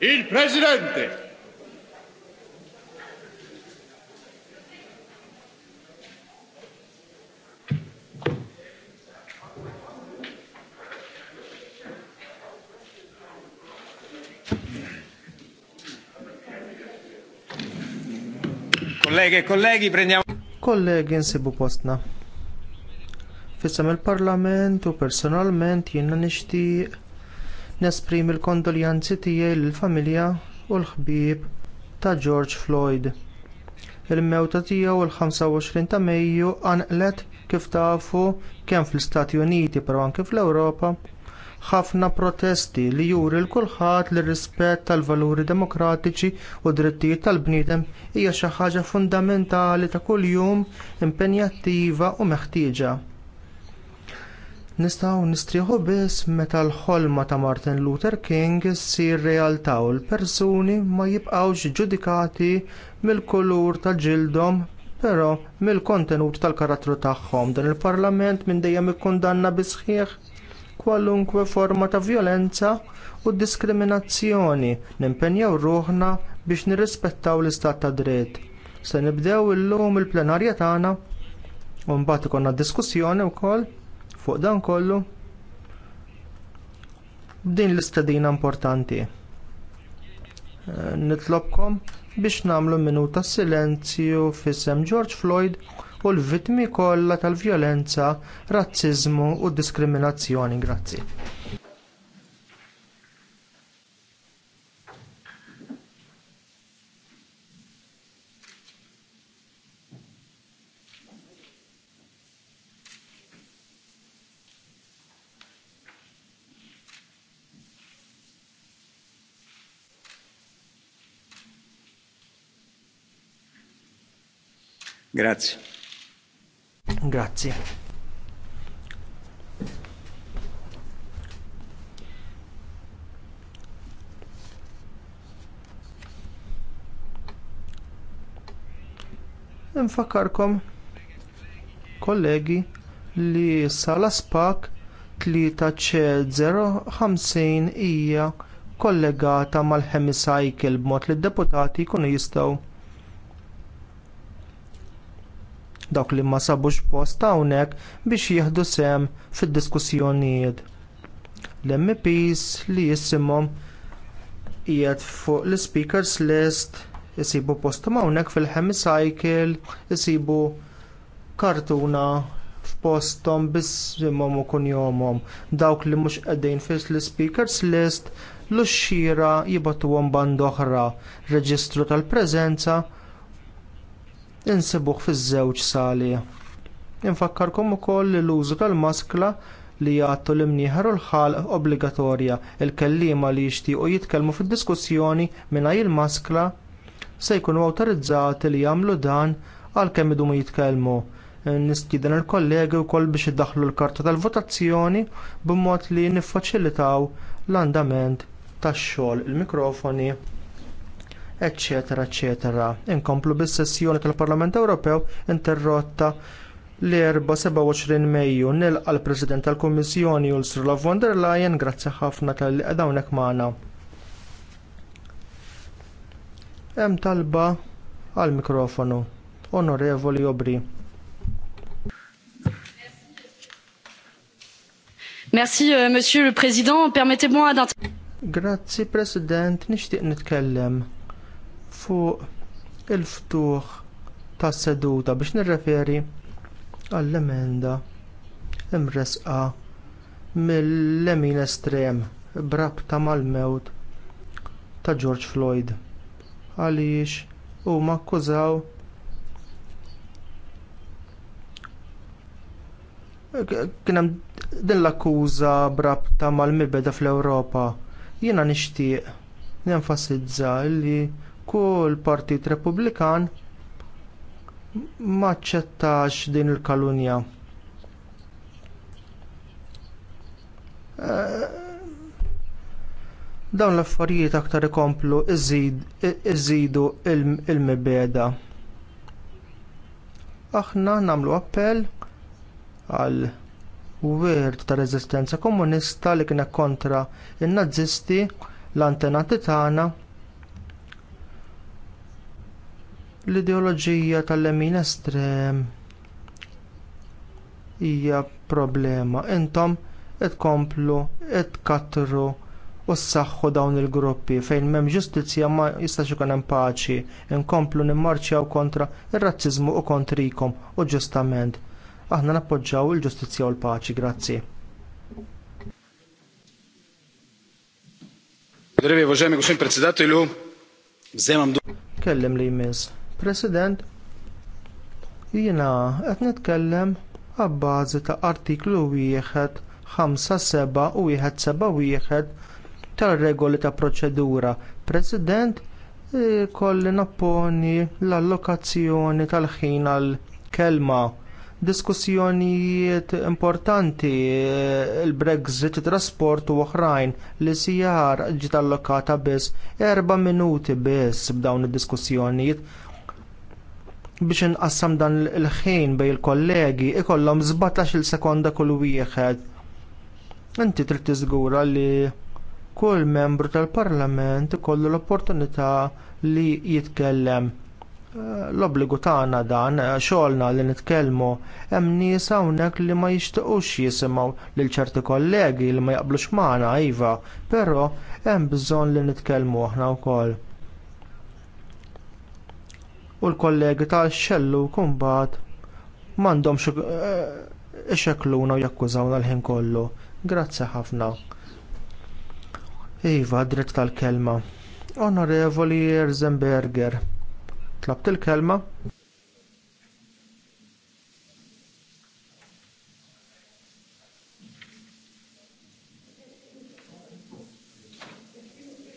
Il-Presidente! Kollegi, kollegi, e prendiamo... Kollegi, insibu postna. Fissam il parlamentu personalment jiena nixtieq nesprim il-kondoljanzi tiegħi lill-familja u l-ħbieb ta' George Floyd. Il-mewta tiegħu l-25 ta' Mejju għanqlet kif tafu kemm fl-Istati Uniti però anke fl-Ewropa ħafna protesti li juri l kulħadd li r rispett tal-valuri demokratiċi u drittijiet tal-bniedem hija xi ħaġa fundamentali ta' kuljum impenjattiva u meħtieġa nistgħu nistrieħu biss meta l-ħolma ta' Martin Luther King ssir realtà u l-persuni ma jibqgħux ġudikati mill-kulur ta' ġildhom però mill-kontenut tal-karattru tagħhom dan il-Parlament minn dejjem ikkundanna bi sħiħ kwalunkwe forma ta' vjolenza u diskriminazzjoni nimpenjaw ruħna biex nirrispettaw l-istat ta' dritt. Se nibdew illum il-plenarja tagħna u mbagħad ikollna diskussjoni wkoll Fuq dan kollu, b'din l-istadina importanti. Eh, nitlobkom biex nagħmlu minuta silenzju fissem George Floyd u l vittmi kollha tal-vjolenza, razzizmu u diskriminazzjoni. Grazzi. Grazie. Grazie. Nfakkarkom kollegi li sala spak 3C050 hija kollegata mal-hemicycle b'mod li d-deputati jkunu jistgħu dawk li ma sabux post hawnhekk biex jieħdu sem fid-diskussjonijiet. L-MPs li jissimhom qiegħed fuq l-speakers list isibu postom hawnhekk fil-hemicycle isibu kartuna f'postom bisimhom u kunjomhom. Dawk li mhux qegħdin fis l-speakers list l-xxira jibatuhom band oħra, reġistru tal-preżenza insibuh fiż-żewġ sali. Infakkarkom ukoll li l-użu tal-maskla li jgħattu l-imnieħer u l-ħalq obbligatorja il kelliema li jixtiequ jitkellmu fid-diskussjoni mingħajr il-maskla se jkunu awtorizzati li jagħmlu dan għalkemm idumu jitkellmu nistieden il-kollegi wkoll biex iddaħlu l-karta tal-votazzjoni b'mod li niffaċilitaw l-andament tax-xogħol il-mikrofoni eccetera, eccetera. Inkomplu bis-sessjoni tal-Parlament Ewropew interrotta l-24 Mejju nilqa l-President tal-Kummissjoni Ursula von der Leyen grazzi ħafna tal hawnhekk magħna. Hemm talba għall mikrofonu. Onorevoli Obri. Merci, euh, Monsieur le Président. Permettez-moi d'intervenir. Grazzi President, nixtieq nitkellem fuq il-ftuħ tas seduta biex nirreferi għall-emenda imresqa mill-lemin estrem brabta mal-mewt ta' George Floyd għaliex huma akkużaw kien hemm din l-akkuża brabta mal-mibeda fl-Ewropa. Jiena nixtieq nenfasizza li kull partit Repubblikan maċċettax din il-kalunja. Eh, dawn l-affarijiet aktar ikomplu iżidu il-mibeda. Aħna nagħmlu appell għal wirt ta' reżistenza komunista li kienet kontra in-Nazisti l-antenati tagħna L-ideoloġija tal-lemin estrem hija problema. Intom qed komplu, qed katru u s dawn il-gruppi fejn m'hemm ġustizzja ma jistax ikun hemm paċi, inkomplu nimmarċjaw kontra ir-razziżmu u kontrikom u ġustament. Aħna nappoġġaw il-ġustizzja u l-paċi, grazzi. Drevi, kuxin Kellem li jmiss. President, jiena qed nitkellem għabbażi ta' artiklu wieħed 5-7 u wieħed 7-1 tar-regoli ta' proċedura. President, e, kolli napponi l-allokazzjoni tal-ħin għal kelma diskussjonijiet importanti e, il-Brexit, trasport u oħrajn li sijar ġiet allokata biss erba' minuti biss b'dawn id-diskussjonijiet biex inqassam dan il-ħin bej il-kollegi ikollhom 17-il sekonda kull wieħed. Inti trid tiżgura li kull membru tal-Parlament ikollu l-opportunità li jitkellem. Eh, l-obbligu tagħna dan eh, xogħolna li nitkellmu hemm nies hawnhekk li ma jixtiequx jisimgħu lil ċerti kollegi li ma jaqblux magħna iva, però hemm bżonn li nitkellmu aħna wkoll u l-kollegi tax xellu kumbat m'għandhomx eh, ixekluna u jakkużawna l-ħin kollu. Grazzi ħafna. Iva, dritt tal-kelma. Onorevoli Erzenberger. Tlabt il-kelma?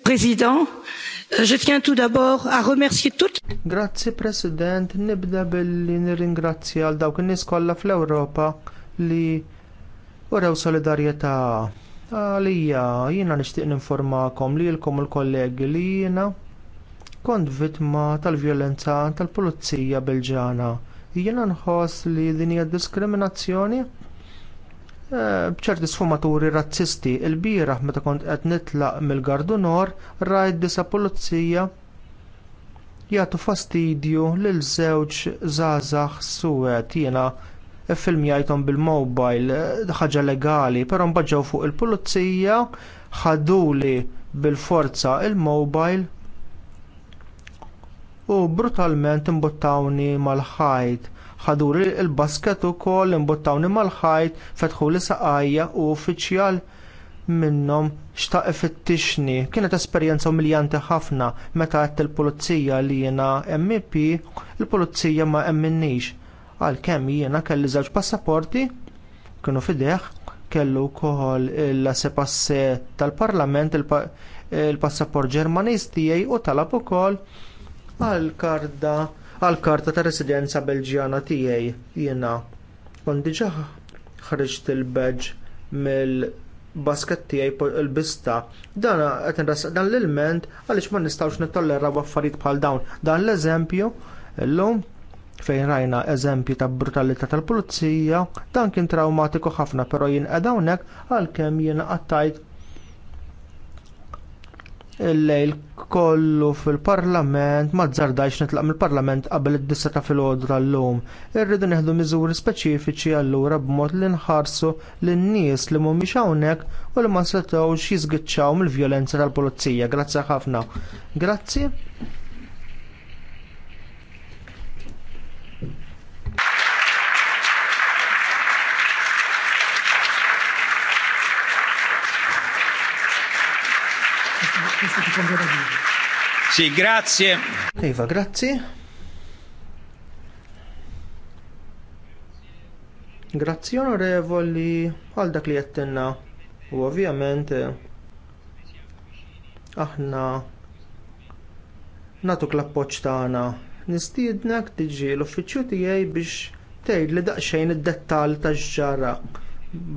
Président, Je tiens tout d'abord à remercier toutes. Grazzi President, nibda billi nirringrazzja għal dawk in-nies kollha fl-Ewropa li uraw solidarjetà għalija jiena nixtieq ninformakom li lkom il-kollegi li jiena kont vittma tal-vjolenza tal-Pulizija Belġana. Jiena nħoss li din hija diskriminazzjoni Eh, bċerti sfumaturi razzisti il meta kont qed nitlaq mill-Gardunor rajt disa pulizija jagħtu fastidju lil żewġ żgħażagħ suwed jiena filmjajtom bil-mobile eh, ħaġa legali, però mbaġġew fuq il-pulizija ħaduli bil-forza il-mobile u brutalment imbuttawni mal-ħajt ħadur il-basket ukoll l-imbottawni mal-ħajt, fetħu li saqajja u uffiċjal minnhom xtaq ifittixni. Kienet esperjenza umiljanti ħafna meta għedt il-pulizija li jiena MEP, il-pulizija ma emminnix. Għalkemm jiena kelli żewġ passaporti, kienu fideħ, kellu wkoll il sepasse tal-parlament, il-passaport ġermaniż tiegħi u talab ukoll għal karda għal-karta ta' residenza belġjana tiegħi jiena kon diġà ħriġt il-badge mill-basket tiegħi il-bista. Dan qed dan l-ilment għaliex ma nistgħux nittolleraw affarijiet bħal dawn. Dan l-eżempju llum fejn rajna eżempju ta' brutalità tal-pulizija, dan kien traumatiku ħafna, però jien hawnhekk għalkemm jien qattajt il-lejl kollu fil-parlament ma tżardax nitlaq mill-parlament qabel id-dissa ta' filgħodu llum. lum Irridu neħdu miżuri speċifiċi allura b'mod li nħarsu lin-nies li mhumiex hawnhekk u li ma setgħux jiżgiċċaw mill-vjolenza tal-pulizija. Grazzi ħafna. Grazzi. Sì, grazie. Eva, grazie. Grazzi onorevoli għal dak li jattenna u ovvjament aħna natuk l-appoċ tagħna nistiednek tiġi l-uffiċċju tiegħi biex tgħid li daqsxejn id-dettall ta' xara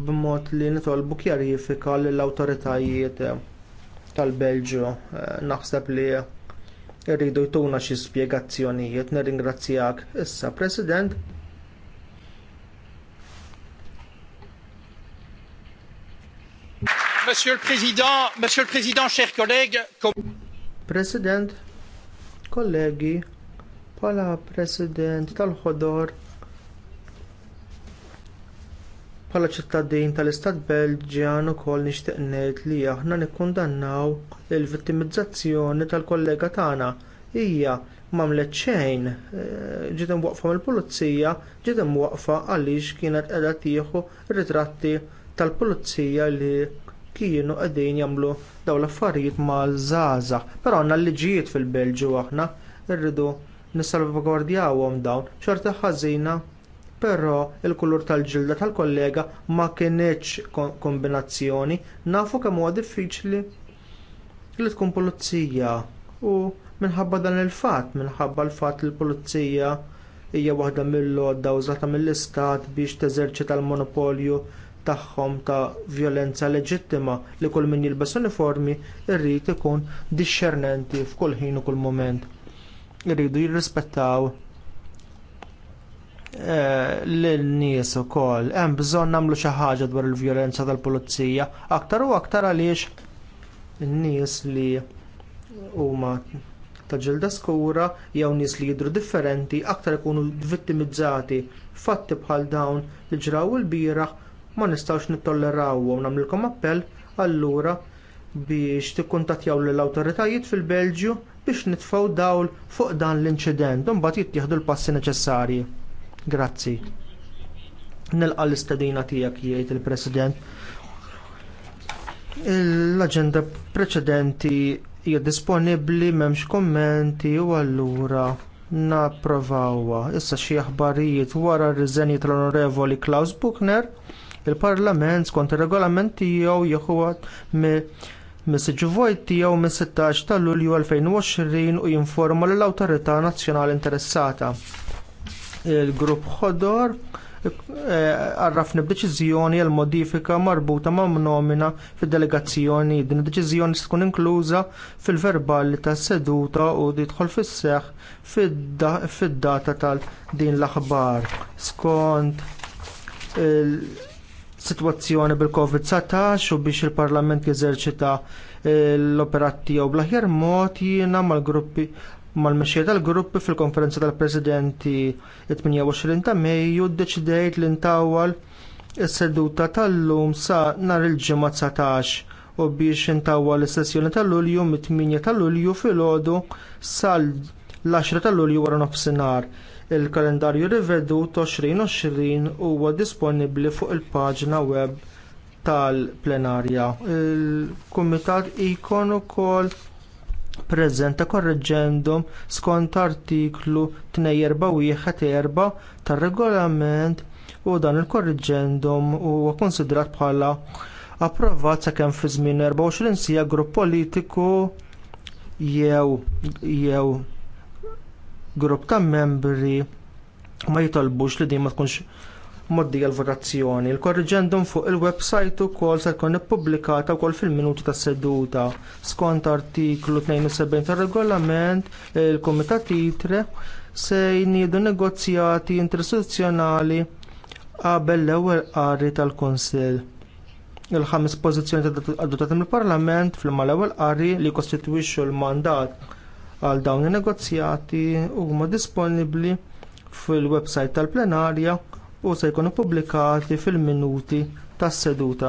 b'mod li nitolbu kjarifika lill-awtoritajiet tal-Belġu eh, naħseb li rridu jtuna xi spjegazzjonijiet nirringrazzjak issa President Monsieur le Président, Monsieur le Président, chers collègues, comme... President, kollegi, pala President tal-ħodor Bħala ċittadin tal-Istat Belġjan ukoll nixtieq ngħid li aħna nikkundannaw il-vittimizzazzjoni tal-kollega tagħna. Hija m'għamlet xejn, eh, ġiet waqfa mill-pulizija, ġiet waqfa għaliex kienet qiegħda tieħu ritratti tal-pulizija li kienu qegħdin jagħmlu dawn l-affarijiet ma' żgħażagħ. Però għandna liġijiet fil-Belġju aħna rridu nissalvagwardjawhom dawn xorta ħażina però l kulur tal-ġilda tal-kollega ma kienieċ kombinazzjoni nafu kemm huwa diffiċli li tkun pulizija u minħabba dan il-fatt, minħabba l-fatt li l-pulizija hija waħda mill-lodda użata mill-istat biex teżerċita l-monopolju tagħhom ta' vjolenza leġittima li kull min jilbes uniformi irrid ikun disċernenti f'kull ħin u kull mument. Irridu jirrispettaw Eh, l-nies ukoll. Hemm bżonn nagħmlu xi ħaġa dwar il-vjolenza tal-pulizija aktar u aktar għaliex in-nies li huma ta' ġilda skura jew nies li jidhru differenti aktar ikunu vittimizzati fatti bħal dawn li ġraw il-bieraħ ma nistgħux nittollerawhom nagħmlilkom appell allura biex tikkuntattjaw lill awtoritajiet fil-Belġju biex nitfgħu dawl fuq dan l-inċident u mbagħad jittieħdu l-passi neċessarji. Grazzi. Nelqa l-istedina tiegħek jgħid il-President. L-aġenda preċedenti hija disponibbli m'hemmx kummenti u allura napprovawha. Issa xi aħbarijiet wara r-riżenji tal-Onorevoli Klaus Buchner, il-Parlament skont ir-regolament tiegħu jieħuad mis-siġu vojt tiegħu mis-16 ta' Lulju 2020 u jinforma lill-Awtorità Nazzjonali Interessata. Il-grupp ħodor eh, għarrafni b'deċiżjoni għal modifika marbuta ma' nomina fid-delegazzjoni. Din id-deċiżjoni tkun inkluża fil-verbali tas seduta u tħol fis seħ fid-data tal-din l-aħbar. Skont il-sitwazzjoni bil-COVID-19 u biex il-Parlament jeżerċita l-operat tiegħu bl-aħjar mod jiena mal-gruppi mal-mexxija tal-gruppi fil-konferenza tal-Presidenti 28 ta' Mejju ddeċidejt li ntawwal is-seduta tal-lum sa nhar il-ġimgħa 19 u biex intawwal is-sessjoni tal-Lulju mit-8 tal-Lulju filgħodu sal l-10 tal-Lulju wara nofsinhar. Il-kalendarju rivedu 2020 huwa disponibbli fuq il-paġna web tal-plenarja. Il-Kumitat ikon ukoll preżenta korreġendum skont artiklu 241 tar-regolament u dan il-korriġendum huwa konsidrat bħala approvat sakemm fi żmien 24 sija grupp politiku jew jew grupp ta' membri ma jitolbux li din ma tkunx moddi għal-votazzjoni. Il-korriġendum fuq il-website ukoll se tkun ippubblikata wkoll fil-minuti tas seduta. Skont artiklu 72 tar regolament, il-Kumitat Titre se jniedu negozjati interistituzzjonali qabel l-ewwel qari tal-Kunsill. Il-ħames pożizzjoni adottati mill-Parlament fl-imma l-ewwel qari li jkostitwixxu l-mandat għal dawn in negozjati huma disponibbli fil-website tal-plenarja u se jkunu ippubblikati fil-minuti tas-seduta.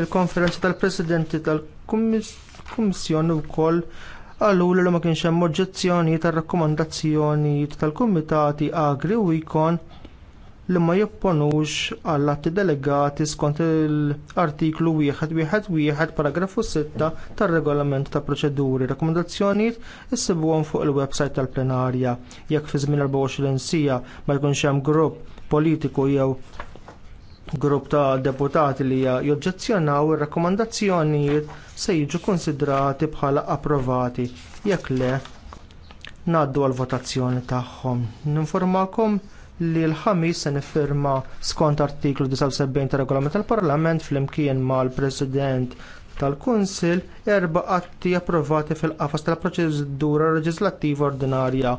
Il-konferenza tal-presidenti tal-Kummissjoni wkoll għallura li ma kienx hemm oġġezzjoni tar rakkomandazzjonijiet tal-Kumitati Agri u jkun li ma jopponux għall-atti delegati skont l-artiklu 1.1.1 paragrafu 6 tar-regolament ta' proċeduri. Rakkomandazzjonijiet issibuhom fuq il-website tal-plenarja. Jekk fi żmien 24 sija ma jkunx hemm grupp politiku jew grupp ta' deputati li joġġezzjonaw ir-rakkomandazzjonijiet se jiġu konsidrati bħala approvati. Jekk le, ngħaddu għall votazzjoni tagħhom. Ninformakom li l-ħamis se nifirma skont artiklu 79 tar regolament tal-Parlament flimkien mal-President tal-Kunsil erba' atti approvati fil-qafas tal-proċedura leġislattiva ordinarja.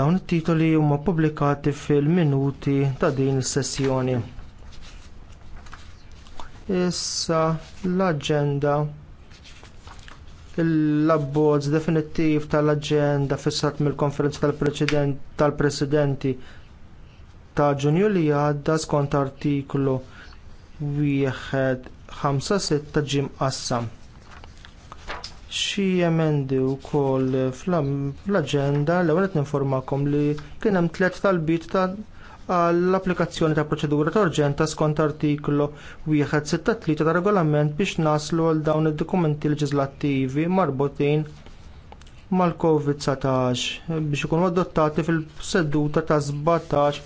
Dawn it-titoli huma pubblikati fil-minuti ta' din is-sessjoni. Issa l-aġenda l-abbozz definittiv tal aġenda fissat mill-konferenza tal-presidenti ta' ġunju li għadda skont artiklu 156 ta' ġim qassam. Xi emendi wkoll fl aġenda l-ewwel qed ninformakom li kien hemm tliet talbiet ta' għall-applikazzjoni ta' proċedura ta' urġenta skont artiklu 163 ta' regolament biex naslu għal dawn id-dokumenti leġislattivi marbutin mal-COVID-19 biex ikunu adottati fil-seduta ta' 17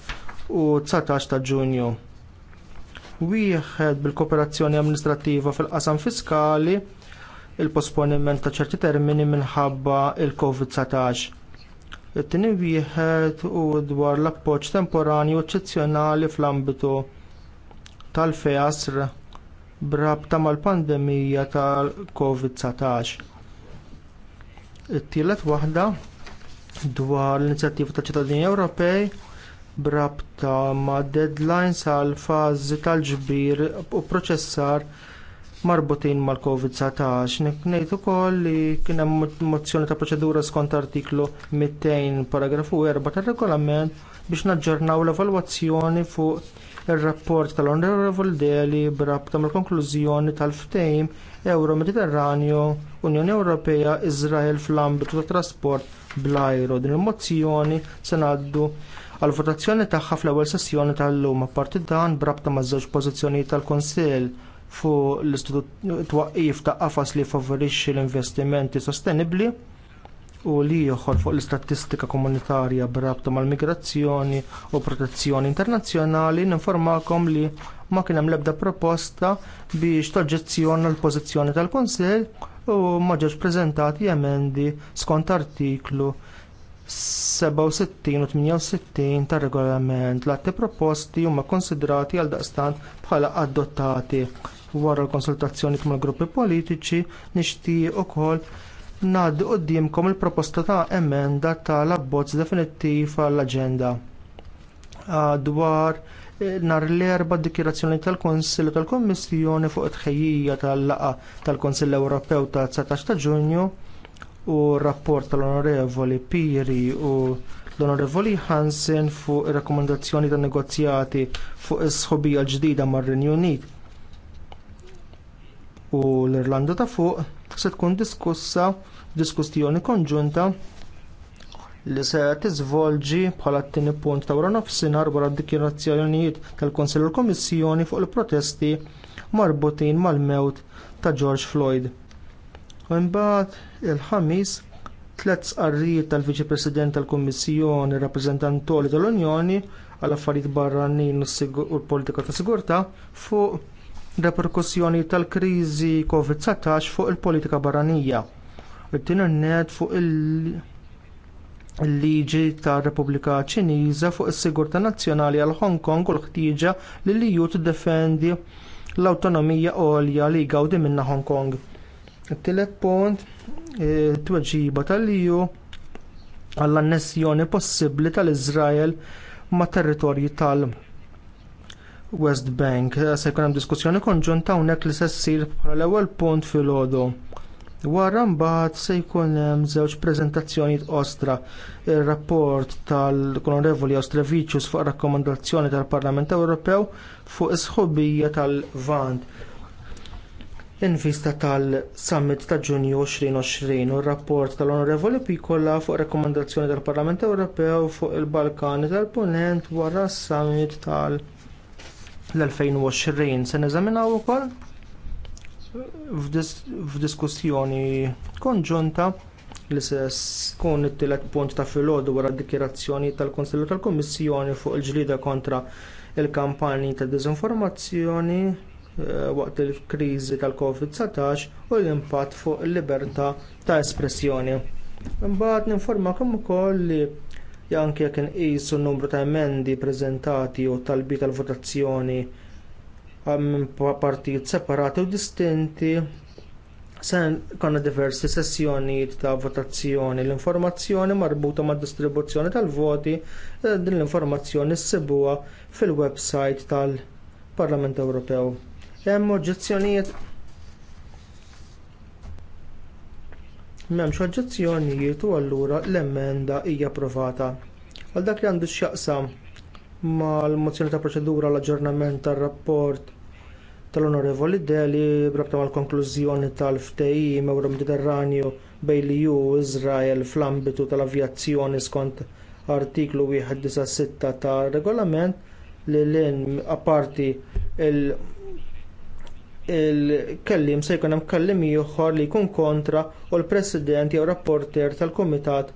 u 19 ta' Ġunju. Wieħed bil-kooperazzjoni amministrattiva fil-qasam fiskali il-posponiment ta' ċerti termini minħabba il-COVID-19 it-tieni wieħed u dwar l-appoġġ temporanju eċċezzjonali fl-ambitu tal-feasr b'rabta mal-pandemija tal-COVID-19. It-tielet waħda dwar l-inizjattiva ta' ċittadini Ewropej b'rabta ma' deadlines għal fażi tal-ġbir u proċessar marbutin mal-COVID-19. Ngħid ukoll li kien hemm mozzjoni ta' proċedura skont artiklu 200 paragrafu 4 tar-regolament biex naġġornaw l-evalwazzjoni fuq ir-rapport tal-Honorable Deli b'rabta mal-konklużjoni tal-ftehim Euro Mediterranju Unjoni Ewropea Iżrael fl-ambitu ta' trasport bl-ajru. Din il-mozzjoni se ngħaddu għall votazzjoni tagħha fl-ewwel sessjoni tal-lum apparti dan brabta maż-żewġ pożizzjonijiet tal-Kunsill fuq l-istitut twaqqif ta' qafas li favorixxi l-investimenti sostenibbli u li joħol fuq l-istatistika komunitarja b'rabta mal-migrazzjoni u protezzjoni internazzjonali ninformakom li ma kien hemm l-ebda proposta biex toġġezzjona l-pożizzjoni tal-Kunsill u ma ġewx preżentati emendi skont artiklu 67 u 68 tar regolament l-atti proposti huma konsidrati għal daqstant bħala adottati wara l-konsultazzjoni mal gruppi politiċi nixtieq ukoll ngħaddi quddiemkom il-proposta ta' emenda tal-abbozz definittiv għall-aġenda dwar eh, nhar l-erba dikjerazzjoni tal-Konsillu tal kummissjoni fuq it-tħejjija tal laqgħa tal kunsill Ewropew ta' 19 ta' Ġunju u r rapport tal-Onorevoli Piri u l-Onorevoli Hansen fuq ir rakkomandazzjoni tan negozjati fuq is-sħobija l-ġdida mar-Renju Unit u l-Irlanda ta' fuq se tkun diskussa diskussjoni konġunta li se tiżvolġi bħala t-tieni punt ta' wara nofsinhar wara d-dikjarazzjonijiet tal konsell u l-Kummissjoni fuq il-protesti marbutin mal-mewt ta' George Floyd. U mbagħad il-ħamis tliet sqarrijiet tal-Viċi President tal-Kummissjoni rappreżentantoli tal-Unjoni għall affarijiet barranin u l-politika ta' sigurtà fuq reperkussjoni tal-kriżi COVID-19 fuq il-politika barranija. It-tieni net fuq il-liġi tar Repubblika Ċiniża fuq is-sigurtà nazzjonali għal Hong Kong u l-ħtieġa li l-EU tiddefendi l-awtonomija għolja li gawdi minnha Hong Kong. It-tielet punt, e, tweġiba tal-EU għall-annessjoni possibbli tal-Izrael mat territorji tal-Palestina. West Bank. Se jkun hemm diskussjoni konġunta hawnhekk li se ssir bħala l-ewwel punt filgħodu. Wara mbagħad se jkun hemm żewġ preżentazzjonijiet ostra. Ir-rapport tal konorevoli Ostrevicius fuq rakkomandazzjoni tal-Parlament Ewropew fuq is-sħubija tal-Vant In-vista tal-Summit ta' Ġunju 2020 u r-rapport tal-Onorevoli Pikola fuq rakkomandazzjoni tal-Parlament Ewropew fuq il-Balkani tal-Punent wara s-Summit tal-, -Summit l-2020 se neżaminaw ukoll f'diskussjoni konġunta li se tkun it-tielet punt ta' filgħodu wara d dikjerazzjoni tal-Konsillu tal-Kummissjoni fuq il-ġlida kontra l kampanji ta' diżinformazzjoni eh, waqt il-kriżi tal-COVID-19 u l-impatt fuq il-libertà ta' espressjoni. Imbagħad ninformakom ukoll li anke jekk inqisu n-numru ta' emendi preżentati u talbi tal-votazzjoni minn partijiet separati u distinti sen konna diversi sessjonijiet ta' votazzjoni l-informazzjoni marbuta mad distribuzzjoni tal-voti e din l-informazzjoni ssibuha fil-website tal-Parlament Ewropew. Hemm oġġezzjonijiet M'hemmx oġġezzjonijiet u allura l-emenda hija approvata. Għal dak li għandu x'jaqsam mal mozzjoni ta' proċedura l-aġġornament tar-rapport tal-Onorevoli Deli brabta mal-konklużjoni tal-ftehim Ewro Mediterranju bejn li ju Iżrael fl-ambitu tal-avjazzjoni skont artiklu 196 tar regolament li l-in apparti il- il-kellim se jkun hemm kellim ieħor li jkun kontra u l-President jew rapporter tal-Kumitat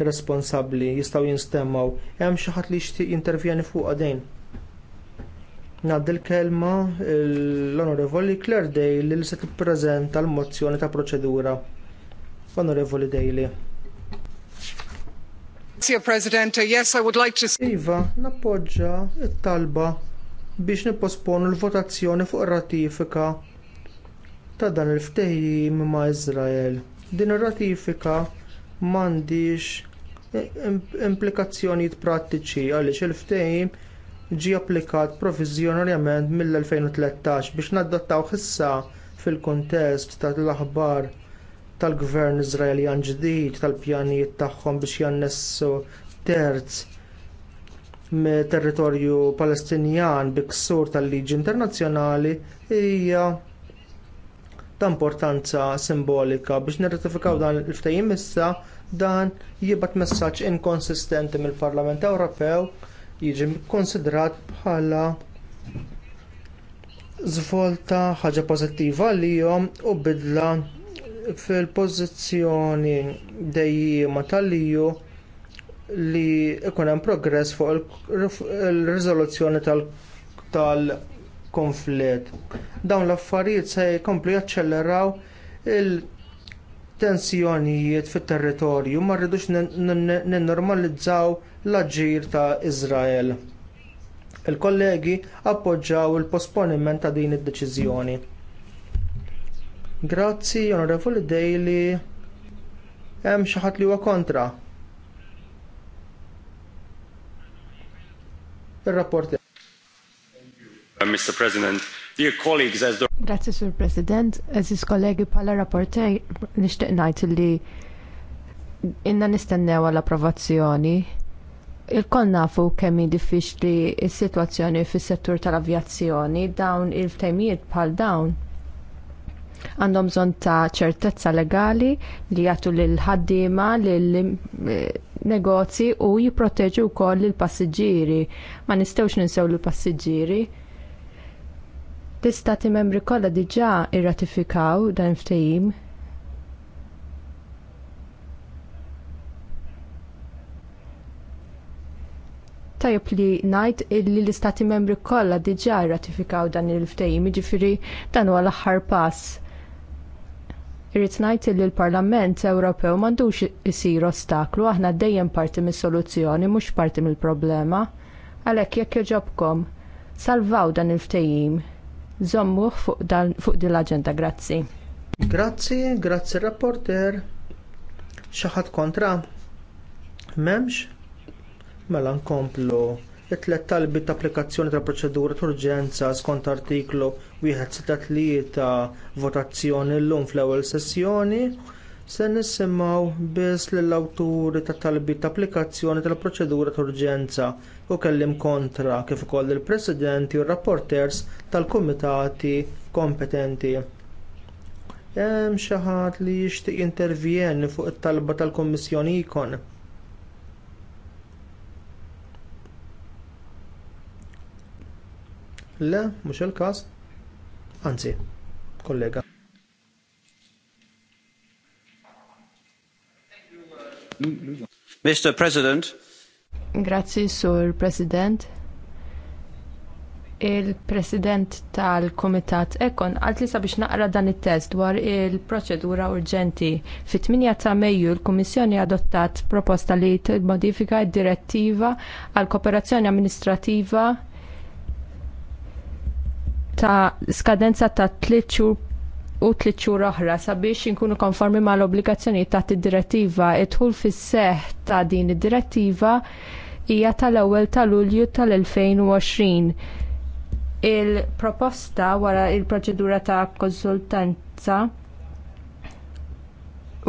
responsabbli jistgħu jinstemmaw. Hemm xi ħadd li jixtieq jintervjeni fuq għadejn. Ngħaddi l-kelma l-Onorevoli Claire Daly li se tippreżenta l-mozzjoni ta' proċedura. Onorevoli Daly. Iva, nappoġġa it-talba biex nipposponu l-votazzjoni fuq ir ratifika ta' dan il-ftehim ma' Iżrael. Din ir-ratifika m'għandix implikazzjonijiet prattiċi għaliex il-ftehim ġie applikat proviżjonarjament mill-2013 biex nadattaw xissa fil-kontest tal-aħbar tal-gvern Iżraeljan ġdid tal-pjanijiet tagħhom biex jannessu terz territorju palestinjan bi ksur tal-liġi internazzjonali hija ta' importanza simbolika biex nirratifikaw dan il-ftajim issa dan jibgħat messaġġ inkonsistenti mill-Parlament Ewropew jiġi konsidrat bħala żvolta ħaġa pożittiva għalihom u bidla fil-pożizzjoni dejjima tal-liju li ikun hemm progress fuq il-riżoluzzjoni tal-konflitt. Dawn l-affarijiet se jkomplu jaċċeleraw il-tensjonijiet fit-territorju ma rridux ninnormalizzaw l-aġir ta' Israel. Il-kollegi appoġġaw il-posponiment ta' din id-deċiżjoni. Grazzi, Onorevoli Dejli. Hemm xi ħadd li huwa kontra. Il-rapport. Uh, Mr. President, dear colleagues, as the... Grazie, Sur President. Aziz kollegi pala rapportej, nishtiq najt li inna nistennew l approvazzjoni Il-koll nafu kemm li s-sitwazzjoni fis-settur tal-avjazzjoni dawn il-temijiet bħal dawn għandhom bżonn ta' ċertezza legali li jagħtu l ħaddiema lil eh, negozji u jipproteġu wkoll il-passiġġieri. Ma nistgħux ninsew lill-passiġġieri. L-istati membri kollha diġà irratifikaw dan il-ftehim tajb li ngħid illi l-istati membri kollha diġà rratifikaw dan il-ftehim, jiġifieri dan huwa l-aħħar pass. Irrid ngħid li l-Parlament Ewropew m'għandux isir ostaklu aħna dejjem parti mis-soluzzjoni mhux parti mill-problema. Għalhekk jekk joġobkom salvaw dan il-ftehim. Żommuh fuq, fuq din l-aġenda, grazzi. Grazzi, grazzi rapporter. Xaħat kontra? M'hemmx? Mela nkomplu it-tlet talbi ta' applikazzjoni ta' proċedura urġenza skont artiklu 163 ta' votazzjoni llum fl-ewwel sessjoni se nisimgħu biss lill-awturi tat talbi ta' applikazzjoni tal-proċedura urġenza u kellim kontra kif ukoll il-presidenti u r rapporters tal-kumitati kompetenti. Hemm xi ħadd li jixtieq jintervjeni fuq it-talba tal-Kummissjoni ikon. Le, mhux il-każ. Anzi, kollega. Mr. President. Grazzi, Sur President. Il-President tal kumitat Ekon għalt li sabiex naqra dan it-test dwar il-proċedura urġenti. Fit-8 ta' Mejju l-Kummissjoni adottat proposta li t-modifika d-direttiva għal kooperazzjoni amministrativa ta' skadenza ta' tliċu u tliċu oħra sabiex inkunu konformi mal obbligazzjonijiet ta' t direttiva idħul fis seħ ta' din id-direttiva hija tal-ewwel ta' Lulju tal-2020. Il-proposta wara l il proċedura ta' konsultanza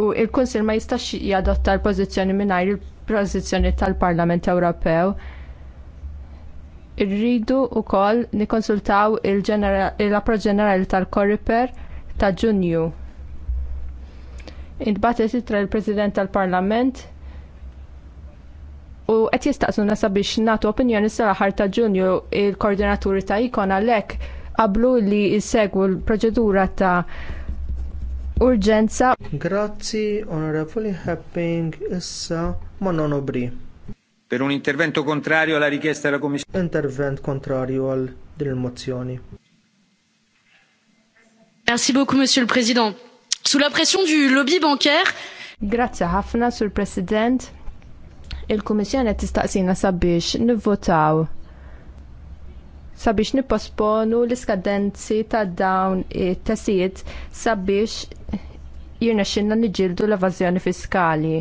u l kunsill ma jistax jadotta l-pożizzjoni mingħajr il-pożizzjoni tal-Parlament Ewropew Irridu wkoll nikkonsultaw il-approċ ġenerali tal-Koriper ta' Ġunju. Intbatet itra il president tal-Parlament u qed jistaqsuna sabiex nagħtu opinjoni sal-aħħar ta' Ġunju il-koordinaturi ta' ikon għalhekk qablu li jissegwu l-proċedura ta' urġenza. Grazzi, Onorevoli Hepping, issa ma' nonobri. Per un intervento contrario alla richiesta della Commissione. Intervent contrario al din il-mozzjoni. Merci beaucoup, Monsieur le Président. Sous la pression du lobby bancaire. Grazie ħafna, Sur President. Il-Kummissjoni tistaqsina sabiex nivvotaw sabiex nipposponu l-iskadenzi ta' dawn it-tesijiet sabiex jirna niġildu l evażjoni fiskali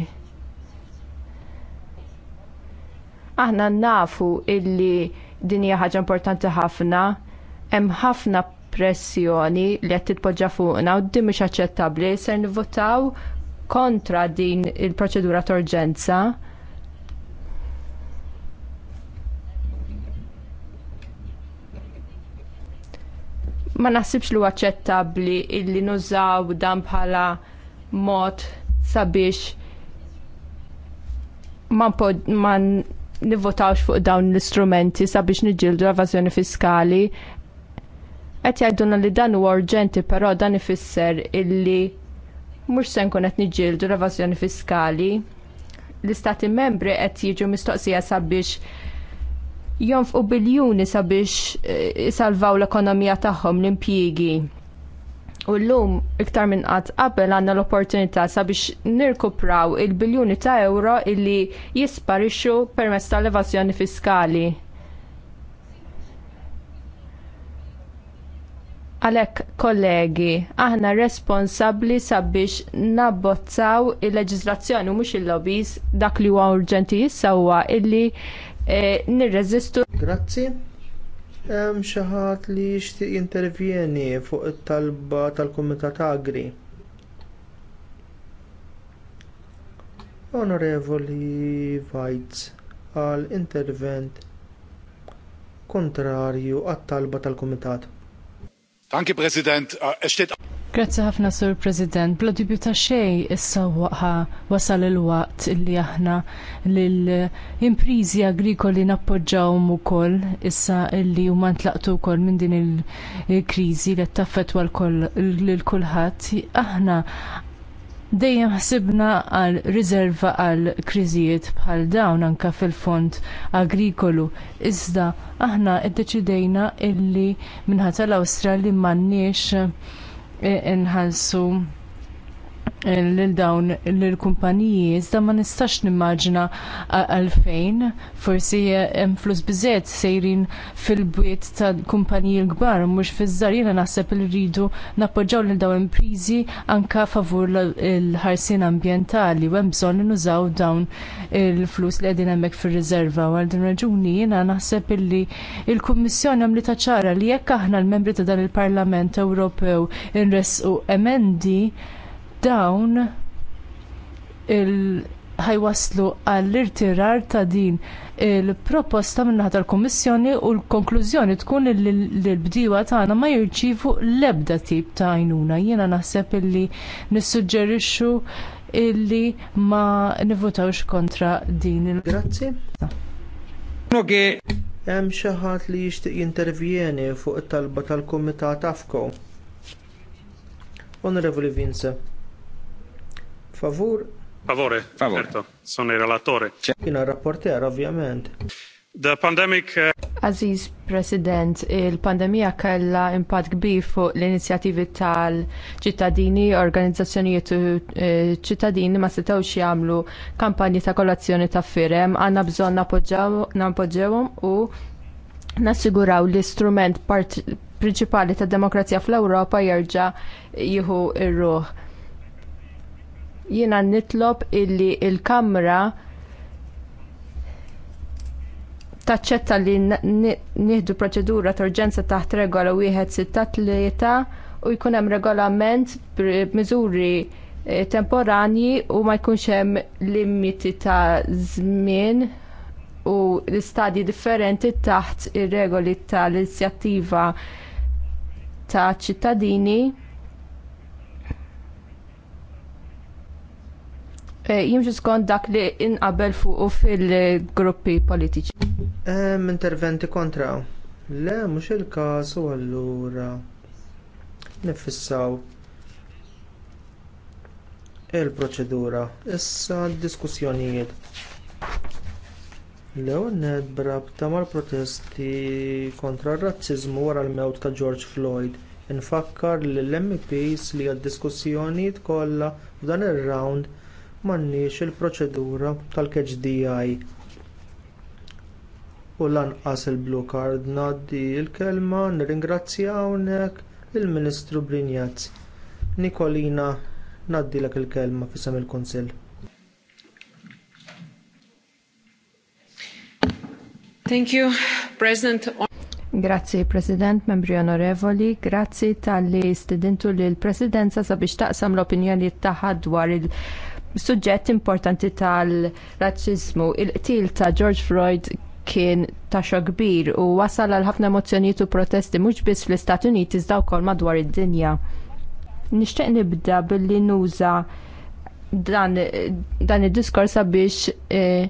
Aħna nafu illi din hija ħaġa importanti ħafna, hemm ħafna pressjoni li qed titpoġġa fuqna u din mhix aċċettabbli ser nivvotaw kontra din il-proċedura ta' urġenza. ma naħsibx li aċċettabbli illi nużaw dan bħala mod sabiex ma, ma nivvotawx fuq dawn l-istrumenti sabiex niġġieldu evażjoni fiskali. Qed jgħidulna li dan huwa urġenti, però dan ifisser illi mhux se nkun qed niġġieldu l-evażjoni fiskali. L-istati membri qed jiġu mistoqsija sabiex jonfqu biljuni sabiex eh, isalvaw l-ekonomija tagħhom l-impjiegi U llum iktar minn qatt qabel għandna l-opportunità sabiex nirkupraw il-biljuni ta' euro illi jisparixxu permezz tal-evażjoni fiskali. Għalhekk kollegi, aħna responsabbli sabiex nabbozzaw il-leġiżlazzjoni u mhux il-lobbies dak li huwa urġenti issa huwa illi eh, nirreżistu. Grazzi. Hemm xi ħadd li jixtieq jintervjeni fuq it-talba tal-Kumitat Agri. Onorevoli Vajts għal intervent kontrarju għat-talba tal-Kumitat. Danke, President. Äh, Grazzi ħafna Sur President. Bla dubju ta' xej issa waqa wasal il-waqt li aħna lill-imprizi agrikoli nappoġġaw ukoll issa illi huma ntlaqtu wkoll minn din il-kriżi li taffetwa l kulħadd. Aħna dejjem ħsibna għal riserva għal kriżijiet bħal dawn anke fil-fond agrikolu. Iżda aħna ddeċidejna illi minħata l-Awstrali m'għandniex inħallsu lil dawn l-kumpaniji, iżda ma nistax nimmaġina għalfejn, forsi eh, hemm flus biżiet sejrin fil-bwiet ta' kumpaniji l-kbar, mhux fiż-żar jiena naħseb irridu rridu nappoġġaw lil dawn imprizi anka favur l-ħarsien ambjentali u hemm bżonn li nużaw dawn il-flus li qegħdin hemmhekk fir-riserva u għal din raġuni jiena naħseb illi il-Kummissjoni għamli ta' ċara li jekk aħna l-membri ta' dan il-Parlament Ewropew nresqu emendi dawn ħajwaslu għall-irtirar ta' din il-proposta min-naħa tal-Kommissjoni u l-konklużjoni tkun li l-bdiwa tagħna ma jirċivu l-ebda tip ta' għajnuna. Jiena naħseb illi nissuġġerixxu illi ma nivutawx kontra din il- Grazzi. Hemm xi ħadd li jixtieq jintervjeni fuq it-talba tal-Kumitat Afko. Onorevoli Vince. Favur? Favore, Favore. certo, sono il relatore. Jina rapporter, ovvjament. The pandemic... Eh, Aziz President, il-pandemija kella impatt kbir fuq l-inizjativi tal-ċittadini, organizzazzjonijiet u eh, ċittadini ma setawx jagħmlu kampanji ta' kolazzjoni ta' firem, għandna bżonn nappoġġewhom u nassiguraw l-istrument prinċipali tad demokrazija fl-Ewropa jerġa' jieħu ir-ruħ Jiena nitlob illi il-Kamra taċċetta li nieħdu proċedura ta' urġenza taħt regola wieħed tlieta u jkun hemm regolament b'miżuri eh, temporanji u ma jkunx hemm limiti ta' żmien u l-istadji differenti taħt ir-regoli tal-inizjattiva ta' ċittadini. Ta Eh, jimxu skont dak li inqabel fuq fil-gruppi politiċi. Hemm interventi kontra. Le, mhux il-każ u allura nifissaw il-proċedura. Issa d diskussjonijiet. L-ewwel brab tamar mal-protesti kontra r-razziżmu wara l-mewt ta' George Floyd. Infakkar lill mps li għad-diskussjonijiet kollha f'dan ir-round m'għandniex il-proċedura tal-catch DI. U lanqas il-blue card ngħaddi l kelma nirringrazzja hawnhekk il-Ministru Brinjazz. Nikolina ngħaddilek il-kelma fisem il-Kunsill. Thank you, President. Grazzi President, membri onorevoli, grazzi tal-li istedintu li l-Presidenza sabiex taqsam l-opinjoni taħħa dwar il- suġġett importanti tal-razzizmu. Il-qtil ta' George Floyd kien ta' kbir u wasal għal ħafna emozzjonijiet u protesti mhux biss fl-Istati Uniti iżda wkoll madwar id-dinja. Nixtieq nibda billi nuża dan, dan id-diskors sabiex eh,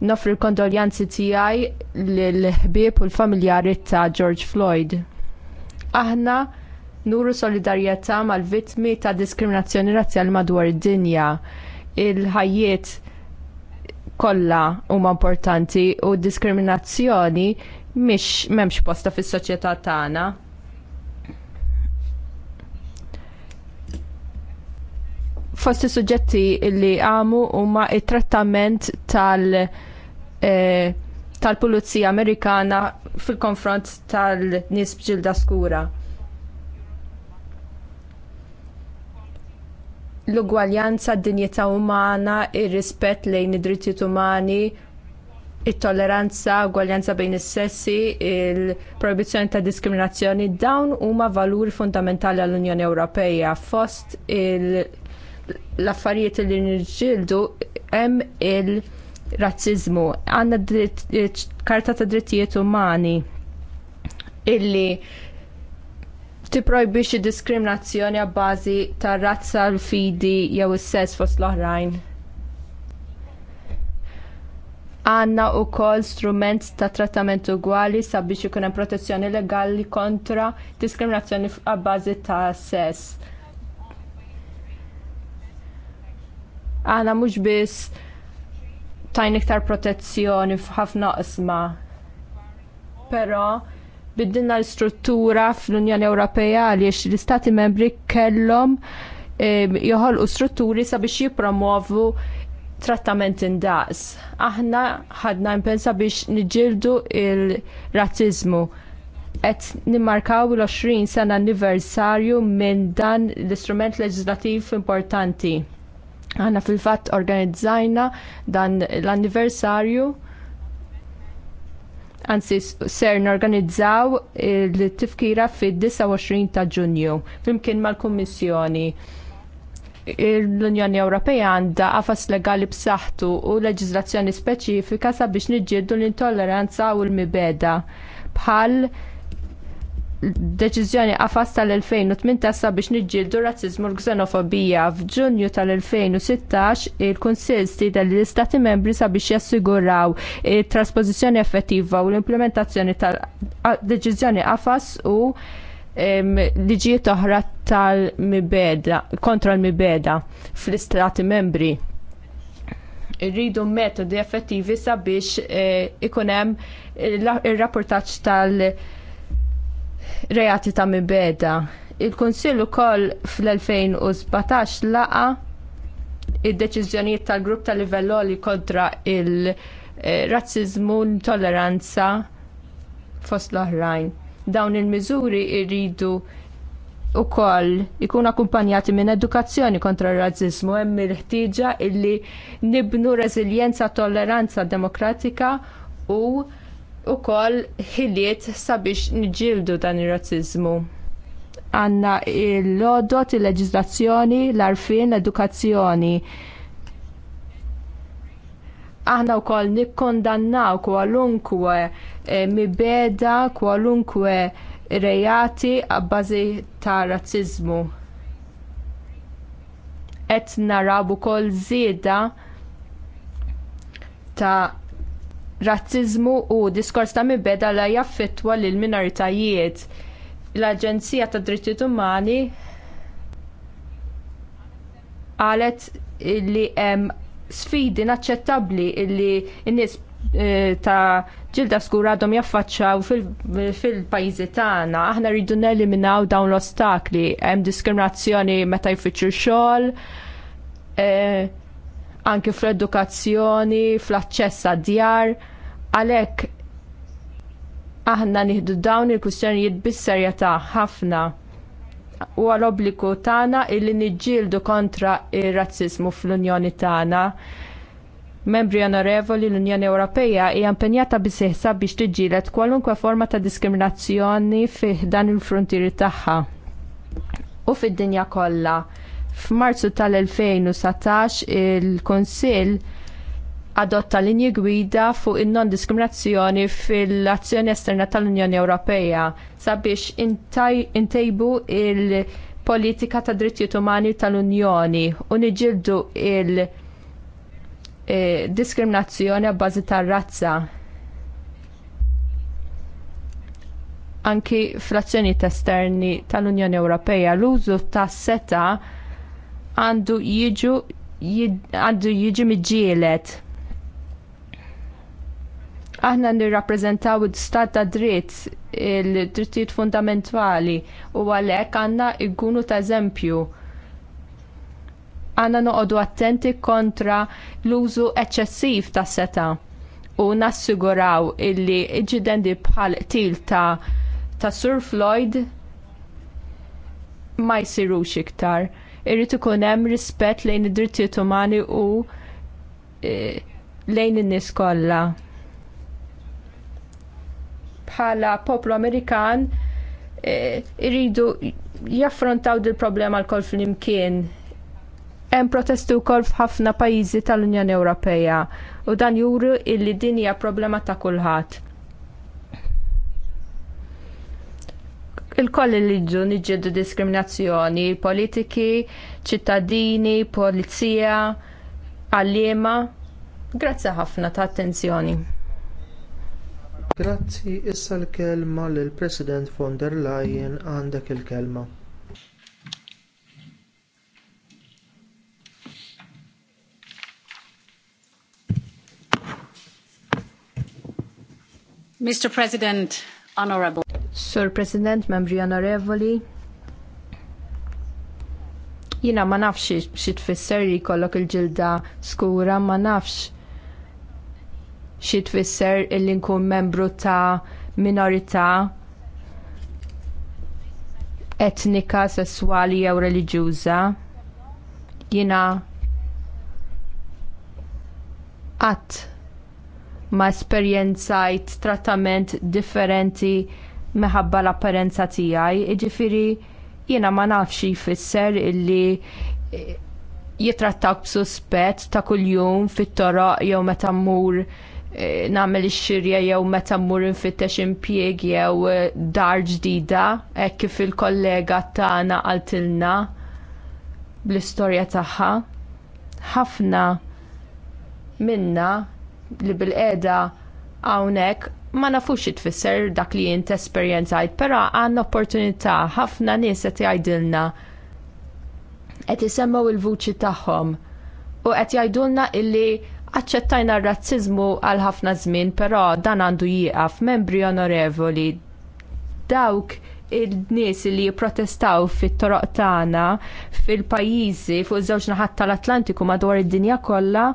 nofri kondoljanzi tiegħi lill ħbieb u l-familjari ta' George Floyd. Aħna nuru solidarjetà mal-vittmi ta' diskriminazzjoni razzjali madwar id-dinja. Il-ħajjiet kollha huma importanti u d diskriminazzjoni mhix m'hemmx posta fis-soċjetà tagħna. Fosti suġġetti li għamu huma t trattament tal- eh, tal-Pulizija Amerikana fil-konfront tal-nies bġilda skura. l-ugwaljanza, d-dinjità umana, ir-rispett lejn id-drittijiet umani, it-tolleranza, ugwaljanza bejn is-sessi, il-proibizzjoni ta' diskriminazzjoni, dawn huma valuri fundamentali għall-Unjoni Ewropea. Fost l-affarijiet li nirġildu hemm il-razziżmu. Għandna karta ta' drittijiet umani illi tipprojbixxi diskriminazzjoni għabbażi tar razza l-fidi jew is-sess fost l-oħrajn. Għandna wkoll strument ta' trattament ugwali sabiex ikun hemm protezzjoni legali kontra diskriminazzjoni għabbażi ta' sess. Aħna mhux biss tajn iktar protezzjoni f'ħafna qisma. Però biddinna l-struttura fl-Unjoni Ewropea għaliex l-Istati membri kellhom joħolqu strutturi sabiex jippromovu trattament indaqs. Aħna ħadna impensa biex niġildu il-razzizmu. Qed nimmarkaw l-20 sena anniversarju minn dan l-istrument leġislattiv importanti. Aħna fil fatt organizzajna dan l-anniversarju anzi ser norganizzaw il-tifkira fid-29 ta' ġunju, flimkien mal-Kummissjoni. L-Unjoni Ewropea għandha għafas legali b'saħħtu u leġiżlazzjoni speċifika sabiex niġġieldu l-intolleranza u l-mibeda bħal deċiżjoni għafas tal-2018 biex niġġieldu razzizmu l-xenofobija. F'Ġunju tal-2016 il-Kunsill stida l istati membri sabiex jassiguraw it trasposizjoni effettiva u l-implementazzjoni tal-deċiżjoni għafas u liġijiet oħra tal-mibeda kontra l-mibeda fl-istati membri. Irridu metodi effettivi sabiex eh, ikun hemm ir rapportaġġ tal- reati ta' mibeda. Il-Kunsill ukoll fl-2017 laqa id-deċiżjonijiet tal-grupp tal livelloli kontra il-razzizmu, l-intolleranza fost l-oħrajn. Dawn il-miżuri irridu kol ikun akkumpanjati minn edukazzjoni kontra r-razzizmu hemm il-ħtieġa illi nibnu reżiljenza tolleranza demokratika u ukoll ħiliet sabiex niġġieldu dan ir razzizmu Għandna l-lodot, il leġiżlazzjoni l-arfin, l-edukazzjoni. Aħna wkoll nikkondannaw kwalunkwe eh, mibeda, kwalunkwe rejati għabbażi ta' razziżmu. Qed narabu ukoll żieda ta' razzizmu u diskors ta' mibeda la jaffettwa lil minoritajiet. L-Aġenzija tad Drittijiet Umani qalet li hemm sfidi inaċċettabbli li n-nies eh, ta' ġilda skura għadhom jaffaċċaw fil-pajjiżi tagħna. Aħna rridu neliminaw dawn l-ostakli, hemm diskriminazzjoni meta jfittxu xogħol, eh, anke fl-edukazzjoni, fl-aċċess għad-djar, għalhekk aħna nieħdu dawn il-kwistjonijiet bis-serjetà ħafna huwa l-obbligu tagħna illi niġġieldu kontra r razzismu fl-Unjoni tagħna. Membri onorevoli l-Unjoni Ewropea hija impenjata bisihsa biex tiġġieled kwalunkwe forma ta' diskriminazzjoni fih dan il-frontieri tagħha u fid-dinja kollha. F'Marzu tal-2017 il-Konsil adotta linji gwida fuq in-non-diskriminazzjoni fil-azzjoni esterna tal-Unjoni Ewropea sabiex intejbu il-politika ta' drittijiet umani tal-Unjoni u niġildu il-diskriminazzjoni eh, għabbażi tar-razza. Anki fl-azzjoni esterni tal-Unjoni Ewropea l-użu ta' seta' għandu jiġu għandu miġġielet. Aħna nirrappreżentaw id-stat ta' dritt, il-drittijiet fundamentali u għalhekk għandna jkunu ta' eżempju. Għandna noqogħdu attenti kontra l-użu eċċessiv ta' seta u nassiguraw illi ġidendi bħal til ta' ta' Sur Floyd ma jsirux iktar irrid ikun hemm rispett lejn id-drittijiet umani u e, lejn in-nies kollha. Bħala poplu Amerikan e, irridu jaffrontaw dil problema l-kol flimkien. Hemm protesti wkoll f'ħafna pajjiżi tal-Unjoni Ewropea u dan juru illi din hija problema ta' kulħadd il-koll li ġu niġġieldu diskriminazzjoni, politiki, ċittadini, polizija, għalliema. Grazzi ħafna ta' attenzjoni. Grazzi, issa l-kelma lill president von der Leyen għandek il-kelma. Mr. President, Honorable. Sur President, membri onorevoli, jina ma nafx xi tfisser li jkollok il-ġilda skura, ma nafx xi tfisser illi nkun membru ta' minorità etnika, sesswali jew reliġjuża. Jina qatt ma esperjenzajt trattament differenti meħabba l-apparenza tiegħi, jiġifieri jiena ma nafx jfisser illi jitrattak b'suspett ta' kuljum fit-toroq jew meta mmur eh, nagħmel ix-xirja jew meta mmur infittex impjieg jew eh, dar ġdida hekk kif il-kollega tagħna qaltilna bl-istorja tagħha. Ħafna minna li bil-qeda hawnhekk ma nafux xi dak li jint esperjenzajt, però għandna opportunità ħafna nies qed jgħidilna qed isemmew il-vuċi tagħhom u qed jgħidulna illi aċċettajna r-razziżmu għal ħafna żmien, però dan għandu jieqaf membri onorevoli dawk il-nies li jipprotestaw fit-toroq tagħna fil-pajjiżi fuq iż-żewġ naħat tal-Atlantiku madwar id-dinja kollha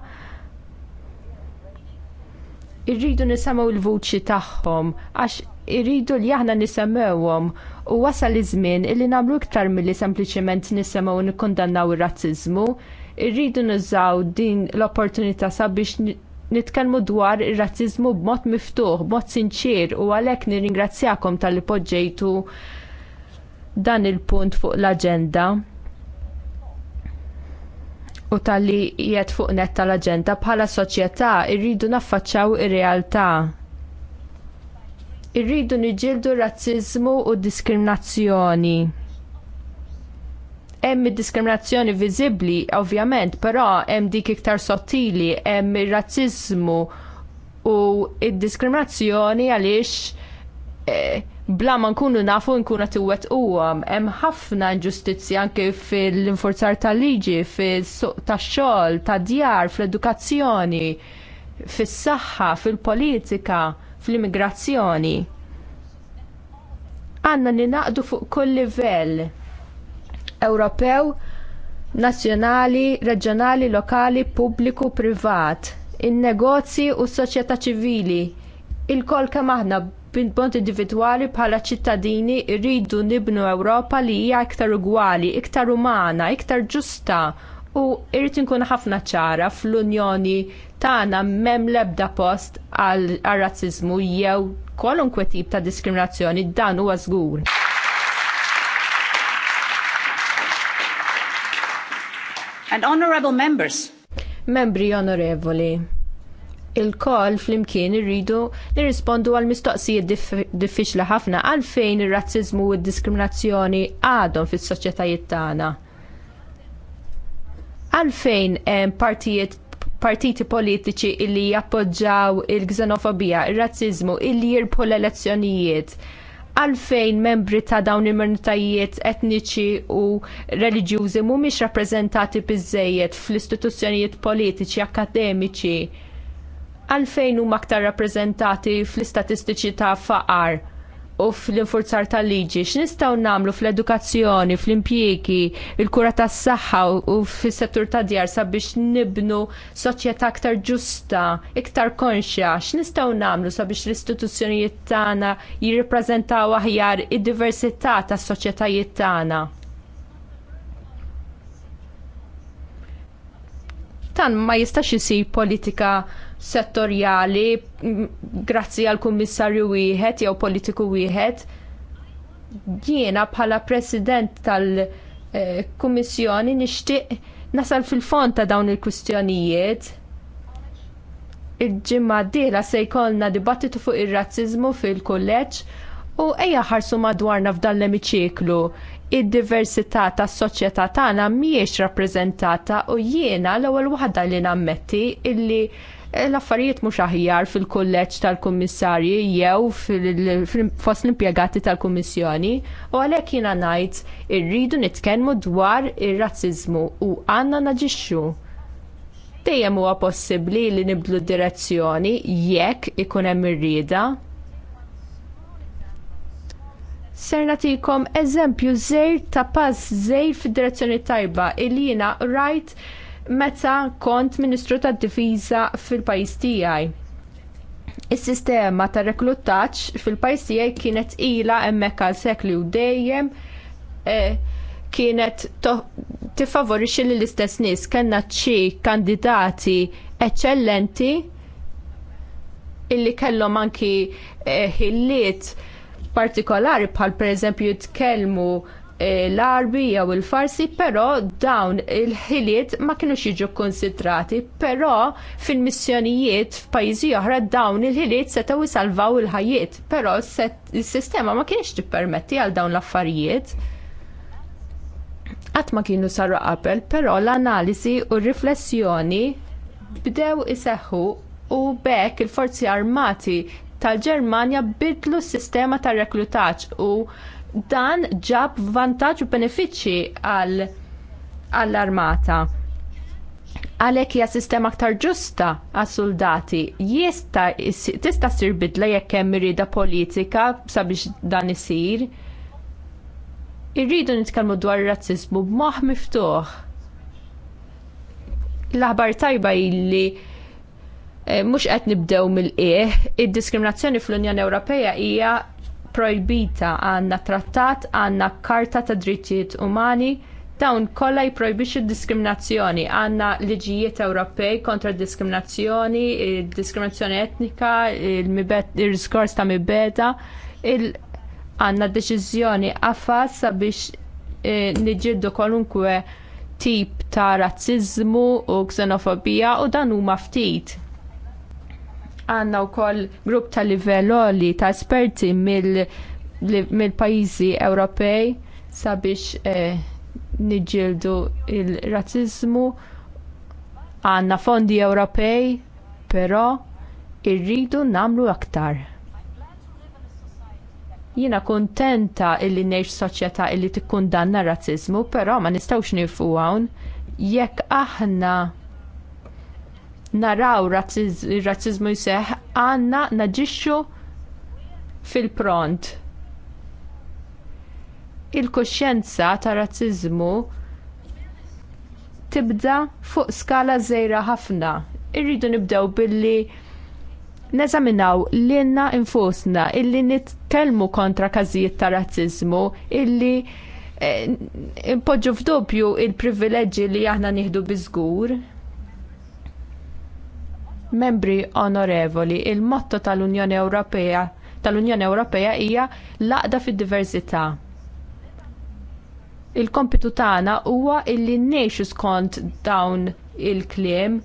irridu nisamaw l-vuċi tagħhom għax irridu li aħna nisemmewhom u wasal iż-żmien illi nagħmlu iktar milli sempliċement nisemgħu nikkondannaw ir-razziżmu, irridu nużaw din l-opportunità sabiex nitkellmu dwar ir-razziżmu b'mod miftuħ, b'mod sinċir u għalhekk nirringrazzjakom tal-li poġġejtu dan il-punt fuq l-aġenda u tal-li jiet fuq net tal-agenda bħala soċjetà irridu naffaċċaw ir-realtà. Irridu niġildu razzizmu u diskriminazzjoni hemm id-diskriminazzjoni viżibbli ovvjament, però hemm dik iktar sottili, hemm ir razzizmu u d diskriminazzjoni għaliex eh, bla ma nkunu nafu nkunu għatiwet u um, hemm ħafna inġustizzja anke fil-infurzar tal-liġi, fis- suq tax-xogħol, tad-djar, fl-edukazzjoni, fis-saħħa, fil-politika, fl-immigrazzjoni. Għanna ninaqdu fuq kull livell Ewropew, nazzjonali, reġjonali, lokali, pubbliku, privat, in-negozji u s-soċjetà ċivili. Il-kol kemm aħna b'mod individwali bħala ċittadini rridu nibnu Ewropa li hija iktar ugwali, iktar umana, iktar ġusta u irrid inkun ħafna ċara fl-Unjoni tagħna m'hemm l-ebda post għal razziżmu jew kwalunkwe tip ta' diskriminazzjoni dan huwa żgur. And honorable members. Membri onorevoli il-koll flimkien irridu nirrispondu għal mistoqsijiet diffiċli ħafna għalfejn ir razzizmu u d-diskriminazzjoni għadhom fis-soċjetajiet tagħna. Għalfejn hemm partijiet partiti politiċi illi jappoġġaw il-gżenofobija, ir razzizmu illi jirbħu l-elezzjonijiet għalfejn membri ta' dawn il-minoritajiet etniċi u reliġjużi mhumiex rappreżentati biżżejjed fl-istituzzjonijiet politiċi, akademiċi għalfejn huma aktar rappreżentati fl-istatistiċi ta' faqar u fl-infurzar tal-liġi, x'nistgħu nagħmlu fl-edukazzjoni, fl-impjiegi, il-kura tas-saħħa u fis-settur ta' djar sabiex nibnu soċjetà aktar ġusta, iktar konxja, x'nistgħu nagħmlu sabiex l-istituzzjonijiet tagħna jirrappreżentaw aħjar id-diversità tas-soċjetajiet tagħna. Tan ma jistax isir politika settorjali grazzi għal kummissarju wieħed jew politiku wieħed. Jiena bħala president tal-kummissjoni eh, nixtieq nasal fil-fond ta' dawn il-kwistjonijiet. Il-ġimma d-dila se jkollna dibattitu fuq ir-razziżmu fil-kulleġġ u ejja ħarsu madwarna f'dan l-emiċiklu id-diversità tas-soċjetà tagħna mhijiex rappreżentata u jiena l-ewwel waħda li nammetti illi l-affarijiet mhux aħjar fil-kulleġġ tal-kummissarji jew fost l-impjegati tal-kummissjoni u għalhekk jiena ngħid irridu nitkellmu dwar ir-razziżmu u għandna naġixxu. Dejjem huwa possibbli li nibdlu d direzzjoni jekk ikun hemm irrieda. Ser nagħtikom eżempju żejr ta' pass żejr fid-direzzjoni tajba il jiena rajt right meta kont Ministru tad-Difiża fil-pajjiż tiegħi. Is-sistema ta' reklutaċ fil-pajjiż tiegħi kienet ilha hemmhekk għal sekli u dejjem e, kienet tiffavorixxi lill istess nies kellna xi kandidati eċċellenti illi kellhom anki e, ħiliet partikolari bħal pereżempju jitkellmu l-arbi jew il-farsi, però dawn il-ħiliet ma kinux jiġu konsidrati, però fil-missjonijiet f'pajjiżi oħra dawn il-ħiliet setgħu jisalvaw il-ħajjiet, però il-sistema ma kienx tippermetti għal dawn l-affarijiet. Qatt ma kienu saru qabel, però l-analiżi u r-riflessjoni bdew iseħħu u bekk il-forzi armati tal-Ġermanja bidlu s-sistema tar reklutaġġ u dan ġab vantaġġ u benefiċċji għall-armata. Għalhekk hija sistema aktar ġusta għas-soldati jista' tista' ssir bidla jekk hemm irrida politika sabiex dan isir. Irridu nitkellmu dwar ir razziżmu b'moħħ miftuħ. L-aħbar tajba illi eh, mhux qed nibdew mill-qiegħ, id-diskriminazzjoni fl-Unjoni Ewropea hija projbita għandna trattat, għandna karta ta' drittijiet umani, dawn kollha jipprojbixxu diskriminazzjoni. Għandna liġijiet Ewropej kontra d diskriminazzjoni, diskriminazzjoni etnika, il-diskors ta' mibeda, il għandna deċiżjoni qafas sabiex e, niġġieldu kwalunkwe tip ta' razziżmu u ksenofobija u dan huma ftit Għanna u koll grupp ta' livelloli ta' esperti mill-pajizi mil Ewropej sabiex eh, niġildu il-razzizmu. Għanna fondi Ewropej, però irridu namlu aktar. Jiena kuntenta illi ngħix soċjetà illi tikkundanna r razzizmu, però ma nistgħux nifu hawn jekk aħna naraw razzizmu jseħħ għandna naġixxu fil-pront. Il-kuxjenza ta' razzizmu tibda fuq skala żgħira ħafna. Irridu nibdew billi neżaminaw lilna infusna illi nitkellmu kontra każijiet ta' razzizmu illi impoġġu f'dubju l privileġġi li aħna nieħdu biżgur Membri onorevoli, il-motto tal-Unjoni Ewropea tal-Unjoni Ewropea hija laqda fid-diversità. Il-kompitu tagħna huwa illi ngħixu skont dawn il-kliem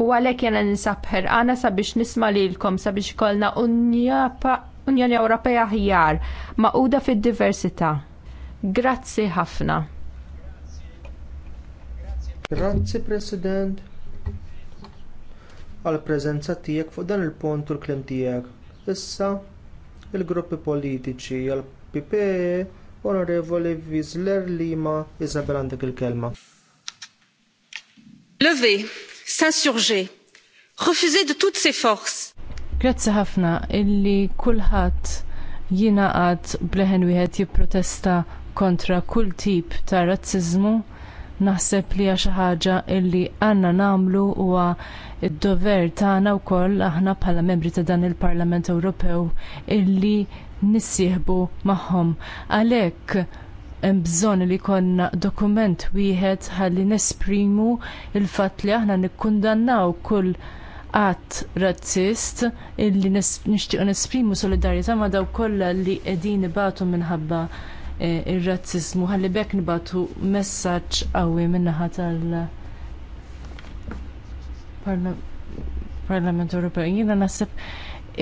u għalhekk jiena nisabħer għana sabiex nisma lilkom sabiex ikollna Unjoni Ewropea ħjar maquda fid-diversità. Grazzi ħafna. Grazzi President għall preżenza tiegħek fuq dan il-punt u l-kliem tiegħek. Issa il-gruppi politiċi għall pipe Onorevoli Wiesler Lima Isabel għandek il-kelma. Levé, s'insurger, refuser de toutes ses forces. Grazzi ħafna illi kulħadd jiena għad bleħen wieħed jipprotesta kontra kull tip ta' razziżmu naħseb li xi ħaġa illi għandna nagħmlu huwa id-dover tagħna wkoll aħna bħala membri ta' dan il-Parlament Ewropew illi nissieħbu magħhom. Għalhekk hemm bżonn li jkollna dokument wieħed ħalli nesprimu il-fatt li aħna nikkundannaw kull att razzist illi nixtiequ nesprimu solidarjetà ma' dawk kollha li qegħdin ibatu minħabba eh, r razziżmu ħalli bekk nibatu messaġġ qawwi min-naħa tal- parlament Ewropew. Jiena naħseb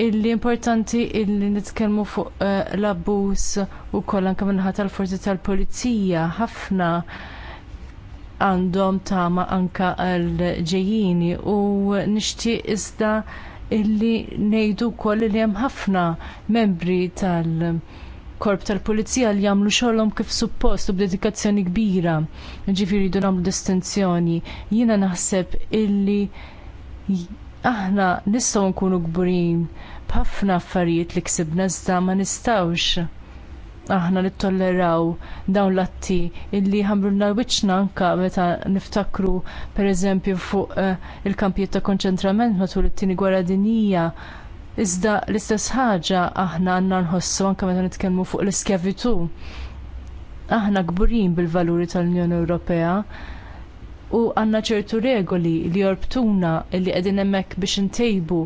illi importanti illi nitkellmu fuq eh, l-abbuż ukoll anke minħat tal-forzi tal-pulizija ħafna għandhom tama anke l ġejjini u nixtieq iżda illi ngħidu wkoll li hemm ħafna membri tal- korp tal-pulizija li jagħmlu xogħolhom kif suppost u b'dedikazzjoni kbira. Ġifieri jdu nagħmlu distinzjoni. Jiena naħseb illi aħna nistgħu nkunu kburin b'ħafna affarijiet li ksibna iżda ma nistgħux aħna nittolleraw dawn l-atti illi ħamrulna wiċċna anke meta niftakru pereżempju fuq eh, il-kampijiet ta' konċentrament matul it-tieni gwerra dinija Iżda l-istess ħaġa aħna għandna nħossu anke meta nitkellmu fuq l-iskjavitu. Aħna kburin bil-valuri tal-Unjoni Ewropea u għandna ċertu regoli li jorbtuna li qegħdin hemmhekk biex intejbu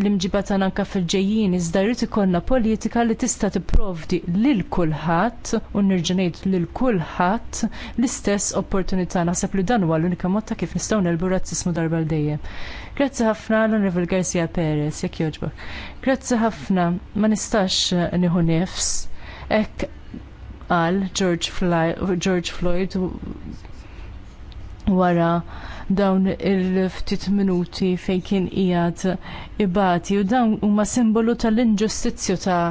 l imġibat tagħna anke fil-ġejjin iżda jrid ikollna politika li tista' tipprovdi lil kulħadd u nerġa' ngħid lil kulħadd l-istess opportunità naħseb li dan huwa l-unika mod ta' kif nistgħu nelbu razzismu darba l dejjem. Grazzi ħafna l-Onorevol Garcia Perez, jekk jogħġbu. Grazzi ħafna, ma nistax nieħu nifs. Ek qal George, George Floyd wara dawn il-ftit minuti fejn kien qiegħed ibati u dawn huma simbolu tal-inġustizzju ta'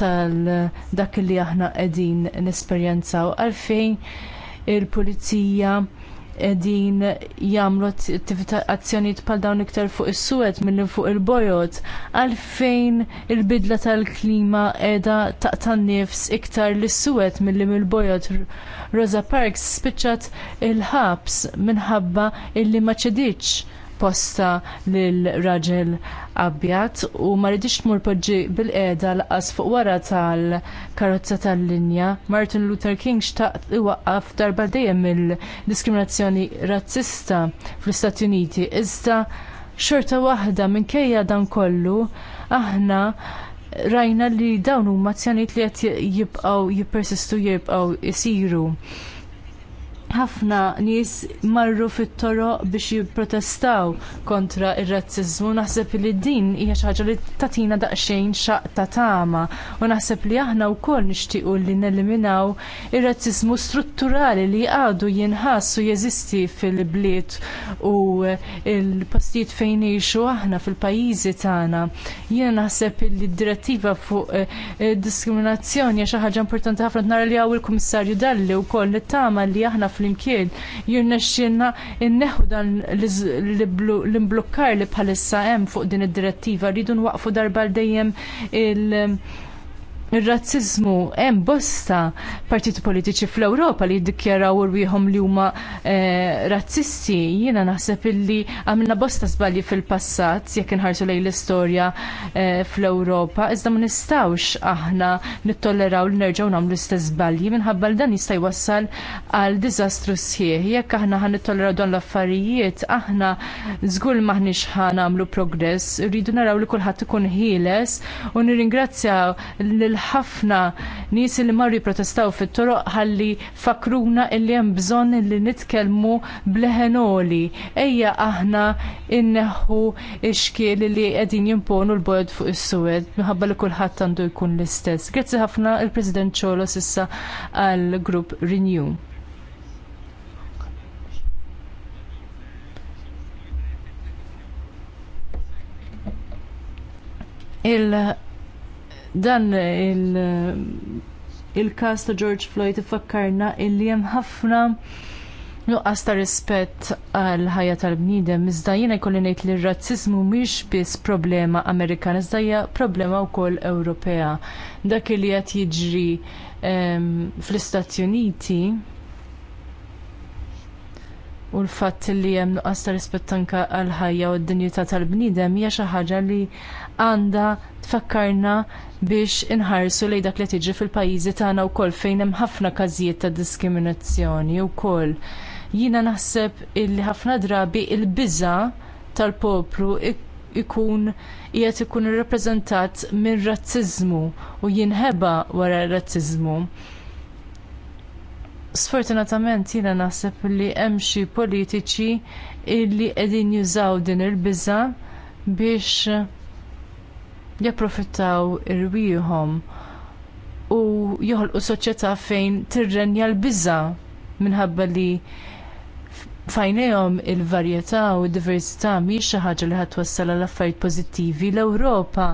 tal-dak li aħna qegħdin nesperjenzaw għalfejn il-pulizija edin jamlu azzjoniet pal dawn iktar fuq is-suwed milli fuq il-bojot, għalfejn il-bidla tal-klima edha taqtan nifs iktar l-suwed milli mill-bojot. Rosa Parks spiċċat il-ħabs minħabba illi ma ċediċ posta lil raġel abjad u ma rridix tmur poġġi bil-qeda laqas fuq wara tal-karozza tal-linja. Martin Luther King xtaq iwaqqaf darba dejjem mill-diskriminazzjoni razzista fl-Istati Uniti. Iżda xorta waħda minkejja dan kollu aħna rajna li dawn huma azzjonijiet li qed jibqgħu jippersistu jibqgħu jsiru ħafna nies marru fit-toroq biex jipprotestaw kontra r razzizmu Naħseb li din hija xi ħaġa li tagħtina daqsxejn xaq ta' tama u naħseb li aħna wkoll nixtiequ li neliminaw ir-razzizmu strutturali li għadu jinħass u jeżisti fil-bliet u l postijiet fejn ixu aħna fil-pajjiżi tagħna. Jiena naħseb li d-direttiva fuq eh, diskriminazzjoni hija xi ħaġa importanti ħafna nara li hawn il-Kummissarju Dalli wkoll li tama li aħna flimkien jirna xienna inneħu dan l-imblukkar li bħalissa hemm fuq din id-direttiva rridu nwaqfu darba l-dejjem il- Il-razzizmu hemm bosta partiti politiċi fl-Ewropa li jiddikjaraw irwieħhom li huma eh, razzisti. Jiena naħseb illi għamilna bosta żbalji fil-passat jekk inħarsu lejn l-istorja eh, fl-Ewropa, iżda ma nistgħux aħna nittolleraw li nerġgħu nagħmlu l-istess żbalji minħabba dan jista' jwassal għal diżastru sħiħ. Jekk aħna ħan nittolleraw dawn l-affarijiet, aħna żgur maħniex ħan nagħmlu progress, rridu naraw li kulħadd ikun ħieles u nirringrazzjaw lil ħafna nies li marri protestaw fit-toroq ħalli fakruna illi hemm bżonn li nitkellmu bleħenoli. Ejja aħna inneħħu xkiel li qegħdin jimponu l-bord fuq is-Suwed minħabba li kulħadd għandu jkun l-istess. Grazzi ħafna il-President Ċolo issa għall grupp Renew. il dan il- il-kas ta' George Floyd ifakkarna illi hemm ħafna nuqqas ta' rispett għal ħajja tal-bniedem, iżda jiena jkolli ngħid li r razzizmu mhix biss problema Amerikana, iżda hija problema wkoll Ewropea. Dak li qed jiġri fl-Istati Uniti u l-fatt li hemm nuqqas ta' rispett anke għal ħajja u d-dinjità tal-bniedem hija xi ħaġa li għandha tfakkarna biex inħarsu lejn dak li tiġi fil-pajjiżi tagħna wkoll fejn hemm ħafna każijiet ta' diskriminazzjoni wkoll. Jiena naħseb illi ħafna drabi l biża tal-poplu ikun qiegħed ikun irrappreżentat minn razziżmu u jinħeba wara r razziżmu. Sfortunatament jiena naħseb li hemm xi politiċi illi qegħdin jużaw din il-biża biex japprofittaw irwieħhom u joħolqu soċjetà fejn tirrenja l-biża minħabba li fajnejhom il-varjetà u d-diversità mhijiex xi ħaġa li ħadd twassal għal affarijiet pożittivi. L-Ewropa,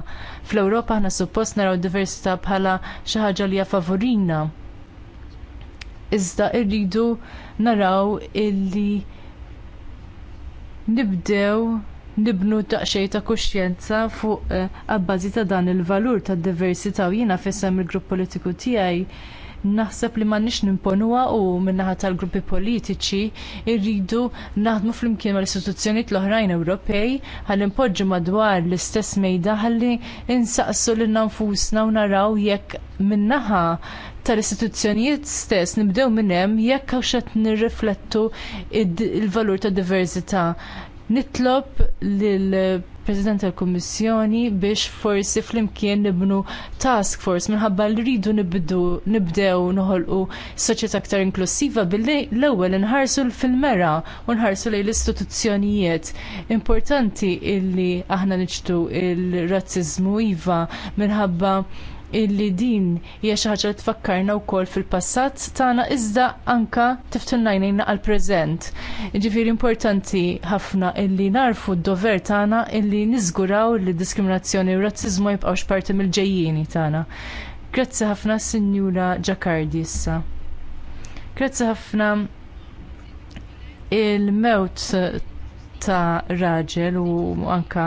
fl-Ewropa aħna suppost naraw diversità bħala xi ħaġa li hija favorina. Iżda rridu naraw illi nibdew nibnu daqsxejn ta' kuxjenza fuq eh, abbażi ta' dan il-valur tad diversità u jiena fissem il-grupp politiku tiegħi naħseb li m'għandniex nimponuwa u min-naħa tal-gruppi politiċi rridu naħdmu flimkien mal istituzzjonijiet l-oħrajn Ewropej ħalli npoġġu madwar l-istess mejda ħalli insaqsu lil nfusna u naraw jekk min-naħa tal-istituzzjonijiet stess nibdew minn hemm jekk għax qed nirriflettu il-valur tad diversità nitlob lill-President tal kummissjoni biex forsi flimkien nibnu task force minħabba li rridu nibdu nibdew noħolqu soċjetà aktar inklusiva billi l-ewwel inħarsu fil-mera u nħarsu lejn l-istituzzjonijiet. Importanti illi aħna niġtu il-razziżmu iva minħabba illi din hija xi ħaġa li tfakkarna wkoll fil-passat tagħna iżda anka tiftunnajnejna għall preżent Ġifieri importanti ħafna illi narfu d-dover tagħna illi niżguraw li diskriminazzjoni u razziżmu jibqgħux parti mill-ġejjieni tagħna. Grazzi ħafna Sinjura Ġakardi issa. Grazzi ħafna il-mewt ta' raġel u anka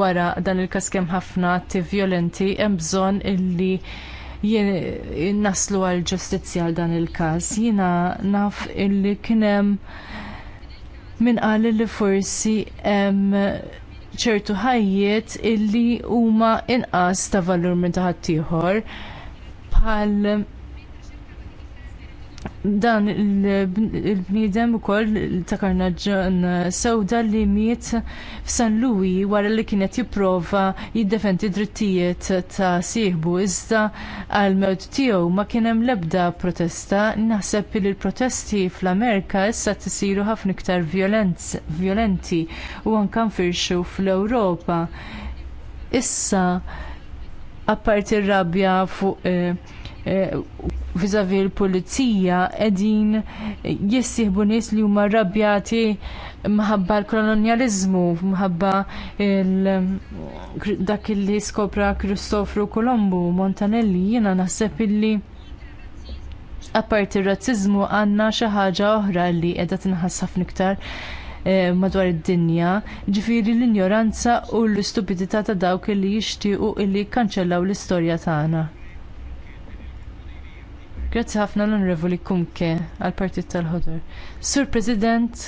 wara dan il kaskem kemm ħafna attiv violenti hemm bżonn illi naslu għal ġustizzja għal dan il-każ. Jiena naf illi kien hemm min qal li forsi hemm ċertu ħajjiet illi huma inqas ta' valur minn taħat ħaddieħor bħal dan il-bniedem ukoll ta' karnaġġan sewda li miet f'San Louis wara li kienet jipprova jiddefendi drittijiet ta' sieħbu iżda għal mewt tiegħu ma kien hemm l-ebda protesta naħseb li l-protesti fl-Amerika issa tisiru ħafna iktar violenti u anke nfirxu fl-Ewropa. Issa apparti r-rabja fuq eh, Eh, vizavi l-pulizija edin jessieħbu nies li huma rrabjati mħabba l-kolonializmu, mħabba dak li skopra Kristofru Kolombu, Montanelli, jiena naħseb li apparti r-razzizmu għandna xi ħaġa oħra li qiegħda tinħassaf niktar eh, madwar id-dinja, ġifiri l-injoranza u l-stupidità ta' dawk li jixtiequ illi kkanċellaw l-istorja tagħna. Grazzi ħafna l-Onorevoli Kumke għal partit tal-ħodor. Sur President,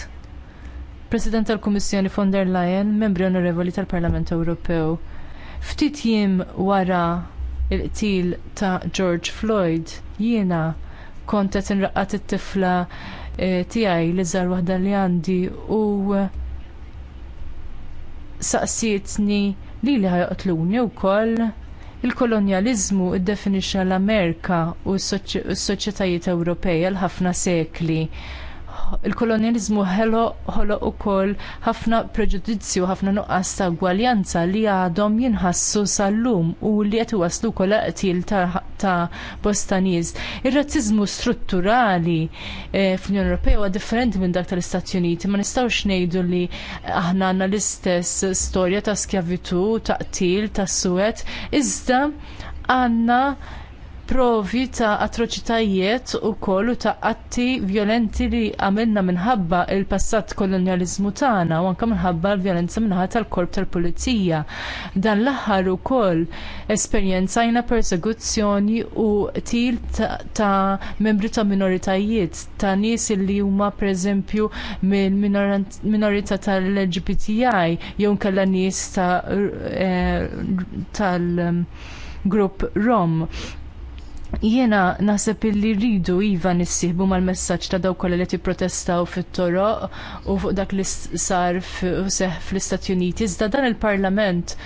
President tal-Kummissjoni von der Leyen, membri onorevoli tal-Parlament Ewropew. Ftit jim wara il-qtil ta' George Floyd, jiena kont qed inraqqat it-tifla eh, tiegħi li żar waħda li għandi u saqsietni li li u koll. Il-kolonjaliżmu iddefinixxa l-Amerika u s-soċjetajiet Ewropej għal ħafna sekli il-kolonializmu ħolo ukoll ħafna preġudizzju, ħafna nuqqas ta' gwaljanza li għadhom jinħassu sal-lum u li qed iwasslu wkoll qtil ta' bostaniż. Ir-razziżmu strutturali eh, fl-Unjoni Ewropea huwa differenti minn dak tal-Istati Uniti, ma nistgħux ngħidu li aħna għandna l-istess storja ta' skjavitu, ta' qtil, ta' suwed, iżda għandna provi ta' atroċitajiet ukoll u ta' atti vjolenti li għamilna minħabba l passat kolonialiżmu tagħna u anke minħabba l-vjolenza minħabba tal-korp tal-pulizija. Dan l-aħħar ukoll esperjenzajna persekuzzjoni u til ta', membri ta' minoritajiet ta' nies li huma pereżempju mill minorità tal-LGBTI jew kalla nies ta' eh, tal mm, grupp Rom Jiena naħseb illi rridu iva nissiħbu mal messaġġ ta' dawk kollha li tipprotestaw fit-toroq u fuq dak li sar seħħ fl-Istati Uniti. Iżda dan il-Parlament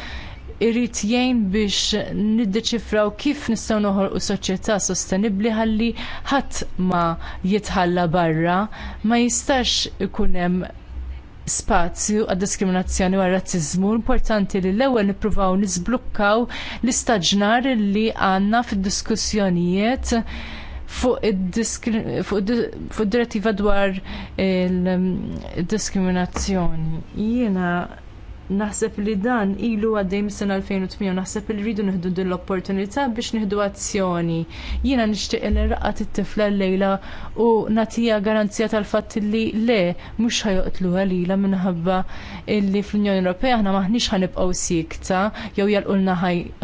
irid jgħin biex niddeċifraw kif nistgħu noħolqu soċjetà sostenibbli ħalli ħadd ma jitħalla barra, ma jistax ikun hemm spazju għad diskriminazzjoni u għar-razzizmu. Importanti li l-ewwel nippruvaw nisblukkaw l-istaġnar li għandna fid-diskussjonijiet fuq id-direttiva dwar il-diskriminazzjoni. Jiena Naħseb li dan ilu għaddej mis-sena 2008 naħseb li rridu nieħdu din l-opportunità biex nieħdu azzjoni. Jiena nixtieq li raqqat it-tifla llejla u nagħtiha garanzija tal-fatt li le mhux ħajoqtluha lilha minħabba li fl-Unjoni Ewropea aħna maħniex ħanibqgħu sikta jew jalqulna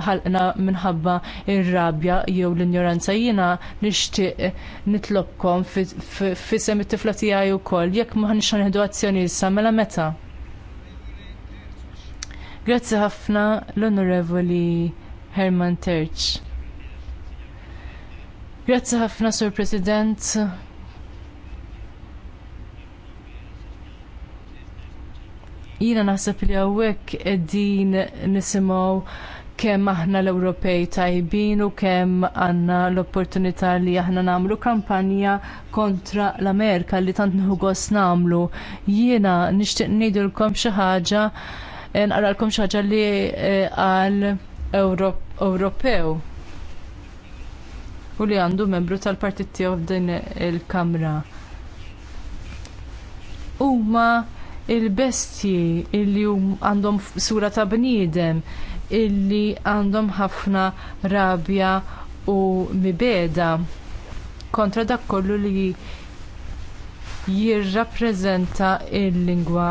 ħalqna minħabba ir-rabja jew l-injoranza. Jiena nixtieq nitlobkom fisem it-tifla tiegħi wkoll jekk maħniex ħanieħdu azzjoni issa mela meta. Grazzi ħafna l-Onorevoli Herman Terċ. Grazzi ħafna, Sur President. Jina naħseb li għawek qegħdin nisimaw kemm aħna l-Ewropej tajbin u kemm għandna l-opportunità li aħna nagħmlu kampanja kontra l-Amerika li tant nħu gost nagħmlu. Jiena nixtieq ngħidulkom xi ħaġa nqaralkom xi ħaġa li e, għal Ewropew u li għandu membru tal-partit tiegħu f'din il-Kamra. Huma il-bestji illi għandhom sura ta' bniedem illi għandhom ħafna rabja u mibeda kontra dak kollu li jirrappreżenta l lingwa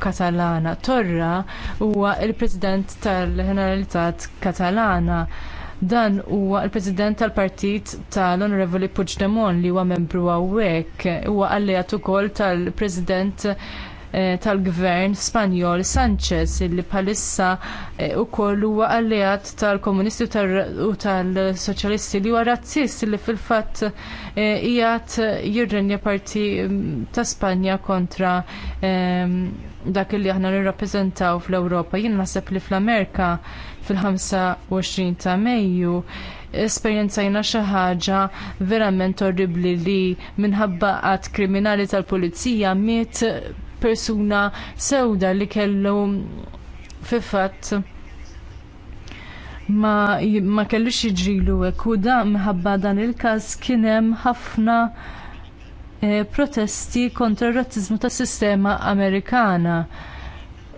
Katalana. Torra huwa l president tal-Generalitat Katalana. Dan huwa l-President tal-Partit tal-Onorevoli Puigdemont li huwa membru hawnhekk. Huwa alleat ukoll tal-President eh, tal-gvern Spanjol Sanchez illi bħalissa wkoll eh, huwa alleat tal-komunisti u tal-soċjalisti li huwa razzist li fil fatt eh, ijat jirrenja parti mm, ta' Spanja kontra ehm, dak li aħna nirrappreżentaw fl-Ewropa. Jien naħseb li fl-Amerika fil-25 ta' Mejju esperjenzajna xi ħaġa verament orribbli li minħabba qatt kriminali tal-pulizija miet persuna sewda li kellu fi fatt ma, ma kellux jiġrilu hekk u da minħabba dan il-każ kien hemm ħafna Eh, protesti kontra r-rattizmu tas sistema Amerikana.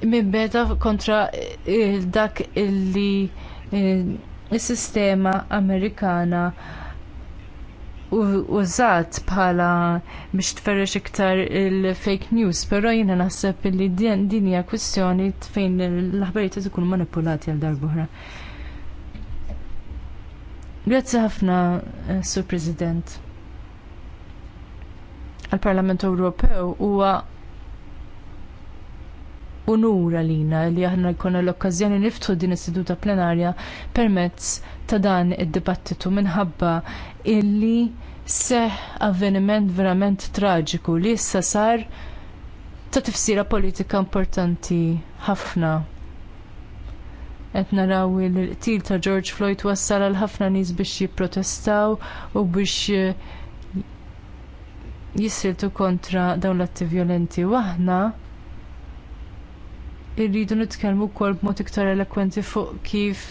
Mibbeda kontra eh, dak illi eh, is sistema Amerikana użat bħala biex tferrex iktar il-fake news, però jiena naħseb li din hija kwistjoni fejn l-aħbarijiet ikunu manipulati għal darbohra. Grazzi ħafna, Sur President għal-Parlament Ewropew huwa unura lina li aħna jkollna l-okkażjoni niftħu din is-seduta plenarja permezz ta' dan id-dibattitu minħabba illi seħ avveniment verament traġiku li issa sar ta' tifsira politika importanti ħafna. Qed naraw il-qtil ta' George Floyd wassal għal ħafna nies biex jipprotestaw u biex jissiltu kontra dawn l-atti violenti u aħna irridu nitkellmu wkoll b'mod iktar elokwenti fuq kif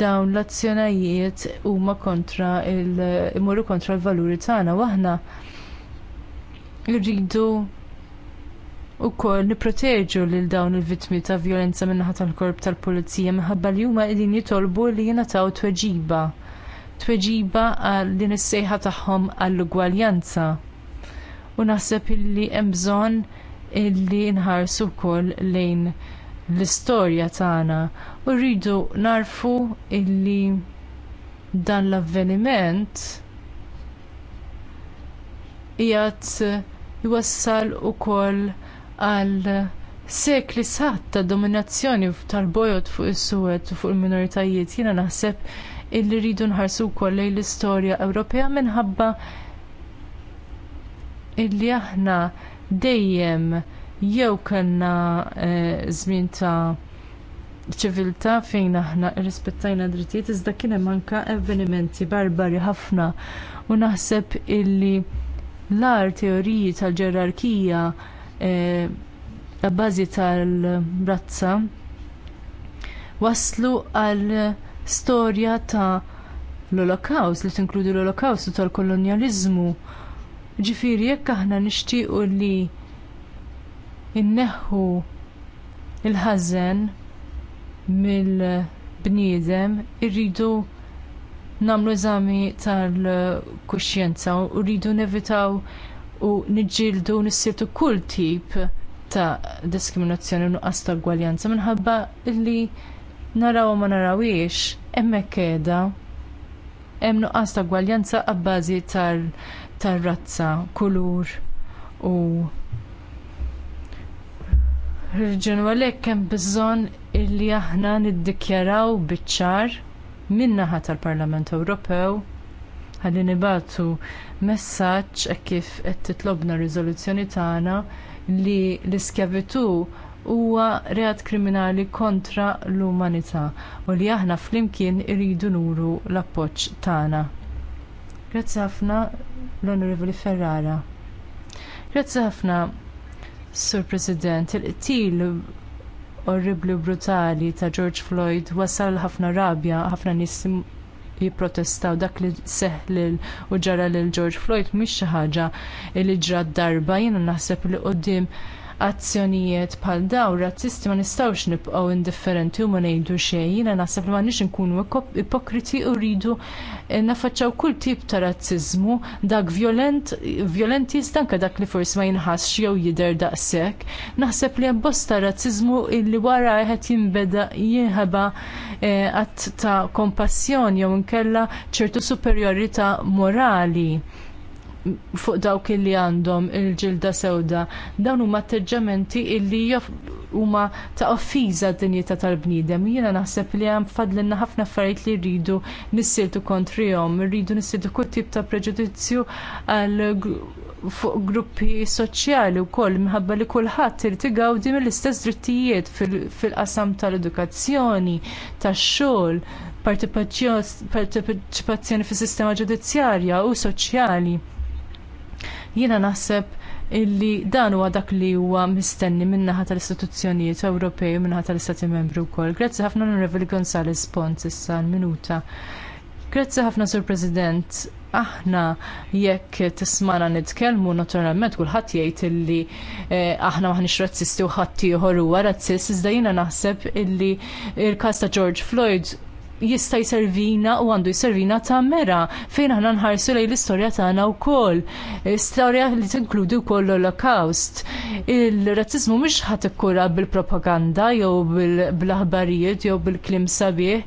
dawn l-azzjonajiet huma kontra il imorru kontra l-valuri tagħna u aħna irridu u kol niproteġu lil dawn il-vittmi ta' violenza min-naħa tal-korp tal-pulizija minħabba li huma qegħdin jitolbu li jingħataw tweġiba. Tweġiba għal din is-sejħa tagħhom għall-ugwaljanza u naħseb illi hemm bżonn illi nħarsu wkoll lejn l-istorja tagħna u rridu narfu illi dan l-avveniment qiegħed jwassal ukoll għal sekli sħat ta' dominazzjoni tal-bojot fuq is-suwed u fuq il-minoritajiet jiena naħseb illi rridu nħarsu wkoll lejn l-istorja Ewropea minħabba illi aħna dejjem jew kellna eh, żmien ta' ċiviltà fejn aħna rrispettajna drittijiet iżda kien hemm anke avvenimenti barbari ħafna u naħseb illi l-ar teoriji tal-ġerarkija eh, bażi tal-razza waslu għal storja ta' l-Holocaust, li tinkludi l-Holocaust u tal-kolonializmu Ġifiri, jekk aħna nixtiequ li inneħħu il-ħażen mill-bniedem, irridu nagħmlu eżami tal-kuxjenza u rridu nevitaw u niġġieldu nissirtu kull tip ta' diskriminazzjoni u nuqqas ta' gwaljanza minħabba li naraw ma narawiex hemmhekk qiegħda hemm nuqqas ta' gwaljanza abbażi tal- tar-razza, kulur u Ġenu għalek hemm bżonn illi aħna niddikjaraw bitċar minna ħat naħa tal-Parlament Ewropew ħalli nibatu messaġġ e kif qed titlobna riżoluzzjoni tagħna li l-iskjavitu huwa reat kriminali kontra l-umanità u li aħna flimkien iridu nuru l-appoġġ tagħna. Grazzi ħafna l-Onorevoli Ferrara. Grazzi ħafna, Sur President, il-qtil orribli brutali ta' George Floyd wasal ħafna rabja, ħafna nis jipprotestaw dak li seħlil u ġara lil George Floyd mhix xi ħaġa li ġrat darba jiena naħseb li qudiem azzjonijiet bħal daw razzisti ma nistgħux nibqgħu indifferenti u ma ngħidu xejn. Jiena naħseb li m'għandniex inkunu ipokriti u rridu eh, nafaċċaw kull tip ta' razziżmu dak violent violenti anke dak li forsi ma jinħassx jew jidher daqshekk. Naħseb li abbosta razziżmu illi wara qed jinbeda jinħeba eh, att ta' kompassjoni jew inkella ċertu superjorità morali fuq dawk li għandhom il-ġilda sewda. Dawn huma atteġġamenti illi huma ta' offiża d-dinjità tal-bniedem. Jiena naħseb li hemm fadlinna ħafna affarijiet li rridu nissiltu kontrihom, rridu nissiltu kull tip ta' preġudizzju għal fuq gruppi soċjali wkoll minħabba li kulħadd irid igawdi mill-istess drittijiet fil-qasam tal-edukazzjoni, tax-xogħol, partecipazzjoni fis-sistema ġudizzjarja u soċjali. Jiena naħseb illi dan huwa dak li huwa mistenni min-naħa tal-istituzzjonijiet Ewropej u min-naħa tal-Istati Membri wkoll. Grazzi ħafna l-Onorevoli Gonzales Pons issa l-minuta. Grazzi ħafna Sur President aħna jekk tismana nitkellmu naturalment kulħadd jgħid illi eh, aħna maħniex razzisti u ħadd ieħor huwa razzist iżda jiena naħseb illi il-każ ta' George Floyd jista' jservina u għandu jservina ta' mera fejn aħna nħarsu lejn l-istorja tagħna wkoll. Istorja li tinkludi wkoll l-Holocaust. il razzizmu mhux ħadd ikkura bil-propaganda jew bil-aħbarijiet jew bil kliem sabiħ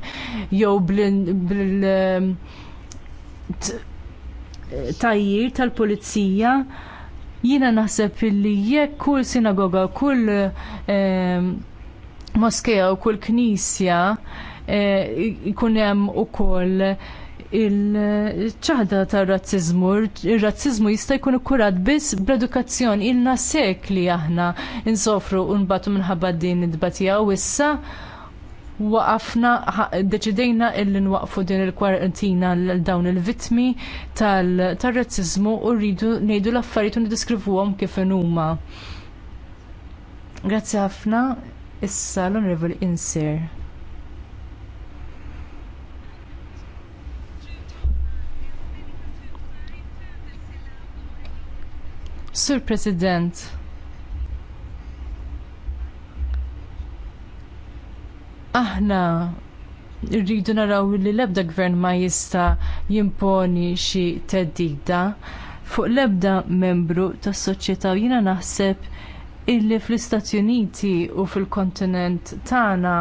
jew bil tajjir tal-pulizija. Jiena naħseb illi jekk kull sinagoga, kull eh, moskeja u kull knisja Eh, ikun hemm ukoll il-ċaħda ta' razzizmu, il-razzizmu jista' jkun ikkurat biss bl-edukazzjoni ilna sekli aħna insofru u nbatu minħabba din id-batija u issa waqafna, deċidejna illi nwaqfu din il-kwarantina l-dawn il vittmi tal-razzizmu u rridu ngħidu l-affarijiet u nidiskrivuhom kif huma. Grazzi ħafna, issa l-Onorevoli Insir. Sur President, aħna rridu naraw li l-ebda gvern ma jista jimponi xi theddida fuq l-ebda membru tas soċjetà jiena naħseb illi fl-Istati Uniti u fil-kontinent tagħna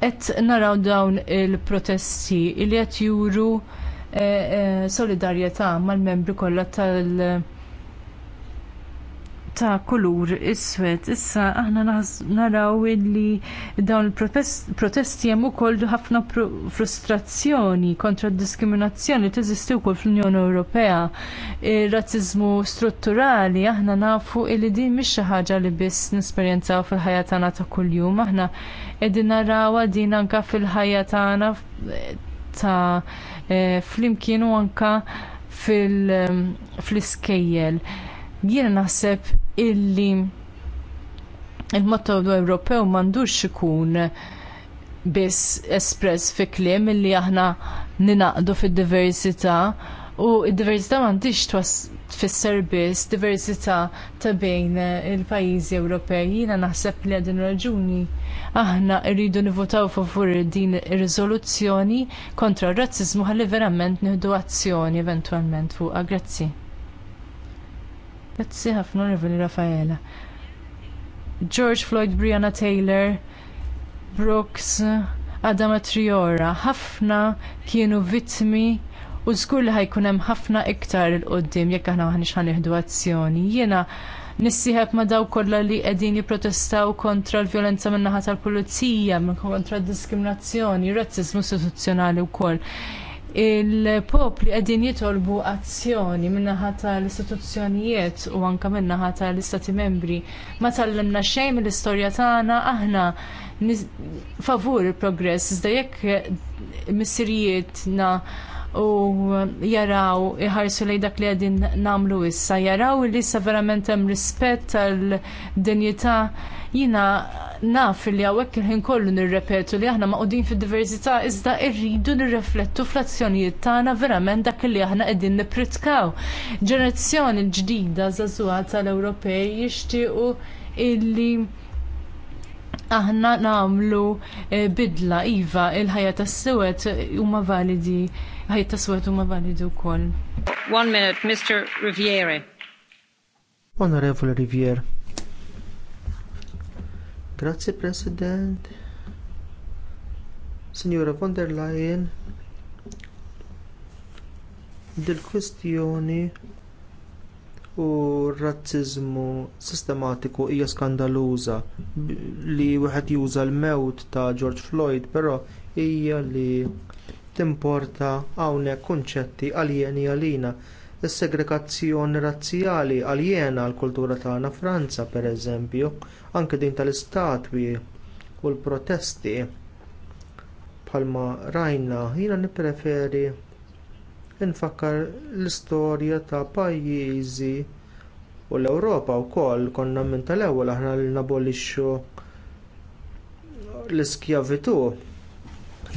qed naraw dawn il-protesti illi qed juru eh, eh, solidarjetà mal-membri kollha tal- ta' kulur iswed. Issa aħna naraw illi dawn il-protesti hemm ukoll ħafna frustrazzjoni kontra d-diskriminazzjoni li teżisti wkoll fl-Unjoni Ewropea. Ir-razziżmu strutturali aħna nafu illi din mhix xi ħaġa li biss nesperjenzaw fil-ħajja tagħna ta' kuljum. Aħna qegħdin narawha din anke fil-ħajja tagħna ta' eh, flimkien u anke fil-iskejjel. Jiena naħseb illi il-motto Ewropew m'għandux ikun biss espress fi kliem illi aħna ninaqdu fid-diversità u d-diversità m'għandix tfisser biss diversità ta' bejn il-pajjiżi Ewropej. Jiena naħseb li għadin raġuni aħna rridu nivutaw favur din ir-riżoluzzjoni kontra r-razzizmu ħalli verament nieħdu azzjoni eventwalment fuqha. Grazzi. Grazzi ħafna Rivoli Raffaela. George Floyd, Brianna Taylor, Brooks, Adama Triora, ħafna kienu vittmi u żgur li ħajkun hemm ħafna iktar il-qoddim jekk aħna maħniex ħanieħdu azzjoni. Jiena nissieħeb ma daw kollha li qegħdin jipprotestaw kontra l-vjolenza min-naħa tal-pulizija, kontra d-diskriminazzjoni, r razzizmu istituzzjonali wkoll il-popli qegħdin jitolbu azzjoni min-naħa tal-istituzzjonijiet u anke min-naħa tal-istati membri. Ma tallimna xejn mill-istorja tagħna aħna favur il-progress iżda jekk missirijietna u jaraw iħarsu lejn dak li qegħdin nagħmlu issa, jaraw li issa verament hemm rispett tal-dinjità Jina naf li għawek il-ħin kollu nirrepetu li aħna maqdin fid diversità iżda irridu nirreflettu fl-azzjonijiet tagħna verament dak li aħna qegħdin nipritkaw. Ġenerazzjoni ġdida żagħżugħa tal-Ewropej jixtiequ illi aħna nagħmlu eh, bidla iva il-ħajja tas-sewed huma validi ħajja tas-sewed huma validi wkoll. One minute, Mr. Riviere. Onorevole Riviere. Grazzi President. Signora von der Leyen, dil-kwistjoni u r sistematiku hija skandaluża li wieħed juża l-mewt ta' George Floyd, però hija li timporta hawnhekk kunċetti aljeni għalina is-segregazzjoni razzjali aljena għall kultura tagħna Franza pereżempju, anke din tal-istatwi u l-protesti bħalma rajna jiena nippreferi infakkar l-istorja ta' pajjiżi u l-Ewropa wkoll konna minn tal-ewwel aħna li nabolixxu l-iskjavitu.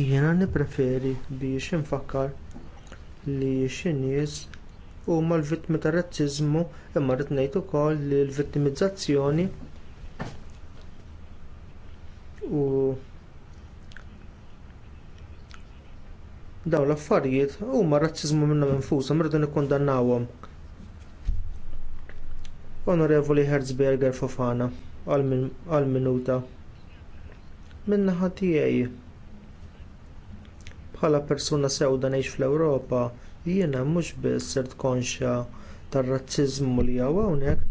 Jiena nippreferi biex infakkar li xi nies huma l-vittmi tar razziżmu imma rrid ngħid ukoll li l-vittimizzazzjoni u dawn l-affarijiet huma razziżmu minnhom infushom irridu nikkundannawhom. Onorevoli Herzberger Fofana għal minuta minnaħa tiegħi bħala persuna sewda ngħix fl-Ewropa Jiena mhux biss sirt konxja tar-razziżmu li hawn hawnhekk,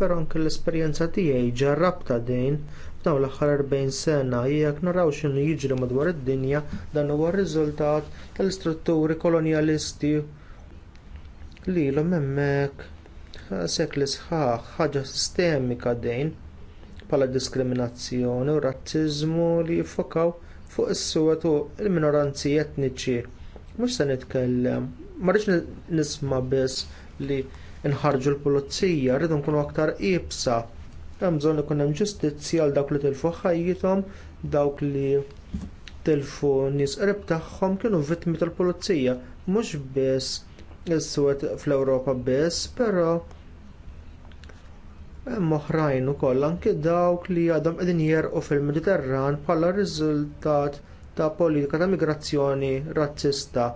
però anke l-esperjenza tiegħi ġarrabta din f'dawn l-aħħar 40 sena jekk naraw x'inhu jiġri madwar id-dinja dan huwa r-riżultat tal-istrutturi kolonjalisti li ilhom hemmhekk sekli sħaħ ħaġa sistemika dejn bħala diskriminazzjoni u razziżmu li jiffokaw fuq is-suwed u l-minoranzi etniċi. Mhux se nitkellem marriċ nisma biss li nħarġu l-pulizija, rridu nkunu aktar ibsa. Hemm bżonn ikun hemm ġustizzja għal dawk li tilfu ħajjithom, dawk li tilfu nies qrib tagħhom kienu vittmi tal-pulizija, mhux biss is-suwed fl-Ewropa biss, però hemm oħrajn ukoll anke dawk li għadhom qegħdin jerqu fil-Mediterran bħala riżultat ta' politika ta' migrazzjoni razzista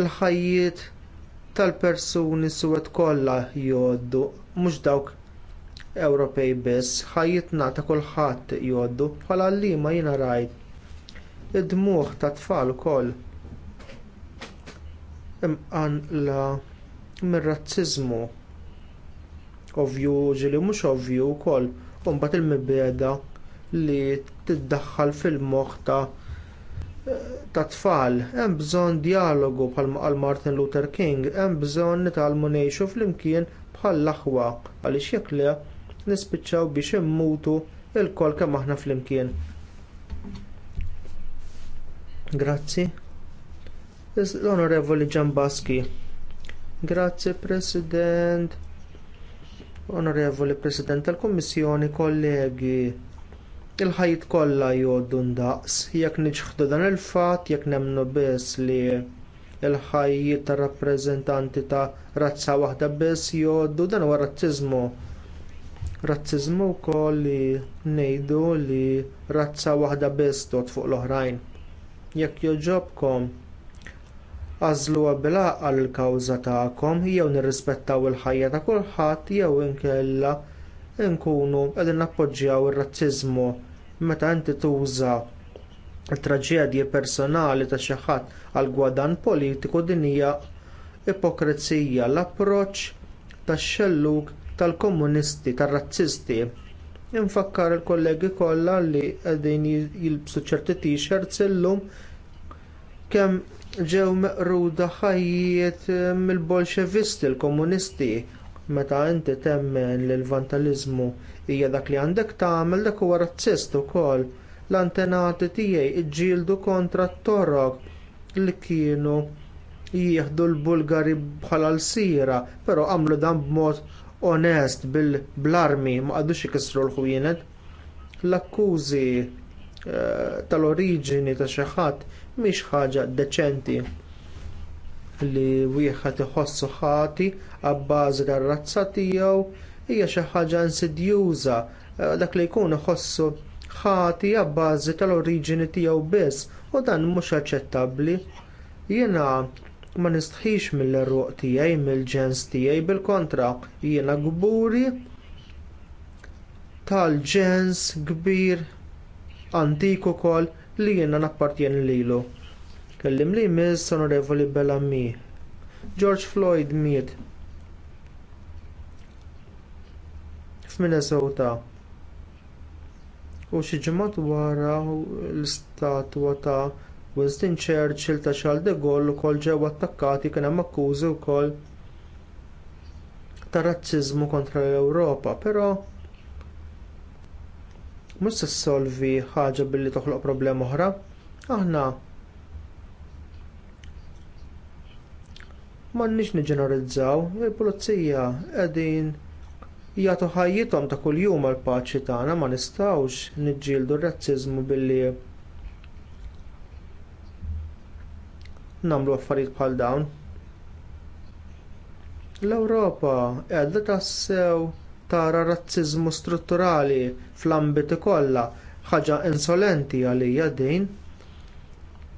il-ħajjiet tal-persuni suwed kollha jgħoddu, mhux dawk Ewropej biss, ħajjitna ta' kulħadd jgħoddu bħala liema jiena rajt. Id-dmuħ ta' tfal ukoll imqanqla mir-razziżmu ovvju ġili mhux ovvju wkoll u mbagħad il-mibeda li tiddaħħal fil-moħħ ta' ta' tfal, hemm bżonn dijalogu bħal qal Martin Luther King, hemm bżonn nitalmu ngħixu flimkien bħall-aħwa għaliex jekk le nispiċċaw biex immutu lkoll kemm aħna flimkien. Grazzi. L-Onorevoli Ġambaski. Grazzi President. Onorevoli President tal-Kommissjoni, kollegi, il-ħajt kollha jgħoddu ndaqs, jekk niġħdu dan il-fatt, jekk nemnu biss li il-ħajjiet tar rappreżentanti ta' razza waħda biss jgħoddu dan huwa razziżmu. Razziżmu wkoll li ngħidu li razza waħda biss toqgħod fuq l-oħrajn. Jekk joġobkom għażluha bil-għaqal il-kawża tagħkom jew nirrispettaw il-ħajja ta' kulħadd jew inkella nkunu qegħdin nappoġġjaw ir-razziżmu meta inti tuża t traġedji personali ta' xi ħadd għal gwadan politiku din hija ipokrizija l-approċċ tax-xellug tal-komunisti tar-razzisti. Infakkar il-kollegi kollha li qegħdin jilbsu ċerti t-shirts illum kemm ġew meqruda ħajjiet mill-bolxevisti l-komunisti meta inti temmen li l-vandaliżmu hija dak li għandek tagħmel dak huwa razzist ukoll. L-antenati tiegħi ġġieldu kontra t-torok li kienu jieħdu l-Bulgari bħala l-sira, però għamlu dan b'mod onest bil-armi ma qadux ikissru l-ħwienet. L-akkużi eh, tal-oriġini ta' xi ħadd mhix ħaġa deċenti li wieħed iħossu ħati għabbażi tar-razza tiegħu hija xi ħaġa insidjuża eh, dak li jkun iħossu ħati għabbażi tal-oriġini tiegħu biss u dan mhux aċċettabbli. Jiena ma nistħix mill-eruq tiegħi mill-ġens tiegħi bil-kontra jiena gburi tal-ġens kbir antik ukoll li jiena nappartjeni lilu. Kellim li jmiss Onorevoli Bellamy. George Floyd miet. F'Minnesota. U xi ġimgħat wara l-istatwa ta' Winston Churchill ta' Charles de Gaulle ukoll ġew attakkati kien hemm akkużi wkoll ta' razziżmu kontra l-Ewropa, però mhux se ssolvi ħaġa billi toħloq problema oħra. Aħna m'għandniex niġġeneralizzaw, il-pulizija qegħdin jagħtu ħajjithom ta' kuljum għall paċi tagħna ma nistgħux niġġieldu r-razziżmu billi nagħmlu affarijiet bħal dawn. L-Ewropa qiegħda tassew tara razziżmu strutturali fl-ambiti kollha ħaġa insolenti għalija din.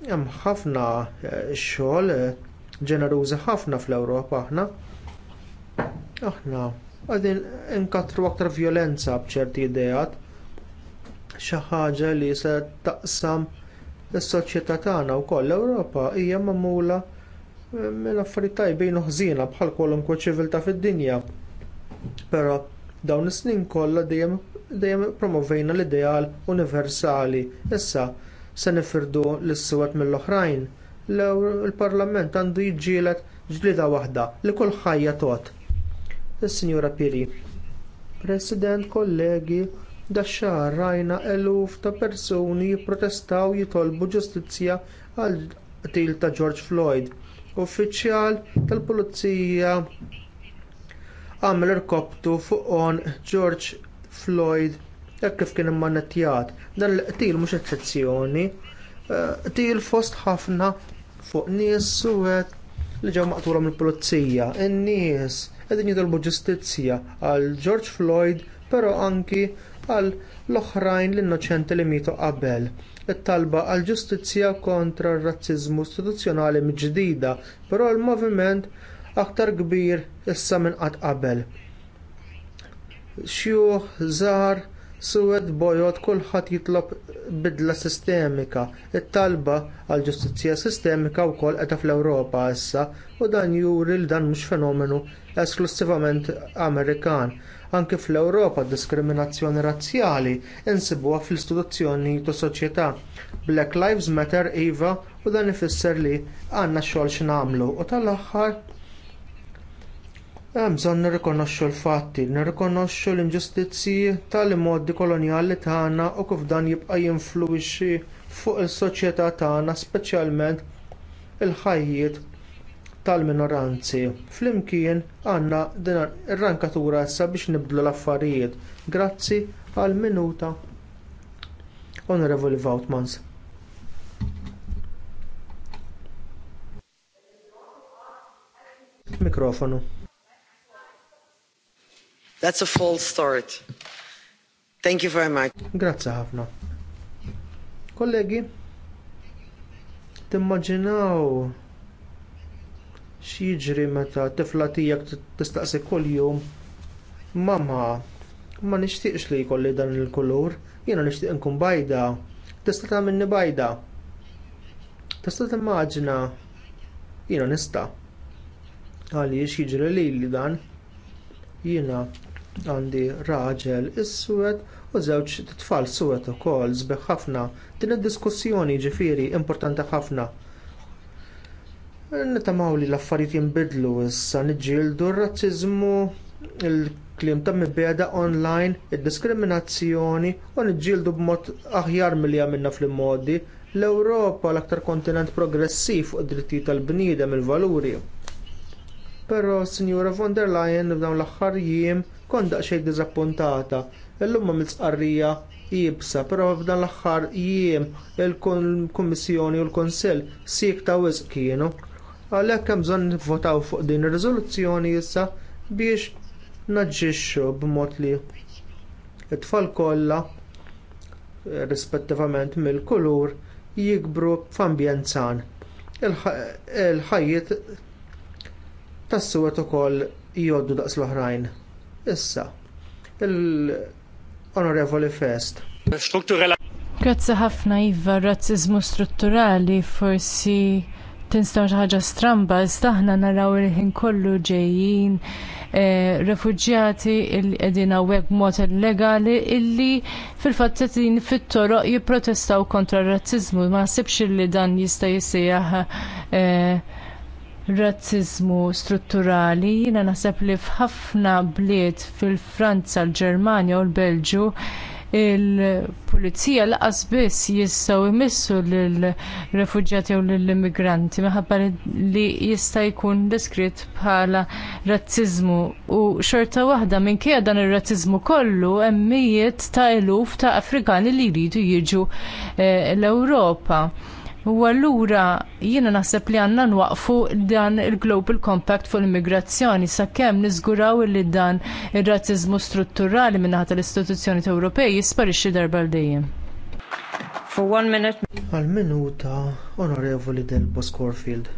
Hemm ħafna xogħol ġenerużi ħafna fl-Ewropa aħna. Aħna għadin inkatru aktar vjolenza bċerti ideat xi ħaġa li se taqsam is-soċjetà tagħna wkoll l-Ewropa hija magħmula eh, minn affarijiet tajbin uħżina bħal kwalunkwe ċiviltà fid-dinja. Però dawn is-snin kollha dejjem dejjem promovejna l-ideal universali. Issa se nifirdu l-iswed mill-oħrajn l-Parlament għandu jiġġielet ġlieda waħda li kull ħajja tot. Is-Sinjura Piri, President, kollegi, daċxar rajna eluf ta' persuni jipprotestaw jitolbu ġustizzja għal til ta' George Floyd. Uffiċjal tal-Pulizija għamel irkoptu fuq on George Floyd hekk kif kien immanettjat. Dan l-qtil mhux eċċezzjoni. Eh, qtil fost ħafna fuq nies suwed li ġew maqtura mill-pulizija. In-nies qegħdin jidolbu ġustizzja għal George Floyd, però anki għal l-oħrajn l-innoċenti li mietu qabel. It-talba għal ġustizzja kontra r-razziżmu istituzzjonali mġdida, però l-moviment aktar kbir issa minn qatt qabel. Xjuħ, żgħar, Suwed bojot kulħadd jitlob bidla sistemika. It-talba għal ġustizzja sistemika wkoll qeta fl-Ewropa issa u dan juri li dan mhux fenomenu esklusivament Amerikan. Anke fl-Ewropa d diskriminazzjoni razzjali insibuha fl-istituzzjoni u soċjetà. Black Lives Matter iva u dan ifisser li għandna xogħol x'namlu u tal-aħħar Hemm bżonn nirrikonoxxu l-fatti, nirrikonoxxu l-inġustizzji tal-modi koloniali tagħna u kif dan jibqa' jinfluwixxi fuq is-soċjetà tagħna speċjalment il-ħajjiet tal-minoranzi. Flimkien għandna din ir-rankatura issa biex nibdlu l-affarijiet. Grazzi għall minuta. Onorevoli Vautmans. Mikrofonu. That's a false start. Thank you very much. Grazzi ħafna. Kollegi, timmaġinaw x'jiġri meta tifla tiegħek tistaqsi kol-jum mamma ma nixtieqx li jkolli dan il-kulur, jiena nixtieq nkun bajda. Tista' minni bajda. Tista' timmaġina jiena nista' għaliex jiġri li dan jena Għandi raġel is-suwed u żewġ tfal suwed ukoll żbeħ ħafna. Din id-diskussjoni ġifieri importanti ħafna. Nitamaw li l-affarijiet jinbidlu issa niġġieldu r-razziżmu il-kliem ta' mibeda online, id-diskriminazzjoni u niġġieldu b'mod aħjar milli għamilna fl-immodi l-Ewropa l-aktar kontinent progressiv fuq id-drittijiet tal-bniedem il-valuri. Però, Sinjura von der Leyen f'dawn l-aħħar jiem Kont daqsxejn diżappuntata. Illum ma mill-sqarrija jibsa, però f'dan l-aħħar jiem il-Kummissjoni u l-Kunsill sik ta' wisq kienu. Għalhekk hemm bżonn nivvotaw fuq din ir-riżoluzzjoni issa biex naġġixxu b'mod li it-tfal kollha rispettivament mill-kulur jikbru f'ambjent san. Il-ħajjiet tas-suwet ukoll jgħoddu daqs l-oħrajn. Issa, il-Onorevoli Fest. Grazzi ħafna Iva, razzizmu strutturali forsi tinstaw ħaġa stramba, aħna naraw il-ħin kollu ġejjin eh, refugjati il qegħdin hawnhekk mot illegali illi fil-fatt fit-toroq jipprotestaw kontra r-razziżmu. Ma nsibx li dan jista' jissejjaħ. Eh, razzizmu strutturali. Jiena naħseb li f'ħafna bliet fil-Franza, l-Ġermanja u l-Belġu il-pulizija laqas biss jistgħu jmissu lill-refuġjati u lill-immigranti minħabba li jista' jkun diskrit bħala razziżmu u xorta waħda minkejja dan ir-razziżmu kollu hemm mijiet ta' eluf ta' Afrikani li jridu jiġu eh, l-Ewropa. U allura jiena naħseb li għandna nwaqfu dan il-Global Compact fuq l-immigrazzjoni sakemm niżguraw li dan ir razzizmu strutturali minn naħa tal-istituzzjoni Ewropej jisparixxi darba l dejjem. For one minute. Għal minuta, onorevoli del Boscorfield.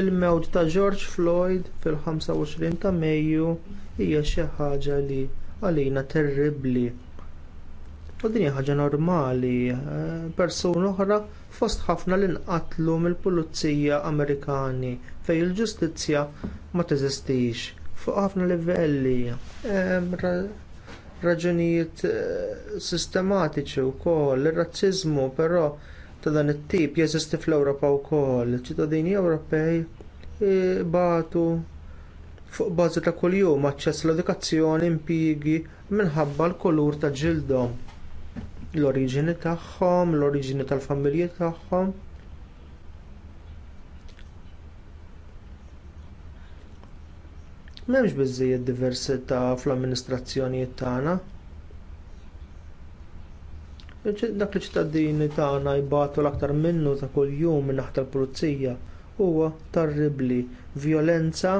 Il-mewt ta' George Floyd fil-25 ta' Mejju hija xi ħaġa li għalina terribbli U din hija ħaġa normali, eh, persuna oħra fost ħafna li nqatlu mill-Pulizija Amerikani fejn il-ġustizzja ma teżistix fuq ħafna livelli. Raġunijiet eh, sistematiċi wkoll, ir-razziżmu però ta' dan it-tip jeżisti fl-Ewropa wkoll, iċ ċittadini Ewropej eh, batu fuq bażi ta' kuljum aċċess l-edukazzjoni impjiegi minħabba l-kulur ta' ġildhom l-oriġini tagħhom, l-oriġini tal-familji tagħhom. M'hemmx biżżejjed diversità fl-amministrazzjonijiet tagħna. Dak li ċittadini tagħna jbatu l-aktar minnu ta' kuljum minn naħta l-pulizija huwa terribbli vjolenza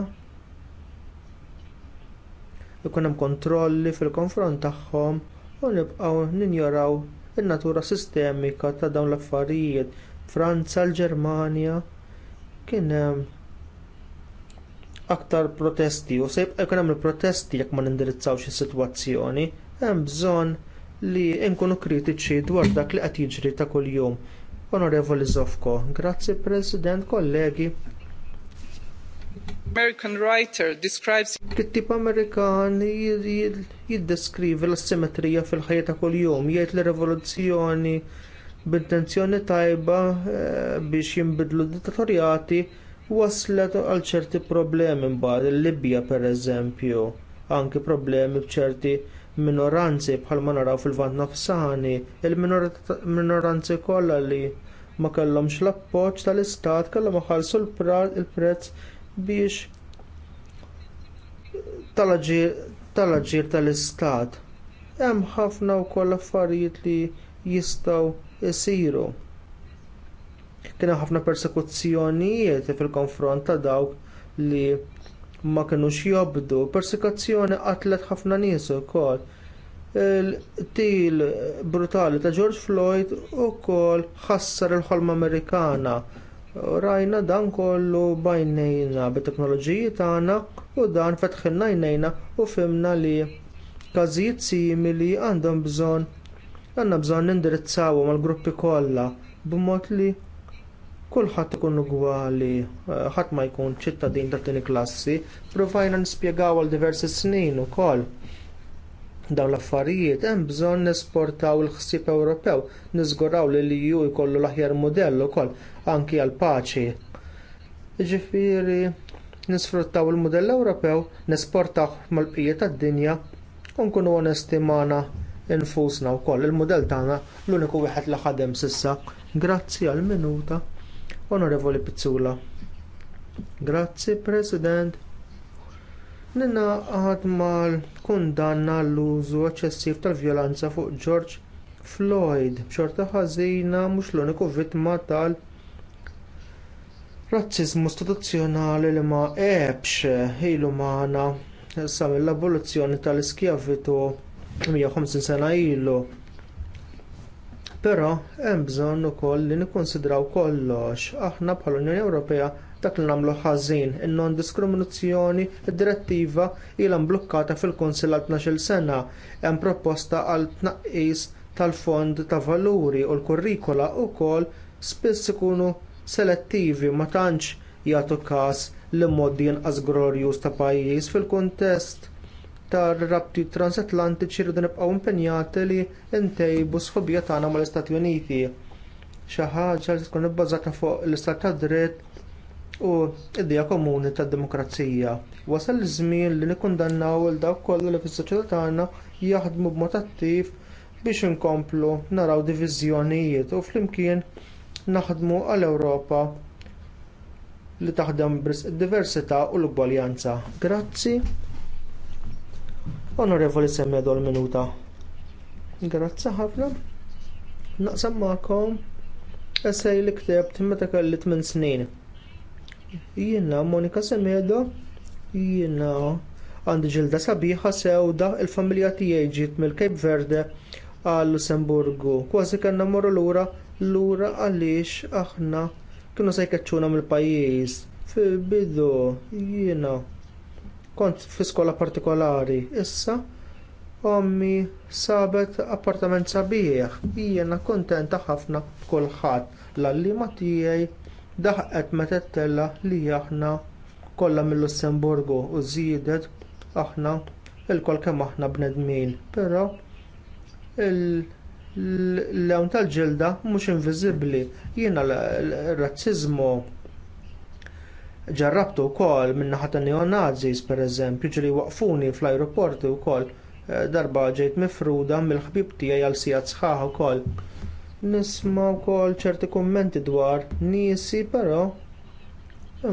ikun hemm kontrolli fil-konfront tagħhom u nibqgħu ninjoraw in-natura sistemika ta' dawn l-affarijiet. Franza, l-Ġermanja kien hemm aktar protesti u se jkun hemm protesti jekk ma nindirizzawx is-sitwazzjoni, hemm bżonn li nkunu kritiċi dwar dak li qed jiġri ta' kuljum. Onorevoli Zofko, grazzi President, kollegi. American writer describes Kittib Amerikan jiddeskrivi l-assimetrija fil-ħajja ta' kuljum, jgħid li rivoluzzjoni b'intenzjoni tajba eh, biex jinbidlu dittatorjati waslet għal ċerti problemi mbagħad il-Libja pereżempju, anki problemi b'ċerti minoranzi bħalma naraw fil-vant nofsani, il-minoranzi kollha li ma kellhomx l-appoġġ tal-istat kellhom iħallsu l-prezz biex tal-aġir tal-istat. Hemm ħafna wkoll affarijiet li jistgħu jsiru. Kien hemm ħafna persekuzzjonijiet fil-konfront ta' dawk li ma kinux jobdu, persekuzzjoni qatlet ħafna nies ukoll il-til brutali ta' George Floyd ukoll ħassar il-ħolma Amerikana Rajna dan kollu bajnejna bit-teknoloġiji tagħna u dan fetħilna u fimna li każijiet simili għandhom bżonn għandna bżonn nindirizzawhom mal gruppi kollha b'mod li kulħadd ikun ugwali, ħadd ma jkun ċittadin ta' tieni klassi, provajna nispjegaw għal diversi snin ukoll. Dawn l-affarijiet hemm bżonn nesportaw il-ħsieb Ewropew, niżguraw li l-EU jkollu l-aħjar mudell ukoll anki għall paċi. Ġifiri, nisfruttaw il mudell Ewropew, nesportaw mal-pijiet tad-dinja, u onesti magħna infusna wkoll il mudell tagħna l-uniku wieħed li ħadem sissa. Grazzi għall minuta Onorevoli Pizzula. Grazzi, President. Nina għad mal kundanna l-użu eċċessiv tal vjolanza fuq George Floyd, b'xorta ħażina mhux l-uniku vittma tal- Razzizmu istituzzjonali li ma ebx ilu maħna sa mill-abolizzjoni tal-iskjavitu 150 sena ilu. Però hemm bżonn ukoll li nikkonsidraw kollox. Aħna bħala Unjoni Ewropea dak li nagħmlu ħażin in-non diskriminazzjoni id-direttiva ilha mblukkata fil-Kunsill għal 12-il sena hemm proposta għal tnaqqis tal-fond ta' valuri u l-kurrikula wkoll spiss ikunu selettivi ma tantx jagħtu każ li modi inqas glorjuż ta' pajjiż fil-kuntest tar rabti transatlantiċi rridu nibqgħu impenjati li ntejbu sħobija tagħna mal-Istati Uniti. Xi ħaġa li tkun ibbażata fuq l-istat ta' dritt u id-dija komuni tad-demokrazija. Wasal iż-żmien li nikkundannaw il dawk kollha li fis-soċjetà tagħna jaħdmu b'mod attiv biex inkomplu naraw diviżjonijiet u flimkien naħdmu għal Ewropa li taħdem brisq id-diversità u l-ugwaljanza. Grazzi. Onorevoli Semedo l-minuta. Grazzi ħafna. Naqsam magħkom essej li ktebt meta kelli 8 snin. Jiena Monika Semedo, jiena għandi ġilda sabiħa sewda il-familja tiegħi ġiet mill-Cape Verde għal Lussemburgu. Kważi kellna morru lura lura għaliex aħna kienu se jkeċċuna mill-pajjiż. Fil-bidu jiena kont fi skola partikolari, issa ommi sabet appartament sabiħ, jiena kuntenta ħafna b'kulħadd l-allima tiegħi daħqet meta tella li aħna kollha mill-Lussemburgu u żiedet aħna il kemm aħna bnedmin, però il l-lewn tal-ġilda mhux inviżibbli. Jiena r-razziżmu ġarrabtu wkoll min-naħa ta' neonazis pereżempju ġili waqfuni fl-ajruporti wkoll eh, darba ġejt mifruda mill-ħbib tiegħi għal sija sħaħ ukoll. Nisma wkoll ċerti kummenti dwar nisi però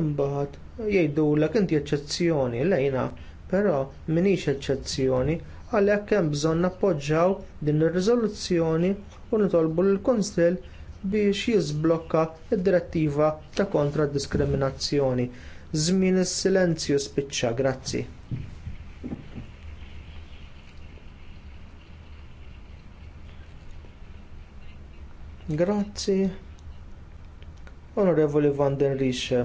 imbagħad jgħidulek inti eċċezzjoni lejna, però minix eċċezzjoni għalhekk hemm bżonn nappoġġjaw din ir-riżoluzzjoni u nitolbu lill-Kunsill biex jiżblokka d-direttiva ta' kontra d diskriminazzjoni. Żmien is-silenzju spiċċa, grazzi. Grazzi. Onorevoli Van den Riesche.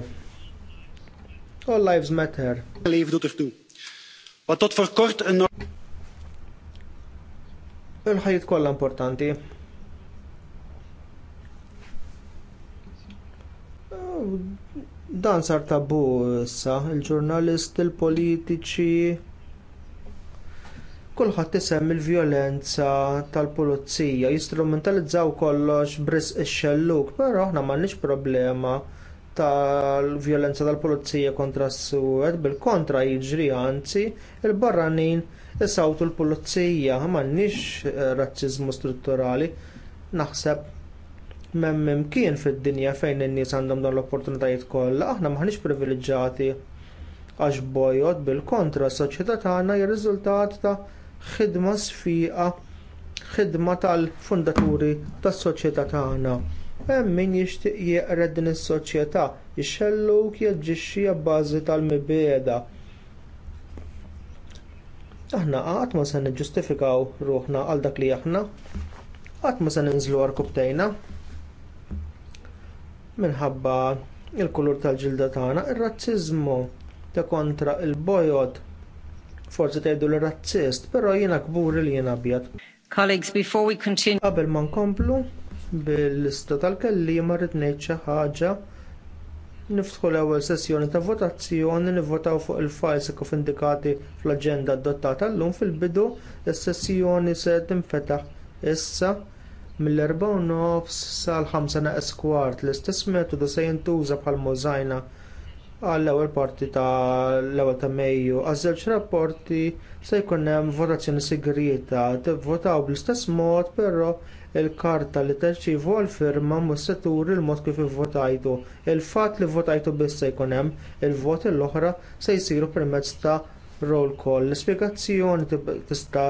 All lives matter. Er Wat tot voor kort een il-ħajt kollha importanti. Dan sar tabu issa, il-ġurnalist, il-politiċi, kulħadd isem il-vjolenza tal-pulizija, jistrumentalizzaw kollox bris ix-xelluk, però aħna m'għandniex problema tal-vjolenza tal-pulizija kontra s-Suwed, bil-kontra jiġri anzi, il-barranin Isawtu l-pulizija m'għandniex eh, razzizmu strutturali naħseb m'hemm imkien fid-dinja fejn in-nies għandhom dawn l-opportunitajiet kollha, aħna maħniex privileġġjati għax bojot bil-kontra s-soċjetà tagħna hija riżultat ta' ħidma sfiqa ħidma tal-fundaturi tas-soċjetà tagħna. Hemm min jixtieq jeqred din is-soċjetà jixxellu jaġġixxi bbażi tal mibeda aħna qatt ma se niġġustifikaw ruħna għal dak li aħna, qatt ma se ninżlu għarkubtejna minħabba l kulur tal-ġilda tagħna, ir razzizmu ta' kontra il-bojod forsi tgħidu li razzist, però jiena kburi li jiena abjad. Colleagues, before we continue. Qabel ma nkomplu bil-lista tal-kelli ma ngħid xi ħaġa Niftħu l-ewwel sessjoni ta' votazzjoni nivvotaw fuq il-files kif indikati fl-aġenda adottata llum fil-bidu is-sessjoni se tinfetaħ issa mill-4 nofs sal-5 naqs kwart l-istess metodu se jintuża bħal mużajna għall-ewwel parti tal-ewwel ta' Mejju. Għaż-żewġ rapporti se jkun hemm votazzjoni segreta tivvotaw bl-istess mod, però il-karta li terċivu għall-firma mhux se turi l-mod kif ivvotajtu. Il-fatt li votajtu biss se jkun hemm il-voti l-oħra se jsiru permezz ta' roll call. L-ispjegazzjoni tista'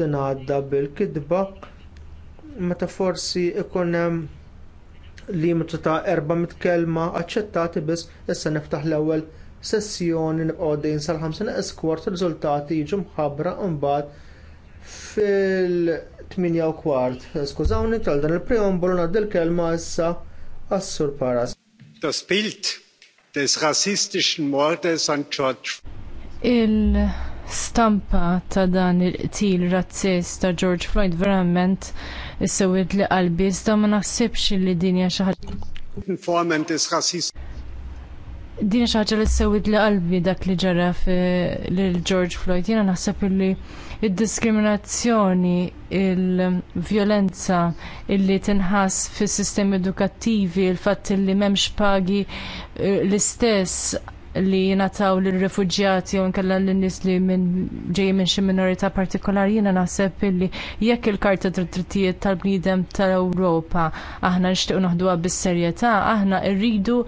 tingħadda bil-kidba meta forsi ikun hemm limitu ta' 400 kelma aċċettati biss issa niftaħ l-ewwel sessjoni nibqgħodin sal-5 eskwart riżultati jiġu mħabbra mbagħad fil- 8 u kwart. Skużawni tal dan il preambolu nad il-kelma issa għassur Paras. Das Bild des rassistischen Mordes an George. Il-stampa ta' dan il-qtil razzist ta' George Floyd verament is issewid li qalbi iżda ma naħsibx li dinja xi ħaġa. des Rassismus. Dinja xi ħaġa li sewit li qalbi dak li ġara lil George Floyd jiena naħseb li id-diskriminazzjoni, il-vjolenza illi tinħas fis sistemi edukattivi, il-fatt li m'hemmx pagi eh, l-istess li jingħataw lir refugjati u nkella l-nis li minn ġej minn xi minorità partikolari jiena naħseb illi jekk il-karta drittijiet tal-bniedem tal-Ewropa aħna nixtiequ naħduha bis-serjetà, aħna rridu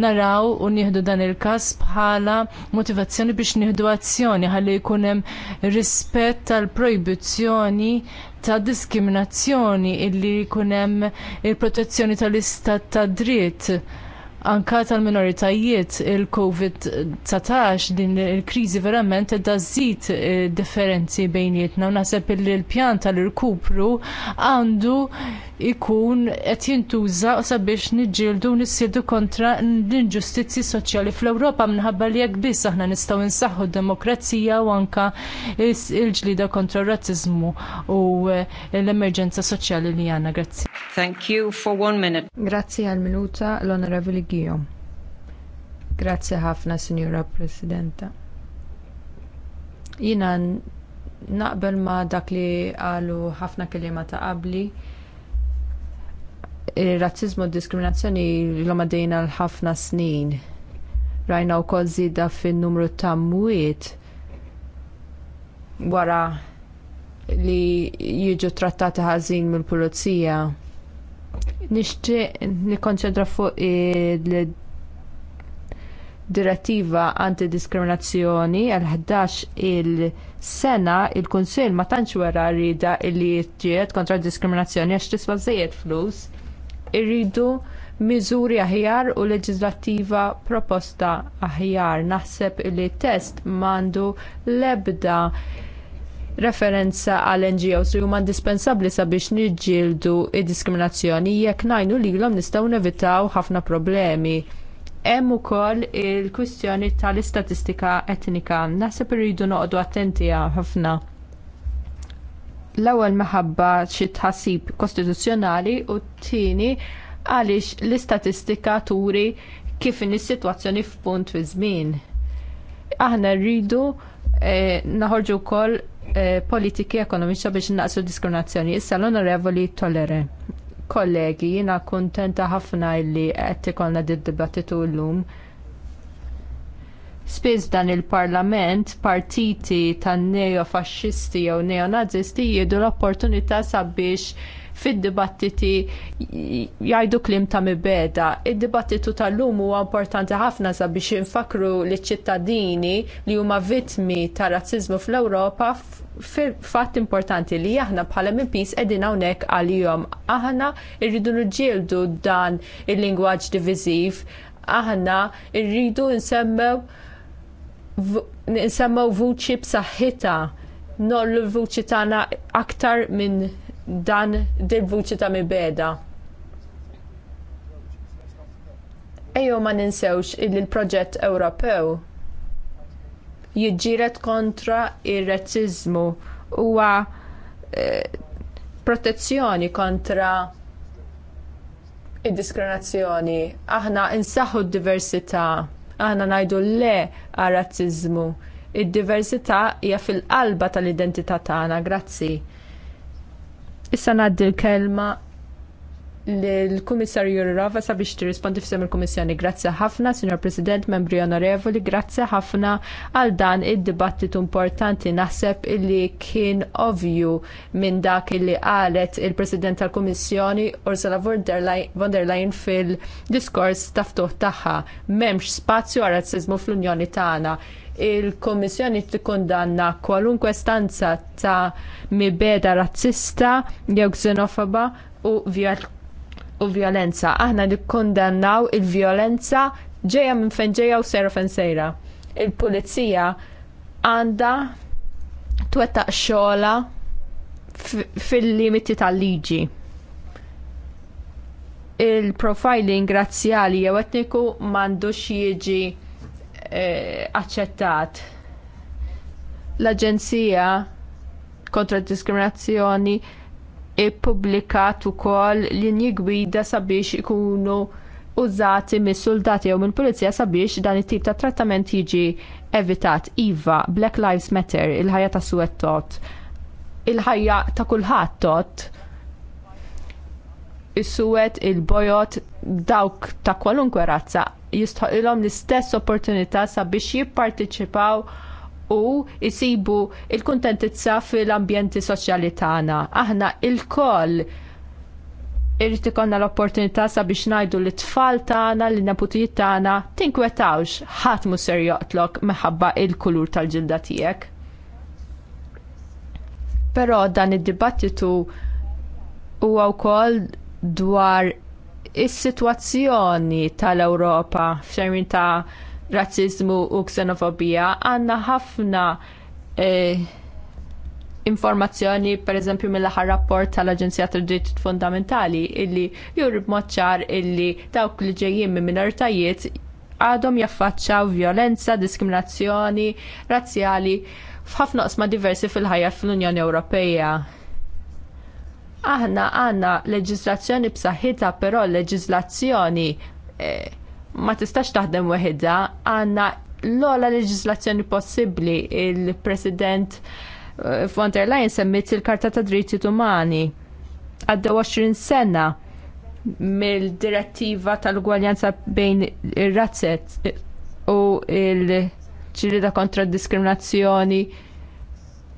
naraw u nieħdu dan il-każ bħala motivazzjoni biex nieħdu azzjoni ħalli jkun hemm rispett tal-projbizzjoni ta' diskriminazzjoni illi jkun hemm il-protezzjoni tal-istat ta' dritt anka tal-minoritajiet il-COVID-19 din il kriżi verament edda żid eh, differenzi bejnietna u naħseb illi l-pjan tal-irkupru għandu ikun qed jintuża sabiex niġġieldu nissiedu kontra l-inġustizzi soċjali fl-Ewropa minħabba li jekk biss aħna nistgħu nsaħħu d-demokrazija u anke il-ġlida kontra r-razziżmu u l-emerġenza soċjali li għandna. Grazzi. Thank you for one minute. Grazzi għal minuta l-Onorevoli Gijom. Grazzi ħafna, Signora Presidenta. Jina naqbel ma dak li għalu ħafna kelima ta' qabli ir-razzizmu u diskriminazzjoni l għoma għaddejna l-ħafna snin. Rajna wkoll zida fin-numru ta' mwiet wara li jiġu trattati ħażin mill-pulizija. Nixtieq nikkonċentra fuq il-direttiva antidiskriminazzjoni għal 11 il-sena il konsil ma tantx wara rida li jiġġiet kontra diskriminazzjoni għax tiswa żejjed flus irridu miżuri aħjar u leġislattiva proposta aħjar. Naħseb li t test m'għandu l-ebda referenza għal NGOs li huma indispensabbli sabiex niġġieldu d diskriminazzjoni jekk ngħinu lilhom nistgħu nevitaw ħafna problemi. Hemm ukoll il-kwistjoni tal-istatistika etnika. Naħseb irridu noqogħdu attenti ħafna l-ewwel meħabba xi tħassib kostituzzjonali u t-tieni għaliex l-istatistika turi kif in is-sitwazzjoni f'punt fi żmien. Aħna rridu eh, naħorġu wkoll eh, politiki ekonomiċi biex naqsu diskriminazzjoni. Issa l-onorevoli tolere. Kollegi, jiena kuntenta ħafna li qed ikolna dibattitu llum. lum Spiss dan il-parlament partiti tan neofaxxisti jew neonazisti jiedu l-opportunità sabiex fid-dibattiti jgħidu kliem ta' mibeda. Id-dibattitu tal-lum huwa importanti ħafna sabiex infakru li ċittadini li huma vittmi ta' razzizmu fl-Ewropa fatt importanti li aħna bħala minn pis edin hawnhekk għalihom. Aħna rridu niġġieldu dan il-lingwaġġ diviżiv, aħna rridu nsemmew nsemmaw vuċi b'saħħitha nollu l-vuċi tagħna aktar minn dan dil-vuċi ta' mibeda. Ejo ma ninsewx illi l-proġett Ewropew jiġġieret kontra ir-razzizmu huwa eh, protezzjoni kontra id-diskriminazzjoni. Aħna insaħħu d-diversità Aħna ngħidu le għal razzizmu Id-diversità hija fil-qalba tal-identità tagħna. Grazzi. Issa ngħaddi l-kelma l-Kummissarju Rava sabiex tirrispondi f'sem il-Kummissjoni. Grazzi ħafna, Signor President, membri onorevoli, grazzi ħafna għal dan id-dibattitu importanti naħseb illi kien ovju minn dak illi qalet il-President tal-Kummissjoni Ursula von der Leyen fil-diskors taftuħ tagħha. M'hemmx spazju għal razzizmu fl-Unjoni tagħna il-Komissjoni tikkundanna kwalunkwe stanza ta' mibeda razzista jew xenofoba u vjol u violenza. Aħna nikkondannaw il-violenza ġeja minn fejn ġeja u sejra fejn sejra. Il-pulizija għanda twettaq xogħla fil-limiti tal-liġi. Il-profiling razzjali jew etniku m'għandux jiġi eh, aċċettat. L-Aġenzija kontra d diskriminazzjoni ippubblikat ukoll linji gwida sabiex ikunu użati mis-soldati jew mill-pulizija sabiex dan it-tip ta' trattament jiġi evitat. Iva, Black Lives Matter, il-ħajja ta' suwed il-ħajja ta' kulħadd tot, is-suwed, il-bojot, dawk ta' kwalunkwe razza jistħoq l-istess opportunità sabiex jipparteċipaw u jisibu il-kuntentizza fil-ambjenti soċjali tagħna. Aħna il-koll irrid ikollna l-opportunità sabiex ngħidu li tfal tagħna li neputijiet tagħna tinkwetawx ħadd mhu ser joqtlok minħabba il-kulur tal-ġilda tiegħek. Però dan id-dibattitu huwa wkoll dwar is-sitwazzjoni tal-Ewropa f'xejn ta' razzizmu u ksenofobija għandna ħafna e, informazzjoni informazzjoni pereżempju mill-aħħar rapport tal-Aġenzija tad dritt Fundamentali illi juri b'mod ċar illi dawk li ġejjin minn minoritajiet għadhom jaffaċċaw violenza, diskriminazzjoni razzjali f'ħafna qosma diversi fil-ħajja fl-Unjoni Ewropea. Aħna għandna leġiżlazzjoni b'saħħitha però leġiżlazzjoni eh, ma tistax taħdem weħidha għandna l-ola leġislazzjoni possibbli il-President eh, von der Leyen semmit il-Karta ta' Dritti Umani għadda 20 sena mill-direttiva tal-ugwaljanza bejn ir-razzet u il-ċirida kontra d diskriminazzjoni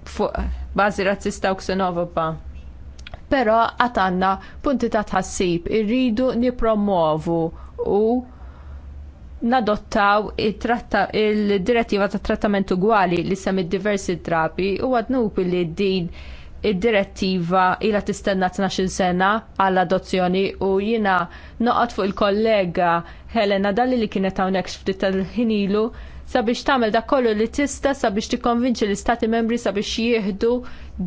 fuq bażi razzista u xenofoba. Però għad għandna punti ta' tħassib irridu nipromovu u nadottaw il-direttiva ta' trattament ugwali li semmi diversi drabi u għadnu li din id-direttiva ila tistenna 12 sena għall adozzjoni u jina noqgħod fuq il-kollega Helena Dalli li kienet hawnhekk ftit tal-ħinilu sabiex tagħmel dak kollu li tista sabiex tikkonvinċi l-istati membri sabiex jieħdu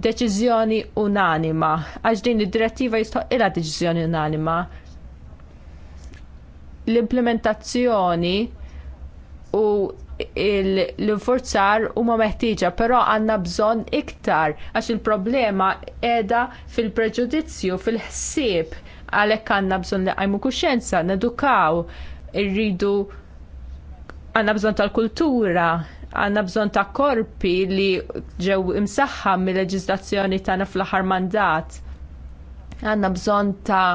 deċiżjoni unanima għax din id-direttiva jistgħu ilha deċiżjoni unanima l-implementazzjoni u l u huma meħtieġa, però għandna bżonn iktar għax il-problema qiegħda fil-preġudizzju, fil-ħsieb għalhekk għandna bżonn li għajmu kuxjenza, nedukaw, irridu għandna bżonn tal-kultura, għandna bżonn ta' korpi li ġew imsaħħa mill-leġiżlazzjoni tagħna fl-aħħar mandat. Għandna bżonn ta'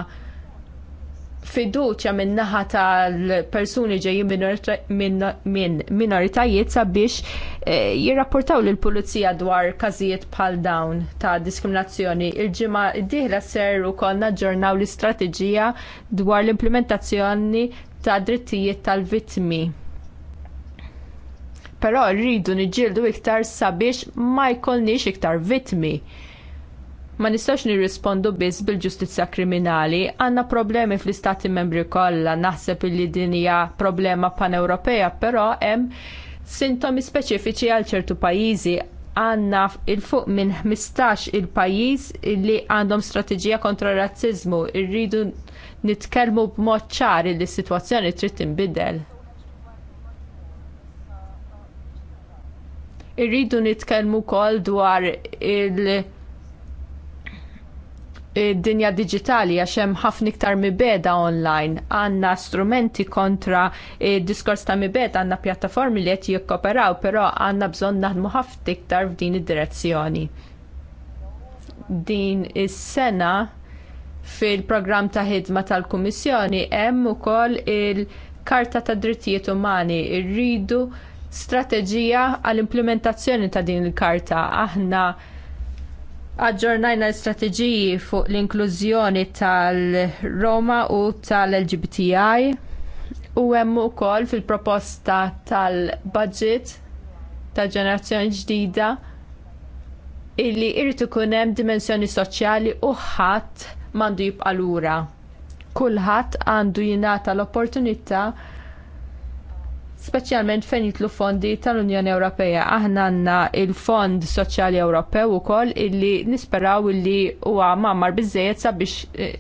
fiduċja minnaħa naħa tal-persuni ġejjin minn minoritajiet sabiex eh, jirrapportaw lill pulizija dwar każijiet bħal dawn ta' diskriminazzjoni. Il-ġimgħa d-dieħla ser ukoll naġġornaw l-istrateġija dwar l-implementazzjoni ta' drittijiet tal-vittmi. Però rridu niġġieldu iktar sabiex ma jkollniex iktar vittmi ma nistax nirrispondu biss bil-ġustizzja kriminali, għandna problemi fl-istati membri kollha, naħseb li din hija problema pan-Ewropea, però hemm sintomi speċifiċi għal ċertu pajjiżi għandna il-fuq minn 15 il-pajjiż li għandhom strateġija kontra r razzizmu, irridu nitkellmu b'mod ċar li s-sitwazzjoni trid tinbidel. Irridu nitkellmu wkoll dwar il- id-dinja digitali għax hemm ħafna iktar mibeda online, għandna strumenti kontra diskors ta' mibeda, għandna pjattaformi li qed jikkoperaw, però għandna bżonn naħdmu ħafna iktar f'din id-direzzjoni. Din is-sena fil-programm ta' ħidma tal-Kummissjoni hemm ukoll il-Karta ta' Drittijiet Umani rridu strateġija għall-implementazzjoni ta' din il-karta. Aħna aġġornajna l-strateġiji fuq l-inklużjoni tal-Roma u tal-LGBTI u hemm ukoll fil-proposta tal-budget tal-ġenerazzjoni ġdida illi jrid ikun hemm dimensjoni soċjali u ħadd m'għandu jibqa' lura. Kulħadd għandu jingħata l-opportunità speċjalment fejn jitlu fondi tal-Unjoni Ewropea. Aħna għandna il-Fond Soċjali Ewropew ukoll illi nisperaw illi huwa mammar biżejjed sabiex eh,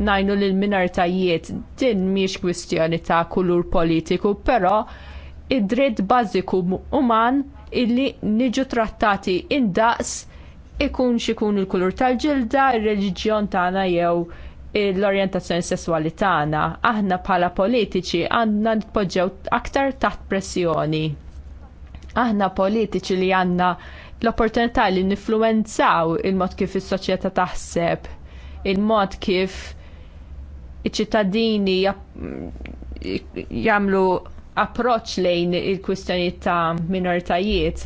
najnu lil minoritajiet din miex kwistjoni ta' kulur politiku, però id-dritt bażiku uman illi niġu trattati indaqs ikun xikun il-kulur tal-ġilda, ir-reliġjon tagħna jew l-orientazzjoni sesswali tagħna, aħna bħala politiċi għandna nitpoġġew aktar taħt pressjoni. Aħna politiċi li għandna l-opportunità li ninfluwenzaw il-mod kif is-soċjetà taħseb, il-mod kif iċ-ċittadini jagħmlu approċċ lejn il-kwistjonijiet ta' minoritajiet.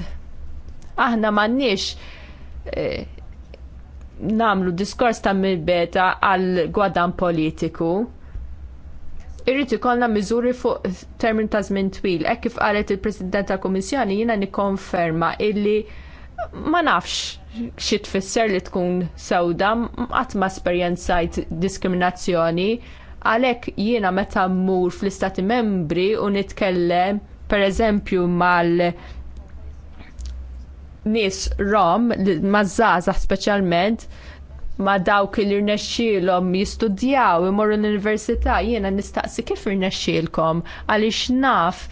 Aħna m'għandniex eh, namlu diskors ta' mil-beta għal gwadan politiku. Irrid ikollna miżuri fuq termin ta' żmien twil. Hekk kif qalet il-President tal-Kummissjoni jiena nikkonferma illi ma nafx xi tfisser li tkun sewda qatt ma esperjenzajt diskriminazzjoni għalhekk jiena meta mmur fl-istati membri u nitkellem pereżempju mal Nis rom, mażaza speċjalment, ma dawk li rnexxielhom jistudjaw imorru l-università jiena nistaqsi kif irnexxilkom għaliex naf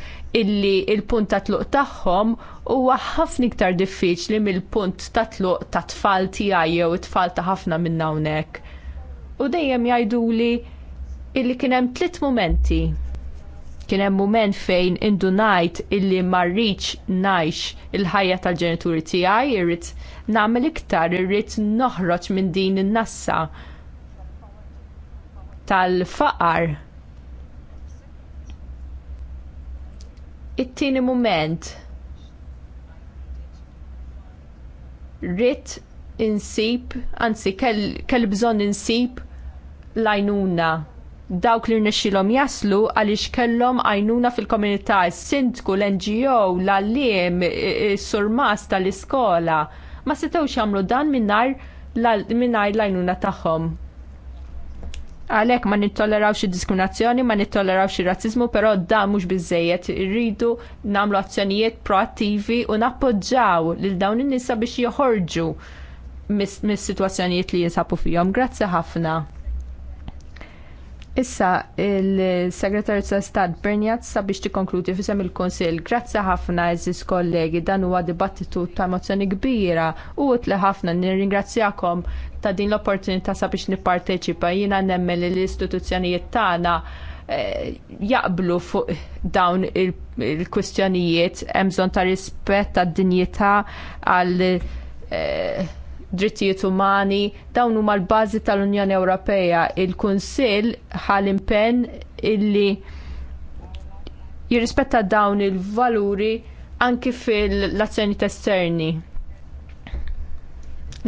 illi il-punt ta' tluq tagħhom huwa ħafna iktar diffiċli mill-punt ta' tluq ta' tfal tiegħi jew it-tfal ta' ħafna minn hawnhekk. U dejjem jgħiduli illi kien hemm tliet mumenti Kien hemm mument fejn indunajt illi ma rridx ngħix il-ħajja tal-ġenituri tiegħi, irrid nagħmel iktar, irrid noħroġ minn din in-nassa tal-faqar. It-tieni mument Rrid insib, anzi kell, kell insib insib għajnuna dawk li rnexxilhom jaslu għaliex kellhom għajnuna fil-komunità, sindku l-NGO, l-allim, għalliem surmas tal-iskola. Ma setgħux jagħmlu dan mingħajr l-għajnuna tagħhom. Għalhekk ma nittolerawx id-diskriminazzjoni, ma nittolerawx ir-razziżmu, però dan mhux biżżejjed irridu nagħmlu azzjonijiet proattivi u nappoġġaw lil dawn in-nisa biex joħorġu mis-sitwazzjonijiet li jinsabu fihom. Grazzi ħafna. Issa, il-segretarju ta' Stat Bernjat sabiex tikkonkludi fisem il-Konsil. Grazzi ħafna, eżis kollegi, dan huwa dibattitu ta' emozjoni kbira u utli ħafna nirringrazzjakom ta' din l-opportunità sabiex nipparteċipa. Jiena nemmen li l-istituzzjonijiet tagħna eh, jaqblu fuq dawn il-kwistjonijiet, hemm bżonn ta' rispett tad dinjità għal eh, drittijiet umani, dawn huma l-bażi tal-Unjoni Ewropea. Il-Kunsill ħal impenn illi jirrispetta dawn il-valuri anki fil azzjonijiet esterni.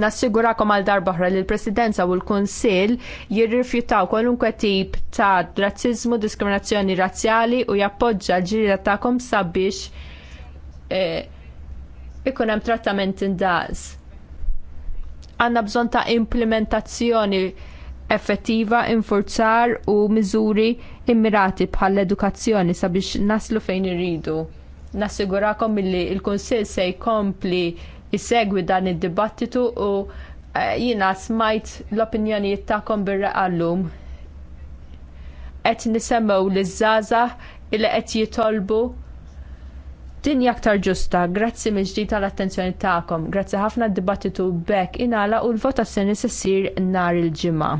Nassigurakom għal darbaħra li l-Presidenza u l-Konsil jirrifjutaw kwalunkwe tip ta' razzizmu, diskriminazzjoni razzjali u jappoġġa l-ġirja ta'kom sabiex eh, ikun hemm trattament indaqs għandna bżonn ta' implementazzjoni effettiva, infurzar u miżuri immirati l edukazzjoni sabiex naslu fejn irridu. Nassigurakom milli l kunsill se jkompli jsegwi dan id-dibattitu u eh, jiena smajt l-opinjonijiet tagħkom bir għallum. Et Qed nisemmew liż-żgħażagħ li qed jitolbu dinja aktar ġusta. Grazzi mill-ġdid tal-attenzjoni tagħkom. Grazzi ħafna d-dibattitu bekk ingħalaq u l-votazzjoni se ssir nhar il-ġimgħa.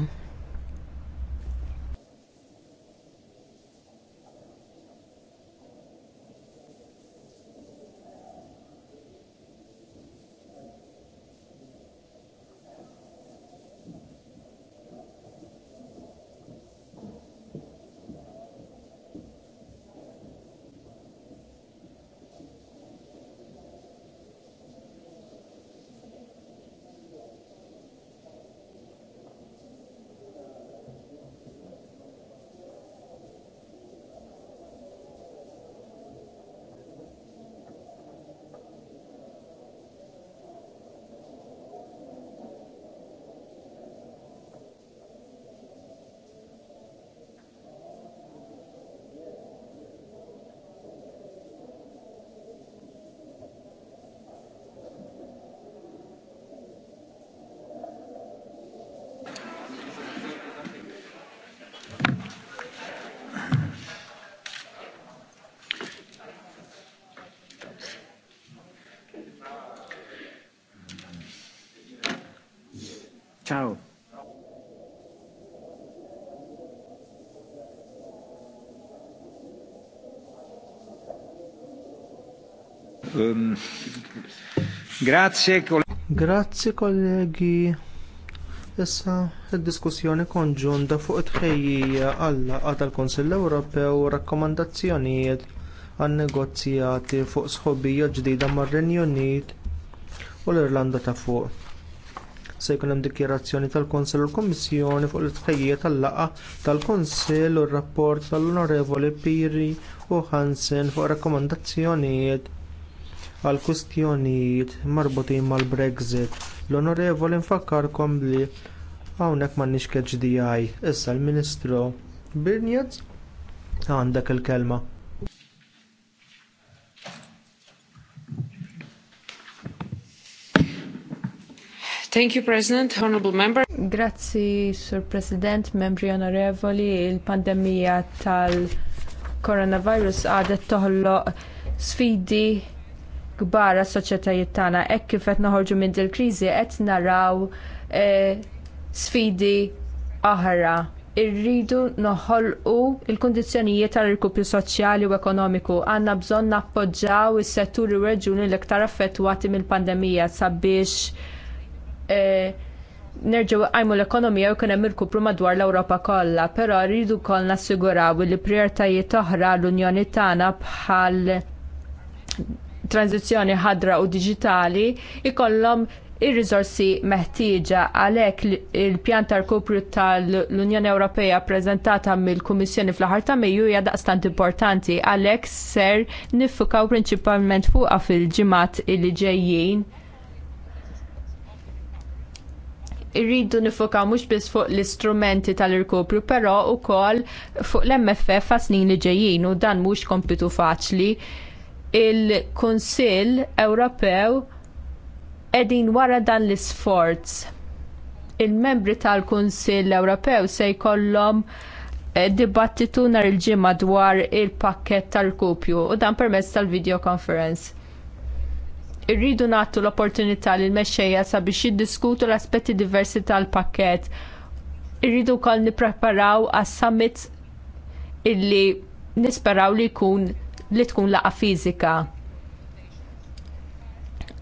Ehm, Grazzi grazie, kollegi. Grazie, kollegi. Issa, id-diskussjoni konġunta fuq it-ħejjija għall-laqgħa tal kunsill Ewropew rakkomandazzjonijiet għan negozjati fuq sħobija ġdida mar-Renju Unit u l-Irlanda ta' fuq. Se jkun hemm dikjerazzjoni tal-Konsill u l-Kummissjoni fuq it tħejjija tal-laqgħa tal-Konsill u r-rapport tal-Onorevoli Piri u Hansen fuq rakkomandazzjonijiet għal kwistjonijiet marbutin mal-Brexit. L-onorevoli nfakkarkom li hawnhekk m'għandniex KHDI. Issa l-Ministru Birnietz għandek il-kelma. Thank you, President, Honorable Member. Grazzi, Sur President, membri onorevoli, il-pandemija tal-coronavirus għadet toħloq sfidi kbar għas-soċjetajiet tagħna hekk kif qed noħorġu minn il kriżi qed naraw e, sfidi oħra. Irridu noħolqu l-kundizzjonijiet tal rikupju soċjali u ekonomiku. Għandna bżonn nappoġġjaw is-setturi u reġuni l-iktar affettwati mill-pandemija sabiex e, nerġgħu għajmu l-ekonomija u kien hemm irkupru madwar l-Ewropa kollha, però rridu wkoll nassiguraw li prijoritajiet oħra l-Unjoni tagħna bħal transizzjoni ħadra u digitali ikollhom ir-riżorsi meħtieġa għalhekk il-pjan tal-kupru tal-Unjoni Ewropea ppreżentata mill-Kummissjoni fl-aħħar ta' Mejju hija daqstant importanti għalhekk ser niffukaw prinċipalment fuqha fil-ġimgħat li ġejjin. Irridu nifokaw mhux biss fuq l-istrumenti tal-irkupru, però wkoll fuq l-MFF għas snin li ġejjin u dan mhux kompitu faċli il-Kunsill Ewropew qegħdin wara dan l-isforz. Il-membri tal-Kunsill Ewropew se jkollhom eh, dibattitu nhar il-ġimgħa dwar il-pakket tal-kupju u dan permezz tal-video conference irridu nagħtu l-opportunità li l-mexxejja sabiex jiddiskutu l-aspetti diversi tal-pakket. Irridu wkoll nippreparaw għas summit illi nisperaw li jkun li tkun laqa fiżika.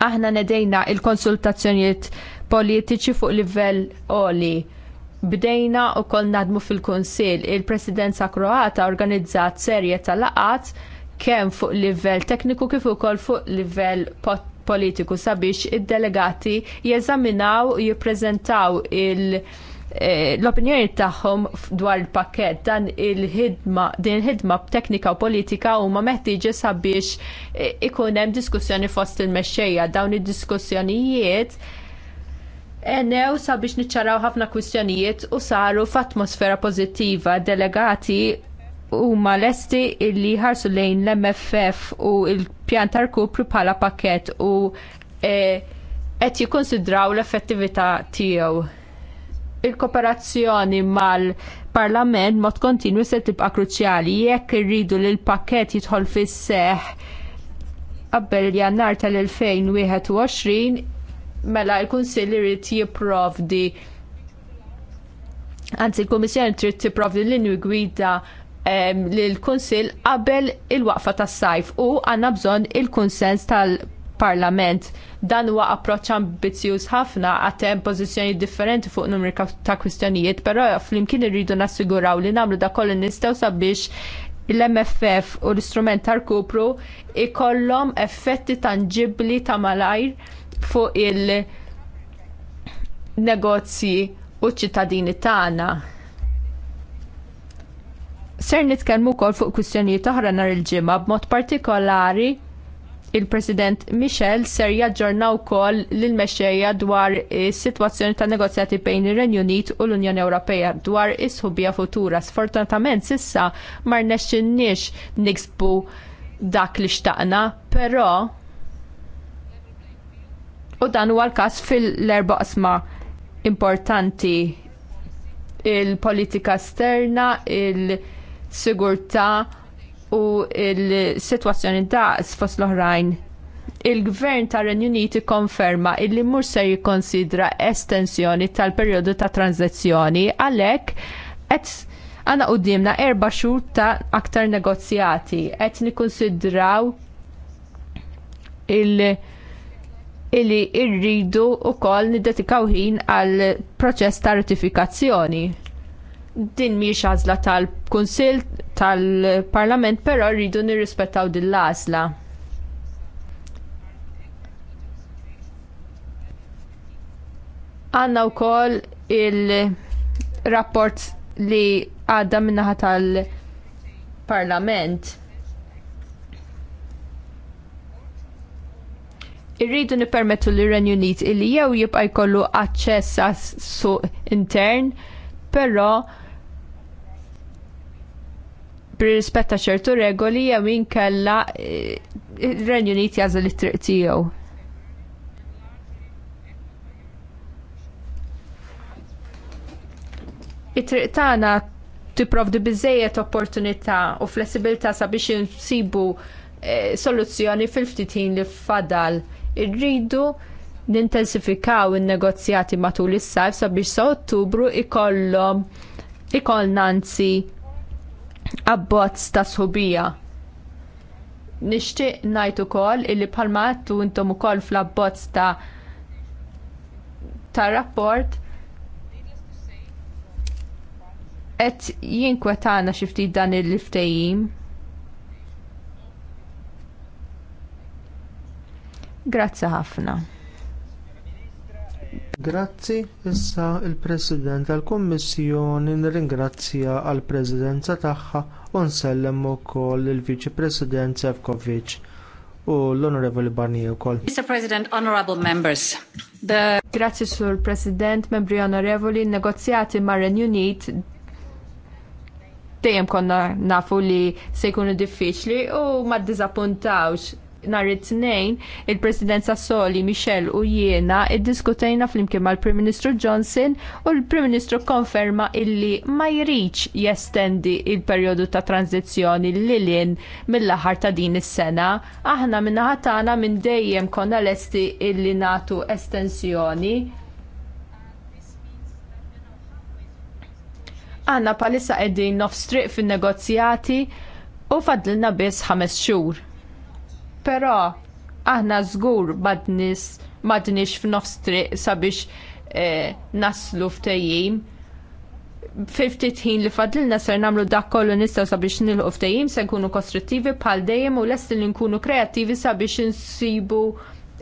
Aħna nedejna il-konsultazzjonijiet politiċi fuq livell oli. Bdejna u koll nadmu fil-Konsil, il-Presidenza Kroata organizzat serje ta' laqat kemm fuq livell tekniku kif ukoll fuq livell politiku sabiex id-delegati jeżaminaw u jippreżentaw il- Eh, l-opinjoni tagħhom dwar il-pakket dan il-ħidma din il-ħidma b'teknika u politika huma meħtieġa sabiex eh, ikun hemm diskussjoni fost il-mexxejja dawn id-diskussjonijiet Enew sabiex niċċaraw ħafna kwistjonijiet u saru f'atmosfera pożittiva delegati huma lesti illi ħarsu lejn l-MFF u l-pjan tal-kupru bħala pakket u eh, qed jikkonsidraw l-effettività tiegħu il-kooperazzjoni mal-Parlament mod kontinwi se tibqa' kruċjali jekk irridu li l-pakkett jidħol fis-seħ qabel jannar tal-2021 mela l-Kunsill irid jipprovdi anzi l-Kummissjoni trid tipprovdi linju gwida lill-Kunsill qabel il-waqfa tas-sajf u għandna bżonn il-kunsens tal parlament dan huwa approċċ ambizzjuż ħafna għat hemm pożizzjoni differenti fuq numri ta' kwistjonijiet, però flimkien irridu nassiguraw li nagħmlu da kollu nistgħu sabiex l-MFF u l-istrument tal-kupru ikollhom effetti tangibbli ta' malajr fuq il-negozji u ċittadini tagħna. Ser nitkellmu wkoll fuq kwistjonijiet oħra nhar il-ġimgħa b'mod partikolari il-President Michel ser jaġġorna wkoll lil mexxejja dwar is-sitwazzjoni tan negozjati bejn ir-Renju Unit u l-Unjoni Ewropea dwar is sħubija futura. Sfortunatament sissa ma rnexxinniex niksbu dak li xtaqna, però u dan huwa l-każ fil-erba' qasma importanti il-politika esterna, il-sigurtà, u il-situazzjoni daqs fos l-oħrajn il-gvern tar renju Uniti konferma illi mur se jikkonsidra estensjoni tal-perjodu ta' tranzizjoni għalhekk et għana dimna erba' xhur ta' aktar negozjati qed nikkonsidraw il- illi irridu wkoll niddedikaw ħin għal proċess ta' ratifikazzjoni din mhix għażla tal-Kunsill tal-Parlament, però rridu nirrispettaw din l-għażla. Għanna wkoll il-rapport li għadda minnaħa tal-Parlament. irridu nippermettu li renju Unit illi jew jibqa' jkollu aċċess għas suq intern, però rispetta ċertu regoli jew inkella ir-Renju eh, Unit jażel it-triq tiegħu. It-triq tagħna tipprovdi biżejjed opportunità u flessibilità sabiex insibu eh, soluzzjoni fil-ftitin li fadal. Irridu nintensifikaw in-negozjati matul is-sajf sabiex sa' Ottubru ikollhom ikollna anzi abbozz ta' sħubija. Nixtieq ngħid ukoll illi bħalma għattu intom ukoll fl-abbozz ta' ta' rapport qed jinkwetana xi ftit dan il-ftehim. Grazzi ħafna. Grazzi, issa il-President tal kummissjoni nirringrazzja għall prezidenza tagħha u nsellem ukoll il-Viċi President Sefcovic u l-Onorevoli Barnier ukoll. Mr. President, Honorable Members. The... Grazie Sur President, membri onorevoli, negozjati mar renju Unit dejjem konna nafu li se jkunu diffiċli u ma ddiżappuntawx nhar it-tnejn il-President Sassoli, Michel u jiena iddiskutejna flimkien mal-Prim Ministru Johnson u l-Prim Ministru konferma illi ma jridx jestendi il-perjodu ta' tranzizzjoni lilin mill-aħħar ta' din is-sena. Aħna minnaħa tagħna minn dejjem konna lesti illi nagħtu estensjoni Għanna palissa qegħdin nofstriq fin-negozjati u fadlilna biss ħames xhur però aħna żgur madnis madnix f'nofs triq sabiex eh, naslu f'tejjim. ftit ħin li fadilna ser nagħmlu dak kollu nistgħu sabiex nilħu ftehim se nkunu kostruttivi bħal dejjem u lest li nkunu kreattivi sabiex insibu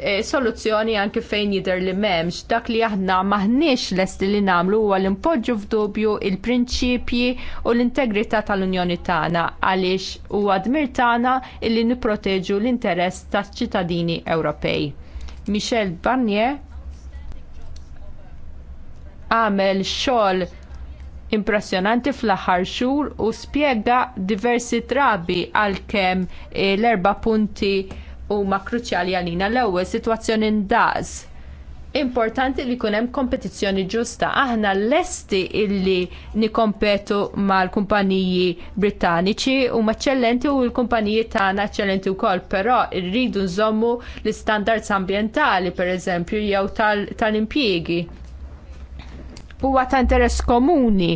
Eh, soluzzjoni anke fejn jidher li m'hemmx dak li aħna maħniex lesti li nagħmlu huwa li npoġġu f'dubju l prinċipji u l-integrità tal-Unjoni tagħna għaliex huwa dmir tagħna illi nipproteġu l-interess taċ-ċittadini Ewropej. Michel Barnier għamel xogħol impressjonanti fl-aħħar xhur u spjega diversi drabi għalkemm eh, l-erba' punti huma kruċjali għalina l-ewwel sitwazzjoni ndaż. Importanti li jkun hemm kompetizzjoni ġusta. Aħna lesti illi nikompetu mal-kumpaniji Britanniċi u maċċellenti u l-kumpaniji tagħna eċċellenti wkoll, però rridu nżommu l-istandards ambjentali pereżempju jew tal-impjiegi. Tal Huwa ta' interess komuni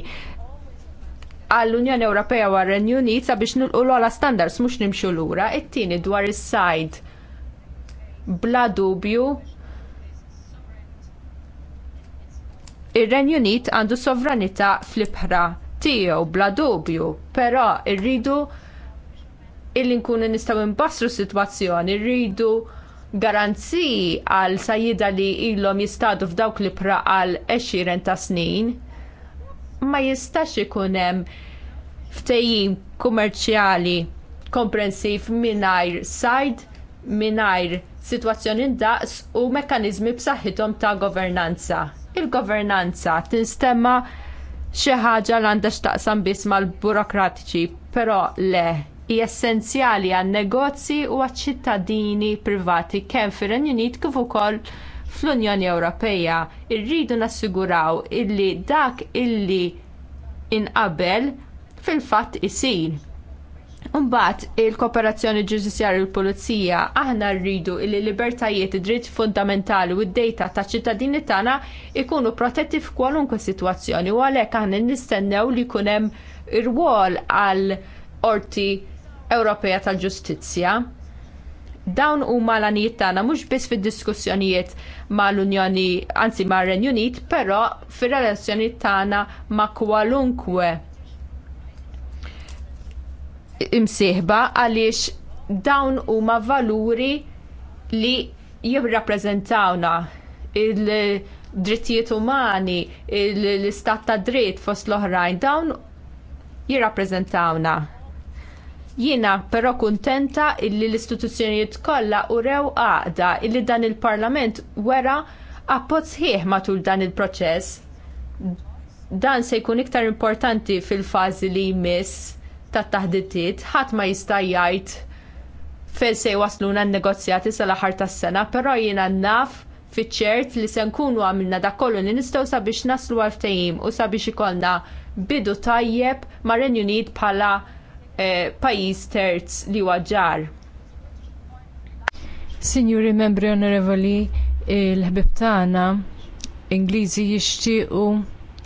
għall-Unjoni Ewropea u għar-Renju Unit sabiex nilqu l-ola standards mhux nimxu lura, it-tieni dwar is-sajd bla dubju ir-Renju Unit għandu sovranità fl-ibħra tiegħu bla dubju, però rridu illi nkunu nistgħu nbassru s-sitwazzjoni, rridu garanziji għal sajjida li ilhom jistadu f'dawk l ibħra għal 20 ta' snin, ma jistax ikun hemm ftejjim kummerċjali komprensiv mingħajr sajd, mingħajr situazzjoni daqs u mekkaniżmi b'saħħithom ta' governanza. Il-governanza tinstemma xi ħaġa l għandha x'taqsam biss mal-burokratiċi, però le hija essenzjali għan negozji u għaċ-ċittadini privati kemm fir-Renju Unit kif ukoll fl-Unjoni Ewropea irridu nassiguraw illi dak illi inqabel fil-fatt isir. Umbat, il-kooperazzjoni ġudizzjarja u l-pulizija aħna rridu li libertajiet id-dritt fundamentali u d-dejta ta' ċittadini tagħna ikunu protetti f'kwalunkwe sitwazzjoni u għalhekk aħna nistennew li jkun hemm irwol għal Qorti Ewropea tal-Ġustizzja. Dawn huma l-għanijiet tagħna mhux biss fid-diskussjonijiet mal-Unjoni, anzi mar-Renju Unit, però fir-relazzjoni tagħna ma' kwalunkwe imsieħba għaliex dawn huma valuri li jirrappreżentawna il-drittijiet umani, l-istat ta' dritt fost l-oħrajn, dawn jirrappreżentawna. Jiena però kuntenta illi l-istituzzjonijiet kollha u rew għaqda illi dan il-Parlament wera appozz sħiħ matul dan il-proċess. Dan se jkun iktar importanti fil-fażi li jmiss tat-taħditiet ħadd ma jista' jgħid fejn se wasluna n-negozjati sal-aħħar tas-sena, però jiena naf fiċ-ċert li se nkunu għamilna dak kollu li nistgħu sabiex naslu għal ftehim u sabiex ikollna bidu tajjeb ma' Renju Unit bħala eh, pajjiż terz li huwa ġar. membri onorevoli, il-ħbib tagħna Ingliżi jixtiequ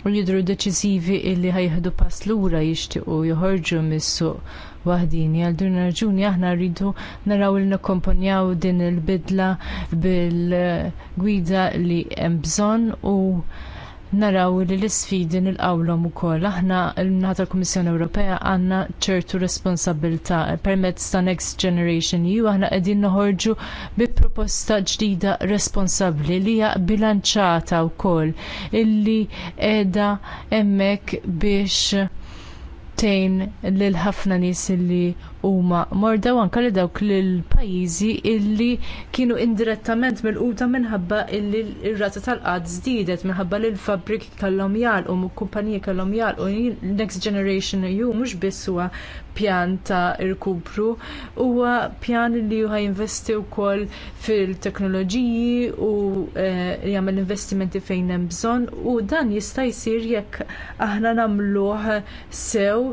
u jidru deċiżivi illi ħajħdu pass lura jixtiequ joħorġu mis-suq waħdini għal din raġuni aħna rridu naraw li nakkompanjaw din il-bidla bil-gwida li hemm bżonn u naraw li l-isfidi nilqawlhom ukoll. Aħna l-Naħta l-Kummissjoni Ewropea għandna ċertu responsabilità permezz ta' Next Generation EU aħna qegħdin noħorġu bi proposta ġdida responsabbli li hija bilanċata wkoll illi qiegħda hemmhekk biex tejn lil ħafna nies illi huma mordew anke li dawk l-pajjiżi illi kienu indirettament mill-quta minħabba illi r-rata tal-qad żdiedet minħabba li l-fabrik kellhom jalqu u kumpaniji kellhom jalqu Next Generation EU mhux biss huwa pjan ta' irkupru huwa pjan li huwa jinvesti wkoll fil-teknoloġiji u eh, jagħmel investimenti fejn hemm bżonn u dan jista' jsir jekk aħna nagħmluh sew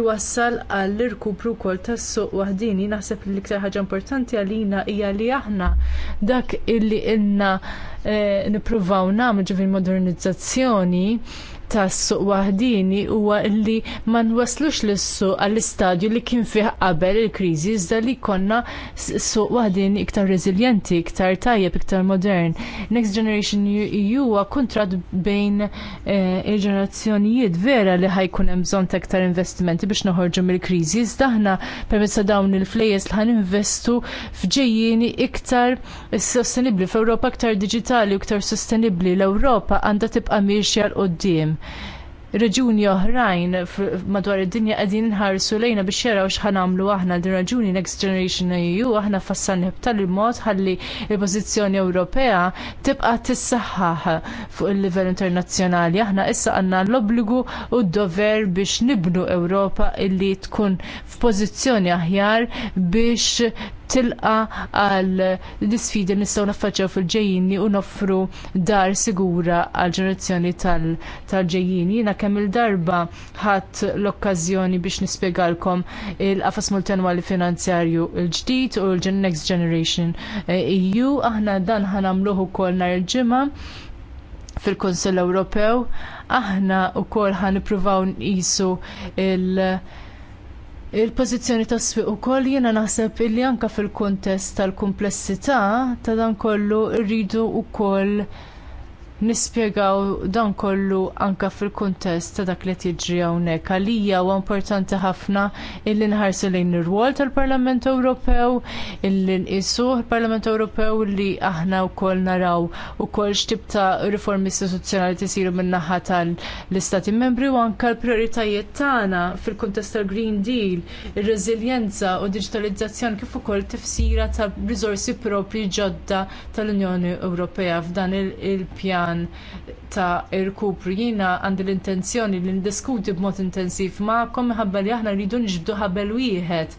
iwassal għall-irkupru wkoll tas-suq waħdini naħseb li l-iktar ħaġa importanti għalina hija li aħna dak illi ilna eh, nippruvaw nagħmlu ġifil modernizzazzjoni tas-suq waħdini huwa li ma nwaslux lis-suq għall-istadju li kien fih qabel il-kriżi iżda li jkollna suq waħdini iktar reżiljenti, iktar tajjeb, iktar modern. Next Generation EU huwa kuntratt bejn eh, il-ġenerazzjonijiet vera li ħajkun hemm bżonn ta' iktar investimenti biex noħorġu mill-kriżi iżda aħna permezz ta' dawn il-flejjes li ħan investu f'ġejjieni iktar sostenibbli f'Ewropa iktar diġitali u iktar sostenibbli l-Ewropa għandha tibqa' mixja l qoddim reġuni oħrajn madwar id-dinja qegħdin nħarsu lejna biex jaraw x'ħanamlu aħna din raġuni Next Generation EU aħna fassan tal-mod ħalli il-pożizzjoni Ewropea tibqa' tissaħħaħ fuq il-livell internazzjonali. Aħna issa għandna l-obbligu u d-dover biex nibnu Ewropa illi tkun f'pożizzjoni aħjar biex tilqa għal l-isfidi nistgħu naffaċċaw fil-ġejjini u noffru dar sigura għal ġenerazzjoni tal-ġejjini. Jiena kemm il-darba ħadd l-okkażjoni biex nispjegalkom il-qafas multenwali finanzjarju l-ġdid u l-Next Generation EU. Aħna dan ħanamluh ukoll nhar il-ġimgħa fil-Konsell Ewropew. Aħna wkoll ħanipruvaw nqisu il- Il-pożizzjoni tas swieq ukoll jiena naħseb illi anke fil-kuntest tal-kumplessità ta' dan kollu rridu wkoll nispjegaw dan kollu anke fil-kuntest ta' dak li tiġri hawnhekk għalija huwa importanti ħafna illi nħarsu lejn ir-rwol tal-Parlament Ewropew, illi nqisu il-Parlament Ewropew li aħna wkoll naraw ukoll x'tib ta' riformi istituzzjonali tisiru min-naħa tal-Istati Membri u anke l-prijoritajiet tagħna fil-kuntest tal-Green Deal, ir-reżiljenza u digitalizzazzjoni kif ukoll tifsira ta' riżorsi propri ġodda tal-Unjoni Ewropea f'dan il-pjan dan ta' irkub Jiena għandi l-intenzjoni li ndiskuti b'mod intensiv magħkom minħabba li aħna rridu nġbdu ħabel wieħed.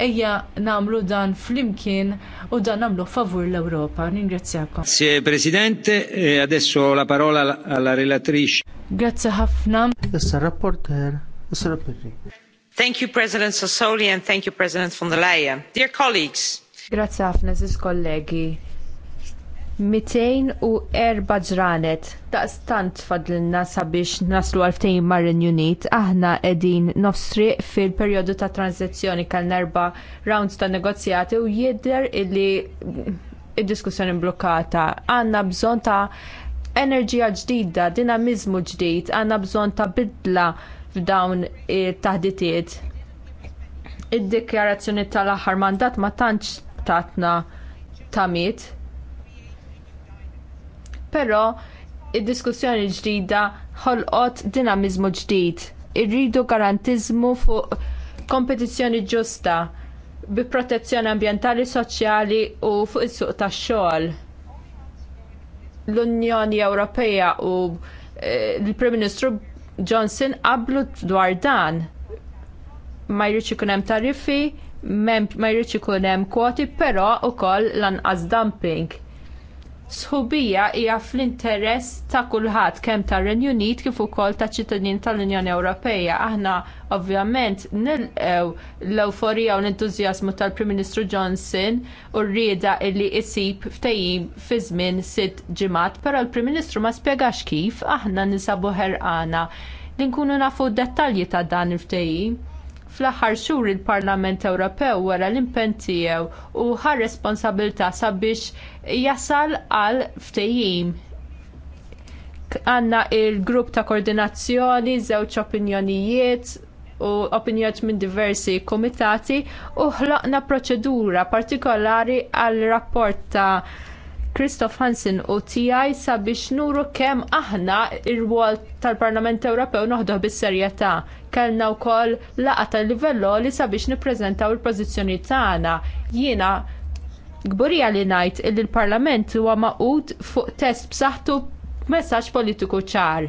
Ejja nagħmlu dan flimkien u dan nagħmlu favur l-Ewropa. Ningrazzjakom. Grazie Presidente, e adesso la parola alla relatrice. Grazie ħafna. Issa rapporter, issa rapporter. Thank you President Sassoli and thank you President von der Leyen. Dear colleagues. Grazie ħafna, ziz kollegi 204 ġranet. Daqstant fadlilna sabiex naslu għalftejn mar-Renju Unit, aħna qegħdin nofsri fil-perjodu ta' tranzizjoni kal erba' rounds ta' negozjati u jidher illi id-diskussjoni mblukkata. Għandna bżonn ta' enerġija ġdida, dinamiżmu ġdid, għandna bżonn ta' bidla f'dawn it-taħditiet. Id-dikjarazzjoni tal-aħħar mandat ma tantx tatna tamiet però id-diskussjoni ġdida ħolqot dinamiżmu ġdid. Irridu garantiżmu fuq kompetizzjoni ġusta bi protezzjoni ambjentali, soċjali u fuq is-suq tax-xogħol. L-Unjoni Ewropea u eh, l-Prim Ministru Johnson qablu dwar dan. Ma jridx ikun hemm tariffi, ma jridx ikun hemm kwoti, però wkoll lanqas dumping sħubija hija fl-interess ta' kulħadd kemm tar-Renju Unit kif ukoll ta' ċittadin tal-Unjoni Ewropea. Aħna ovvjament nilqew l-euforija u l-entużjażmu tal-Prim Ministru Johnson u rrieda illi jsib ftehim fi żmien sitt ġimgħat, però l-Prim Ministru ma spjegax kif aħna ninsabu ħerqana li nkunu nafu d dettalji ta' dan il-ftehim Fl-aħħar xhur il-Parlament Ewropew wara l-impenn tiegħu u ħar responsabilità sabiex jasal għal ftehim. Għandna l grupp ta' koordinazzjoni, żewġ opinjonijiet, u opinjoniet minn diversi kumitati u ħloqna proċedura partikolari għal rapport ta' Christoph Hansen u tiegħi sabiex nuru kemm aħna ir wol tal-Parlament Ewropew noħdoh bis-serjetà. Kellna wkoll laqgħa tal livello li sabiex nippreżentaw il-pożizzjoni tagħna. Jiena gburija li ngħid li l-Parlament huwa maqud fuq test b'saħħtu messaġġ politiku ċar.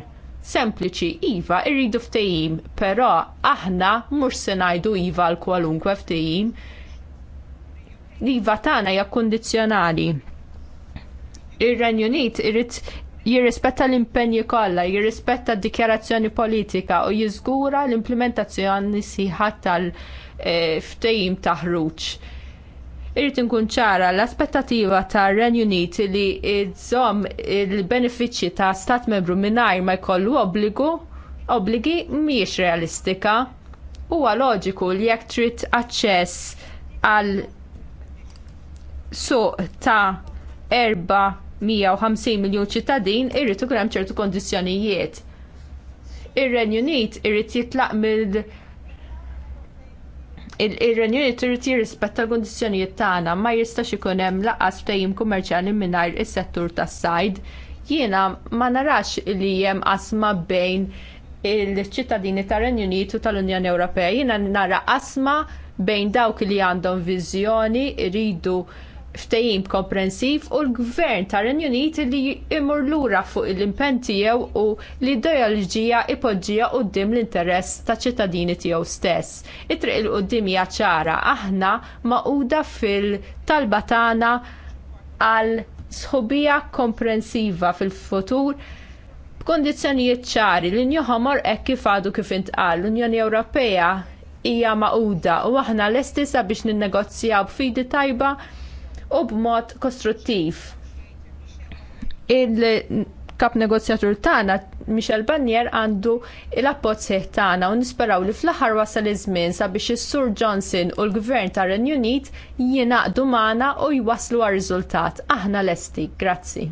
Sempliċi, iva, irridu ftehim, però aħna mhux se ngħidu iva l kwalunkwe ftehim. Iva tagħna hija kondizjonali ir-Renju Unit irid jirrispetta l-impenji kollha, jirrispetta d-dikjarazzjoni politika u jiżgura l-implementazzjoni sieħa tal-ftehim eh, ta' ħruġ irrit nkun ċara l aspettattiva tar renju Unit li jżomm il-benefiċċji ta' stat membru mingħajr ma jkollu obbligu obbligi mhijiex realistika. Huwa loġiku li jekk trid aċċess għal suq ta' erba' 150 miljun ċittadin irrid ukoll hemm ċertu kondizzjonijiet. Ir-Renju Unit irrid jitlaq mill ir-Renju Unit irrid jirrispetta l-kondizzjonijiet tagħna ma jistax ikun hemm laqas ftehim kummerċjali mingħajr is-settur tas-sajd. Jiena ma narax li hemm qasma bejn il-ċittadini tar-Renju Unit u tal-Unjoni Ewropea. Jiena nara qasma bejn dawk li għandhom viżjoni, iridu ftehim komprensiv u l-gvern tar renju Unit li imur lura fuq il impenn tiegħu u li d-ideoloġija ipoġġija quddiem l-interess ta' ċittadini tiegħu stess. It-triq il qudiem hija ċara aħna maquda fil-talba tagħna għal sħubija komprensiva fil-futur b'kundizzjonijiet ċari li njoħomor hekk kif għadu kif intqal l-Unjoni Ewropea hija maquda u aħna lesti sabiex ninnegozjaw b'fidi tajba u b'mod kostruttiv. Il-kap negozjatur tagħna Michel Barnier għandu l-appoġġ seħ tagħna u nisperaw li fl-aħħar wasal iż-żmien sabiex is-Sur Johnson u l-Gvern tar renju Unit jingħaqdu magħna u jwaslu għar riżultat. Aħna lesti, grazzi.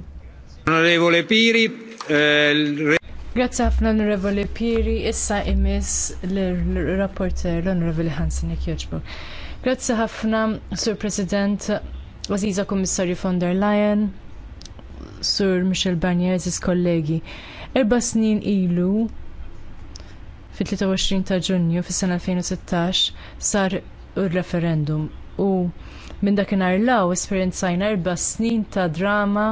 Onorevole Piri, eh, Grazzi ħafna Onorevole Piri, issa jmiss l-rapporter l-Onorevole Hansen jekk Grazzi ħafna, Sur President, Aziza Kommissarju von der Leyen, Sur Michel Barnier, ziz kollegi. Erba snin ilu, fit-23 ta' ġunju fis-sena 2016, sar ur referendum u minn dakinhar law esperjenzajna erba' snin ta' drama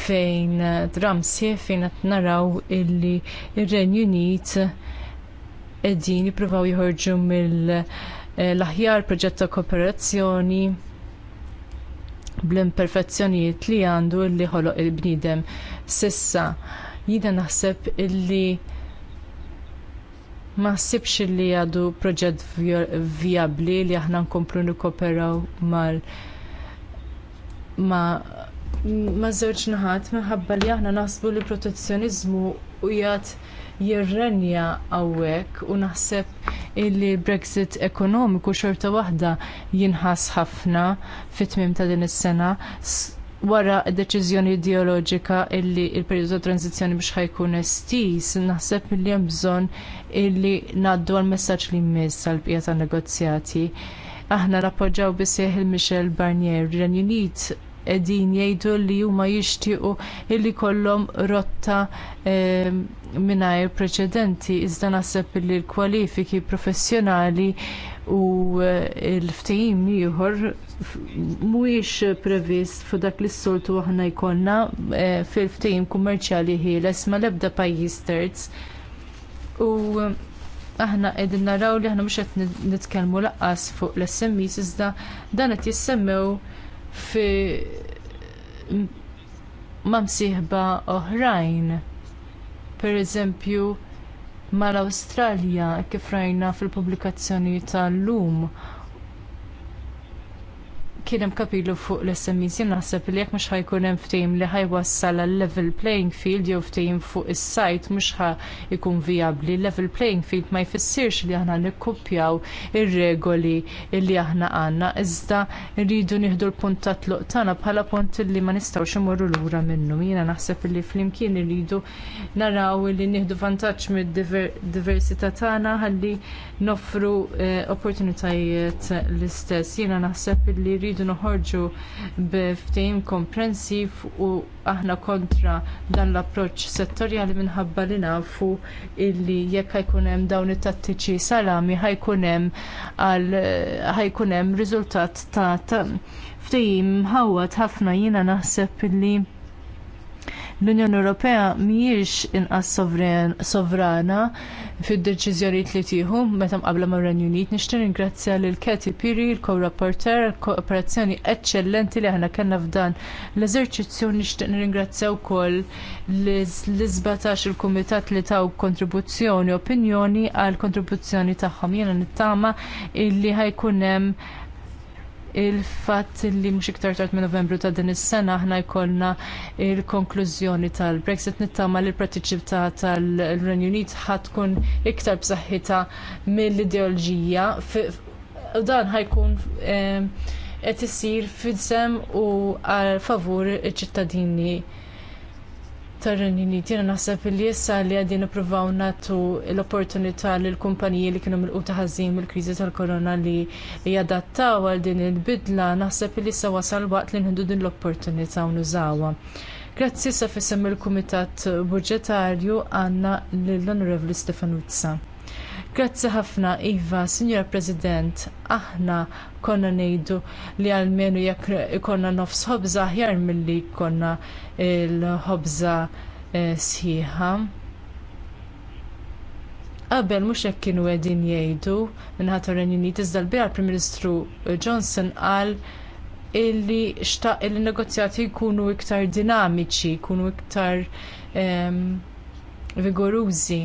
fejn dramsi fejn qed naraw illi ir-Renju Unit qegħdin jippruvaw joħorġu mill-aħjar eh, proġett ta' kooperazzjoni bl-imperfezzjonijiet li għandu illi ħoloq il-bniedem sissa. Jiena naħseb illi ma ħsibx illi għadu proġett vijabbli li aħna nkomplu nikoperaw mal ma ma żewġ naħat minħabba li aħna naħsbu li protezzjonizmu u jgħat jirrenja hawnhekk u naħseb illi Brexit ekonomiku xorta waħda jinħass ħafna fit-tmiem ta' din is-sena wara deċiżjoni ideoloġika illi l perjodu ta' tranzizzjoni biex ħajkun estis, naħseb illi hemm bżonn illi ngħaddu għal messaġġ li jmiss tal bqija tan negozjati. Aħna nappoġġaw bisih il-Michel Barnier, Renju Unit qegħdin jgħidu li huma jixtiequ illi kollhom rotta ehm, mingħajr preċedenti iżda naħseb li l-kwalifiki professjonali u eh, l-ftehim ieħor mhuwiex previst fu dak li s-soltu aħna jkollna eh, fil-ftehim kummerċjali ħieles ma l-ebda pajjiż terz. U eh, aħna qegħdin naraw li aħna mhux qed nitkellmu laqqas fuq l-SMEs iżda dan qed jissemmew fi ma' msieħba oħrajn. pereżempju mal-Awstralja kif rajna fil-pubblikazzjoni tal-lum kien hemm kapilu fuq l-SMEs naħseb li jekk mhux ħajkun hemm ftehim li ħajwassal għal level playing field jew ftehim fuq is-sajt mhux ħa jkun vijabbli. Level playing field ma jfissirx li aħna nikkupjaw ir-regoli li aħna għandna iżda rridu nieħdu l-punt ta' tluq tagħna bħala punt li ma nistgħux imorru lura minnu. Jiena naħseb li flimkien irridu naraw li nieħdu vantaġġ mid-diversità tagħna ħalli noffru eh, opportunitajiet l-istess. Jiena naħseb li rridu noħorġu b'ftehim komprensiv u aħna kontra dan l-approċċ settorjali minħabba li nafu illi jekk ħajkun hemm dawn it-tattiċi salami ħajkun hemm għal ħajkun hemm riżultat ta' ftehim ħawat ħafna jiena naħseb illi L-Unjoni Ewropea mhijiex inqas sovrana fid-deċiżjonijiet li tieħu meta mqabbla mar Renju Unit. Nixtieq ringrazzja lil Keti Piri, il co għall kooperazzjoni eċċellenti li aħna kellna f'dan l-eżerċizzju nixtieq nirringrazzja wkoll l-17 il-kumitat li taw kontribuzzjoni opinjoni għal kontribuzzjoni tagħhom. Jiena nittama illi ħajkun hemm il-fatt li mhux iktar tard minn Novembru ta' din is-sena aħna jkollna il-konklużjoni tal-Brexit nittama li l-pratiċità tal-Renju Unit ħatkun iktar b'saħħita mill-ideoloġija u dan ħajkun eh, qed isir f'isem u għal favur iċ-ċittadini tar-Renju Unit. naħseb li issa li għadin nippruvaw nagħtu l-opportunità l kumpaniji li kienu milquta ħażin mill-kriżi tal-korona li jadattaw għal din il-bidla, naħseb li issa wasal waqt li nħidu din l-opportunità u nużawha. Grazzi sa fissem il-Kumitat Budġetarju għandna lill honorable Stefan Uzza. Grazzi ħafna, Iva, Signora President, aħna konna nejdu li għalmenu jekk konna nofs ħobza aħjar milli konna il-ħobza eh, sħiħa. Qabel mhux hekk kienu qegħdin jgħidu minħat Unit iżda l-bira Prim-Ministru eh, Johnson qal illi xtaq n negozjati jkunu iktar dinamiċi, jkunu iktar ehm, vigorużi.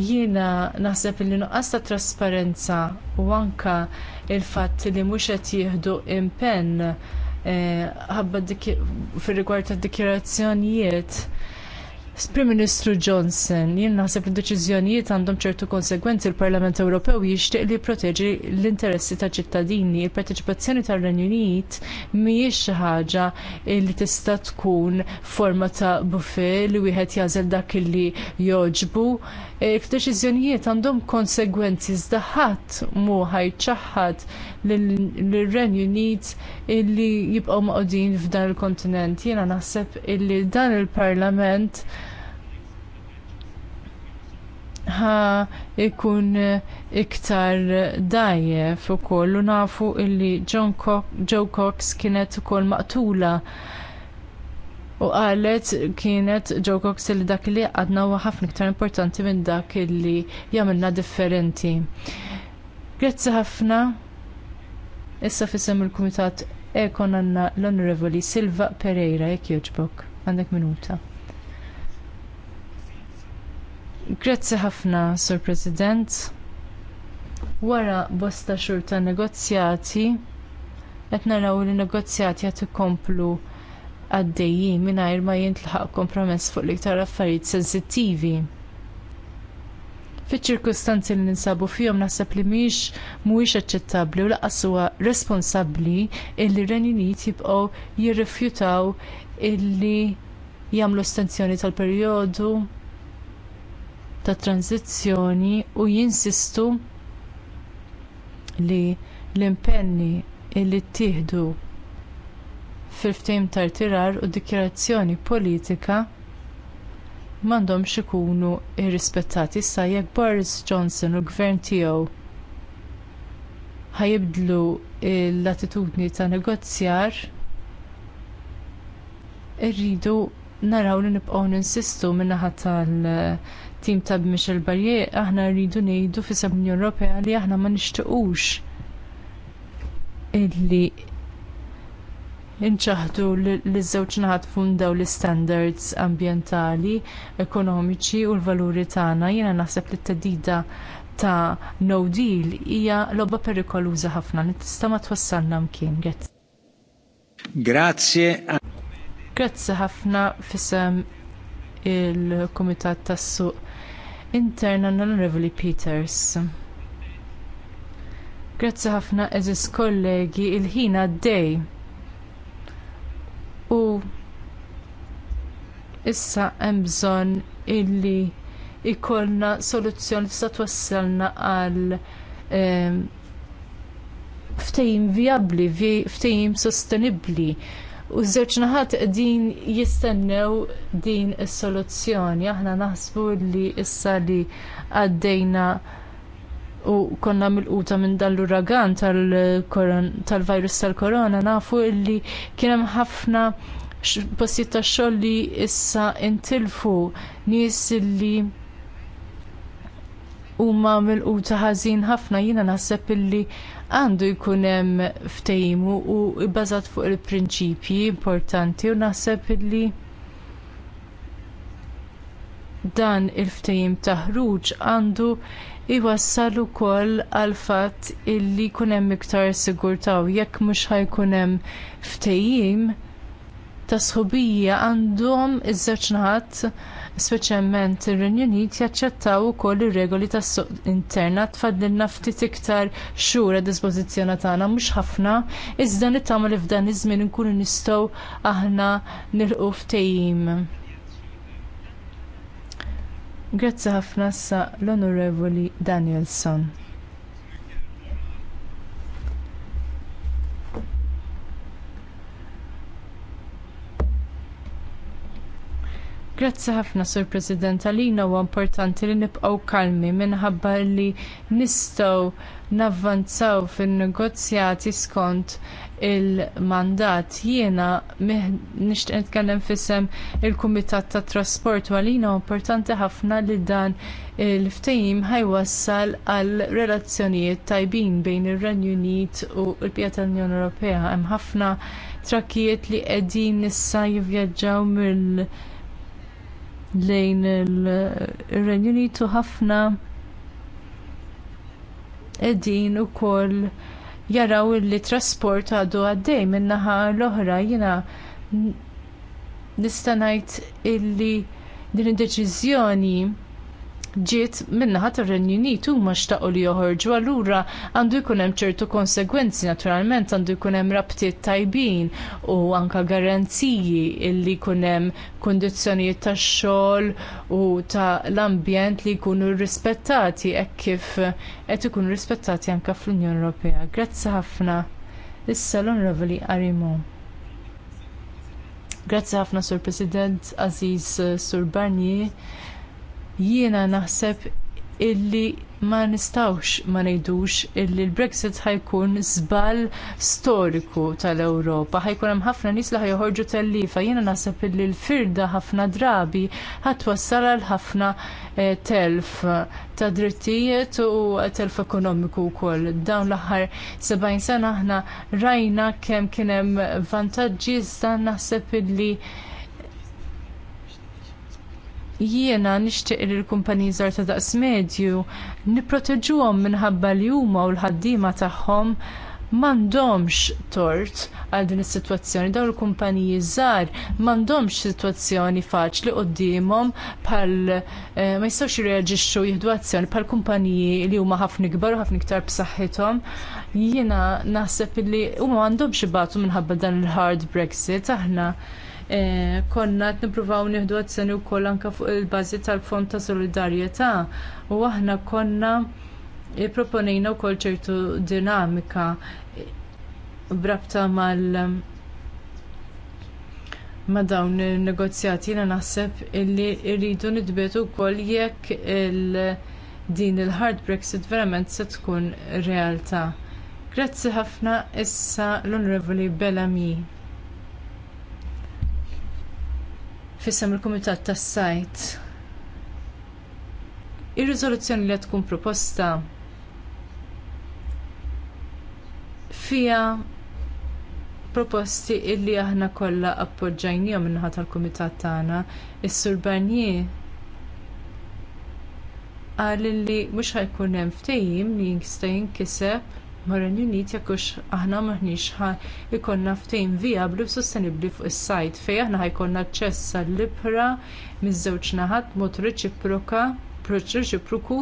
Jiena naħseb li nuqqas ta' trasparenza u anke l fatt li mhux qed jieħdu impenn eh, ħabba fir-rigward tad-dikjarazzjonijiet. Prim Ministru Johnson, jien naħseb li deċiżjonijiet għandhom ċertu konsegwenzi l-Parlament Ewropew jixtieq li jipproteġi l-interessi ta' ċittadini. Il-parteċipazzjoni tar-Renju Unit mhijiex xi ħaġa li tista' tkun forma ta' buffet li wieħed jażel dak li jogħġbu. E, f'deċiżjonijiet għandhom konsegwenzi iżda ħadd mu ħajċaħħad renju Unit illi jibqgħu maqdin f'dan il-kontinent. Jiena naħseb illi dan il-Parlament ħa ikun iktar dajjef ukoll u nafu illi John Cox, Joe Cox kienet ukoll maqtula u qalet kienet Joe Cox li dak li għadna huwa ħafna iktar importanti minn dak li jagħmilna differenti. Grazzi ħafna. Issa fissem il-Kumitat Ekon għanna l-Onorevoli Silva Pereira jekk jogħġbok. Għandek minuta. Grazzi ħafna, Sur President. Wara bosta xhur ta' negozjati, qed naraw li negozjati qed ikomplu għaddejjin mingħajr ma jintlaħaq kompromess fuq l-iktar affarijiet sensittivi. Fiċ-ċirkustanzi li ninsabu fihom naħseb li mhijiex mhuwiex aċċettabbli u laqas huwa responsabbli illi r-Renju Unit jibqgħu jirrifjutaw illi jagħmlu estensjoni tal-perjodu ta' tranzizzjoni u jinsistu li l-impenni li ttieħdu fil-ftehim tar-tirar u dikjerazzjoni dikjarazzjoni politika m'għandhomx ikunu rrispettati issa jekk Boris Johnson u l-gvern tiegħu ħajibdlu l-attitudni ta' negozjar irridu naraw li nibqgħu ninsistu min-naħa tal-tim ta' Michel Barrier, aħna rridu ngħidu fis l-Unjoni Ewropea li aħna ma nixtiequx illi inċaħdu li żewġ naħat fundaw l istandards ambjentali, ekonomiċi u l-valuri tagħna. Jiena naħseb li t-tedida ta' no deal hija logħba perikoluża ħafna li tista' ma twassalna mkien. Grazie. Grazzi ħafna fisem il-Kumitat tas-Suq Interna l-Onorevoli Peters. Grazzi ħafna eżis kollegi il-ħina d u issa hemm bżonn illi ikollna soluzzjoni tista' twassalna għal ehm, ftehim vijabbli, ftehim sostenibbli. U żewġ naħat din jistennew din is-soluzzjoni. Aħna naħsbu li issa li għaddejna u konna milquta minn dan l-uragan tal-virus tal-korona nafu illi kien hemm ħafna postijiet ta' xogħol li issa intilfu nies illi huma quta ħażin ħafna jiena naħseb illi għandu jkun hemm ftehim u bbażat fuq il-prinċipji importanti u naħseb li dan il-ftehim ta' ħruġ għandu iwassal ukoll għal fatt illi jkun hemm iktar sigurtà u jekk mhux ħajkun hemm ftehim ta' sħubija għandhom iż-żewġ naħat speċjalment ir-Renju Unit jaċċettaw ukoll ir-regoli tas-suq interna tfaddilna ftit iktar xhur għad dispożizzjoni tagħna mhux ħafna, iżda nittama li f'dan iż-żmien inkunu nistgħu aħna nilqu ftehim. Grazzi ħafna sa l-Onorevoli Danielson. Grazzi ħafna, Sur President, għalina huwa importanti li nibqgħu kalmi minħabba li nistgħu navvanzaw fin negozjati skont il-mandat jiena nixtieq nitkellem fissem il-Kumitat tat Trasport u għalina importanti ħafna li dan il-ftehim ħajwassal għal relazzjonijiet tajbin bejn ir-Renju Unit u l-Pjata tal-Unjoni Ewropea. Hemm ħafna trakkijiet li qegħdin issa jivvjaġġaw mill lejn ir-Renju Unit u ħafna qegħdin ukoll jaraw li trasport għadu għaddej min-naħa l-oħra jiena nista' ngħid illi din id-deċiżjoni ġiet minnaħat tar-Renju Unit huma xtaqu li joħorġu allura għandu jkun hemm ċertu konsegwenzi naturalment għandu jkun hemm rabtiet tajbin u anka garanziji li jkun hemm kundizzjonijiet tax-xogħol u ta' l-ambjent li jkunu rispettati hekk kif qed ikunu rispettati anke fl-Unjoni Ewropea. Grazzi ħafna. Issa l-Onorevoli Arimo. Grazzi ħafna Sur President, Aziz Sur Barnier jiena naħseb illi ma nistawx ma ngħidux illi l-Brexit ħajkun żball storiku tal-Ewropa. Ħajkun hemm ħafna nies li ħajħorġu tellifa. Jiena naħseb illi l-firda ħafna drabi ħatwassal għal ħafna eh, telf ta' drittijiet u telf ekonomiku wkoll. Dawn l-aħħar 70 sena aħna rajna kemm kien hemm vantaġġi iżda naħseb illi jiena nixtieq li l-kumpaniji żgħar ta' daqs medju nipproteġuhom minħabba li huma u l-ħaddiema tagħhom m'għandhomx tort għal din is-sitwazzjoni dawn il-kumpaniji żgħar m'għandhomx sitwazzjoni faċli qudiemhom bħal eh, ma jistgħux jirreaġixxu jieħdu azzjoni bħal kumpaniji li huma ħafna kbar u ħafna iktar b'saħħithom. Jiena naħseb li huma m'għandhomx ibatu minħabba dan il-hard Brexit aħna Eh, konna qed nippruvaw nieħdu azzjoni wkoll anke fuq il-bażi tal-Fond ta' Solidarjetà u aħna konna eh, proponejna wkoll ċertu dinamika eh, brabta mal ma dawn in negozjati jiena naħseb illi rridu nidbetu wkoll jekk il din il-hard Brexit verament se tkun realtà. Grazzi ħafna issa l-Onorevoli Bellamy. fissem il-Kumitat tas-Sajt. Ir-riżoluzzjoni li tkun proposta fija proposti illi aħna kollha appoġġajnija minnaħa tal-kumitat tagħna, is-Sur Barnier qal li mhux ħajkun hemm ftehim li jista' jinkiseb mar-Renju Unit jekk hux aħna maħniex ikonna ftejn vija u sostenibbli fuq is-sajt fejn aħna ħajkonna aċċess l ibra miż-żewġ naħat mod reċiproka, reċiproku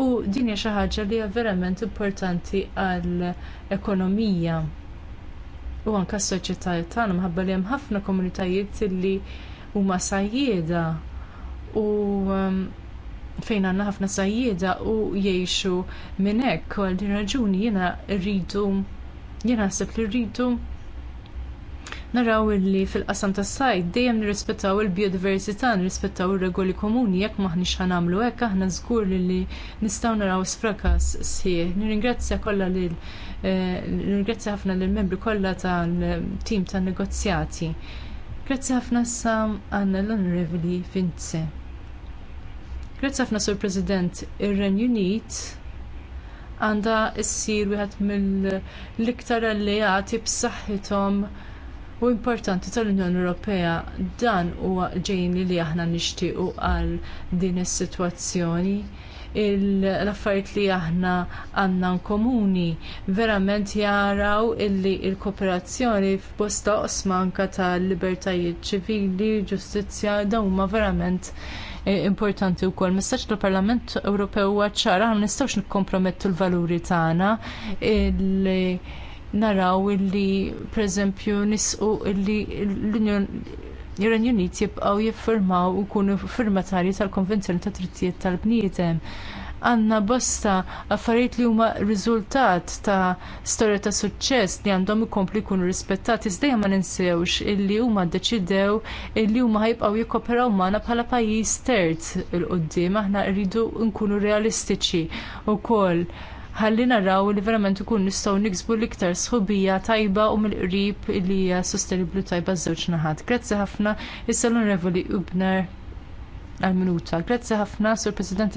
u din hija xi ħaġa li hija verament importanti għall-ekonomija u anke s-soċjetà tagħna minħabba li ħafna komunitajiet li u masajjeda u um, fejn għandna ħafna sajjieda u jgħixu minn hekk u għal din raġuni jiena rridu jiena naħseb li rridu naraw illi fil-qasam tas sajd dejjem nirrispettaw il-biodiversità, nirrispettaw ir-regoli komuni jekk maħniex ħanamlu hekk aħna żgur li nistgħu naraw sfrakas sħiħ. Nirringrazzja kollha lil eh, nirringrazzja ħafna lill membri kollha tal-tim tan-negozjati. Grazzi ħafna sam għandna l-Onorevoli Vincent. Grazzi ħafna Sur President, ir-Renju Unit għandha ssir wieħed mill-iktar allejati b'saħħithom u importanti tal-Unjoni Ewropea dan huwa ġejni li aħna nixtiequ għal din is-sitwazzjoni l-affarijiet li aħna għandna komuni verament jaraw illi l il kooperazzjoni f'bosta osmanka tal libertajiet ċivili, ġustizzja dawn huma verament importanti wkoll. Messaċ tal-Parlament Ewropew huwa ċara ma nistgħux nikkompromettu l-valuri tagħna li naraw illi pereżempju nisqu illi l union ir-Renju Unit jibqgħu jiffirmaw kunu firmatari tal-Konvenzjoni tal Drittijiet tal-Bniedem għandna bosta affarijiet li huma riżultat ta' storja ta' suċċess li għandhom ikomplu jkunu rispettati iżda ma ninsewx illi huma ddeċidew illi huma ħajbqaw jikkoperaw magħna bħala pajjiż terz il qudiem aħna rridu nkunu realistiċi wkoll ħalli naraw li verament ikun nistgħu niksbu l-iktar sħubija tajba u mill-qrib li hija sostenibbli tajba żewġ naħat. Grazzi ħafna, issa l-Onorevoli Ubner għal-minuta. Grazzi ħafna, Sur President,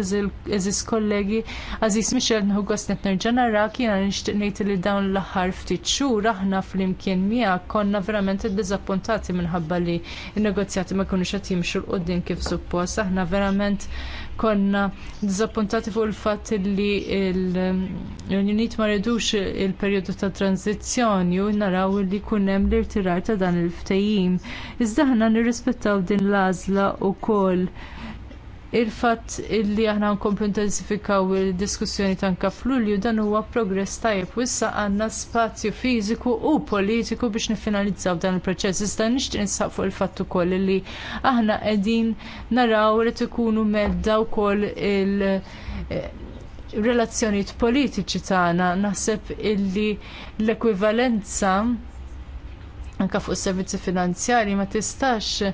eżis kollegi, għaziz Michel Nħugosnet nerġanara, kiena nishtiq nejt li dawn l-ħar ftit xhur aħna fl-imkien miegħek konna verament iddizappuntati minħabba li n-negozjati ma kunux qed jimxu l kif suppost, aħna verament konna dizappuntati fuq il-fatt li l-Unit ma redux il-perjodu ta' tranzizzjoni u naraw li jkun hemm l-irtirar ta' dan il-ftejjim. Iżda ħna nirrispettaw din l-għażla wkoll il-fatt illi aħna nkomplu intensifikaw il-diskussjoni tanka f'Lulju dan huwa progress tajjeb u issa għandna spazju fiżiku u politiku biex niffinalizzaw dan il-proċess. Iżda nixtieq nisaq fuq il-fatt ukoll li aħna qegħdin naraw li tkunu medda wkoll il- eh, relazzjonijiet politiċi tagħna naħseb illi l-ekwivalenza anke fuq is servizzi finanzjarji ma tistax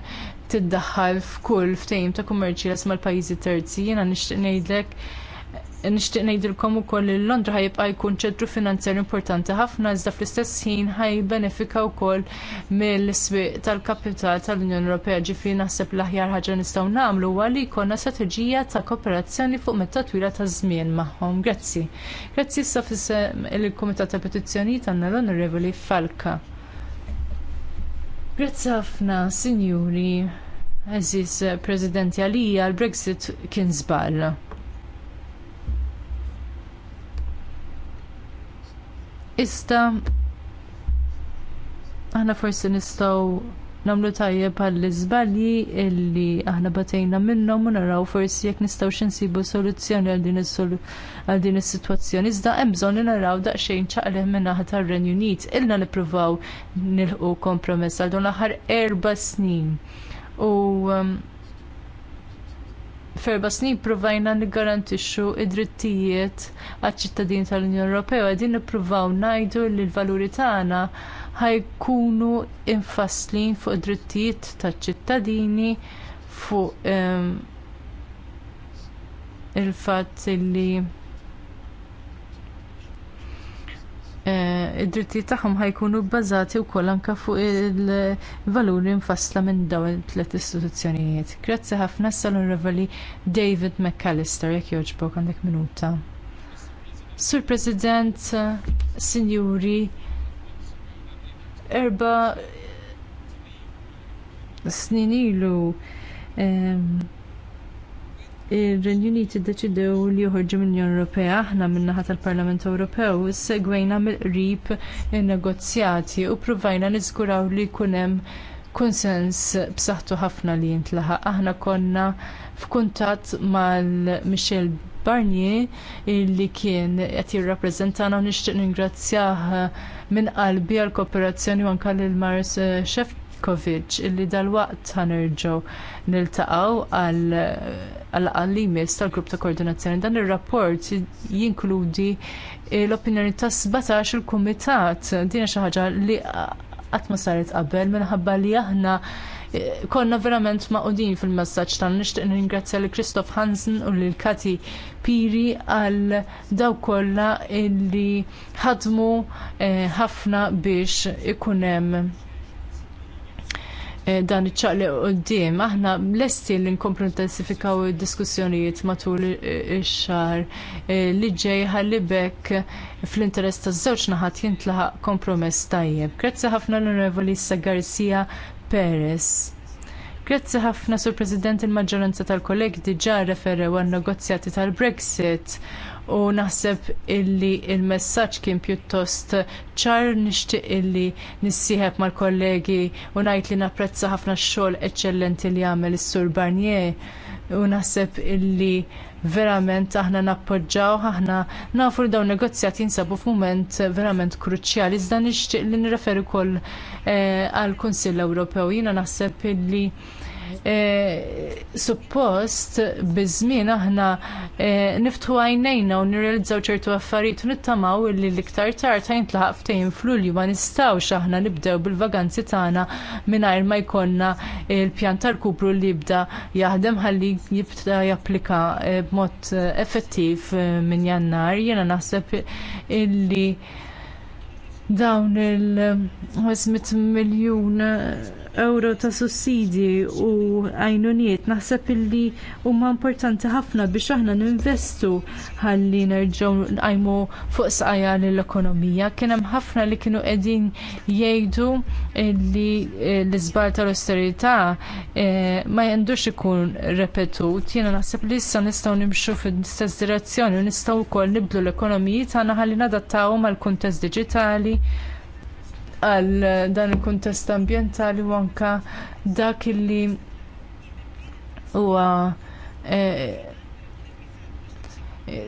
tiddaħħal f'kull ftehim ta' kummerċi las mal-pajjiżi terzi, jiena nixtieq ngħidlek nixtieq ngħidilkom ukoll li Londra ħajibqa jkun ċentru finanzjarju importanti ħafna iżda fl-istess ħin ħajbenefika wkoll mill-iswieq tal-kapital tal-Unjoni Ewropea ġifieri naħseb l-aħjar ħaġa nistgħu nagħmlu huwa li jkollna strateġija ta' kooperazzjoni fuq meta twila ta' żmien magħhom. Grazzi. Grazzi issa fis il-Kumitat ta' Petizzjonijiet għandna l-Onorevoli Falka. Grazzi ħafna, sinjuri, eżis President Alija l-Brexit kien żball. Ista, aħna forsi nistgħu namlu tajjeb għall-iżbalji illi aħna batejna minnhom u naraw forsi jekk nistgħu xinsibu soluzzjoni għal din is-sitwazzjoni. Iżda hemm bżonn li naraw daqsxejn ċaqleh minn naħa tar-Renju Unit. Ilna nippruvaw nilħu kompromess għal dawn l-aħħar erba' snin. U um, ferba snin provajna niggarantixxu id-drittijiet għaċ ċittadin tal-Unjoni Ewropea qegħdin nippruvaw ngħidu li l-valuri tagħna ħajkunu infaslin fuq drittijiet taċ ċittadini fuq um, il-fatt li eh, id-drittijiet tagħhom ħajkunu bbażati wkoll anke fuq il-valuri mfassla minn dawn it-tliet istituzzjonijiet. Grazzi ħafna sal-Onorevoli David McAllister jekk jogħġbok għandek minuta. Sur President, Signori, erba snin ilu ir-Renju Uniti ddeċidew li joħorġu mill-Unjoni Ewropea aħna min-naħa tal-Parlament Ewropew segwejna mill-qrib in-negozjati u pprovajna niżguraw li jkun hemm Kunsens b'saħħtu ħafna li jintlaħaq. Aħna konna f'kuntatt mal-Michel Barnier illi kien qed jirrappreżentana u nixtieq ningrazzjah minn qalbi għall kooperazzjoni u anke lil Mars Shefkovic illi dalwaqt ħanerġgħu niltaqgħu għal għallimis tal-grupp ta' koordinazzjoni. Dan ir-rapport jinkludi l-opinjoni ta' 17 il-kumitat din xi ħaġa li qatt ma saret qabel minħabba li aħna eh, konna verament maqudin fil-messaġġ tan nixtieq ningrazzja li Kristof Hansen u lil Kati Piri għal daw kollha illi ħadmu eh, ħafna biex ikun hemm Eh, dan iċċaqli qoddim. Aħna lesti li nkomplu intensifikaw id-diskussjonijiet matul ix-xahar eh, li ġej ħalli bekk fl-interess taż-żewġ naħat jintlaħaq kompromess tajjeb. Grazzi ħafna l-Onorevoli Garcia Perez. Grazzi ħafna sur President il-maġġoranza tal-kollegi diġà referew għan negozjati tal-Brexit u naħseb illi il-messaġġ kien pjuttost ċar nixtieq illi nissieħeb mal-kollegi u ngħid li napprezza ħafna x-xogħol eċċellenti li għamel is-Sur Barnier u naħseb illi verament aħna nappoġġaw, aħna nafu li dawn negozjati jinsabu f'mument verament kruċjali. Iżda nixtieq li nirreferi wkoll eh, għall kunsill Ewropew. Jiena naħseb illi Eh, suppost biż-żmien aħna eh, niftu għajnejna u nirrealizzaw ċertu affarijiet u nittamaw li l-iktar tard tlaħaq ftehim f'Lulju ma nistgħux aħna nibdew bil-vaganzi tagħna mingħajr ma jkollna il-pjan tal-kupru li jibda jaħdem ħalli jibda japplika eh, b'mod effettiv minn jannar jiena naħseb illi dawn il-500 miljun euro ta' sussidi u għajnuniet naħseb illi huma importanti ħafna biex aħna ninvestu ħalli nerġgħu nqajmu fuq sqajja l-ekonomija. Kien hemm ħafna li kienu qegħdin jgħidu li eh, l-iżbar tal-austerità eh, ma jendux ikun repetut. Jiena naħseb li issa nistgħu nimxu fl istess direzzjoni u nistgħu wkoll nibdlu l-ekonomiji tagħna ħalli nadattawhom għall kuntest diġitali għal dan il-kuntest ambjentali u anke dak illi huwa eh,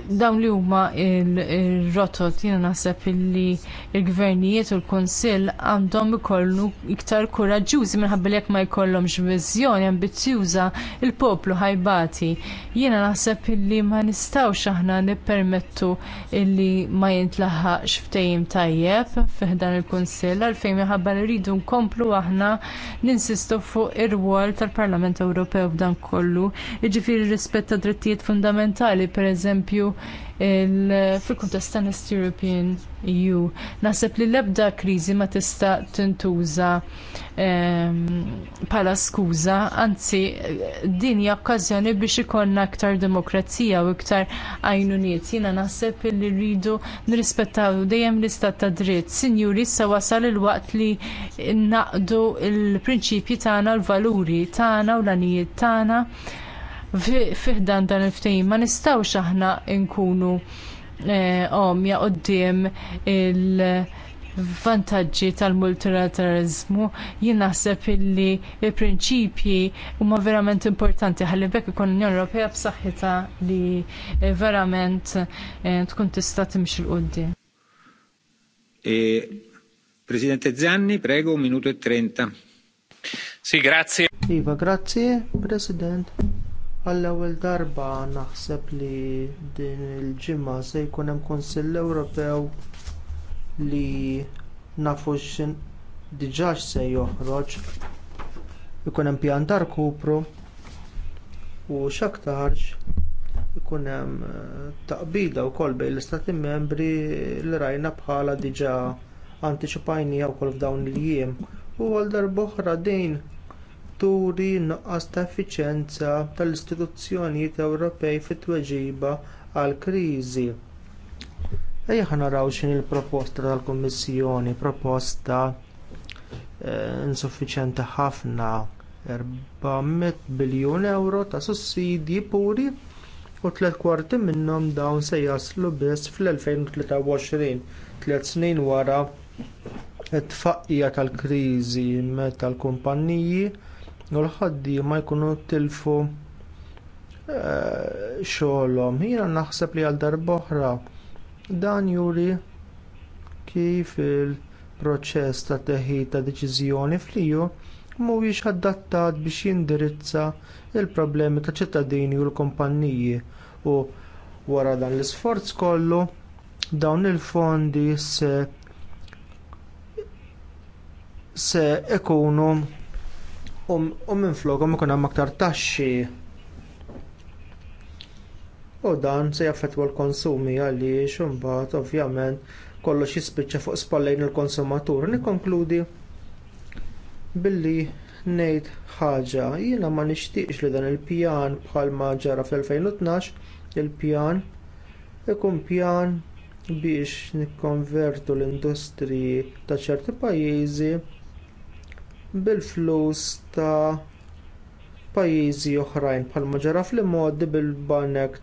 dawn li huma il-rotot jiena naħseb illi l gvernijiet u l-Kunsill għandhom ikollu iktar kuraġġjużi minħabba jekk ma jkollhomx viżjoni ambizzjuża l poplu ħajbati. Jiena naħseb illi ma nistgħux aħna nippermettu illi ma jintlaħħaqx ftehim tajjeb f'dan il-Kunsill għalfejn minħabba li rridu nkomplu aħna ninsistu fuq ir-rwol tal-Parlament Ewropew f'dan kollu, jiġifieri rispett tad drittijiet fundamentali pereżempju eżempju, fil-kuntest ta' European EU. Naħseb li l-ebda kriżi ma tista' tintuża ehm, bħala skuża, anzi din hija okkażjoni biex ikollna aktar demokrazija u iktar għajnuniet. Jiena naħseb li rridu nirrispettaw dejjem l-istat ta' dritt. Sinjuri, issa wasal il-waqt li naqdu l prinċipji tagħna, l-valuri tagħna u l-anijiet tagħna fiħdan dan il-ftehim ma nistgħux aħna nkunu eh, omja qudiem il- vantaġġi tal-multilateralizmu jien naħseb illi l prinċipji huma verament importanti ħalli bekk ikun l-Unjoni Ewropea b'saħħitha li eh, verament eh, tkun tista' timxi l-qudiem. E, Presidente Zanni, prego, un minuto e trenta. Sì, grazie. Iva, grazie, President. Għall-ewwel darba naħseb li din il-ġimgħa se jkun hemm Kunsill Ewropew li nafu x'in diġà se joħroġ ikun hemm pjan tar kupru u x'aktarx ikun hemm eh, taqbida wkoll bejn l-istati membri li rajna bħala diġà antiċipajnija wkoll f'dawn il-jiem u għal darba oħra din turi nuqqas ta' effiċjenza tal-istituzzjonijiet Ewropej fit-tweġiba għall kriżi Ejja naraw xin il-proposta tal-Kummissjoni, proposta eh, insuffiċjenti ħafna 400 biljun euro ta' sussidji puri u tliet kwarti minnhom dawn se jaslu biss fl-2023, tliet snin wara t tfaqqija tal-kriżi meta l-kumpanniji l ma jkunu tilfu eh, xogħolhom. Jiena naħseb li għal darb'oħra dan juri kif il-proċess ta' teħid ta' deċiżjoni fliju mhuwiex adattat biex jindirizza l problemi ta' ċittadini u l-kumpanniji u wara dan l-isforz kollu dawn il-fondi se se ikunu Um, u minn um, ikun hemm aktar taxxi. U dan se jaffettwa l-konsumi għaliex imbagħad ovvjament kollox jispiċċa fuq spallejn il-konsumatur. Nikkonkludi billi ngħid ħaġa jiena ma nixtieqx li dan il-pjan bħalma ġara fl-2012 il-pjan ikun pjan biex nikkonvertu l-industriji ta' ċerti pajjiżi bil-flus ta' pajjiżi oħrajn bħalma ġara fl-modi bil-banek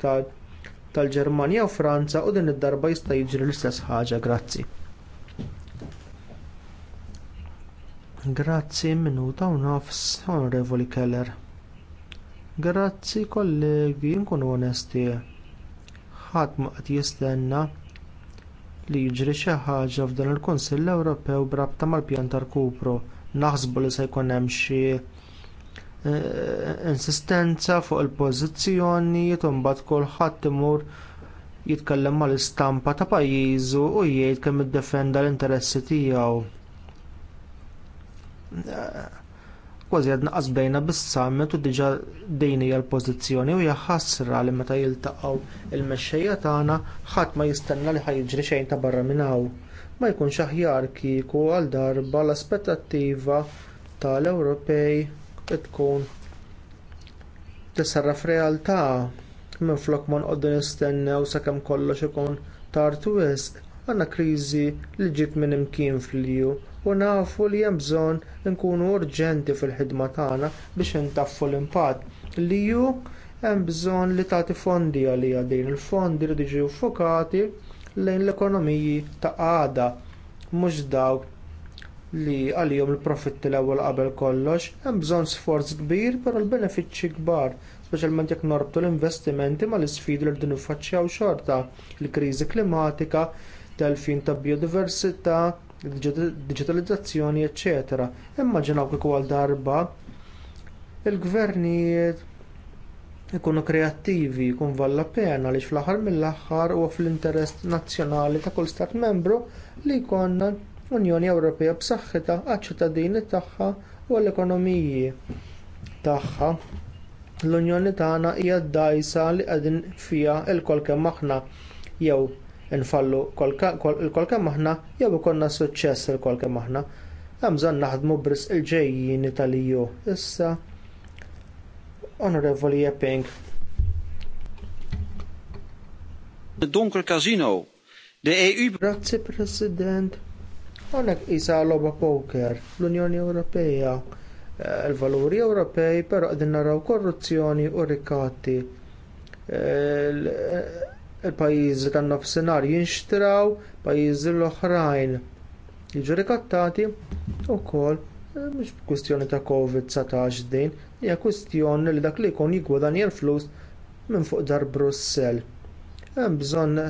tal-Ġermanja u Franza u din id-darba jista' jiġri l-istess ħaġa, grazzi. Grazzi minuta u nofs, onorevoli Keller. Grazzi kollegi, nkunu onesti. Ħadd ma qed jistenna li jiġri xi ħaġa f'dan il-Kunsill Ewropew b'rabta mal pjantar kupro. kupru naħsbu li se jkun hemm xi eh, insistenza fuq il-pożizzjonijiet u mbagħad kulħadd imur jitkellem mal-istampa ta' pajjiżu u jgħid kemm iddefenda l-interessi tiegħu. Eh, kważi għadna qasbejna bis-summit u diġà din hija l-pożizzjoni u hija ħasra li meta jiltaqgħu il-mexxejja tagħna ħadd ma jistenna li ħajġri xejn ta' barra minn hawn ma jkunx aħjar kieku għal darba l-aspettattiva tal-Ewropej tkun tisarraf realtà minflok ma nqoddu nistennew sakemm kollox ikun tard wisq għandna kriżi li ġiet minn imkien fliju, u nafu li hemm bżonn inkunu urġenti fil-ħidma tagħna biex intaffu l-impatt li hemm bżonn li tagħti fondi għalija din il-fondi li jiġu ffokati lejn l-ekonomiji ta' għada mhux dawk li għalihom il-profitti l-ewwel qabel kollox, hemm bżonn sforz kbir però l-benefiċċji kbar, speċjalment jekk norbtu l-investimenti mal isfidi li rridu niffaċċjaw xorta, il-kriżi klimatika, telfin ta' biodiversità, digitalizzazzjoni, eċċetera. Immaġinaw kif għal darba il-gvernijiet ikunu kreattivi, jkun valla pena li fl aħħar mill aħħar huwa fl-interess nazzjonali ta' kull stat membru li jkollna Unjoni Ewropea b'saħħitha għaċ-ċittadini tagħha u l ekonomiji tagħha. L-Unjoni tagħna hija d-dajsa li qegħdin fiha lkoll kemm aħna jew infallu il-kol kemm aħna jew ikollna suċċess il-kol kemm aħna. Hemm bżonn naħdmu bris il-ġejjin tal-EU. Issa Onorevoli Epping. Donker Casino. De EU. Grazie President. Onek isa loba poker. L-Unjoni Ewropea. Il-valuri eh, Ewropej però qegħdin naraw korruzzjoni u rikati. Il-pajjiżi eh, tan-nofsinhar jinxtraw pajjiżi l-oħrajn. Jiġu rikattati ukoll Eh, mhux kwistjoni ta' COVID-19 din, hija kwistjoni li dak li jkun jigwadanja l-flus minn fuq dar Brussell. Hemm bżonn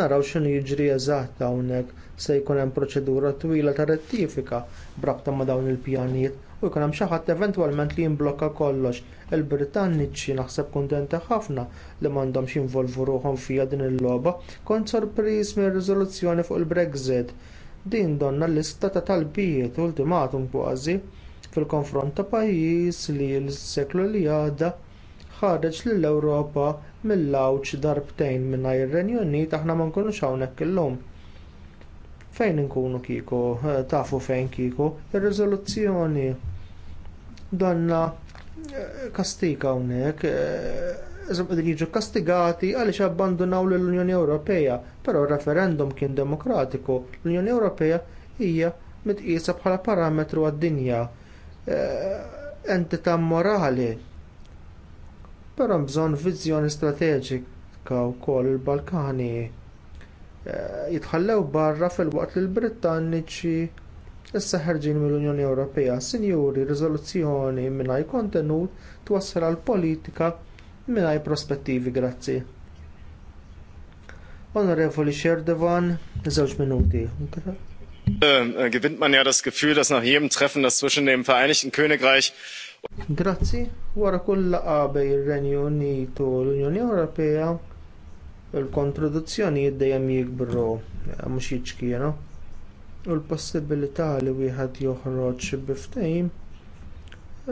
naraw x'inhu jiġri eżatt hawnhekk se jkun hemm proċedura twila ta' rettifika brabta ma' dawn il-pjanijiet u jkun hemm xi ħadd eventwalment li jimblokka kollox. Il-Britanniċi naħseb kuntenta ħafna li m'għandhomx jinvolvu ruħhom fiha din il-logħba, kont sorpriż mir-riżoluzzjoni fuq il-Brexit din donna l-lista ta' talbijiet ultimatum kważi fil-konfront ta' pajjiż li l-seklu li għadda ħareġ lill ewropa mill-lawċ darbtejn mingħajr ir-Renju Unit aħna ma nkunux hawnhekk illum fejn inkunu kieku, tafu fejn kieku, ir-riżoluzzjoni donna eh, kastika hawnhekk eh, iżom qegħdin jiġu kastigati għaliex abbandunaw lill-Unjoni Ewropea, però r referendum kien demokratiku. L-Unjoni Ewropea hija mitqisa bħala parametru għad-dinja eh, entità morali. Però bżonn viżjoni strateġika wkoll il-Balkani eh, jitħallew barra fil-waqt li l-Brittaniċi issa ħarġin mill-Unjoni Ewropea, sinjuri riżoluzzjoni mingħajr kontenut twassal għal politika mingħajr prospettivi, grazzi. Onorevoli Sherdevan, zewġ minuti. Ähm, äh, gewinnt man ja das Gefühl, dass nach jedem Treffen das zwischen dem Vereinigten Königreich Grazzi, wara kull laqgħa bejn ir-Renju Unitu u l-Unjoni Ewropea il kontroduzzjoni jiddejem jikbru mhux jiċkienu. U l-possibilità li wieħed joħroġ biftejn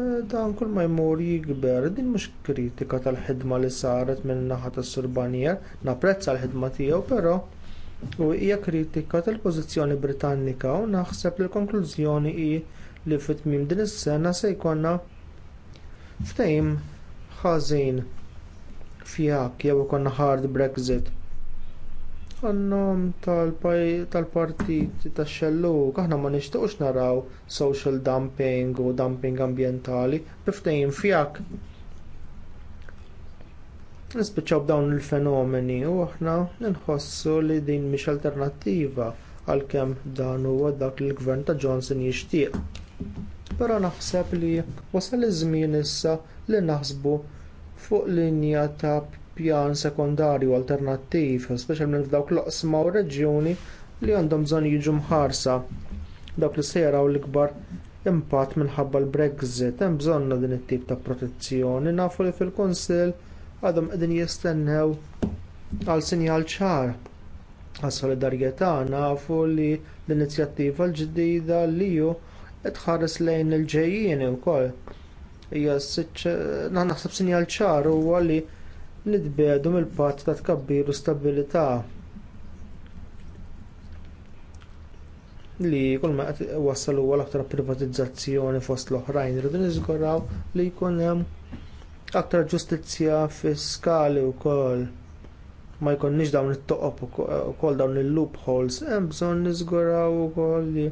Eh, dan kull ma jmur jikber, din mhux kritika tal-ħidma li saret minn naħa tas-Surbanier, napprezza l-ħidma tiegħu, però u hija kritika tal-pożizzjoni Britannika u naħseb li l-konklużjoni hi li fit-tmiem din is-sena se jkollna ftehim ħażin fjak jew ikollna hard Brexit. Għannom tal-partit tax xelluk, aħna ma nixtiequx naraw social dumping u dumping ambjentali biftejn fjak. Nispiċċaw b'dawn il-fenomeni u aħna nħossu li din mhix alternattiva għalkemm dan huwa dak li l-gvern ta' Johnson jixtieq. Però naħseb li wasal iż-żmien issa li naħsbu fuq linja ta' pjan sekondarju alternattiv, speċjalment f'dawk l-oqsma u reġjuni li għandhom bżonn jiġu mħarsa. Dawk li se jaraw l-ikbar impatt minħabba l-Brexit, hemm bżonna din it-tip ta' protezzjoni, nafu li fil-Kunsill għadhom qegħdin jistennew għal sinjal ċar għas solidarjetà nafu li l-inizjattiva l-ġdida li ju tħares lejn il ġejjieni wkoll. Hija naħseb sinjal ċar huwa li nitbedu mill-patt ta' tkabbir u stabilità li kull ma qed wassal u l-aktar privatizzazzjoni fost l-oħrajn irridu niżguraw li jkun hemm aktar ġustizzja fiskali wkoll ma jkunniex dawn it-toqob ukoll dawn il-loopholes hemm bżonn niżguraw ukoll li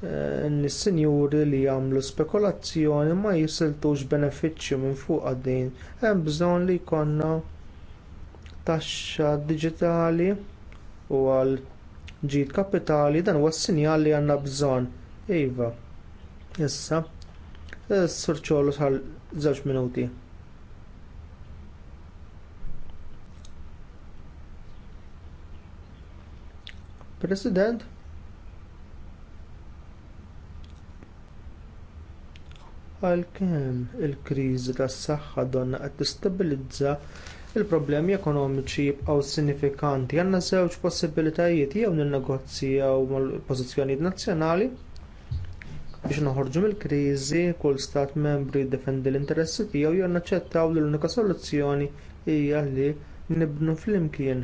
Eh, nis-sinjuri li jagħmlu spekulazzjoni ma jisiltux benefiċċju minn fuq għaddin. Hemm bżonn li jkollna taxxa diġitali u għal ġid kapitali dan huwa s-sinjal li għandna bżonn. Iva. Issa. Eh, Sur ċollu sal żewġ minuti. President, Għalkemm il-kriżi tas-saħħa donna qed tistabilizza, il-problemi ekonomiċi jibqgħu sinifikanti għandna żewġ possibbiltajiet jew ninnegozjaw mal-pożizzjonijiet nazzjonali biex noħorġu mill-kriżi kull stat membri jiddefendi l-interessi tiegħu jew naċċettaw li l-unika soluzzjoni hija li nibnu flimkien.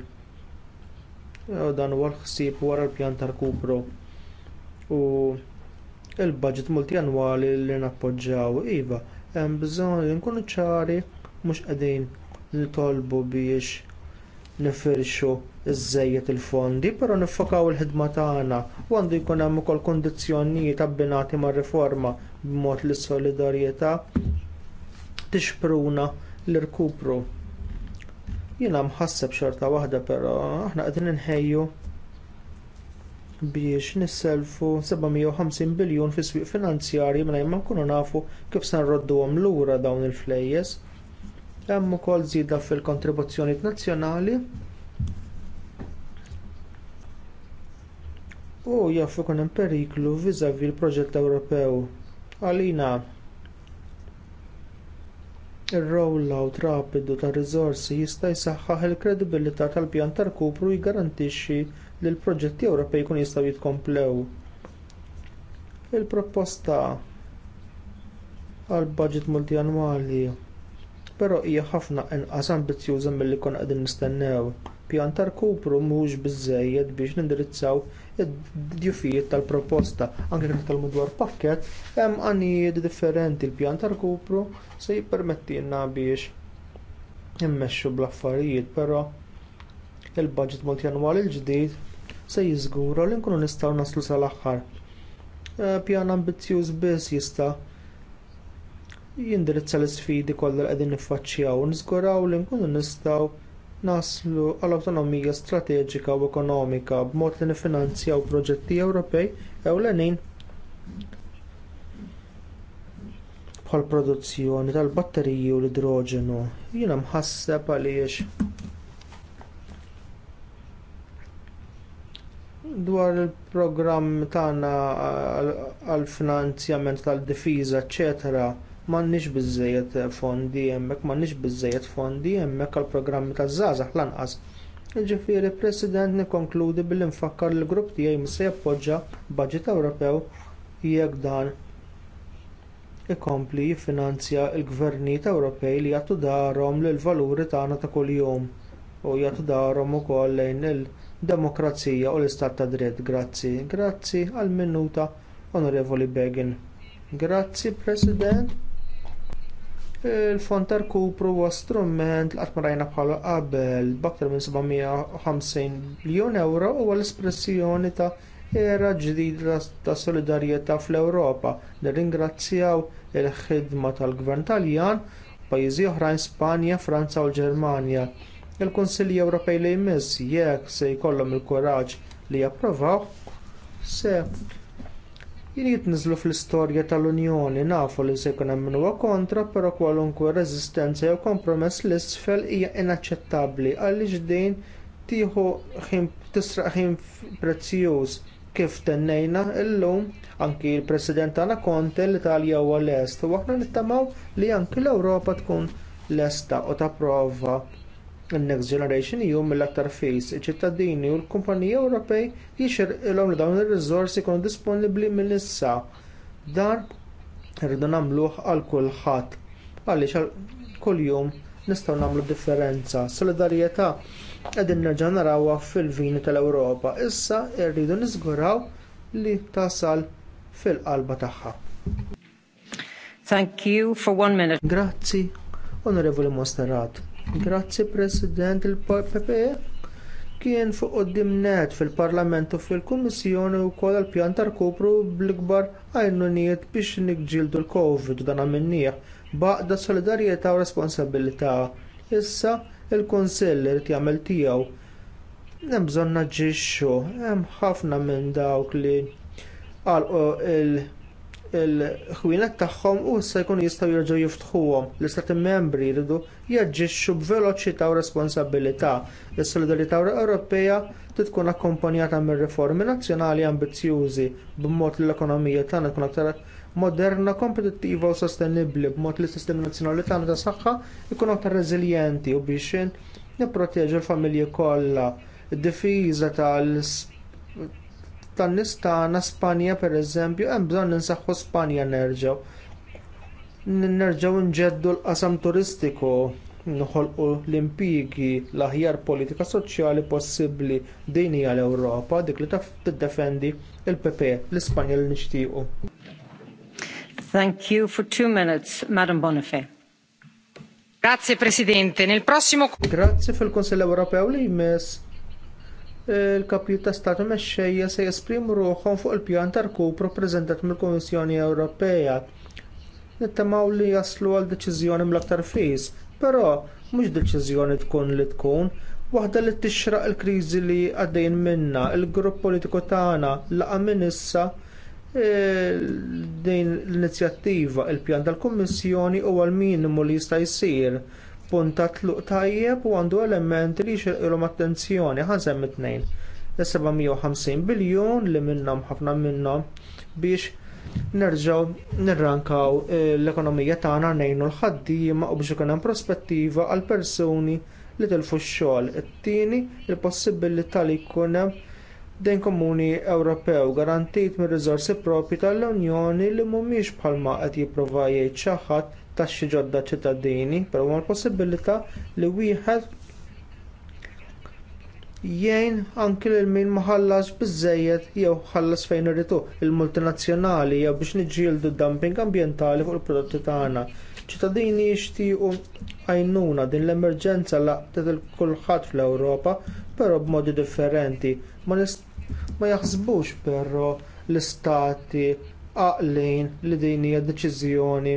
Dan huwa l-ħsieb wara l-pjan tal-kupru. U il-budget multianwali li nappoġġjaw iva, hemm bżonn li nkunu ċari mhux qegħdin nitolbu biex nifirxu iż il-fondi, però niffokaw il-ħidma tagħna u għandu jkun hemm ukoll kundizzjonijiet abbinati mar-riforma b'mod li s-solidarjetà tixpruna l-irkupru. Jiena mħasseb xorta waħda, però aħna qegħdin inħejju biex nisselfu 750 biljun fi swieq finanzjarji mingħajr ma nkunu nafu kif se nrodduhom lura dawn il-flejjes. Hemm ukoll żieda fil kontribuzzjoni nazzjonali u jaf ikun hemm periklu viżavi l-proġett Ewropew. Għalina ir-rollout rapidu tar riżorsi jista' jsaħħaħ il-kredibilità tal-pjan tal-kupru jgarantixxi li l-proġetti Ewropej jkun jistgħu jitkomplew. Il-proposta għall budget multianwali però hija ħafna inqas ambizzjuża milli konna qegħdin nistennew. Pjan tal-kupru mhux biżżejjed biex nindirizzaw id-djufijiet tal-proposta. Anke kif tal dwar pakkett, hemm għanijiet differenti l-pjan ta' se jippermettilna biex immexxu bl-affarijiet, però il-budget multjanwali l-ġdid se jiżgura li nkunu nistgħu naslu sal-aħħar. Eh, pjan ambizzjuż biss jista' jindirizza l isfidi kollha li qegħdin niffaċċjaw u niżguraw li nkunu nistgħu naslu għall awtonomija strateġika u ekonomika b'mod li nifinanzjaw proġetti Ewropej ewlenin bħall produzzjoni tal-batteriji u l-idroġenu. Jiena mħasseb għaliex dwar il-programm tagħna għall finanzjament tal-difiża, eċetera, m'għandniex biżżejjed fondi hemmhekk, m'għandniex biżżejjed fondi hemmhekk għall programmi taż-żgħażagħ lanqas. Ġifieri President nikkonkludi billi nfakkar li grupp tiegħi se jappoġġja budget Ewropew jekk dan ikompli jiffinanzja l-gvernijiet Ewropej li jagħtu darhom lill valuri tagħna ta' kuljum u jagħtu darhom ukoll lejn il- demokrazija u l-istat ta' dritt. Grazzi, grazzi għal minuta Onorevoli Begin. Grazzi, President. Il-fond tal-kupru huwa strument li qatt ma rajna bħala qabel b'aktar minn 750 biljun euro huwa l-espressjoni ta' era ġdida ta' solidarjetà fl-Ewropa. Nirringrazzjaw il-ħidma tal-Gvern Taljan, pajjiżi oħrajn Spanja, Franza u l-Ġermanja il-Kunsilli Ewropej li jmiss jekk se jkollhom il-kuraġġ li japprovaw se jien jitniżlu fl-istorja tal-Unjoni nafu li se jkun hemm huwa kontra, però kwalunkwe reżistenza jew kompromess l isfel hija inaċċettabbli għaliex din tieħu tisraq ħin prezzjuż kif tennejna illum anki l president tagħna Conte l-Italja huwa lest u aħna nittamaw li anki l-Ewropa tkun lesta u tapprova Next Generation EU mill-aktar iċ ċittadini u l-kumpaniji Ewropej jixir li dawn ir-riżorsi jkunu disponibbli mill-issa. Dan rridu nagħmluh għal kulħadd għaliex għal kuljum nistgħu nagħmlu differenza. Solidarjetà qegħdin nerġa' narawha fil-vini tal-Ewropa. Issa rridu niżguraw li tasal fil-qalba tagħha. Thank you for one minute. Grazzi, Onorevoli Monsterrat. Grazzi President il-PPE kien fuq qoddim fil-Parlament u fil-Kummissjoni wkoll għall pjan ta' rkupru bl-ikbar għajnunijiet biex nikġieldu l-Covid dan għamennija baqda solidarjetà u responsabilità. Issa il kunsill irid jagħmel tiegħu. Hemm bżonn naġixxu, hemm ħafna minn dawk li għalqu il- il-ħwienet tagħhom u issa jkunu jistgħu jerġgħu jiftħuhom. L-istati membri jridu jaġġixxu b'veloċità u responsabilità. Is-Solidarità Ewropea tkun akkompanjata minn riformi nazzjonali ambizzjużi b'mod li l-ekonomija tagħna tkun aktar moderna, kompetittiva u sostenibbli b'mod li s-sistemi nazzjonali tagħna ta' saħħa jkunu aktar reżiljenti u biex nipproteġu l-familji kollha. Id-difiża tal tan nistana tagħna Spanja pereżempju hemm bżonn ninsaħħu Spanja nerġgħu. Nerġgħu nġeddu l-qasam turistiku nħolqu l-impigi l-aħjar politika soċjali possibbli din hija ewropa dik li taf tiddefendi l pp l-Ispanja li nixtiequ. Thank you for two minutes, Madam Bonifay. Grazie Presidente, nel prossimo Grazie fil-Kunsill Ewropew li jmiss il-kapijiet ta' statu mexxejja se jesprimu ruħhom fuq il-pjan ta' rkupru ppreżentat mill-Kummissjoni Ewropea. Nittamaw li jaslu għal deċiżjoni mill-aktar fis, però mhux deċiżjoni tkun li tkun, waħda li tixraq il-kriżi li għaddejn minnha, il-grupp politiku tagħna laqa minn issa e, din l-inizjattiva, il-pjan tal-Kummissjoni huwa l-minimu li jista' jsir punta tluq tajjeb u għandu elementi li jxilqilhom attenzjoni ħansem it-tnejn. L-750 biljun li minnhom ħafna minnhom biex nerġgħu nirrankaw eh, l-ekonomija tagħna ngħinu l-ħaddiema u biex ikun hemm prospettiva għal persuni li tilfu x-xogħol. It-tieni il-possibilità li jkun hemm dejn komuni Ewropew garantit mir riżorsi propri tal-Unjoni li mhumiex bħalma qed jipprova jgħid xi ħadd taxxi ġodda ċittadini, però huwa l-possibilità li wieħed jgħin anki lil min ma ħallas biżżejjed jew ħallas fejn irritu il-multinazzjonali jew biex niġġieldu dumping ambjentali fuq il-prodotti tagħna. ċittadini jixtiequ għajnuna din l-emerġenza laqtet il-kulħadd fl-Ewropa, però b'modi differenti. Ma, ma jaħsbux però l-istati għaqlin li din hija deċiżjoni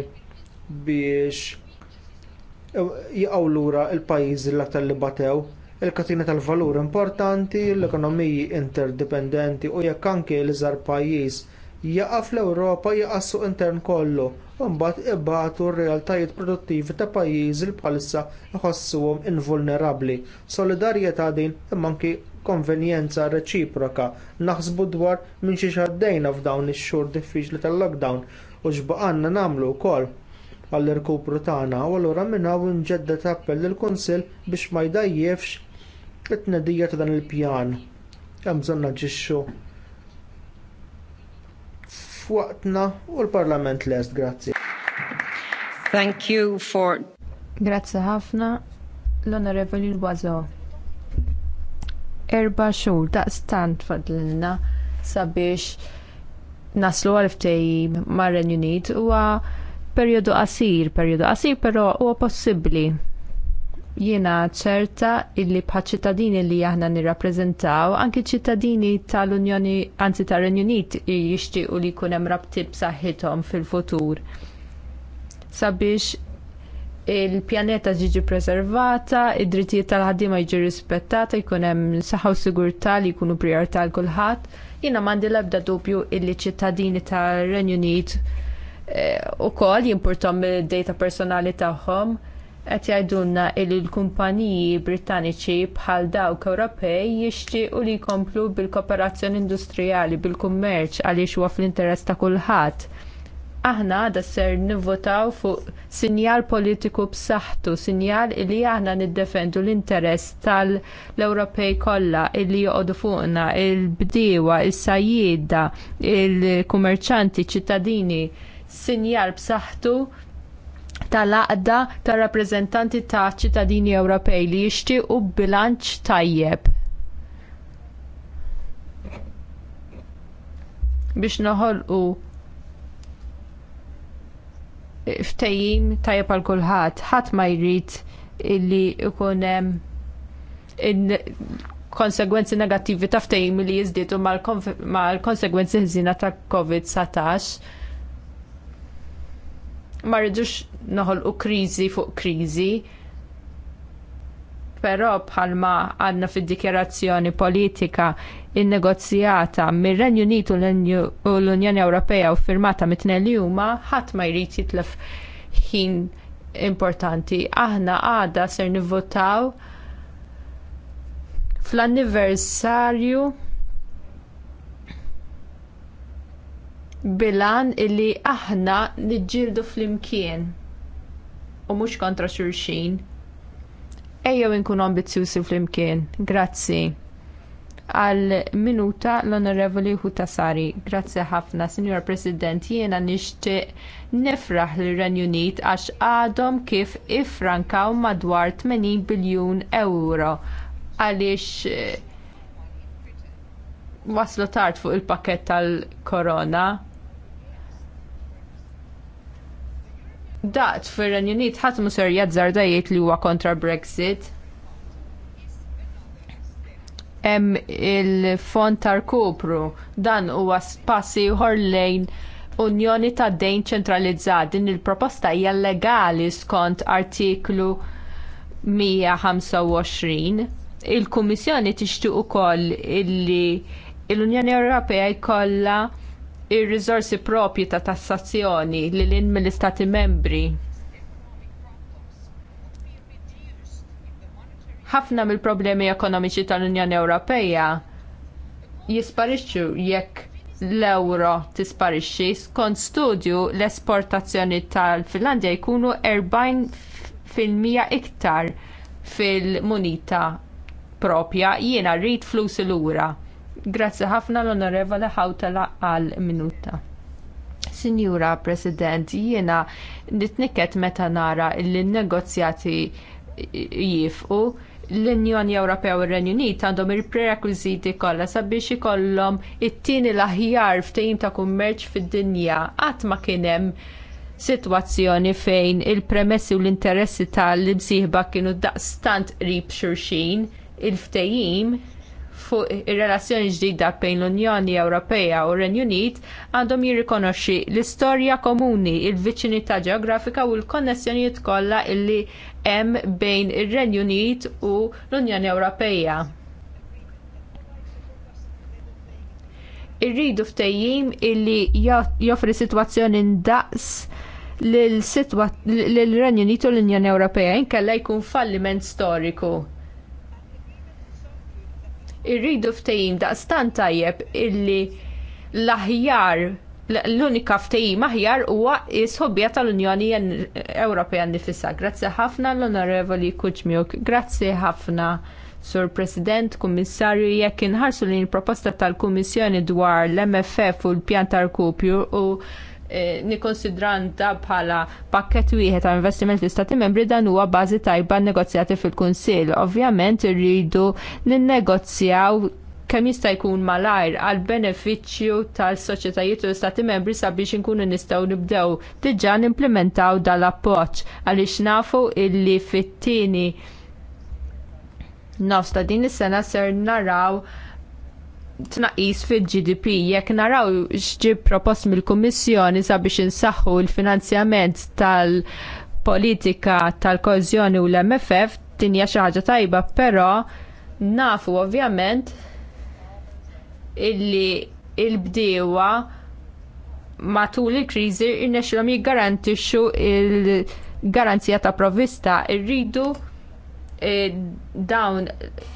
biex jgħawlura lura il-pajizi l-aktar li batew, il-katina tal-valur importanti, l-ekonomiji interdipendenti u jekk anke l iżar pajjiż jaqa' fl-Ewropa jaqa' suq intern kollu, imbagħad ibagħtu r-realtajiet produttivi ta' pajjiżi li bħalissa iħossuhom invulnerabbli. Solidarjetà din imma konvenjenza reċiproka naħsbu dwar minn xi xaddejna f'dawn ix-xhur diffiċli tal-lockdown u x'baqanna nagħmlu wkoll għall-irkupru tagħna u allura minn hawn ġeddet appell lill-Kunsill biex ma jdajjefx it-tnedija ta' dan il-pjan. Hemm bżonn naġixxu f'waqtna u l-Parlament lest, grazzi. Thank you for Grazzi ħafna l-Onorevoli Wazo. Erba xhur daqstant fadilna sabiex naslu għal-ftejim mar-Renju Unit huwa periodu qasir, perjodu qasir però huwa possibbli. Jiena ċerta illi bħal ċittadini li aħna nirrappreżentaw, anki ċittadini tal-Unjoni, anzi tar-Renju Unit jixtiequ li jkun hemm rabtib b'saħħithom fil-futur. Sabiex il-pjaneta ġiġi preservata, id-drittijiet tal-ħaddiema jiġi rispettata, jkun hemm saħħa li jkunu prijorità l kulħadd. Jiena m'għandi l-ebda dubju illi ċittadini tar-Renju Unit Eh, u kol jimpurtom il-data personali tagħhom qed jgħidulna li l-kumpaniji Brittaniċi bħal dawk Ewropej jixtiequ li jkomplu bil-kooperazzjoni industrijali bil-kummerċ għaliex huwa fl-interess ta' kulħadd. Aħna da ser nivvotaw fuq sinjal politiku b'saħħtu, sinjal li aħna niddefendu l-interess tal-Ewropej kollha illi joqogħdu fuqna il-bdiewa, il-sajjieda, il-kummerċanti, ċittadini. il sajjieda il kummerċanti ċittadini sinjal b'saħħtu tal laqda tar rappreżentanti ta' ċittadini Ewropej li jixtiequ bilanċ tajjeb. biex noħolqu ftejjim tajjeb għal kulħadd, ħadd ma jrid illi ikun hemm konsegwenzi negattivi ta' ftehim li jiżdiedu mal-konsegwenzi ħżina ta' COVID-19 ma rridux noħolqu kriżi fuq kriżi. Però bħalma għadna fid-dikjerazzjoni politika innegozjata mir-Renju Unit u l-Unjoni Ewropea u firmata mitnejn li huma ħadd ma jrid jitlef ħin importanti. Aħna għada ser nivvotaw fl-anniversarju bilan illi aħna niġġieldu flimkien u mhux kontra xulxin. Ejjew inkunu ambizzjużi flimkien. Grazzi. Għal minuta l-Onorevoli Hutasari. Grazzi ħafna, Signor President, jiena nixtieq nifraħ lir renju Unit għax għadhom kif ifrankaw madwar 80 biljun euro għaliex eh, waslu tard fuq il pakket tal-korona daqt fir-Renju Unit ħadd mu ser li huwa kontra Brexit. Hemm il-fond tal-kupru dan huwa spassi ieħor lejn Unjoni ta' dejn ċentralizzat din il-proposta hija legali skont artiklu 125. Il-Kummissjoni tixtieq ukoll illi l-Unjoni Ewropea jkollha ir-riżorsi propji ta' tassazzjoni li lin mill-istati membri. Ħafna mill-problemi ekonomiċi tal-Unjoni Ewropea jisparixxu jekk l ewro tisparixxi skont studju l-esportazzjoni tal-Finlandja jkunu 40% iktar fil-munita propja jiena rrid flus lura. Grazzi ħafna l-Onorevole Hawtala għal minuta. Sinjura President, jiena nitniket meta nara li n-negozjati jifqu l-Unjoni Ewropea u r-Renju Unit għandhom il-prerekwiziti kollha sabiex ikollhom it-tieni l-aħjar ftehim ta' kummerċ fid-dinja qatt ma kien hemm sitwazzjoni fejn il-premessi u l-interessi tal-imsieħba kienu daqstant qrib xulxin il-ftehim fuq ir-relazzjoni ġdida bejn l-Unjoni Ewropea u r-Renju Unit għandhom jirrikonoxxi l-istorja komuni, il-viċinità ġeografika u l-konnessjonijiet kollha li hemm bejn ir-Renju Unit u l-Unjoni Ewropea. Irridu ftejjim illi joffri sitwazzjoni ndaqs lill renju Unit u l-Unjoni Ewropea inkella jkun falliment storiku irridu ftehim daqstan tajjeb illi l-aħjar l-unika ftehim aħjar huwa s-ħobbija tal-Unjoni Ewropea nifissa. Grazzi ħafna l-Onorevoli Kuċmjuk, grazzi ħafna Sur President, Kummissarju, jekk inħarsu li l-proposta tal-Kummissjoni dwar l-MFF u l-pjan tal-kupju u Eh, nikonsidranta bħala pakket wieħed ta' investiment l-istati membri dan huwa bażi tajba negozjati fil-Kunsill. Ovvjament irridu ninnegozjaw kemm jista' jkun malajr għal benefiċċju tal-soċjetajiet u l-istati membri sabiex inkunu nistgħu nibdew diġà nimplementaw dal-appoġġ għaliex nafu illi fit-tieni nofs ta' din is-sena ser naraw tnaqis fil-GDP jekk naraw xġib propost mill-Kummissjoni sabiex insaħħu l-finanzjament tal-politika tal-kozjoni u l-MFF tinja xi ħaġa tajba, però nafu ovvjament illi il-bdiewa matul il-kriżi irnexxilhom jiggarantixxu il-garanzija ta' provvista rridu E, dawn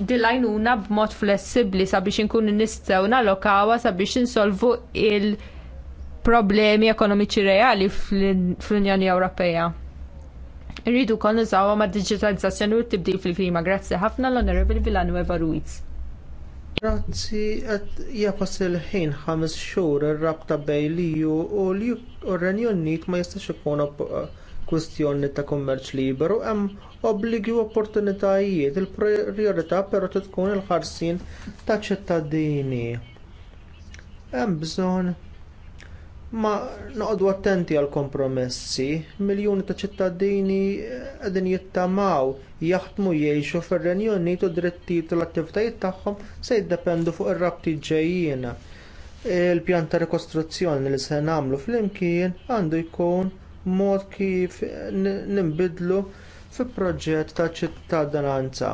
dilajnuna b'mod flessibbli sabiex inkunu nistgħu nalokawa sabiex insolvu il-problemi ekonomiċi reali fl-Unjoni Ewropea. Irridu kon niżawha mad digitalizzazzjoni u t-tibdil fil-klima. Grazzi ħafna l-Onorevoli Villanueva Ruiz. Grazzi, għed jafas il-ħin ħames xur il rabta bej Liju u l-Renju Unit ma jistax ikun kwistjoni ta' kummerċ liberu hemm obbligi u opportunitajiet il-prijorità però tkun il ħarsien ta' ċittadini. Hemm bżonn ma noqogħdu attenti għal kompromessi, miljuni ta' ċittadini qegħdin jittamaw jaħdmu jgħixu fir-Renju Unit u drittijiet u l-attivitajiet tagħhom se jiddependu fuq ir-rabti ġejjin il-pjan ta' rikostruzzjoni li se nagħmlu flimkien għandu jkun mod kif nimbidlu fi proġett ta' ċittadinanza.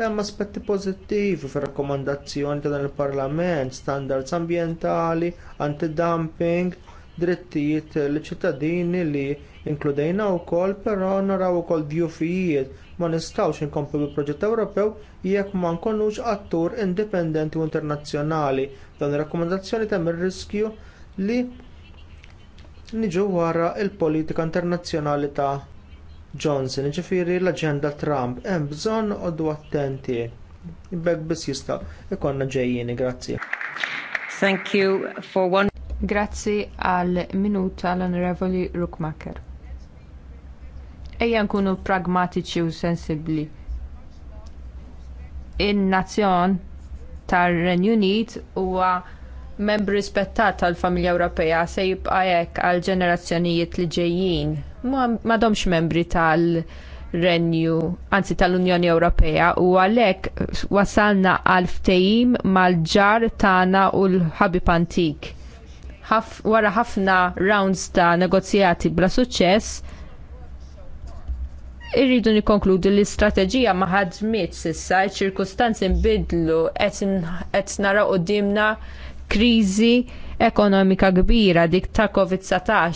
Hemm aspetti pożittivi fir-rakkomandazzjoni ta' dan il-Parlament, standards ambjentali, antidumping, drittijiet li ċittadini li inkludejna wkoll, però naraw ukoll djufijiet ma nistgħux inkomplu bil-proġett Ewropew jekk ma nkunux attur indipendenti u internazzjonali. Dan ir-rakkomandazzjoni temm ir-riskju li niġu wara l politika internazzjonali ta' Johnson, ġifiri l aġenda Trump, hemm bżonn għoddu attenti. Bek biss jista' ikonna ġejjini, grazzi. Thank you for one. Grazzi għal minuta l-Onorevoli Rukmaker. Ejja nkunu pragmatiċi u sensibbli in-nazzjon tar-Renju Unit huwa membru rispettat tal-familja Ewropea se jibqa' hekk għal ġenerazzjonijiet li ġejjin. M'għadhomx membri tal-Renju, anzi tal-Unjoni Ewropea u għalhekk wasalna għal ftehim mal-ġar tagħna u l-ħabib antik. wara ħafna rounds ta' negozjati bla suċċess, irridu nikkonkludu li l-istrateġija ma ħadmitx issa, ċirkustanzi nbidlu qed naraw qudiemna kriżi ekonomika kbira dik ta' COVID-19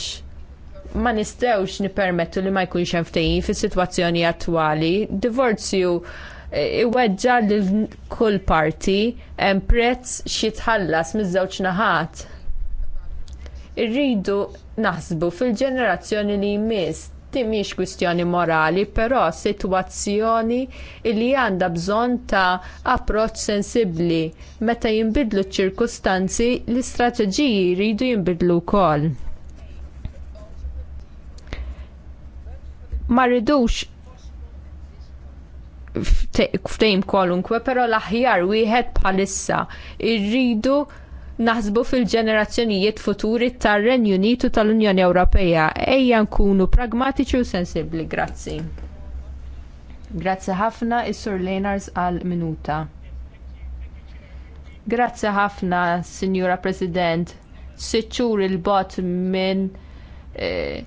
ma nistewx nipermettu li ma jkunx hemm ftehim fis-sitwazzjoni attwali. Divorzju e, iweġġa lil kull parti hemm prezz xi tħallas miż-żewġ naħat. Irridu naħsbu fil-ġenerazzjoni li jmiss Forsi miex kwistjoni morali, però sitwazzjoni li għandha bżonn ta' approċċ sensibbli meta jinbidlu ċ-ċirkustanzi l-istrateġiji jridu jinbidlu wkoll. Ma rridux ftejm kwalunkwe, però l-aħjar wieħed bħalissa irridu naħsbu fil-ġenerazzjonijiet futuri tar-Renju Unitu tal-Unjoni Ewropea. Ejja nkunu pragmatiċi u sensibbli. Grazzi. Grazzi ħafna is-Sur Lenars għal minuta. Grazzi ħafna, Sinjura President. Siċċur il-bot minn eh,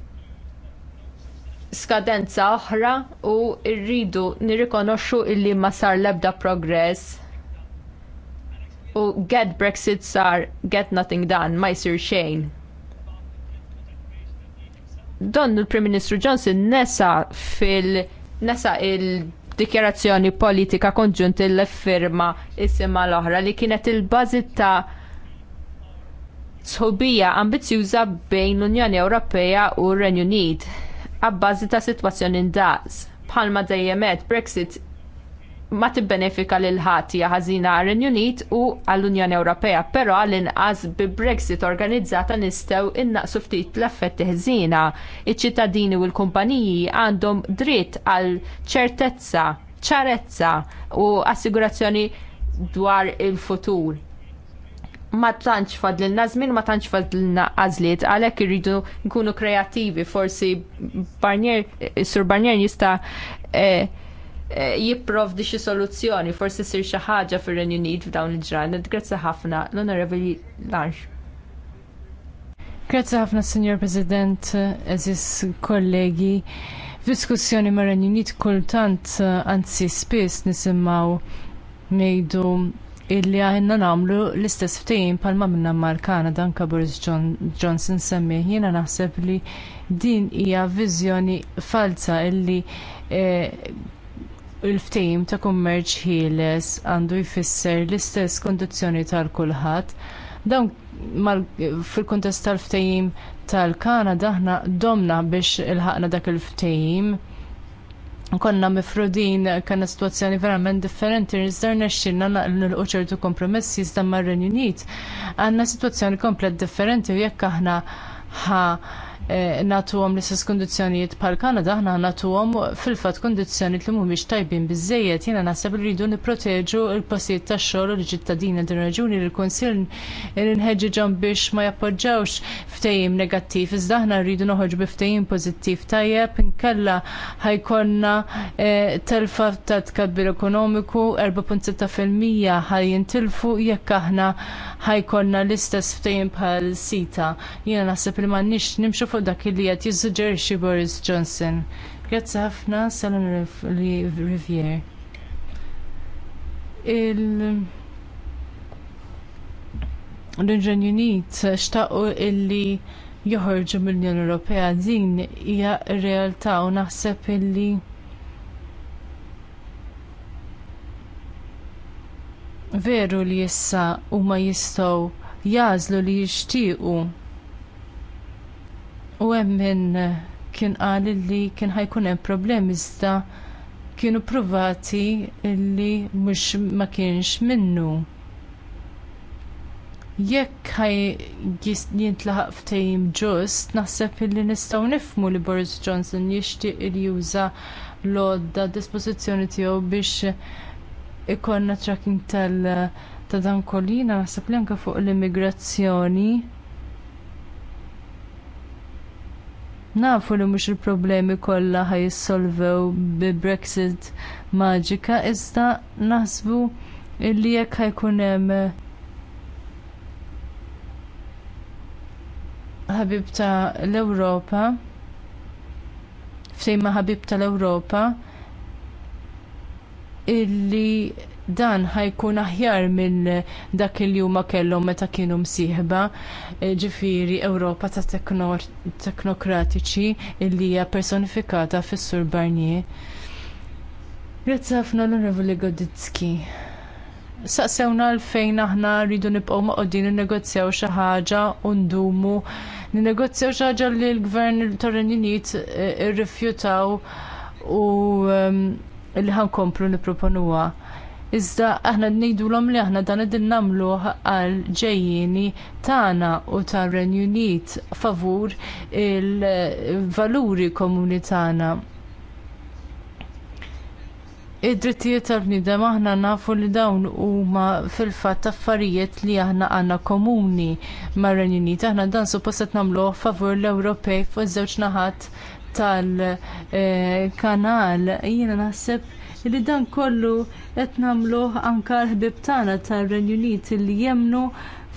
skadenza oħra u rridu nirrikonoxxu illi ma sar l-ebda progress u get Brexit sar get nothing done, ma jsir xejn. Don il-Prim Ministru Johnson nesa fil- nesa il-dikjerazzjoni politika konġunt il-firma isimma l-oħra li kienet il-bazi ta' sħobija ambizjuża bejn l-Unjoni Ewropea u r-Renju Unit għabbażi ta' sitwazzjoni ndaqs. Bħalma dejjem Brexit ma tibbenefika lil ħati ħażina għar Unit u għall-Unjoni Ewropea, però għal inqas bi Brexit organizzata nistgħu innaqsu ftit l-effetti ħżina. Iċ-ċittadini u l-kumpaniji għandhom dritt għal ċertezza, ċarezza u assigurazzjoni dwar il-futur. Ma tantx fadlilna żmien, ma tantx fadlilna għażliet, għalhekk irridu nkunu kreattivi, forsi Barnier, Sur Barnier jista' eh, Eh, jipprovdi xi soluzzjoni, forsi sir xi ħaġa fir-Renju Unit f'dawn il-ġranet. Grazzi ħafna, l-Onorevoli Lange. Grazzi ħafna, Signor President, eżis kollegi. F'diskussjoni mar Renju Unit kultant, eh, anzi spiss nisimgħu ngħidu illi għahna nagħmlu l-istess ftehim palma minna mal-Kanada anka Boris Johnson semmi jiena naħseb li din hija viżjoni falsa illi eh, il-ftehim ta' kummerċ ħieles għandu jfisser l-istess kundizzjoni tal kulħadd. Dawn fil-kuntest tal-ftehim tal-Kanada aħna domna biex ilħaqna dak il-ftehim. Konna mifrudin kanna situazzjoni verament differenti, nizdar nesċinna naqlu ċertu kompromessi iżda mar-Renju Unit. Għandna sitwazzjoni komplet differenti u jekk aħna ħa Eh, natuhom l-istess kundizzjonijiet bħal Kanada, aħna natuhom fil-fatt kundizzjonijiet li mhumiex tajbin biżejjed. Jiena naħseb li rridu nipproteġu l-postijiet tax-xogħol u l-ċittadini din raġuni li l-Kunsill ġom biex ma jappoġġawx ftejim negattiv. Iżda aħna rridu noħorġu bi ftehim pożittiv tajjeb, inkella ħajkonna eh, telfa ta' tkabbir ekonomiku 4.6% ħajjintilfu jekk aħna ħajkonna l-istess ftehim bħal sita. Jiena naħseb li m'għandniex nimxu fuq fuq dak li qed jissuġġerixxi Boris Johnson. Grazzi ħafna Salon Rivier. Il l-Renju Unit xtaqu illi joħorġu mill-Unjoni Ewropea din hija r-realtà u naħseb illi veru li issa huma jistgħu jażlu li jixtiequ U hemm min eh, kien qal li kien ħajkun hemm problemi iżda kienu provati li mhux ma kienx minnu. Jekk ħaj jintlaħaq ftehim ġust, naħseb li nistgħu nifhmu li Boris Johnson jixtieq il juża l-odda dispożizzjoni tiegħu biex ikonna tracking tal ta' dan kollina naħseb li anke fuq l-immigrazzjoni Nafu li mhux il-problemi kollha ħajissolvew bi Brexit maġika, iżda naħsbu illi jekk ħajkun hemm ħabib ta' l-Ewropa, ftejma ħabib tal-Ewropa, illi dan ħajkun aħjar minn dak il huma kellhom meta kienu msieħba e, ġifiri Ewropa ta' teknokratiċi illi hija personifikata fis-Sur Barnier. Grazzi ħafna l-Onorevoli Goditski. Saqsewna l-fejn aħna rridu nibqgħu maqogħdin innegozjaw xi ħaġa u ndumu ninegozjaw xi ħaġa li l-Gvern tar-Renju Unit e, irrifjutaw u ehm, li ħankomplu nipproponuha Iżda aħna ngħidulhom li aħna dan qegħdin nagħmluh għal ġejjini tagħna u tar-Renju Unit favur il-valuri komuni tagħna. Id-drittijiet tal-bniedem aħna nafu li dawn huma fil-fatt affarijiet li aħna għandna komuni mar renju Unit. Aħna dan suppost qed favur l-Ewropej fuq iż-żewġ naħat tal-kanal. Eh, Jiena naħseb li dan kollu qed nagħmluh anke l-ħbib tagħna tar-Renju Unit li jemnu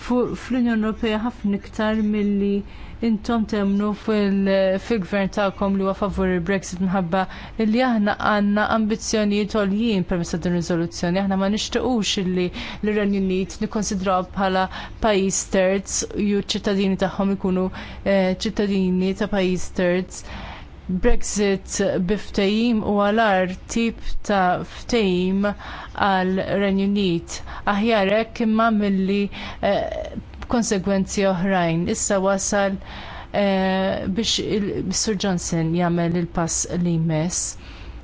fl-Unjoni Ewropea ħafna iktar milli intom temnu fil-gvern tagħkom li huwa favur il-Brexit minħabba li aħna għandna ambizzjonijiet għoljien permezz din riżoluzzjoni. Aħna ma nixtiequx illi l-Renju Unit nikkonsidraw bħala pajjiż terz u ċ ċittadini tagħhom ikunu eh, ċittadini ta' pajjiż terz Brexit biftejim u għalar tip ta' ftejim għal Renju Unit. Aħjar hekk imma milli eh, konsegwenzi oħrajn. Issa wasal eh, biex Sir Johnson jagħmel il-pass li jmess.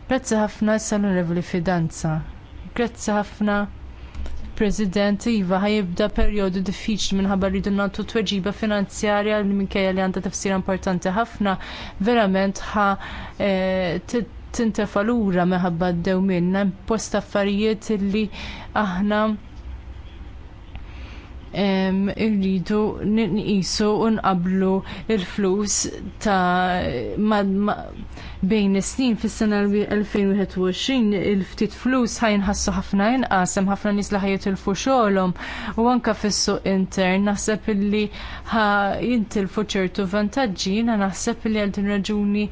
Grazzi ħafna sal-Onorevoli Fidanza. Grazzi ħafna. President Iva ħajibda perjodu diffiċli minħabba rridu nagħtu tweġiba finanzjarja li minkejja li għandha tifsira importanti ħafna verament ħa tintefa' lura minħabba ddew minna post affarijiet li aħna irridu nqisu u nqabblu l flus ta' bejn is-snin fis-sena 2021 il-ftit flus ħajnħassu ħafna inqas ħafna nies li ħajitilfu xogħolhom u anke fis-suq intern naħseb illi ħa jintilfu ċertu vantaġġi jiena naħseb li għal din raġuni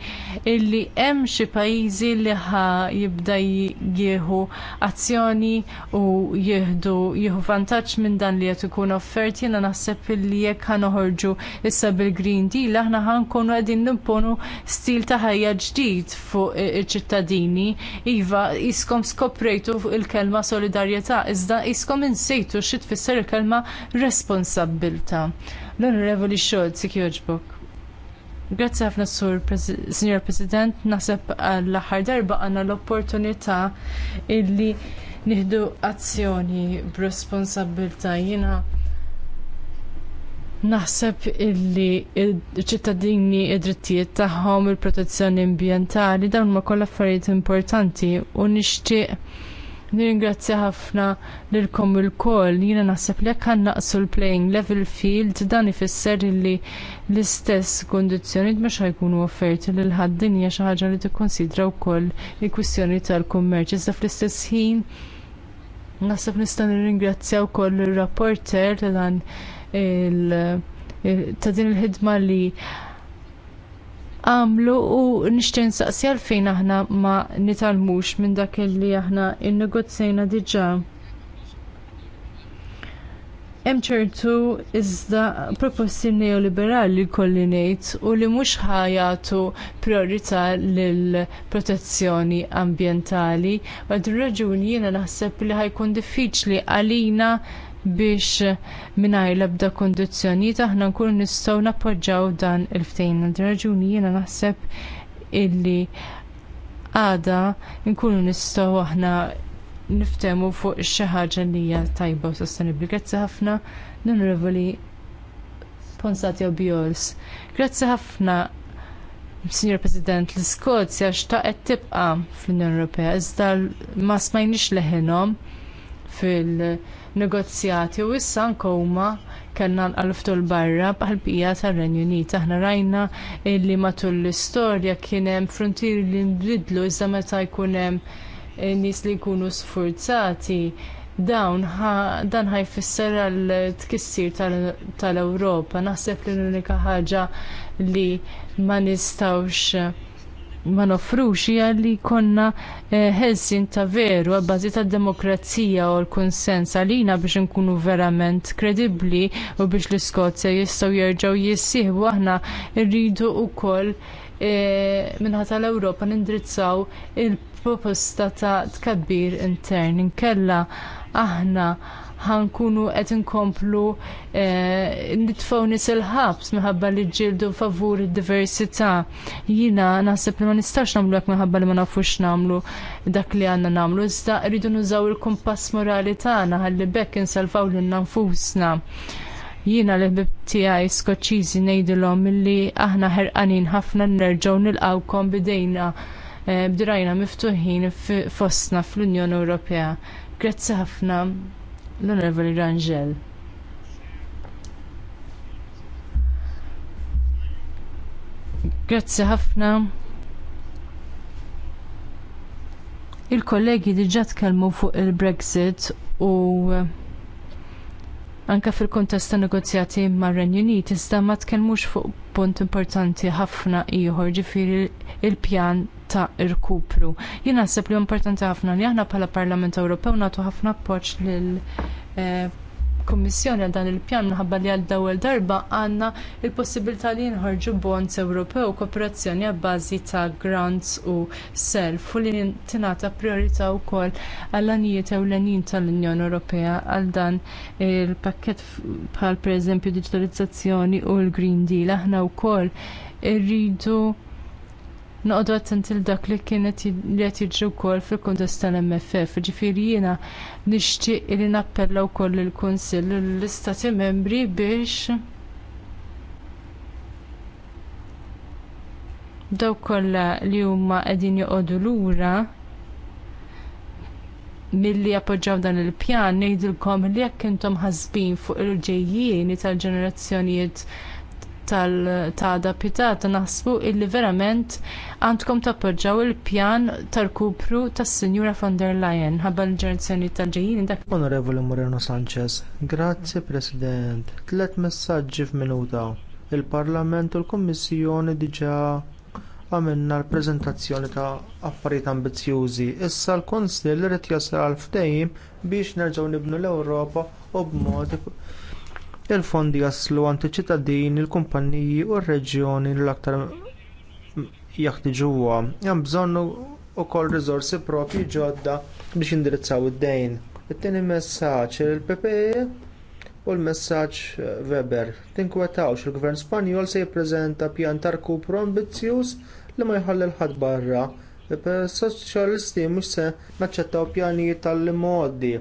illi hemm xi pajjiżi li ħa jibda jieħu azzjoni u jieħdu jieħu vantaġġ minn dan li qed ikun offert jiena naħseb illi jekk ħanoħorġu issa bil-Green Deal aħna ħankunu qegħdin nimponu stil ta' ħajja ġdid fuq il-ċittadini, iva iskom skoprejtu il-kelma solidarjetà, iżda iskom insejtu xi tfisser il-kelma responsabbilta. L-Onorevoli Xogħol, Sikjoġbok. Grazzi ħafna sur Signor President, naħseb l-aħħar darba għandna l-opportunità illi nieħdu azzjoni b'responsabbilta jiena naħseb illi ċittadini id-drittijiet tagħhom il-protezzjoni ambjentali dawn ma kollha affarijiet importanti u nixtieq nirringrazzja ħafna lilkom ilkoll. Jiena naħseb li jekk naqsu l-playing level field dan ifisser illi l-istess kundizzjonijiet mhux ħajkunu offerti lil ħadd-dinja xi ħaġa li tikkonsidra wkoll il-kwistjoni tal-kummerċ iżda fl-istess ħin Naħseb nista' nirringrazzja wkoll ir rapporter ta' dan ta' din il-ħidma li għamlu u nishtin saqsi għalfejn aħna ma nitalmux minn dak li aħna il diġà. Hemm ċertu iżda proposti neoliberali kolli ngħid u li mhux ħajatu priorità lill protezzjoni ambjentali u għad raġuni jiena naħseb li ħajkun diffiċli għalina biex mingħajr l-ebda kundizzjonijiet aħna nkunu nistgħu nappoġġjaw dan il-ftehim. raġuni jiena naħseb illi għada nkunu nistgħu aħna niftehmu fuq xi ħaġa li hija tajba u sostenibbli. Grazzi ħafna l-Onorevoli Ponsatio Grazzi ħafna Signor President, l-Skozja xtaqet tibqa fl-Unjoni Ewropea, iżda ma smajniex leħinhom fil- negozjati u issa nkoma kellna nqalftu l-barra bħal-bija tar-Renju Unit. Aħna rajna li matul l-istorja kien hemm frontieri li nbidlu iżda meta jkun hemm nies li jkunu sfurzati dawn dan ħajfisser għal tkissir tal-Ewropa. Naħseb li l-unika ħaġa li ma nistawx ma nofrux hija li konna eh, ħelsin ta' veru għabbażi ta' demokrazija u l-konsens għalina biex nkunu verament kredibbli u biex l-Iskozja jistgħu jerġgħu jissieħbu aħna rridu wkoll eh, minħabba l ewropa nindrizzaw il-proposta ta' tkabbir intern inkella aħna ħankunu qed inkomplu eh, nitfgħu nies il-ħabs minħabba li ġildu favur id-diversità. Jiena naħseb li ma nistax nagħmlu hekk minħabba li ma nafux nagħmlu dak li għandna nagħmlu, iżda rridu nużaw il-kumpass morali tagħna ħalli bekk insalvaw lil nfusna jina li ħbib tiegħi skoċċiżi ngħidilhom milli aħna ħerqanin ħafna nerġgħu nilqawkom bidejna eh, bdrajna miftuħin fostna fl-Unjoni Ewropea. Grazzi ħafna l-Onorevoli Rangel. Grazzi ħafna. Il-kollegi diġà tkellmu fuq il-Brexit u eh, anke fil-kontest ta' negozjati mar renju Unit iżda ma tkellmux fuq punt importanti ħafna ieħor ġifieri il-pjan ta' irkupru. Jien naħseb li importanti ħafna li aħna bħala Parlament Ewropew nagħtu ħafna poċ lil eh, kummissjoni għal dan il-pjan minħabba li għal ewwel darba għandna l possibilità li jinħorġu bonds Ewropew kooperazzjoni għabbażi ta' grants u self u li tingħata priorità wkoll għall anijiet ewlenin tal-Unjoni Ewropea għal dan il-pakket bħal pereżempju digitalizzazzjoni u l-Green Deal aħna wkoll irridu noqogħdu attenti il dak li kienet li qed jiġri wkoll fil kontest tal-MFF. ġifiri jiena nixtieq li nappella wkoll koll kunsill u l-Istati Membri biex daw kollha li huma qegħdin joqogħdu lura milli appoġġaw dan il-pjan ngħidilkom li jekk intom ħazbin fuq il-ġejjieni tal-ġenerazzjonijiet tal-tada ta' naħsbu illi verament għandkom tappoġġaw il-pjan tal-kupru tas-Sinjura von der Leyen ħabba l-ġerazzjoni tal-ġejjin dak. Onorevoli Moreno Sanchez, grazzi President. Tlet messaġġi f'minuta. Il-Parlament u l-Kommissjoni diġà għamilna l-prezentazzjoni ta' affarijiet ambizjużi. Issa l-Konsil rrid jasal għal ftehim biex nerġgħu nibnu l-Ewropa u b'mod il-fondi jaslu għand iċ-ċittadin, il-kumpanniji u r-reġjoni l-aktar jaħtiġuha. Hemm bżonn ukoll riżorsi propri ġodda biex indirizzaw id-dejn. It-tieni messaġġ il-PPE u l-messaġġ Weber. Tinkwetawx il-Gvern Spanjol se jippreżenta pjan ta' rkupru ambizzjuż li ma jħalli l-ħadd barra. Soċjalisti mhux se naċċettaw pjanijiet tal-modi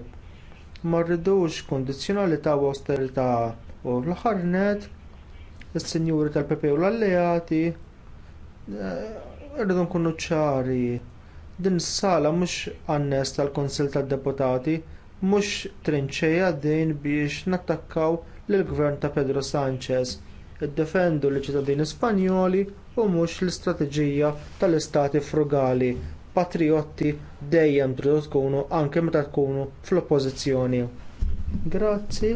ma rridux kundizzjonalità u awsterità u fl-aħħar nett, is-sinjuri tal-PP u l-alleati eh, rridu nkunu ċari din is-sala mhux annes tal-Kunsill tad-Deputati mhux trinċeja din biex nattakkaw lill gvern ta' Pedro Sanchez iddefendu l-ċittadini Spanjoli u mhux l-istrateġija tal-istati frugali patriotti dejjem trid tkunu anke meta tkunu fl-oppożizzjoni. Grazzi.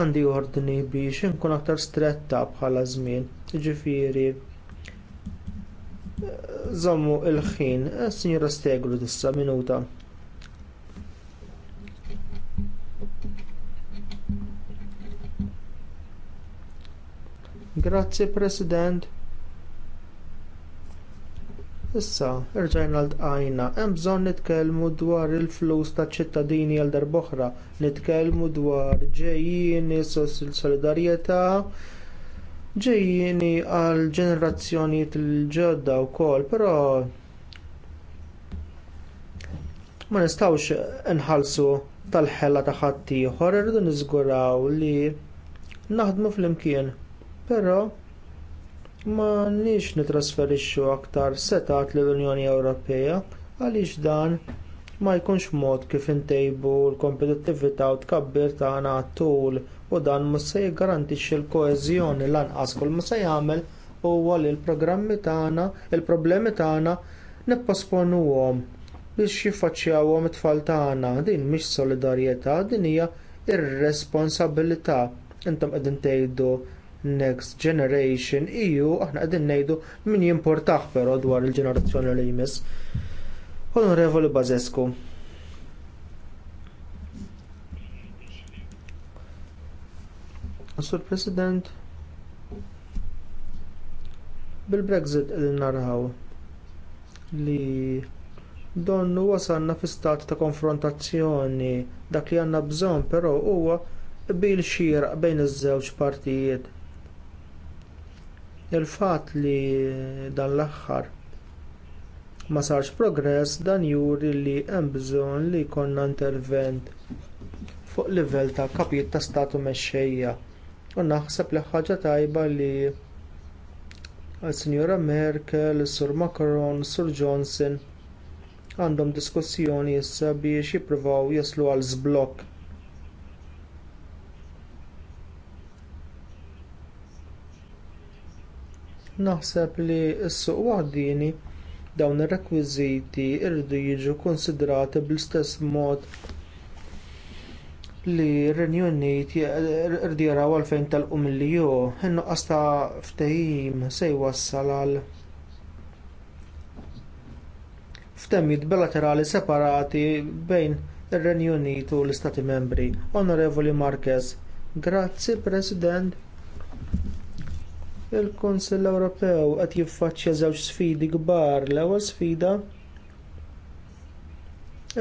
Għandi ordni biex inkun aktar stretta bħala żmien, jiġifieri żammu l ħin Signora Steglu dissa minuta. Grazzi President. Issa, irġajna l-tqajna, hemm bżonn nitkellmu dwar il-flus taċ ċittadini għal darboħra, nitkellmu dwar ġejjini solidarjetà ġejjini għal ġenerazzjonijiet l-ġodda wkoll, però ma nistgħux inħallsu tal-ħella ta' ħadd ieħor irridu niżguraw li naħdmu flimkien, però ma nix nitrasferixxu aktar setat lill unjoni Ewropea għaliex dan ma jkunx mod kif intejbu l-kompetittività u tkabbir tagħna tul u dan mhux se jiggarantixxi l-koeżjoni lanqas kull ma se jagħmel huwa li l-programmi tagħna, il-problemi tagħna nipposponuhom biex jiffaċċjawhom it-tfal tagħna. Din mhix solidarjetà, din hija irresponsabilità. Intom qegħdin tgħidu Next Generation EU, aħna qegħdin ngħidu min jimportaħ però dwar il-ġenerazzjoni li jmiss. Onorevoli Bazescu. Sur President, bil-Brexit il-narħaw li donnu wasanna fi stat ta' konfrontazzjoni dak li għandna bżonn però huwa bil xieraq bejn iż-żewġ partijiet il fatt li dan l-aħħar ma sarx progress dan juri li hemm bżonn li jkollna intervent fuq livell ta' kapijiet ta' statu mexxejja. U naħseb li ħaġa tajba li s-Sinjora Merkel, Sur Macron, Sur Johnson għandhom diskussjoni issa biex jippruvaw jaslu għal żblokk Naħseb li s-suq waħdini dawn ir-rekwiżiti jridu jiġu kkunsidrati bl-istess mod li r-Renju Unit irdi jaraw għalfejn tal-qu mill in-nuqqas ta' ftehim se jwassal għal ftemmijiet bilaterali separati bejn ir-Renju Unit u l-Istati Membri. Onorevoli Marquez, grazzi President il-Kunsill Ewropew qed jiffaċċja żewġ sfidi kbar. L-ewwel sfida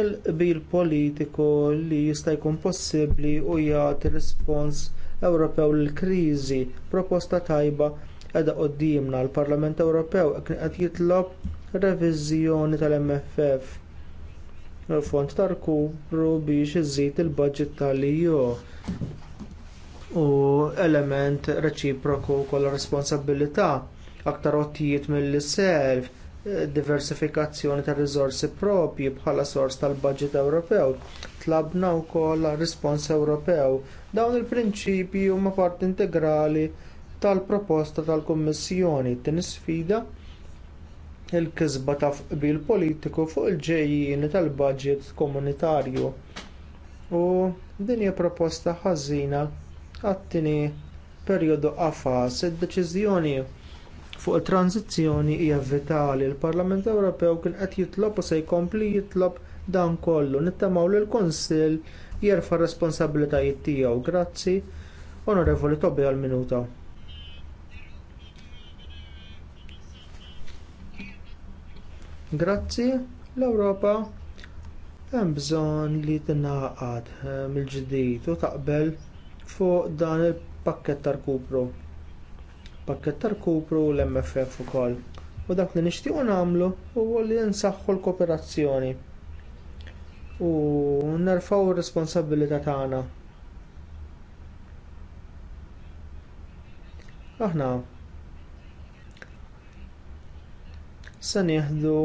il-qbil politiku li jista' jkun possibbli u jagħti rispons Ewropew lill kriżi proposta tajba qiegħda qudiemna l-Parlament Ewropew qed jitlob reviżjoni tal-MFF il-fond tar kubru biex iżid il-budget tal-EU u element reċiproku kollha responsabilità aktar ottijiet mill-self, eh, diversifikazzjoni tar riżorsi proprji bħala sors tal-budget Ewropew. Tlabna wkoll għar rispons Ewropew. Dawn il-prinċipji huma parti integrali tal-proposta tal-Kummissjoni tin sfida il-kisba ta' qbil politiku fuq il-ġejjini tal-budget komunitarju. U din hija proposta ħażina għattini perjodu qafas id-deċiżjoni fuq it transizzjoni hija vitali. Il-Parlament Ewropew kien qed jitlob u se jkompli jitlob dan kollu. Nittamaw li l-Kunsill jerfa' responsabbiltajiet tiegħu. Grazzi, Onorevoli Tobbi għall minuta Grazzi, l-Ewropa hemm bżonn li tingħaqad mill-ġdid u taqbel fuq dan il-pakket tar-kupru. Pakket tar-kupru u l-MFF ukoll. U dak li nixtiequ nagħmlu huwa li nsaħħu l-kooperazzjoni u nerfaw r responsabilità tagħna. Aħna se nieħdu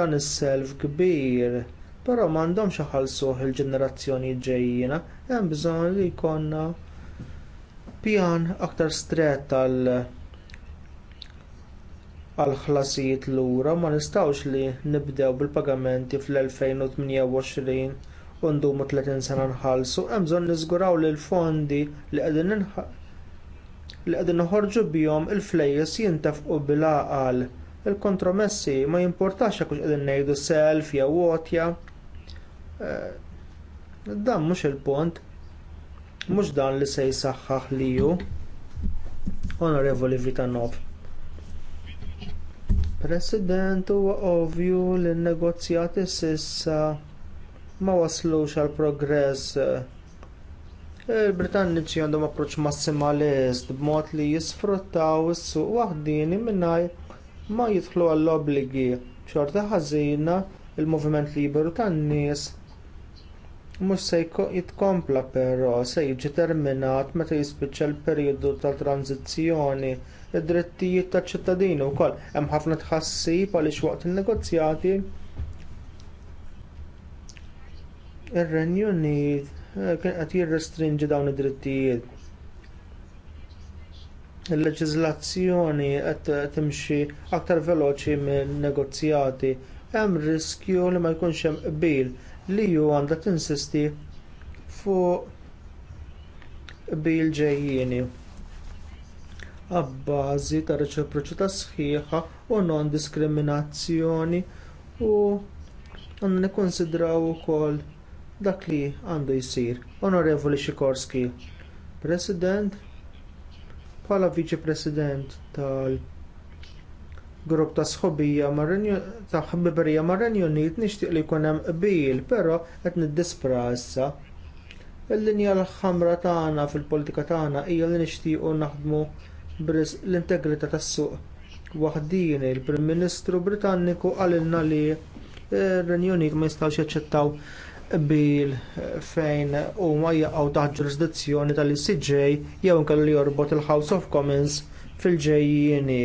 dan is-self kbir però m'għandhomx iħallsuh il-ġenerazzjoni ġejjina, hemm bżonn li jkollna pjan aktar strett għal għal ħlasijiet lura ma nistgħux li nibdew bil-pagamenti fl-2028 u ndumu 30 sena nħallsu, hemm bżonn niżguraw li l-fondi li qegħdin li qegħdin noħorġu bihom il-flejjes jintefqu bil-għaqal. Il-kontromessi ma jimportax jekk qegħdin ngħidu self jew għotja, Eh, dan mhux il-pont, mhux dan li se jisaxħaħ li ju, onorevoli Vitanov. President huwa ovvju li n-negozjati sissa ma waslux għal progress il-Britanniċi għandhom approċċ massimalist b'mod li jisfruttaw is-suq waħdini mingħajr ma jidħlu għall obbligi xorta ħażina il-moviment liberu tan-nies Mhux se jitkompla però se jiġi terminat meta jispiċċa l-perjodu ta' tranzizzjoni id-drittijiet taċ ċittadini wkoll hemm ħafna tħassib għaliex waqt in-negozjati ir-Renju Unit eh, kien qed jirrestrinġi dawn id-drittijiet. Il-leġiżlazzjoni qed timxi aktar veloċi minn negozjati hemm riskju li ma jkunx hemm qbil li ju għandha tinsisti fuq bil ġejjieni għabbażi ta' reċiproċità sħiħa u non diskriminazzjoni u għandna nikkonsidraw ukoll dak li għandu jsir. Onorevoli Sikorski, President, bħala Viċi President tal- grupp ta' sħobija ta' ħbiberija mar-Renju Unit nixtieq li jkun hemm qbil, però qed niddispra issa. Il-linja l-ħamra tagħna fil-politika tagħna hija li nixtiequ naħdmu bris l-integrità tas-suq. Waħdini il-Prim Ministru Britanniku qalilna li r-Renju eh, Unit ma jistgħux jaċċettaw bil fejn huma jaqgħu taħt ġurisdizzjoni tal-ICJ jew inkellu jorbot il-House of Commons fil-ġejjieni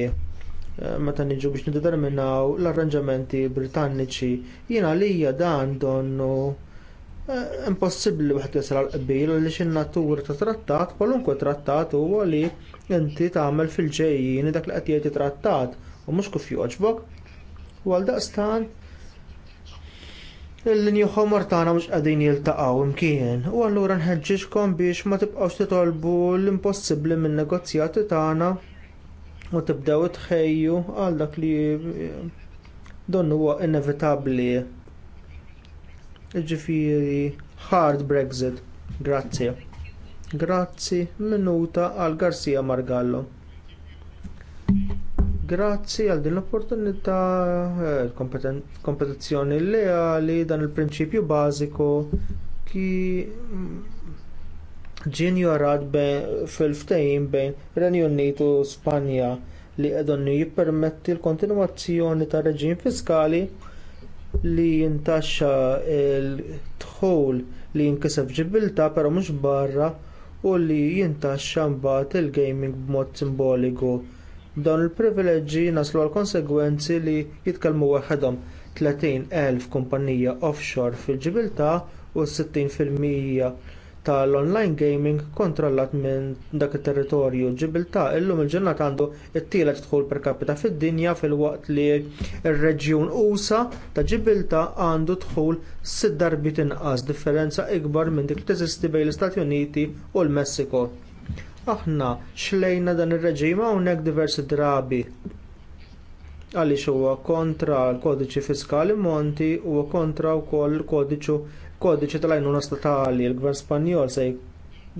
meta niġu biex nideterminaw l-arranġamenti britanniċi. Jiena hija dan donnu eh, impossibbli waħed jasal għal-qbil li xin-natur ta' trattat, kwalunkwe trattat huwa li inti tagħmel fil ġejjini dak li qed jgħid trattat u mhux kif jogħġbok U għal daqstan il-linju ħomor tagħna mhux qegħdin jiltaqgħu imkien u allura nħeġġixkom biex ma tibqgħux titolbu l-impossibbli minn negozjati tagħna Ma tibdew tħejju għal dak li don huwa inevitabbli. Ġifieri hard Brexit. Grazzi. Grazzi minuta għal Garcia Margallo. Grazzi għal din l-opportunità, eh, kompetizzjoni leali, dan il-prinċipju bażiku ki ġien jorat fil-ftehim bejn Renju Unit u Spanja li qegħdonnu jippermetti l-kontinwazzjoni ta' reġim fiskali li jintaxxa l dħul li jinkiseb ġibilta però mhux barra u li jintaxxa mbagħad il-gaming b'mod simboliku. Dawn il-privileġġi naslu għal konsegwenzi li jitkellmu waħedhom 30,000 kumpanija offshore fil-ġibilta u 60% tal-online gaming kontrollat minn dak it-territorju. Ġibilta illum il-ġurnat għandu t-tielet dħul per capita fid-dinja filwaqt li r reġjun USA ta' ġibilta għandu dħul sid darbit inqas differenza ikbar minn dik li teżisti bejn l-Istati Uniti u l-Messiko. Aħna xlejna dan ir-reġim hawnhekk diversi drabi għaliex huwa kontra l-kodiċi fiskali monti u kontra wkoll il kodiċu kodiċi tal għajnu statali l-Gvern Spanjol se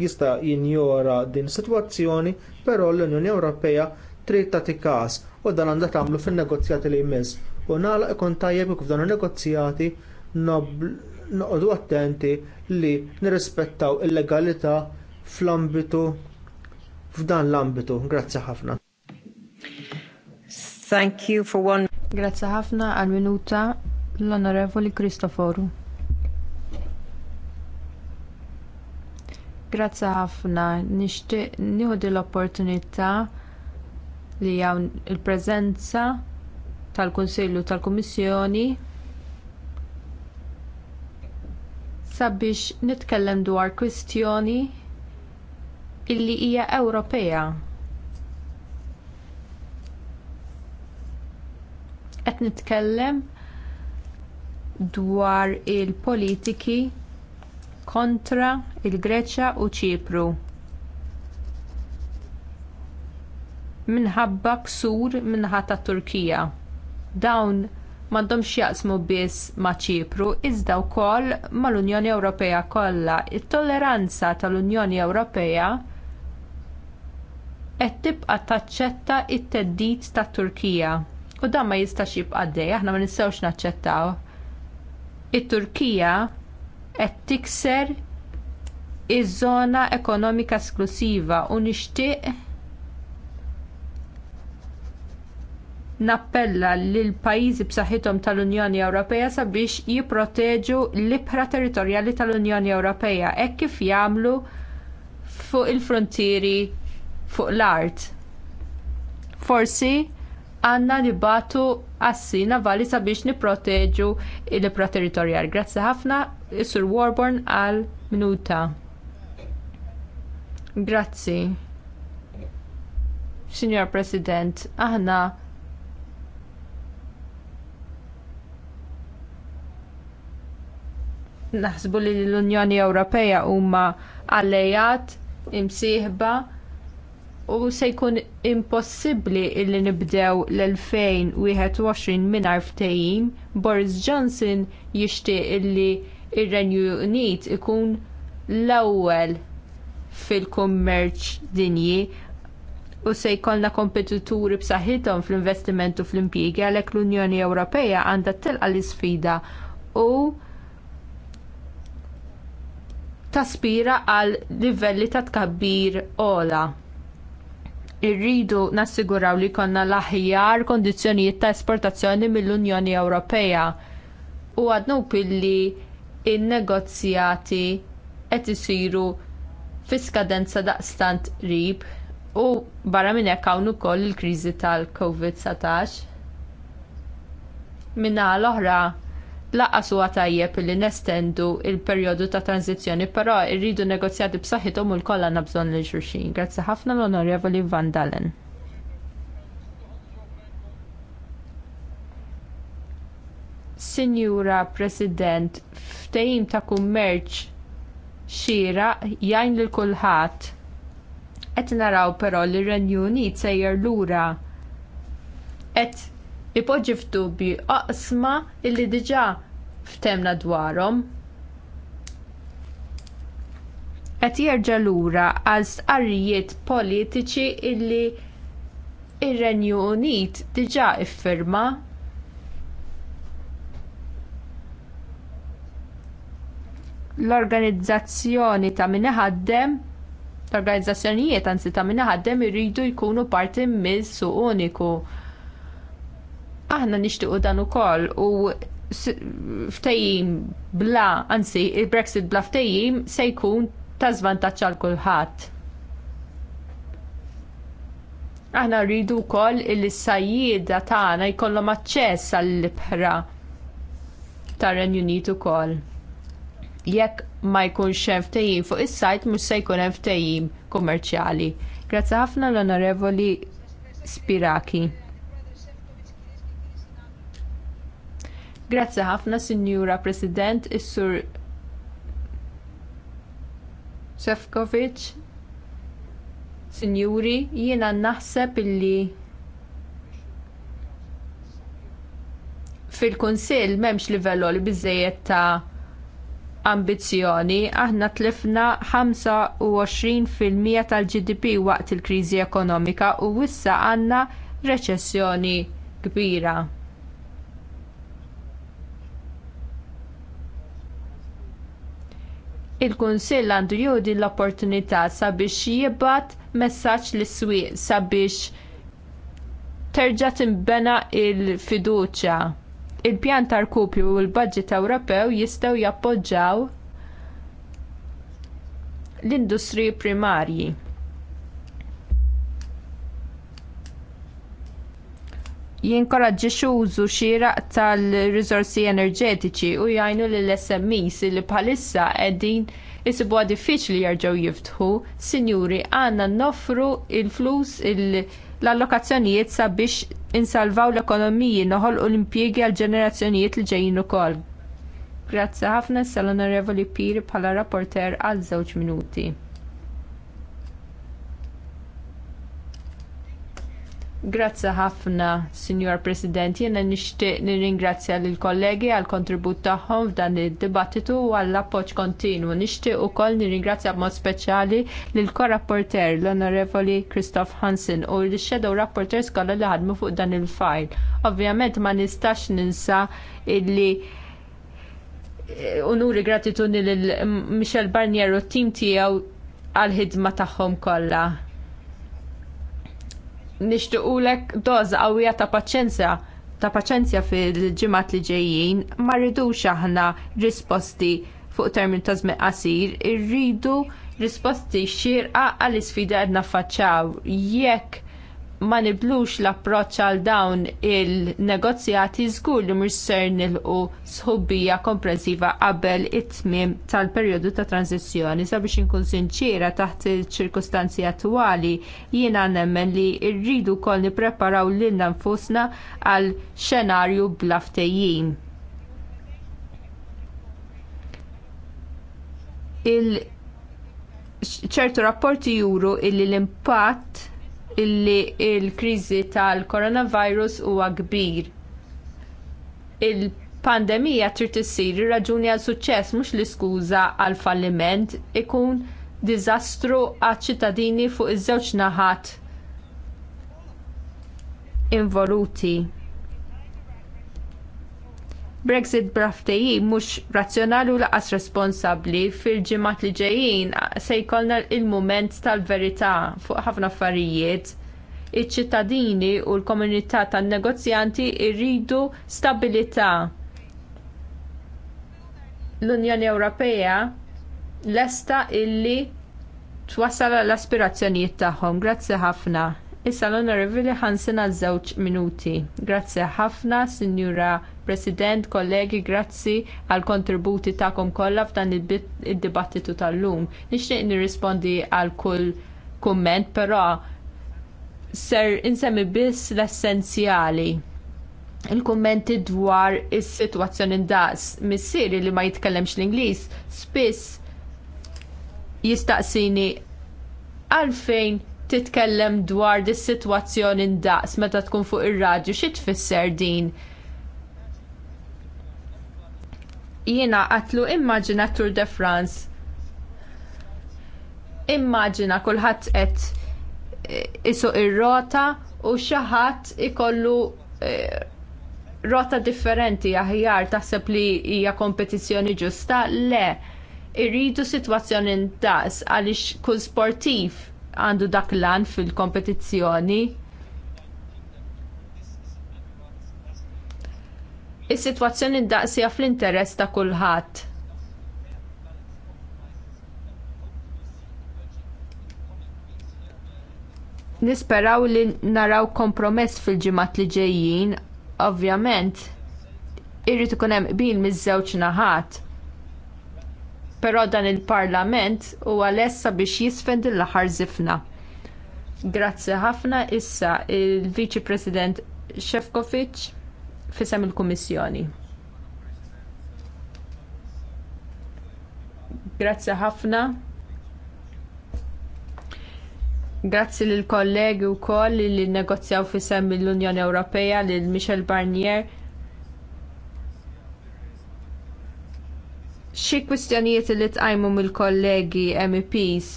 jista' jinjora din is-sitwazzjoni, però l-Unjoni Ewropea trid tagħti każ u dan għandha tagħmlu fin-negozjati li jmiss. U nagħlaq ikun tajjeb kif dawn in-negozjati noqogħdu attenti li nirrispettaw il-legalità fl-ambitu f'dan l-ambitu. Grazzi ħafna. Thank you for one. Grazzi ħafna għal minuta l-Onorevoli Kristoforu. Grazzi ħafna, nixtieq nieħu l-opportunità li hawn il-preżenza tal-Kunsillu tal-Kummissjoni sabiex nitkellem dwar kwistjoni illi hija Ewropea. Qed nitkellem dwar il-politiki kontra il-Greċja u Ċipru. Minħabba ksur min tat Turkija. Dawn m'għandhomx jaqsmu biss ma' Ċipru iżda wkoll mal-Unjoni Ewropea kollha. It-tolleranza tal-Unjoni Ewropea qed tibqa' taċċetta t teddid tat-Turkija. U dan ma jistax jibqa' dej, aħna ma nistgħux naċċettaw. It-Turkija qed tikser iż-żona ekonomika esklusiva u nixtieq nappella lil pajjiżi b'saħħithom tal-Unjoni Ewropea sabiex jipproteġu l-ibħra territorjali tal-Unjoni Ewropea hekk kif jagħmlu fuq il-frontieri fuq l-art. Forsi għandna nibatu għassi valli sabiex nipproteġu l-ibra territorjali. Grazzi ħafna Isur Warborn għal minuta. Grazzi. Signor President, aħna naħsbu li l-Unjoni Ewropea huma allejat imsieħba u se jkun impossibbli li nibdew l-2021 mingħajr ftehim Boris Johnson jixtieq illi ir-Renju Unit ikun l-ewwel fil-kummerċ dinji u se jkollna kompetituri b'saħħithom fl-investiment u fl-impjiegi għalhekk l-Unjoni Ewropea għandha tilqa l-isfida u taspira għal livelli ta' tkabbir ogħla. Irridu nassiguraw li jkollna l-aħjar kundizzjonijiet ta' esportazzjoni mill-Unjoni Ewropea u għadnu pilli in-negozjati qed isiru fi skadenza daqstant qrib u barra minn hekk hawn ukoll il-kriżi tal-COVID-19. Minna l-oħra laqqas huwa tajjeb li nestendu l perjodu ta' tranzizzjoni, però rridu negozjati b'saħħithom u l-kollha bżonn lil xulxin. Grazzi ħafna l-Onorevoli Van Dalen. Sinjura President, ftehim ta' kummerċ xira jgħin lil kulħadd. Qed naraw però li r-Renju Unit sejjer lura qed ipoġġi f'dubbi oqsma illi diġà ftemna dwarhom. Qed jerġa' lura għal stqarrijiet politiċi illi ir-Renju Unit diġà iffirma l-organizzazzjoni ta' min l-organizzazzjonijiet anzi ta' min ħaddem irridu jkunu parti mill suq uniku. Aħna nixtiequ dan ukoll u ftejjim bla, anzi il-Brexit bla ftehim se jkun ta' żvantaġġ għal kulħadd. Aħna rridu wkoll il-sajjieda tagħna jkollhom aċċess għall-ibħra tar-Renju Unit ukoll jekk ma jkunx hemm ftehim fuq is-sajt mhux se jkun hemm ftehim kummerċjali. Grazzi ħafna l-Onorevoli Spiraki. Grazzi ħafna, Sinjura President, is-Sur Sefkovic, Sinjuri, jiena naħseb illi fil-Kunsill m'hemmx livell li biżejjed ta' ambizzjoni, aħna tlifna 25% tal-GDP waqt il-kriżi ekonomika u issa għandna reċessjoni kbira. Il-Kunsill għandu jodi l-opportunità sabiex jibgħat messaġġ lis-swieq sabiex terġa' tinbena l fiduċja il-pjan tal-kupju u l-budget Ewropew jistgħu jappoġġjaw l industriji primarji. Jinkoraġġi użu xieraq tal-riżorsi enerġetiċi u jgħinu lill smes li bħalissa qegħdin isibu diffiċli jerġgħu jiftħu, sinjuri għandna noffru il-flus il-, -flus, il flus l-allokazzjonijiet sabiex insalvaw l-ekonomiji noħolqu l-impjiegi għal ġenerazzjonijiet li ġejjin ukoll. Grazzi ħafna sal-Onorevoli Pir bħala rapporter għal żewġ minuti. Grazzi ħafna, Signor President. Jena nixtieq nirringrazzja lill kollegi għal kontribut tagħhom f'dan id-dibattitu u għall appoġġ kontinwu. Nixtieq ukoll nirringrazzja b'mod speċjali lill korrapporter l-Onorevoli Christoph Hansen u l-Shadow Rapporters kollha li ħadmu fuq dan il-fajl. Ovvjament ma nistax ninsa illi eh, unuri gratitudni lil Michel Barnier u t-tim tiegħu għall ħidma tagħhom kollha nixtiequlek doż qawwija ta' paċenzja ta' paċenzja fil-ġimgħat li ġejjin ma rridux aħna risposti fuq termin ta' żmien qasir, irridu risposti xirqa għall isfida qed naffaċċaw jekk ma niblux l-approċċ għal dawn il-negozjati żgur li mhux ser nilqu sħubbija komprensiva qabel it-tmiem tal-perjodu ta' tranzizzjoni sabiex inkun sinċira taħt il-ċirkustanzi attwali jiena nemmen li rridu wkoll nippreparaw lilna nfusna għal xenarju bla ftehim. ċertu rapporti juru illi l-impatt illi l-kriżi tal-coronavirus huwa kbir. Il-pandemija trid issir ir raġuni għal suċċess mhux l-iskuża għal falliment ikun diżastru għaċ ċittadini fuq iż-żewġ naħat involuti. Brexit braftejji mhux razzjonali u laqas responsabbli fil-ġimgħat li ġejjin se jkollna il mument tal-verità fuq ħafna affarijiet. Iċ-ċittadini u l-komunità tan-negozjanti jridu stabilità. L-Unjoni Ewropea lesta illi twassal l-aspirazzjonijiet tagħhom. Grazzi ħafna. Issa l-onorevoli ħansina żewġ minuti. Grazzi ħafna, Sinjura President, kollegi, grazzi għal kontributi tagħkom kollha f'dan id-dibattitu tal-lum. Nixtieq nirrispondi għal kull kumment, però ser insemmi biss l-essenzjali il-kommenti dwar is-sitwazzjoni daqs missieri li ma jitkellemx l-Ingliż spiss jistaqsini għalfejn titkellem dwar dis-sitwazzjoni daqs meta tkun fuq ir-radju xi tfisser din jiena għatlu immaġina Tour de France. Immaġina kulħadd qed e, isuq ir-rota u xi ħadd ikollu e, rota differenti aħjar taħseb li hija kompetizzjoni ġusta, le irridu sitwazzjoni ndaqs għaliex kull sportiv għandu dak lan fil-kompetizzjoni is-sitwazzjoni daqsija fl-interess ta' kulħadd. Nisperaw li naraw kompromess fil-ġimat li ġejjin, ovvjament, irrid ikun hemm qbil miż-żewġ naħat. Però dan il-Parlament huwa lessa biex jisfend l-aħħar żifna. Grazzi ħafna issa il-Viċi President Shevkovic fisem il-Kummissjoni. Grazzi ħafna. Grazzi lill kollegi wkoll li nnegozjaw fisem l-Unjoni Ewropea lil Michel Barnier. Xi kwistjonijiet li tqajmu mill-kollegi MEPs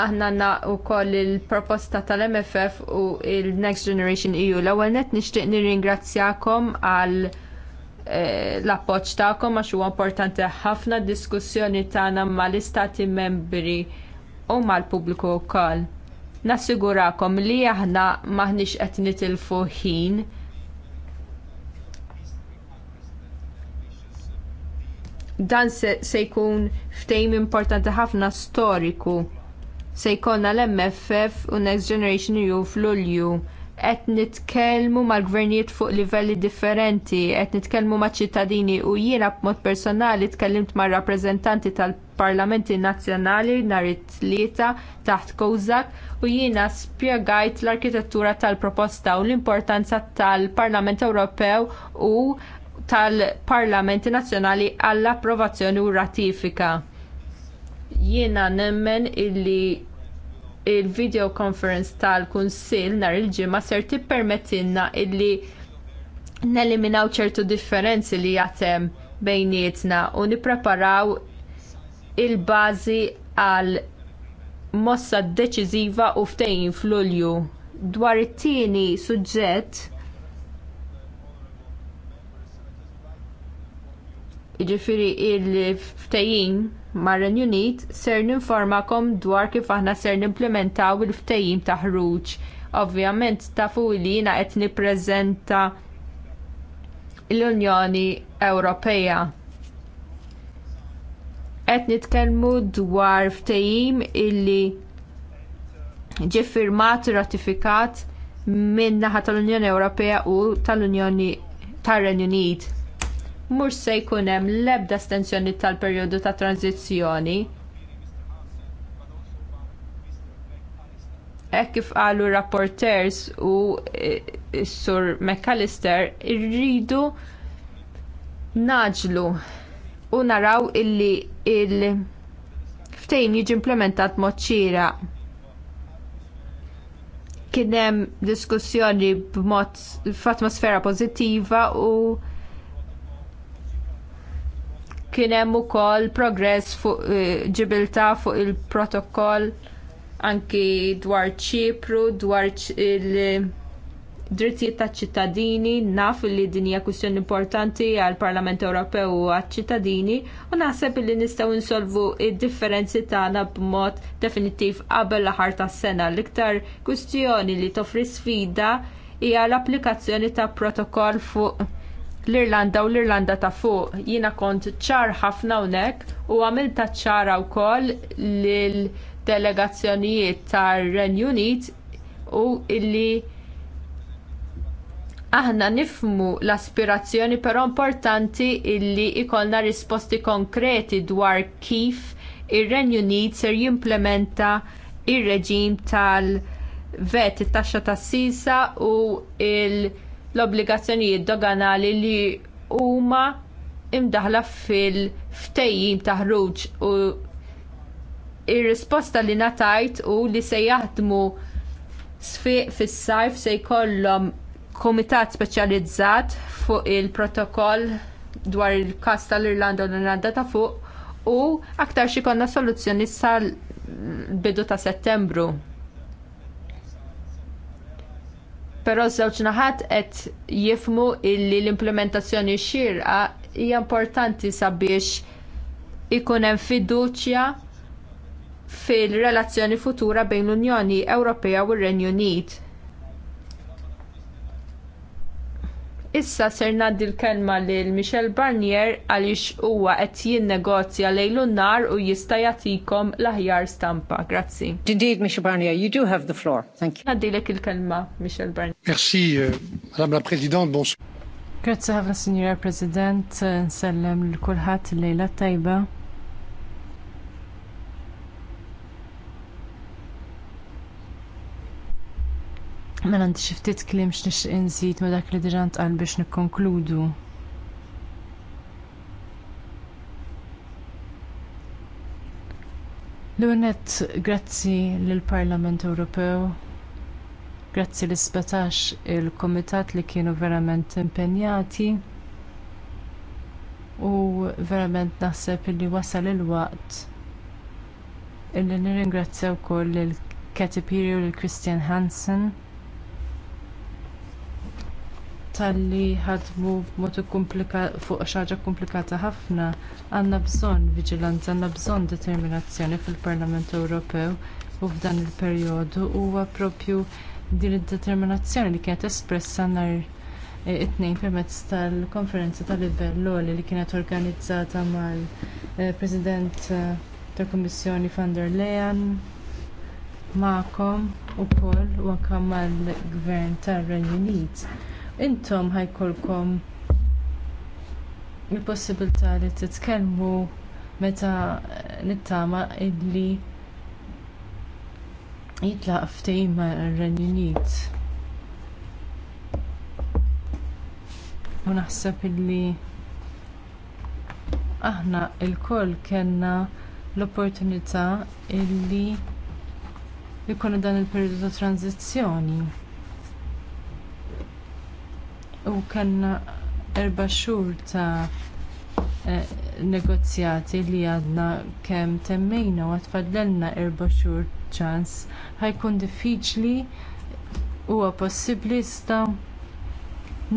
aħna na u koll il-proposta tal-MFF u il-Next Generation EU. L-ewwel net nixtieq nirringrazzjakom għal eh, l-appoġġ tagħkom għax huwa importanti ħafna d diskussjoni tagħna mal-istati membri u mal-pubbliku wkoll. Nassigurakom li aħna maħniex qed nitilfu ħin dan se, se jkun ftehim importanti ħafna storiku se jkollna l-MFF u Next Generation EU fl-Ulju. Qed nitkellmu mal-gvernijiet fuq livelli differenti, qed nitkellmu maċ ċittadini u jiena b'mod personali tkellimt mar rappreżentanti tal-Parlamenti Nazzjonali nhar it-tlieta taħt Kozak u jiena spjegajt l-arkitettura tal-proposta u l-importanza tal-Parlament Ewropew u tal-Parlamenti Nazzjonali għall-approvazzjoni u ratifika. Jiena nemmen illi il-video conference tal-Kunsill nhar il-ġimgħa ser tippermettilna illi neliminaw ċertu differenzi li jatem bejnietna u nippreparaw il-bażi għal mossa deċiżiva u ftehim f'Lulju. Dwar it-tieni suġġett jiġifieri l ftehim mar-Renju Unit ser ninformakom dwar kif aħna ser nimplementaw il-ftehim ta' ħruġ. Ovvjament tafu li jiena qed nippreżenta l-Unjoni Ewropea. Qed nitkellmu dwar ftehim illi ġie firmat u ratifikat min-naħa tal-Unjoni Ewropea u tal-Unjoni tar-Renju Unit mhux se jkun hemm l-ebda estensjoni tal-perjodu ta' tranzizzjoni. Hekk kif qalu rapporters u s-sur e, e, McAllister irridu naġlu u naraw illi il ftejn jiġi implementat mod xieraq kien hemm diskussjoni b'mod f'atmosfera pożittiva u Kien hemm ukoll progress fuq eh, ġibilta fuq il-protokoll anki dwar ċipru, dwar il-drittijiet taċ ċittadini, naf li din hija kwistjoni importanti għall Parlament Ewropew u għal ċittadini u naħseb li nistgħu insolvu id-differenzi tagħna b'mod definittiv qabel l-aħar tas-sena. L-iktar kwistjoni li toffri sfida hija l-applikazzjoni ta' protokoll fuq l-Irlanda u l-Irlanda ta' fuq. Jiena kont ċar ħafna hawnhekk u għamilt ċara wkoll lil delegazzjonijiet tar-Renju Unit u illi aħna nifmu l-aspirazzjoni però importanti illi jkollna risposti konkreti dwar kif ir-Renju Unit ser jimplementa r reġim tal-vet it-taxxa tas-sisa u l- l-obbligazzjonijiet doganali li huma imdaħla fil-ftejjim ta' ħruġ u ir-risposta li ngħatajt u li se jaħdmu sfiq fis-sajf se jkollhom kumitat speċjalizzat fuq il-protokoll dwar il każ tal-Irlanda u l-Irlanda ta' fuq u aktar xi konna soluzzjoni sal bidu ta' settembru. Però żewġ naħat qed jifmu illi l-implementazzjoni xirqa hija importanti sabiex ikun hemm fiduċja fil-relazzjoni futura bejn l-Unjoni Ewropea u r-Renju Unit. Issa ser ngħaddi l-kelma lil Michel Barnier għaliex huwa qed jinnegozja lejlu nar u jista' jagħtikom l-aħjar stampa. Grazzi. Indeed, Michel Barnier, you do have the floor. Thank you. lek il-kelma, Michel Barnier. Merci, euh, Madame la Présidente. Bonsoir. Grazzi ħafna, Signora President, nsellem l-kulħadd lejla tajba. Mela nti xi ftit kliem x'nixtieq inżid ma dak li diġà tqal biex nikkonkludu. Lunet, grazzi lill-Parlament Ewropew, grazzi l 17 il kumitat li kienu verament impenjati u verament naħseb li wasal il-waqt illi nirringrazzja wkoll il-Katy Piri u l-Christian Hansen tal-li ħadmu b'mod fuq xaġa komplikata ħafna għandna bżonn viġilanza, għandna bżonn determinazzjoni fil-Parlament Ewropew u f'dan il-perjodu huwa proprju din id-determinazzjoni li kienet espressa nhar eh, it-tnejn permezz tal-konferenza tal-livell l li kienet organizzata mal-President eh, eh, tal-Kummissjoni van der Leyen ma'kom ukoll u anke mal-Gvern tar-Renju Unit intom ħajkolkom il-possibilità li titkellmu meta nittama illi jitlaq ftehim mar-Renju Unit. U naħseb illi aħna lkoll kellna l-opportunità illi jkunu dan il-periodu ta' tranzizzjoni u kellna erba' xhur ta' eh, negozjati li għadna kemm temmejna u għatfadlenna erba' xhur ċans ħajkun diffiċli huwa possibbli sta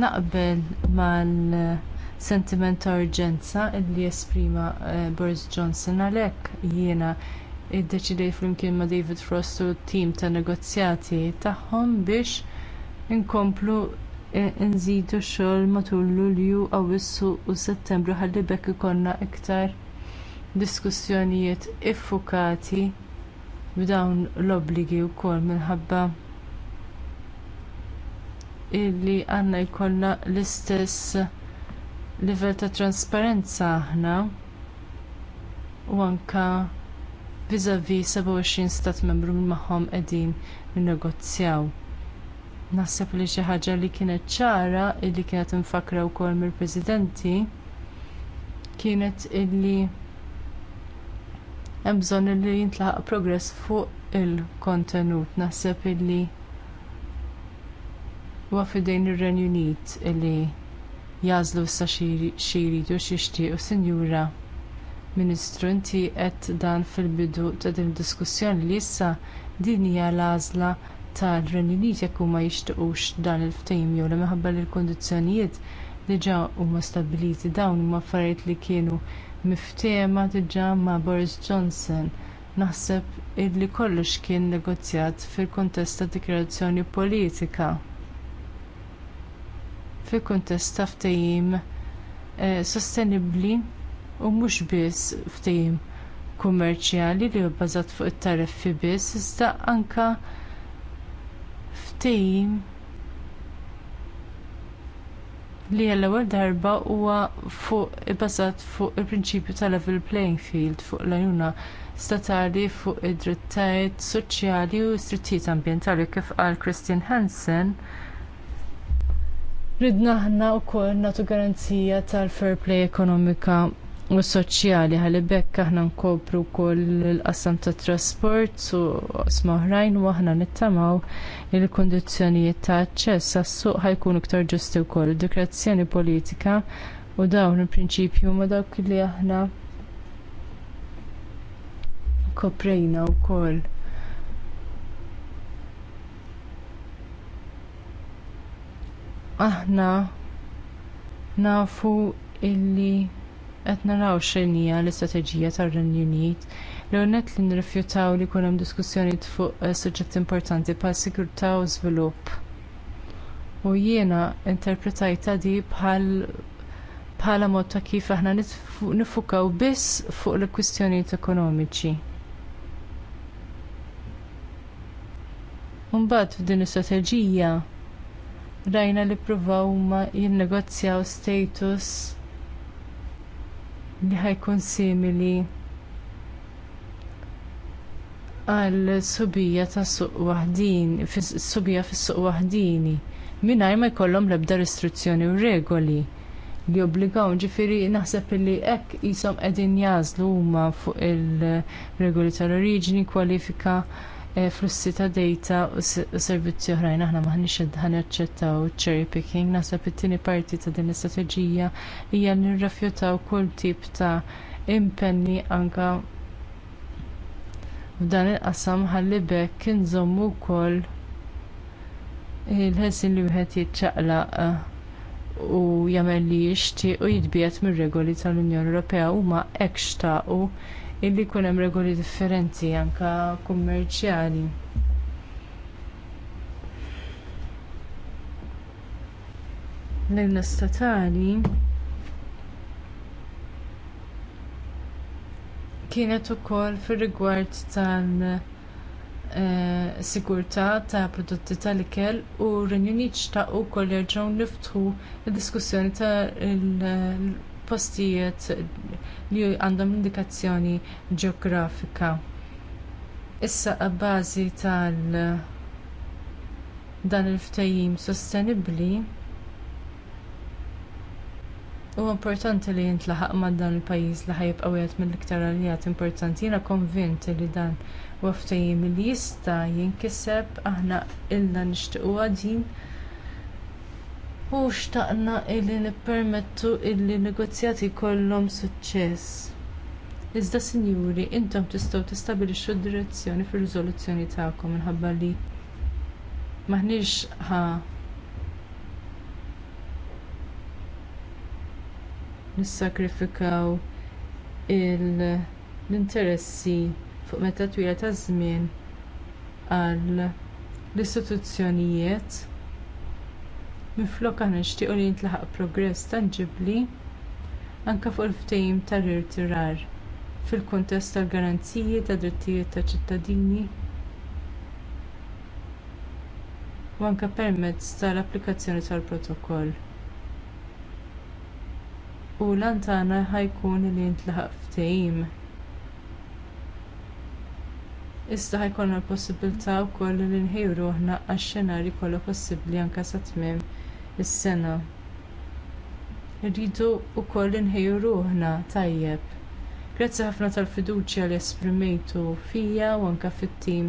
naqbel mal-sentiment ta' urġenza li esprima eh, Boris Johnson għalhekk jiena iddeċidej flimkien ma' David Frost u t-tim tan negozjati tagħhom biex inkomplu nżidu x-xogħol matul Lulju, Awwissu u Settembru ħalli bekk ikollna iktar diskussjonijiet iffukati b'dawn l-obbligi wkoll minħabba illi għandna jkollna l-istess livell ta' trasparenza aħna u anke vis 27 stat membru minn magħhom qegħdin minnegozjaw. Naħseb li xi ħaġa li kienet ċara illi kienet infakra wkoll mill-Presidenti kienet illi hemm bżonn illi jintlaħaq progress fuq il-kontenut. Naħseb illi huwa fidejn ir-Renju Unit illi jażlu issa xi jridu xixtiequ sinjura Ministru inti qed dan fil-bidu ta' din id diskussjoni li issa din hija l-għażla tal-Renju Unit jekk huma jixtiequx dan il-ftehim jew li minħabba li l-kundizzjonijiet ġew huma stabbiliti dawn huma affarijiet li kienu miftehma diġà ma' Boris Johnson. Naħseb illi kollox kien negozjat fil-kuntest ta' dikjarazzjoni politika. Fil-kuntest ta' ftehim eh, sostenibbli u mhux biss ftehim kummerċjali li bbażat fuq it-tariffi biss, iżda anke ftehim li l ewwel darba huwa fuq ibbażat fuq il-prinċipju ta' level playing field fuq l ajuna statali fuq id-drittajiet soċjali u s-drittijiet ambjentali kif qal Christian Hansen. Ridna aħna wkoll nagħtu garanzija tal-fair play ekonomika u soċjali ħalibekk aħna nkopru wkoll l-qasam tat trasport u smaħrajn oħrajn u aħna nittamaw il kundizzjonijiet ta' aċċess għas-suq ħajkun iktar ġusti wkoll id dekrazzjoni politika u dawn il-prinċipju ma' dawk li aħna koprejna wkoll. Aħna nafu illi qed naraw hija l-istrateġija tar-Renju Unit. li għonet li nirrifjutaw li jkun hemm diskussjoni fuq eh, suġġett importanti bħal sigurtà u żvilupp. U jiena interpretajta di bħal bħala mod ta' kif aħna nifukaw biss fuq il-kwistjonijiet ekonomiċi. Mbagħad f'din is-strateġija rajna li ppruvaw huma jinnegozjaw status li ħajkun simili għal subija ta' suq wahdin, subija fis suq wahdini, mingħajr ma jkollhom l-ebda restrizzjoni u regoli li obbligaw ġifiri naħseb li hekk qishom qegħdin jazlu huma fuq il regoli tal-oriġini kwalifika Eh, flussi ta' data u servizzi oħrajn aħna maħniex ħanaċċettaw cherry picking. Naħseb it-tieni parti ta' din l-istrateġija hija li nirrafjutaw kull tip ta' impenni anke f'dan il-qasam ħalli bekk inżommu wkoll il-ħessin li wieħed jiċċaqlaq eh, u jagħmel li jixtieq u jitbiet mir-regoli tal-Unjoni Ewropea huma hekk xtaqu illi jkun hemm regoli differenti anke kummerċjali. l statali kienet ukoll fir-rigward tal- sigurta eh, sigurtà ta' prodotti tal-ikel u r-Renju ta' u ukoll jerġgħu niftħu l diskussjoni ta' postijiet li għandhom indikazzjoni ġeografika. Issa għabbażi tal dan il-ftajim sostenibbli Huwa importanti li jintlaħaq ma' dan il-pajjiż li ħajja wieħed mill-iktar għalijat importanti. Jiena konvint li dan huwa ftehim li jista' jinkiseb aħna ilna nixtiequ din u xtaqna illi nippermettu illi negozjati jkollhom suċċess. Iżda sinjuri, intom tistgħu tistabilixxu d-direzzjoni fir-riżoluzzjoni tagħkom minħabba li maħniex ħa nissakrifikaw l-interessi fuq meta twila ta' żmien għall istituzzjonijiet Minflok aħna nixtiequ li jintlaħaq progress tangibbli anke fuq il-ftehim tar-irtirar fil-kuntest tal-garanziji tad drittijiet ta' ċittadini u anke permezz tal-applikazzjoni tal-protokoll. U lantana ħajkun li jintlaħaq ftehim. Issa ħajkonna l-possibilità wkoll li nħejru aħna għax-xenarji kollha possibbli anke sa tmiem is-sena. Rridu wkoll inħejju ruħna tajjeb. Grazzi ħafna tal-fiduċja li esprimejtu fija u anke fit-tim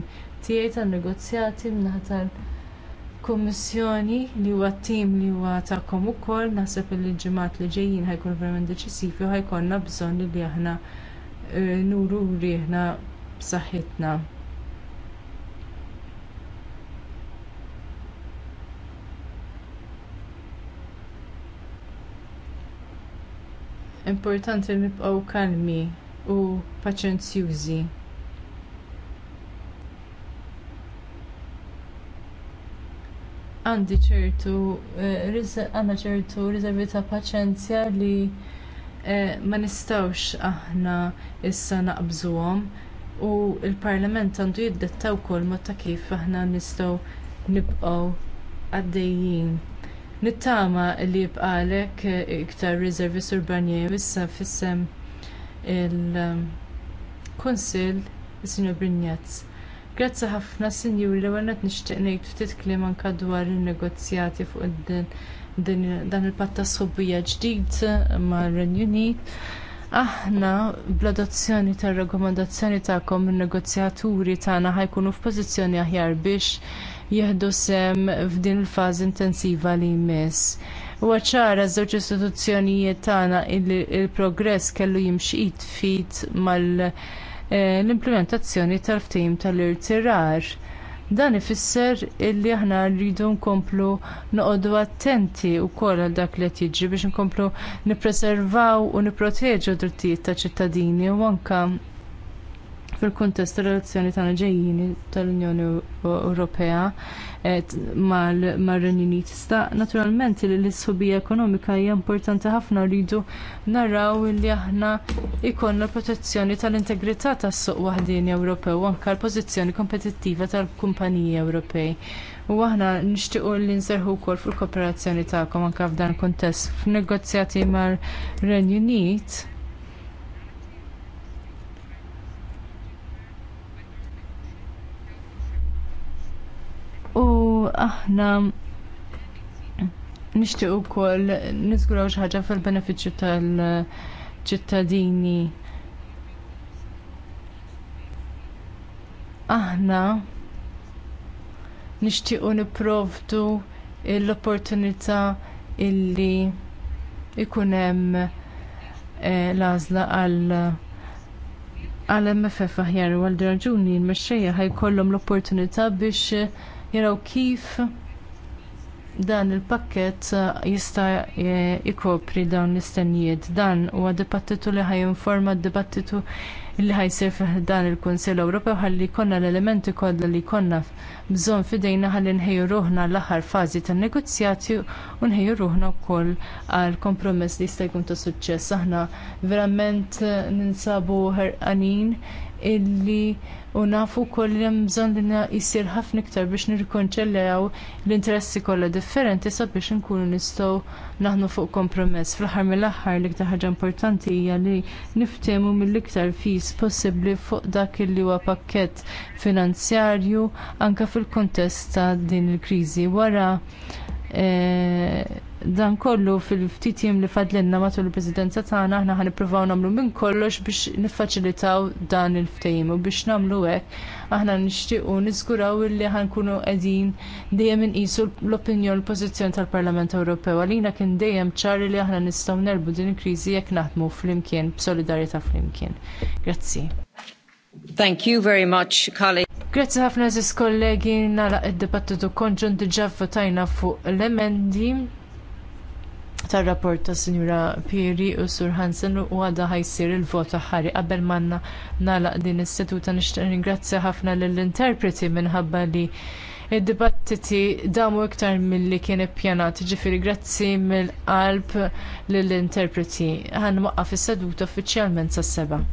tiegħi tan-negozjati mnaħa tal-Kummissjoni li huwa tim li huwa tagħkom ukoll naħseb li l-ġimgħat li ġejjin ħajkun verament deċisivi u ħajkonna bżonn li aħna eh, nuru rieħna b'saħħitna. Importanti li nibqgħu kalmi u paċenzjużi. Għandi ċertu, eh, għandna ċertu riservi ta' paċenzja li eh, ma nistawx aħna issa naqbżuhom u l parlament għandu jiddetta wkoll mod ta' kif aħna nistgħu nibqgħu għaddejjin Nittama li jibqalek iktar Rizervi surbanje issa fissem il-Konsil Sinjor Brignaz. Grazzi ħafna Sinjur li għannet nishtiq ngħid ftit kliem anke dwar in-negozjati fuq dan il-patta sħobbija ġdid mar-Renju Unit. Aħna bl-adozzjoni tar-rakkomandazzjoni tagħkom in-negozjaturi tagħna ħajkunu f'pożizzjoni aħjar biex jieħdu sem f'din il-fażi intensiva li jmiss. Huwa ċara żewġ istituzzjonijiet tagħna il-progress kellu jimxi fit mal eh, l-implementazzjoni tal-ftim tal-irtirar. Dan ifisser illi aħna rridu nkomplu noqogħdu attenti wkoll għal dak li qed biex nkomplu nippreservaw u nipproteġu drittijiet ta' ċittadini u anka fil-kuntest tal-relazzjoni tagħna ġejjini tal-Unjoni Ewropea mar-Renju Unit. Sta naturalment l-isħubija ekonomika hija importanti ħafna rridu naraw li aħna ikollna protezzjoni tal-integrità tas-suq waħdini Ewropew anke l-pożizzjoni kompetittiva tal-kumpaniji Ewropej. U aħna nixtiequ li nserħu wkoll fil-kooperazzjoni tagħkom anke f'dan kontest f'negozjati mar-Renju Unit u aħna nishtiq u niżguraw xi ħaġa fil-benefiċċju tal-ċittadini. Aħna nixtiequ nipprovdu l-opportunità illi ikun hemm eh, l-għażla għal għal MFF aħjar u għal raġuni l-mexxejja ħajkollhom l-opportunità biex jaraw kif dan il-pakket uh, jista' uh, ikopri dawn l-istennijiet. Dan huwa dibattitu li ħaj informa dibattitu li ħajsir fi dan il-Kunsill Ewropew ħalli jkollna l-elementi kollha li jkollna bżonn f'idejna ħalli nħejju ruħna l-aħħar fażi tan-negozjati u nħejju ruħna wkoll għal kompromess li jista' jkun ta' suċċess. Aħna verament uh, ninsabu ħerqanin illi u nafu koll li hemm bżonn jisir ħafna iktar biex nirkonċellaw l-interessi kollha differenti sabiex nkunu nistgħu naħnu fuq kompromess. Fl-aħħar mill-aħħar l-iktar ħaġa importanti hija li niftehmu mill-iktar fis possibbli fuq dak li huwa pakkett finanzjarju anke fil-kuntest ta' din il-kriżi wara eh, dan kollu fil-ftit jiem li fadlinna matul il prezidenza tagħna aħna ħanippruvaw nagħmlu minn kollox biex niffaċilitaw dan il-ftehim u biex nagħmlu hekk aħna nixtiequ niżguraw illi ħankunu qegħdin dejjem inqisu l-opinjon l-pożizzjoni tal-Parlament Ewropew għalina kien dejjem ċari li aħna nistgħu nerbu din il-kriżi jekk naħdmu flimkien b'solidarjetà flimkien. Grazzi. Thank you very much, colleague. Grazzi ħafna ziz kollegi nagħlaq id-dibattitu konġun diġa votajna fuq l-emendi tar-rapport ta' Sinjura Pieri u Sur Hansen u għadha ħajsir il-vot ħari qabel manna nagħlaq din is-seduta nixtieq ringrazzja ħafna lill-interpreti minħabba li id-dibattiti damu iktar milli kien ippjanat, ġifiri grazzi mill-qalb lill-interpreti. Ħan waqqaf is-seduta uffiċjalment sas-seba'.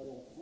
tal-Europa.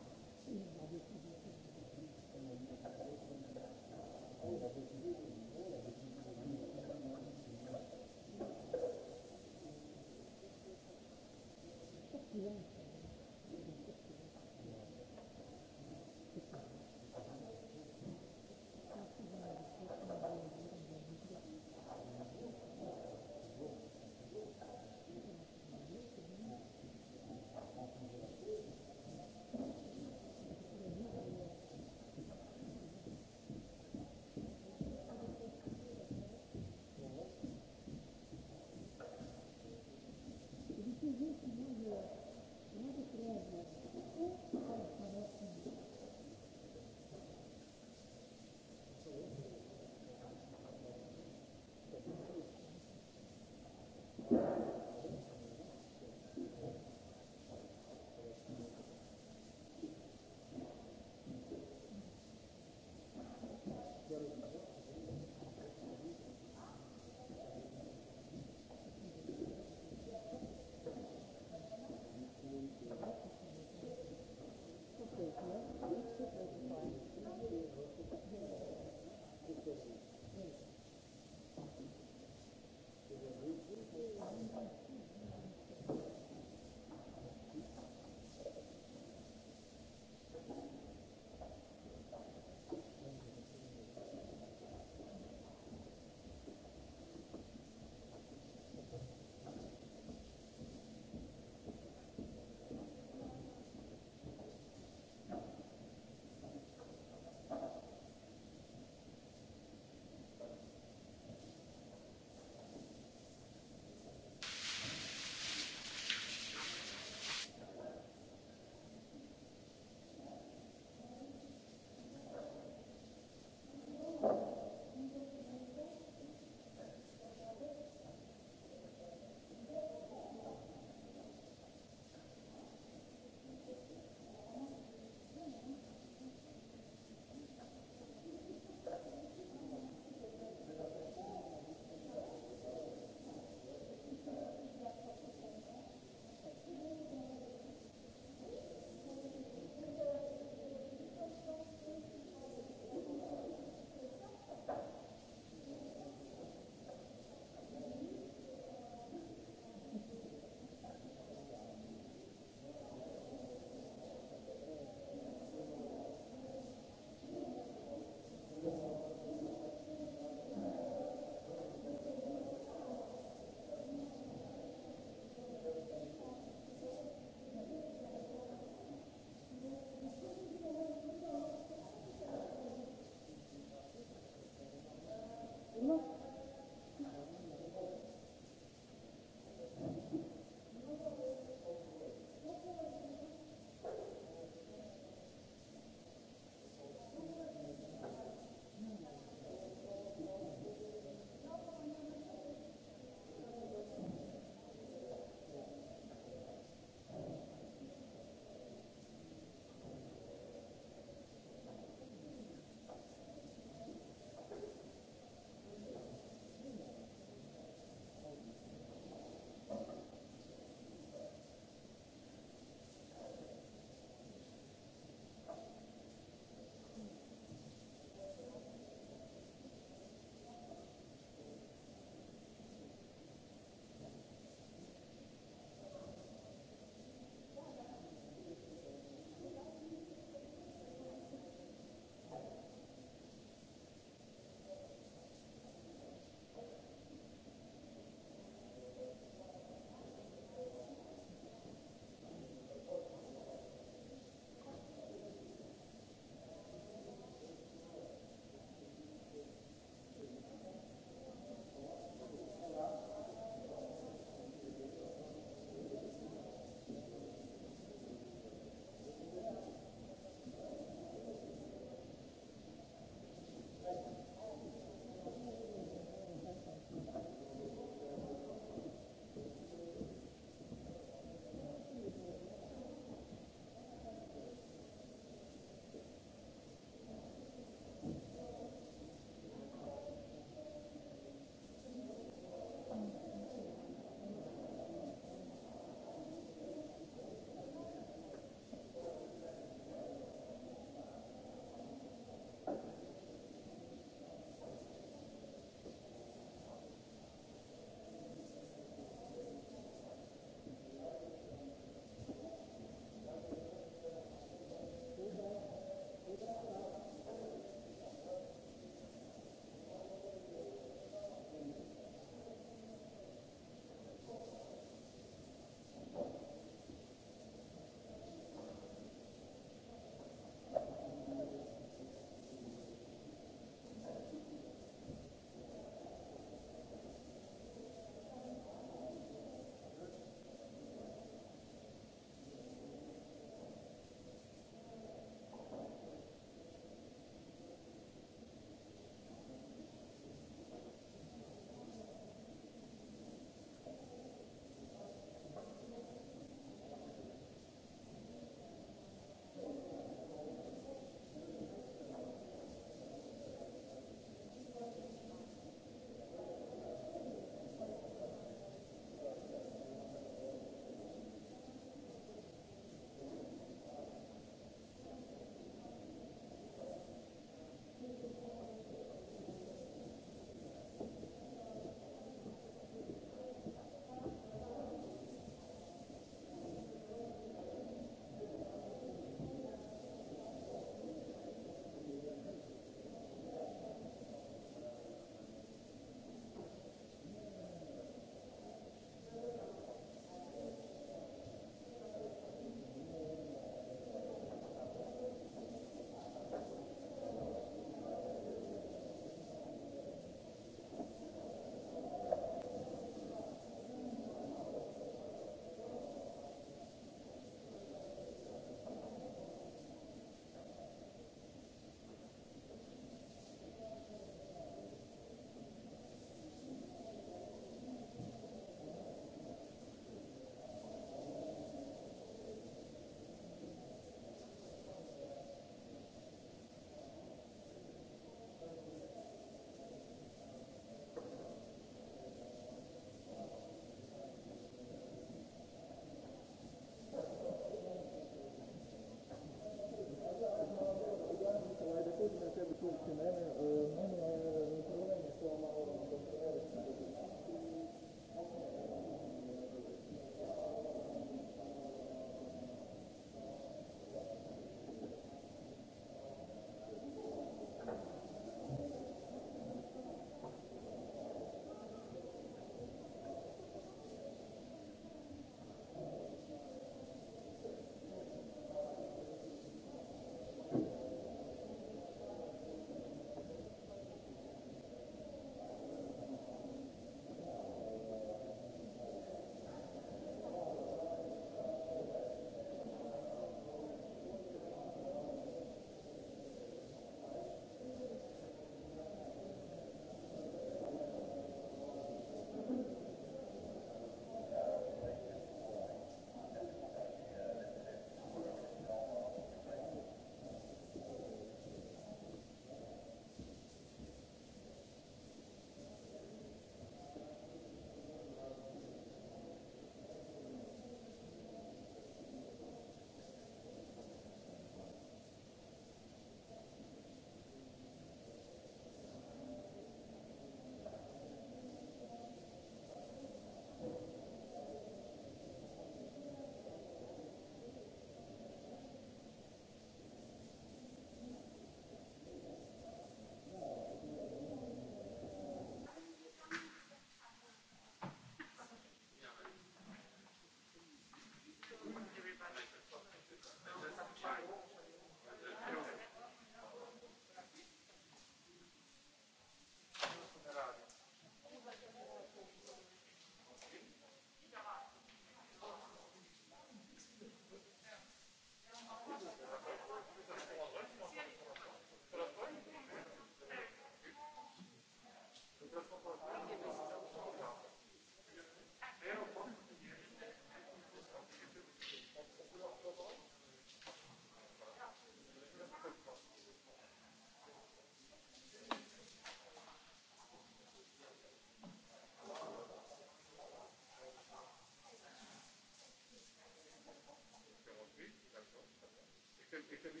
Thank you.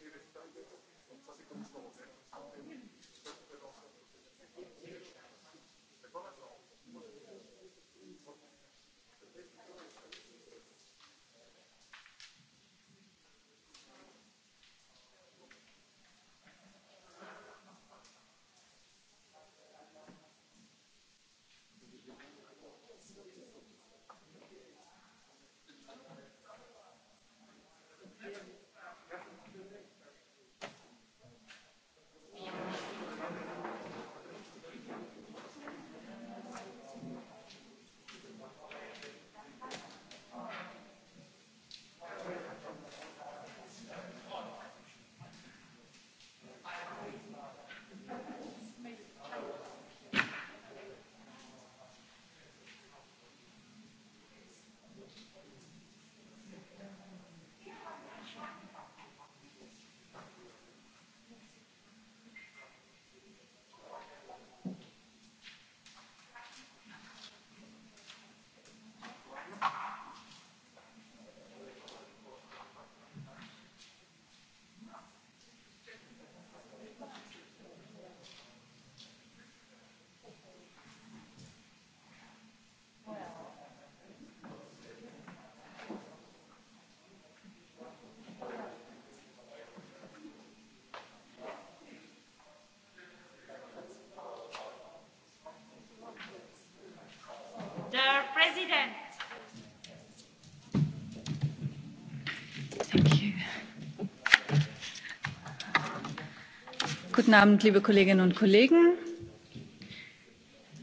Guten Abend, liebe Kolleginnen und Kollegen.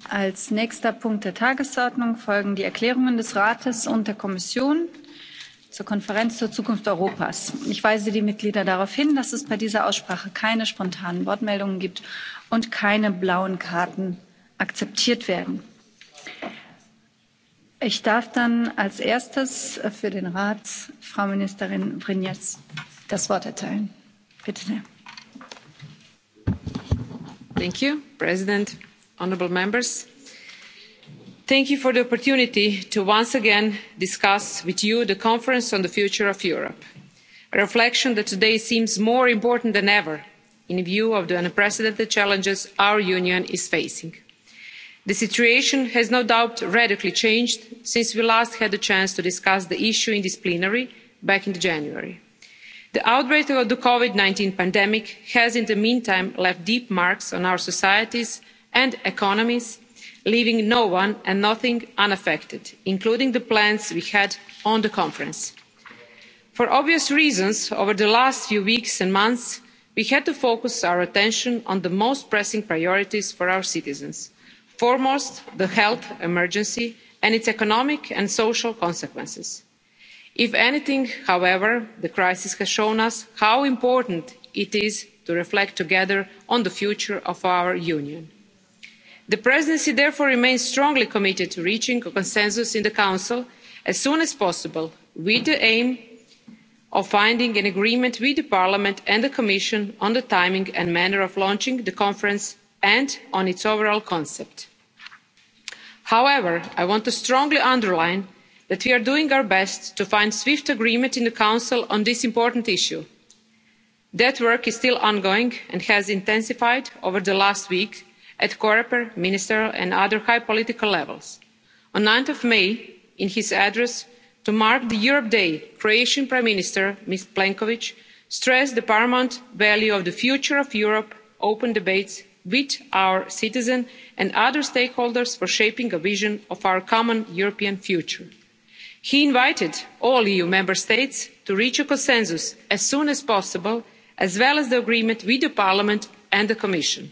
Als nächster Punkt der Tagesordnung folgen die Erklärungen des Rates und der Kommission zur Konferenz zur Zukunft Europas. Ich weise die Mitglieder darauf hin, dass es bei dieser Aussprache keine spontanen Wortmeldungen gibt und keine blauen Karten akzeptiert werden. Ich darf dann als erstes für den Rat Frau Ministerin Brignes das Wort erteilen. Bitte sehr. Thank you, President, honourable members. Thank you for the opportunity to once again discuss with you the Conference on the Future of Europe, a reflection that today seems more important than ever in view of the unprecedented challenges our union is facing. The situation has no doubt radically changed since we last had the chance to discuss the issue in this plenary back in January the outbreak of the covid nineteen pandemic has in the meantime left deep marks on our societies and economies leaving no one and nothing unaffected including the plans we had on the conference. for obvious reasons over the last few weeks and months we had to focus our attention on the most pressing priorities for our citizens foremost the health emergency and its economic and social consequences if anything however the crisis has shown us how important it is to reflect together on the future of our union. the presidency therefore remains strongly committed to reaching a consensus in the council as soon as possible with the aim of finding an agreement with parliament and the commission on the timing and manner of launching the conference and on its overall concept. however i want to strongly underline that we are doing our best to find swift agreement in the council on this important issue. that work is still ongoing and has intensified over the last week at coreper ministerial and other high political levels. on nine may in his address to mark the europe day croatian prime minister ms plenkovi stressed the paramount value of the future of europe open debates with our citizens and other stakeholders for shaping a vision of our common european future he invited all eu member states to reach a consensus as soon as possible as well as the agreement with parliament and the commission.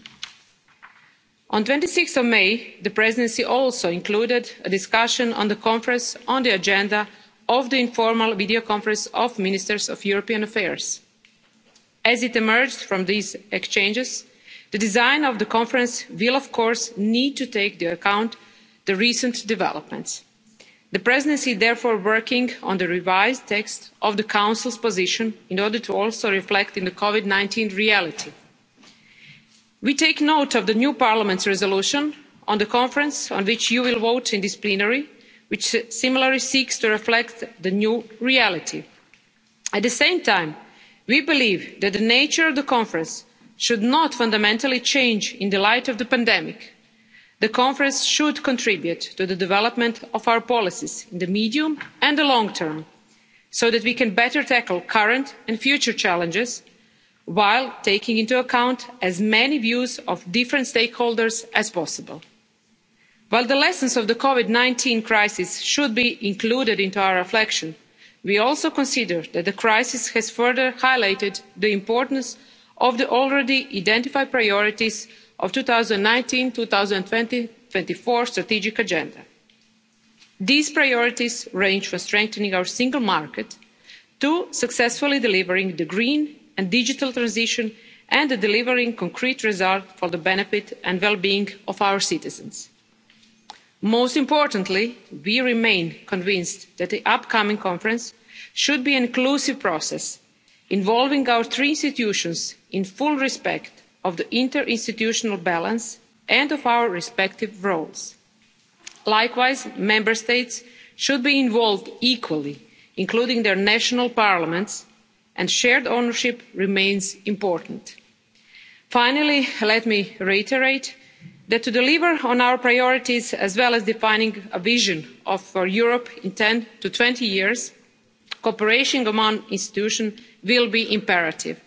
on twenty six may the presidency also included a discussion on the conference on the agenda of the informal video conference of ministers of european affairs. as it emerged from these exchanges the design of the conference will of course need to take into account the recent developments the presidency is therefore working on the revised text of the council's position in order to also reflect the covid nineteen reality. we take note of the new parliament's resolution on the conference on which you will vote in this plenary which similarly seeks to reflect the new reality. at the same time we believe that the nature of the conference should not fundamentally change in the light of the pandemic the conference should contribute to the development of our policies in the medium and the long term so that we can better tackle current and future challenges while taking into account as many views of different stakeholders as possible. while the lessons of the covid nineteen crisis should be included into our reflection we also consider that the crisis has further highlighted the importance of the already identified priorities of 2019-2020 24 strategic agenda. These priorities range from strengthening our single market to successfully delivering the green and digital transition and delivering concrete results for the benefit and well-being of our citizens. Most importantly, we remain convinced that the upcoming conference should be an inclusive process involving our three institutions in full respect of the interinstitutional balance and of our respective roles. likewise member states should be involved equally including their national parliaments and shared ownership remains important. finally let me reiterate that to deliver on our priorities as well as defining a vision of, for europe in ten to twenty years cooperation among institutions will be imperative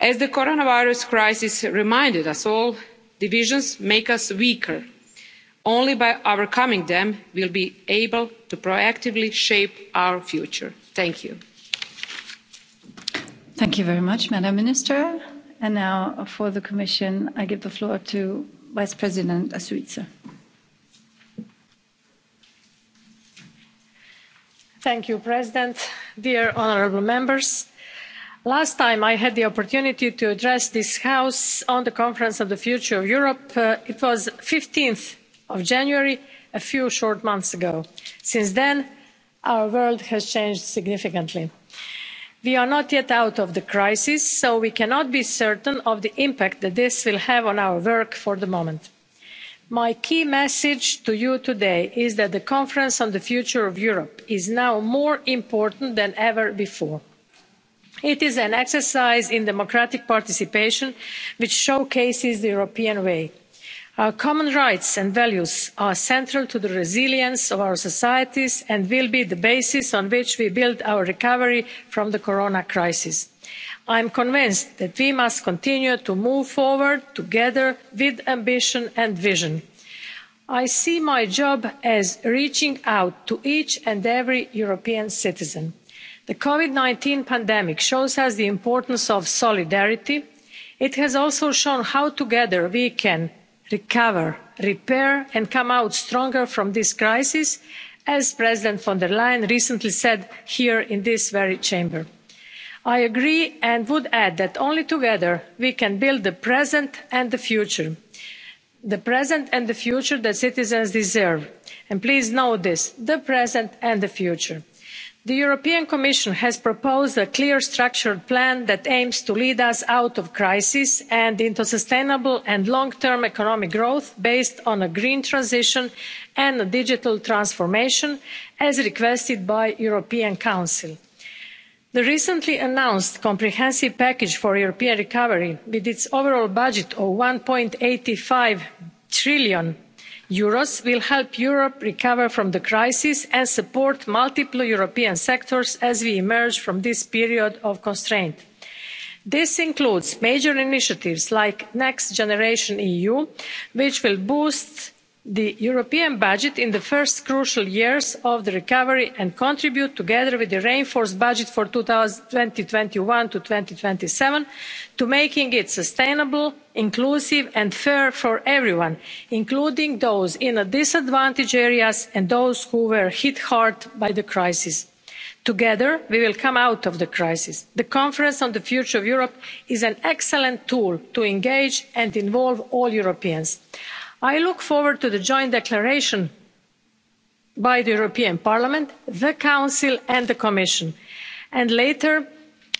as the coronavirus crisis reminded us all divisions make us weaker. only by overcoming them will we be able to proactively shape our future. thank you. thank you very much madam minister. and now for the commission i give the floor to vice president suica. thank you president. dear honourable members last time i had the opportunity to address this house on the conference on the future of europe uh, it was fifteen january a few short months ago. since then our world has changed significantly. we are not yet out of the crisis so we cannot be certain of the impact that this will have on our work for the moment. my key message to you today is that the conference on the future of europe is now more important than ever before it is an exercise in democratic participation which showcases the european way. our common rights and values are central to the resilience of our societies and will be the basis on which we build our recovery from the corona crisis. i am convinced that we must continue to move forward together with ambition and vision. i see my job as reaching out to each and every european citizen the covid nineteen pandemic shows us the importance of solidarity. it has also shown how together we can recover repair and come out stronger from this crisis as president von der leyen recently said here in this very chamber. i agree and would add that only together can we build the present and the future the present and the future that citizens deserve and please note this the present and the future the european commission has proposed a clear structured plan that aims to lead us out of crisis and into sustainable and long term economic growth based on a green transition and a digital transformation as requested by the european council. the recently announced comprehensive package for european recovery with its overall budget of eur. one eighty five trillion euros will help europe recover from the crisis and support multiple european sectors as we emerge from this period of constraint. this includes major initiatives like next generation eu which will boost the european budget in the first crucial years of the recovery and contribute together with the reinforced budget for two thousand and twenty one to two thousand and twenty seven to making it sustainable inclusive and fair for everyone including those in disadvantaged areas and those who were hit hard by the crisis. together we will come out of the crisis. the conference on the future of europe is an excellent tool to engage and involve all europeans i look forward to the joint declaration by the european parliament the council and the commission and later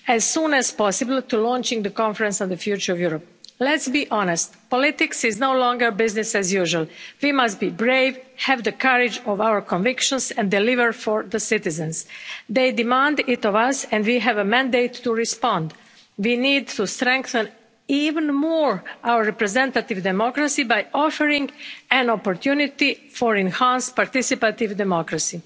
as soon as possible to launching the conference on the future of europe. let's be honest politics is no longer business as usual. we must be brave have the courage of our convictions and deliver for the citizens. they demand it of us and we have a mandate to respond. we need to strengthen even more our representative democracy by offering an opportunity for enhanced participative democracy.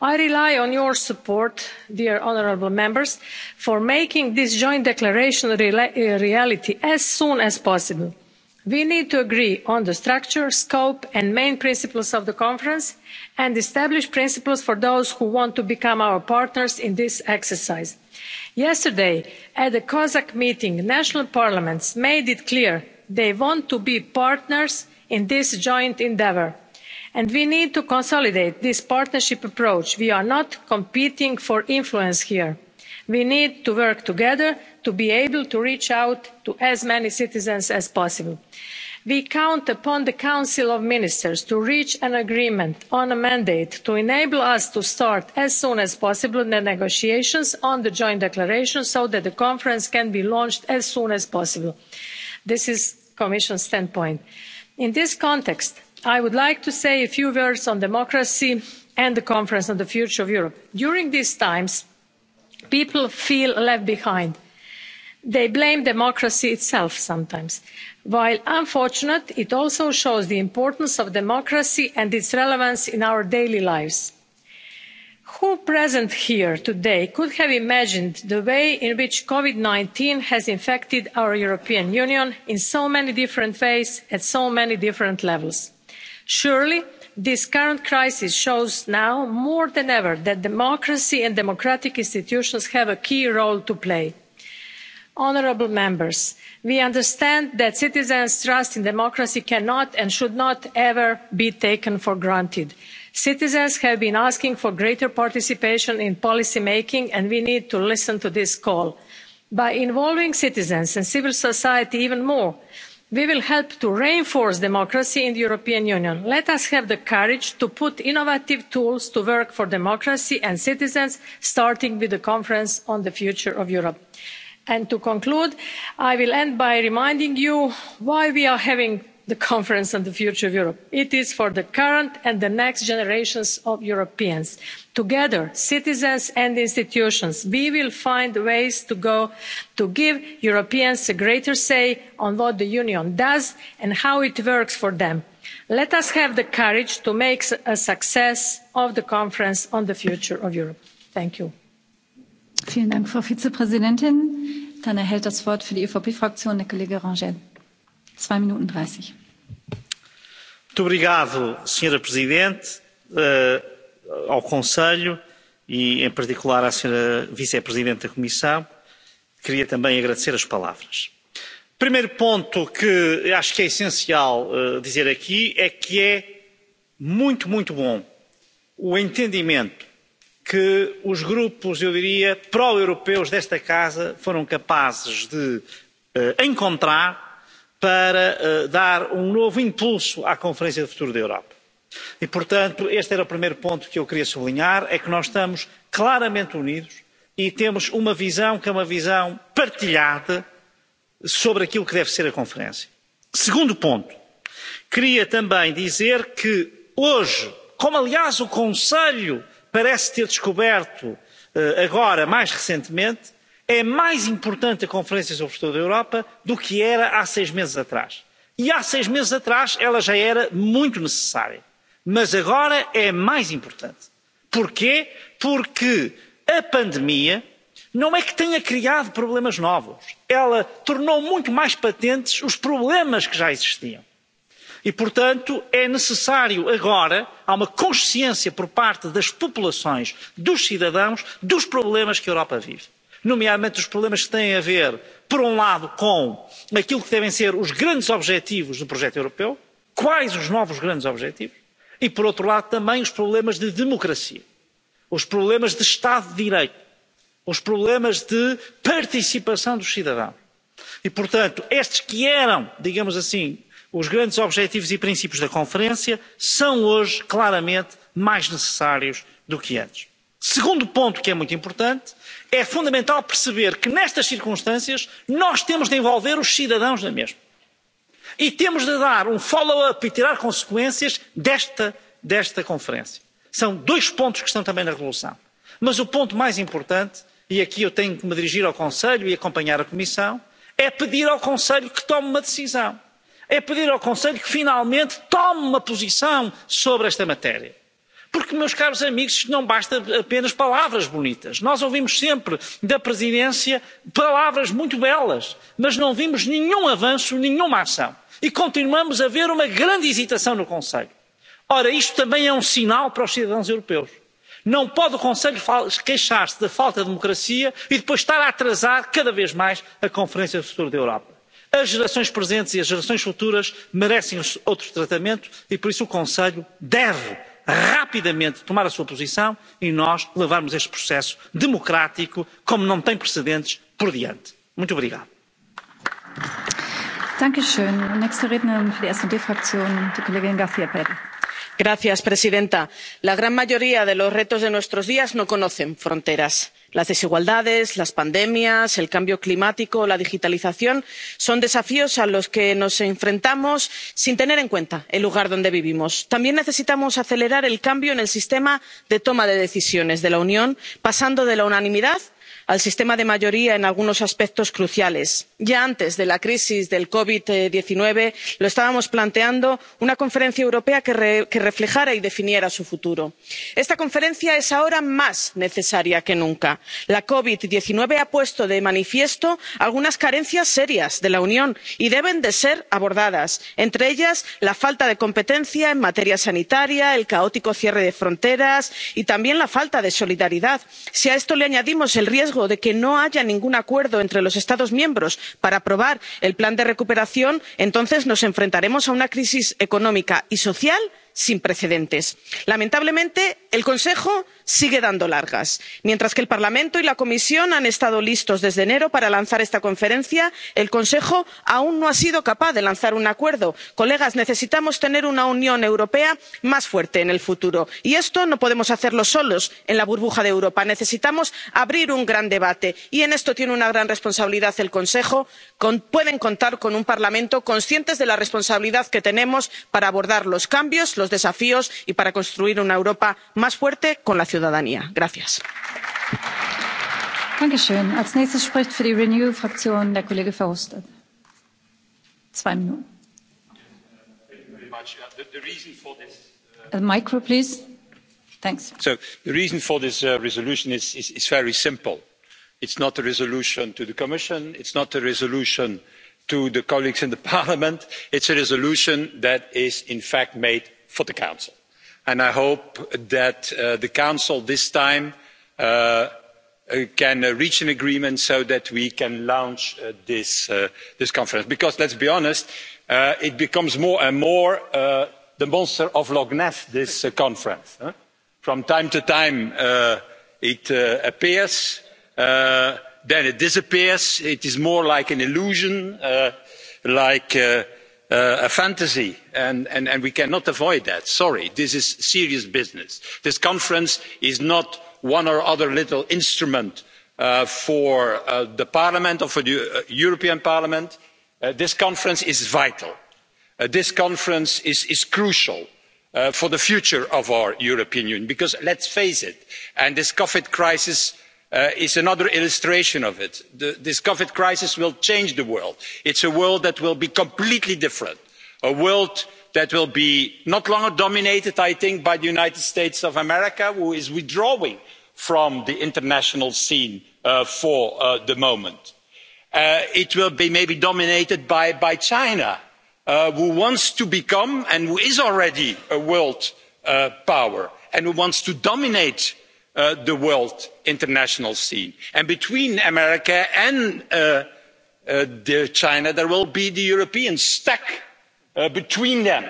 I rely on your support, dear honourable members, for making this joint declaration a uh, reality as soon as possible we need to agree on the structure scope and main principles of the conference and establish principles for those who want to become our partners in this exercise. yesterday at the cosac meeting national parliaments made it clear they want to be partners in this joint endeavour and we need to consolidate this partnership approach. we are not competing for influence here. we need to work together to be able to reach out to as many citizens as possible. we count upon the council of ministers to reach an agreement on a mandate to enable us to start as soon as possible the negotiations on the joint declaration so that the conference can be launched as soon as possible. this is the commission's standpoint. in this context i would like to say a few words on democracy and the conference on the future of europe. during these times people feel left behind they blame democracy itself sometimes. while unfortunate it also shows the importance of democracy and its relevance in our daily lives. who present here today could have imagined the way in which covid nineteen has infected our european union in so many different ways at so many different levels? surely this current crisis shows now more than ever that democracy and democratic institutions have a key role to play honourable members we understand that citizens' trust in democracy cannot and should not ever be taken for granted. citizens have been asking for greater participation in policy making and we need to listen to this call. by involving citizens and civil society even more we will help to reinforce democracy in the european union. let us have the courage to put innovative tools to work for democracy and citizens starting with the conference on the future of europe. And to conclude, I will end by reminding you why we are having the Conference on the Future of Europe. It is for the current and the next generations of Europeans. Together, citizens and institutions, we will find ways to go to give Europeans a greater say on what the Union does and how it works for them. Let us have the courage to make a success of the Conference on the Future of Europe. Thank you. Vielen Dank, Frau Vizepräsidentin. Dann erhält das Wort für die EVP-Fraktion der Kollege Rangel. Zwei Minuten dreißig. Muito obrigado, Sra. Presidente, uh, ao Conselho e, em particular, à Sra. Vice-Presidente da Comissão. Queria também agradecer as palavras. Primeiro ponto que acho que é essencial uh, dizer aqui é que é muito, muito bom o entendimento que os grupos, eu diria, pró-europeus desta casa foram capazes de eh, encontrar para eh, dar um novo impulso à Conferência do Futuro da Europa. E, portanto, este era o primeiro ponto que eu queria sublinhar, é que nós estamos claramente unidos e temos uma visão que é uma visão partilhada sobre aquilo que deve ser a Conferência. Segundo ponto, queria também dizer que hoje, como aliás o Conselho parece ter descoberto eh, agora, mais recentemente, é mais importante a Conferência sobre o Futuro da Europa do que era há seis meses atrás. E há seis meses atrás ela já era muito necessária. Mas agora é mais importante. Porquê? Porque a pandemia não é que tenha criado problemas novos. Ela tornou muito mais patentes os problemas que já existiam. E, portanto, é necessário agora, há uma consciência por parte das populações, dos cidadãos, dos problemas que a Europa vive. Nomeadamente os problemas que têm a ver, por um lado, com aquilo que devem ser os grandes objetivos do projeto europeu, quais os novos grandes objetivos, e, por outro lado, também os problemas de democracia, os problemas de Estado de Direito, os problemas de participação dos cidadãos. E, portanto, estes que eram, digamos assim, Os grandes objetivos e princípios da Conferência são hoje claramente mais necessários do que antes. Segundo ponto que é muito importante, é fundamental perceber que nestas circunstâncias nós temos de envolver os cidadãos na mesma. E temos de dar um follow-up e tirar consequências desta, desta conferência. São dois pontos que estão também na resolução. Mas o ponto mais importante, e aqui eu tenho que me dirigir ao Conselho e acompanhar a Comissão, é pedir ao Conselho que tome uma decisão é pedir ao Conselho que finalmente tome uma posição sobre esta matéria. Porque, meus caros amigos, isto não basta apenas palavras bonitas. Nós ouvimos sempre da presidência palavras muito belas, mas não vimos nenhum avanço, nenhuma ação. E continuamos a ver uma grande hesitação no Conselho. Ora, isto também é um sinal para os cidadãos europeus. Não pode o Conselho queixar-se da falta de democracia e depois estar a atrasar cada vez mais a Conferência do Futuro da Europa. As gerações presentes e as gerações futuras merecem outro tratamento e, por isso, o Conselho deve rapidamente tomar a sua posição e nós levarmos este processo democrático, como não tem precedentes, por diante. Muito obrigado. Señora presidenta, la gran mayoría de los retos de nuestros días no conocen fronteras las desigualdades las pandemias el cambio climático la digitalización son desafíos a los que nos enfrentamos sin tener en cuenta el lugar donde vivimos. también necesitamos acelerar el cambio en el sistema de toma de decisiones de la unión pasando de la unanimidad al sistema de mayoría en algunos aspectos cruciales. ya antes de la crisis de la covid diecinueve lo estábamos planteando una conferencia europea que, reflejara y definiera su futuro. esta conferencia es ahora más necesaria que nunca. la covid diecinueve ha puesto de manifiesto algunas carencias serias de la unión y deben ser abordadas entre ellas la falta de competencia en materia sanitaria el caótico cierre de fronteras y también la falta de solidaridad. si a esto le añadimos el riesgo riesgo de que no haya ningún acuerdo entre los estados miembros para aprobar el plan de recuperación entonces nos enfrentaremos a una crisis económica y social precedentes sin precedentes. lamentablemente el consejo sigue dando largas mientras que el parlamento y la comisión han estado listos desde enero para lanzar esta conferencia el consejo aún no ha sido capaz de lanzar un acuerdo. colegas necesitamos tener una unión europea más fuerte en el futuro y esto no podemos hacerlo solos en la burbuja de europa necesitamos abrir un gran debate y en esto tiene una gran responsabilidad el consejo pueden contar con un parlamento consciente de la responsabilidad que tenemos para abordar los cambios los desafíos y para construir una europa más fuerte con la ciudadanía. the reason for this uh, uh, resolution is, is, is very simple it's not a resolution to the commission it's not a resolution to the colleagues in the parliament it's a resolution that is in fact made for the council and i hope that uh, the council this time uh, uh, can reach an agreement so that we can launch this, conference because let's be honest it becomes more and more the monster of loch ness this conference. from time to time it appears then it disappears it is more like an illusion like Uh, a fantasy and, and, we cannot avoid that sorry this is serious business. this conference is not one or other little instrument uh, for uh, the parliament or for the european parliament this conference is vital this conference is, is crucial for the future of our european union because let's face it and this covid crisis Uh, is another illustration of it. this covid crisis will change the world. it's a world that will be completely different a world that will be no longer dominated i think by the united states of america who is withdrawing from the international scene uh, for uh, the moment. it will be maybe dominated by, by china who wants to become and who is already a world power and who wants to dominate Uh, the world international scene and between america and uh, uh, china there will be the europeans stuck between them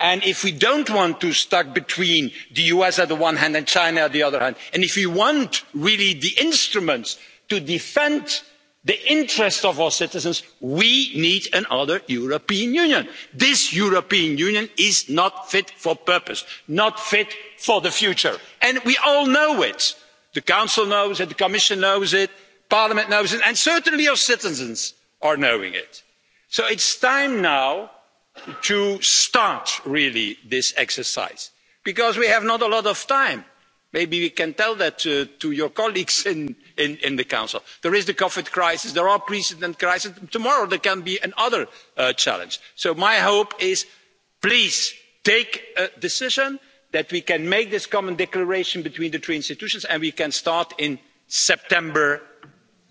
and if we don't want to be stuck between the us on the one hand and china on the other hand and if we want really the instruments to defend the interest of our citizens we need another european union. this european union is not fit for purpose not fit for the future and we all know it. the council knows it the commission knows it parliament knows it and certainly our citizens are knowing it. so it's time now to start really this exercise because we have not a lot of time. maybe we can tell that uh, to, your colleagues in in, the council. there is the covid crisis there are precedent crises tomorrow there can be another uh, challenge. so my hope is please take a decision that we can make this common declaration between the three institutions and we can start in september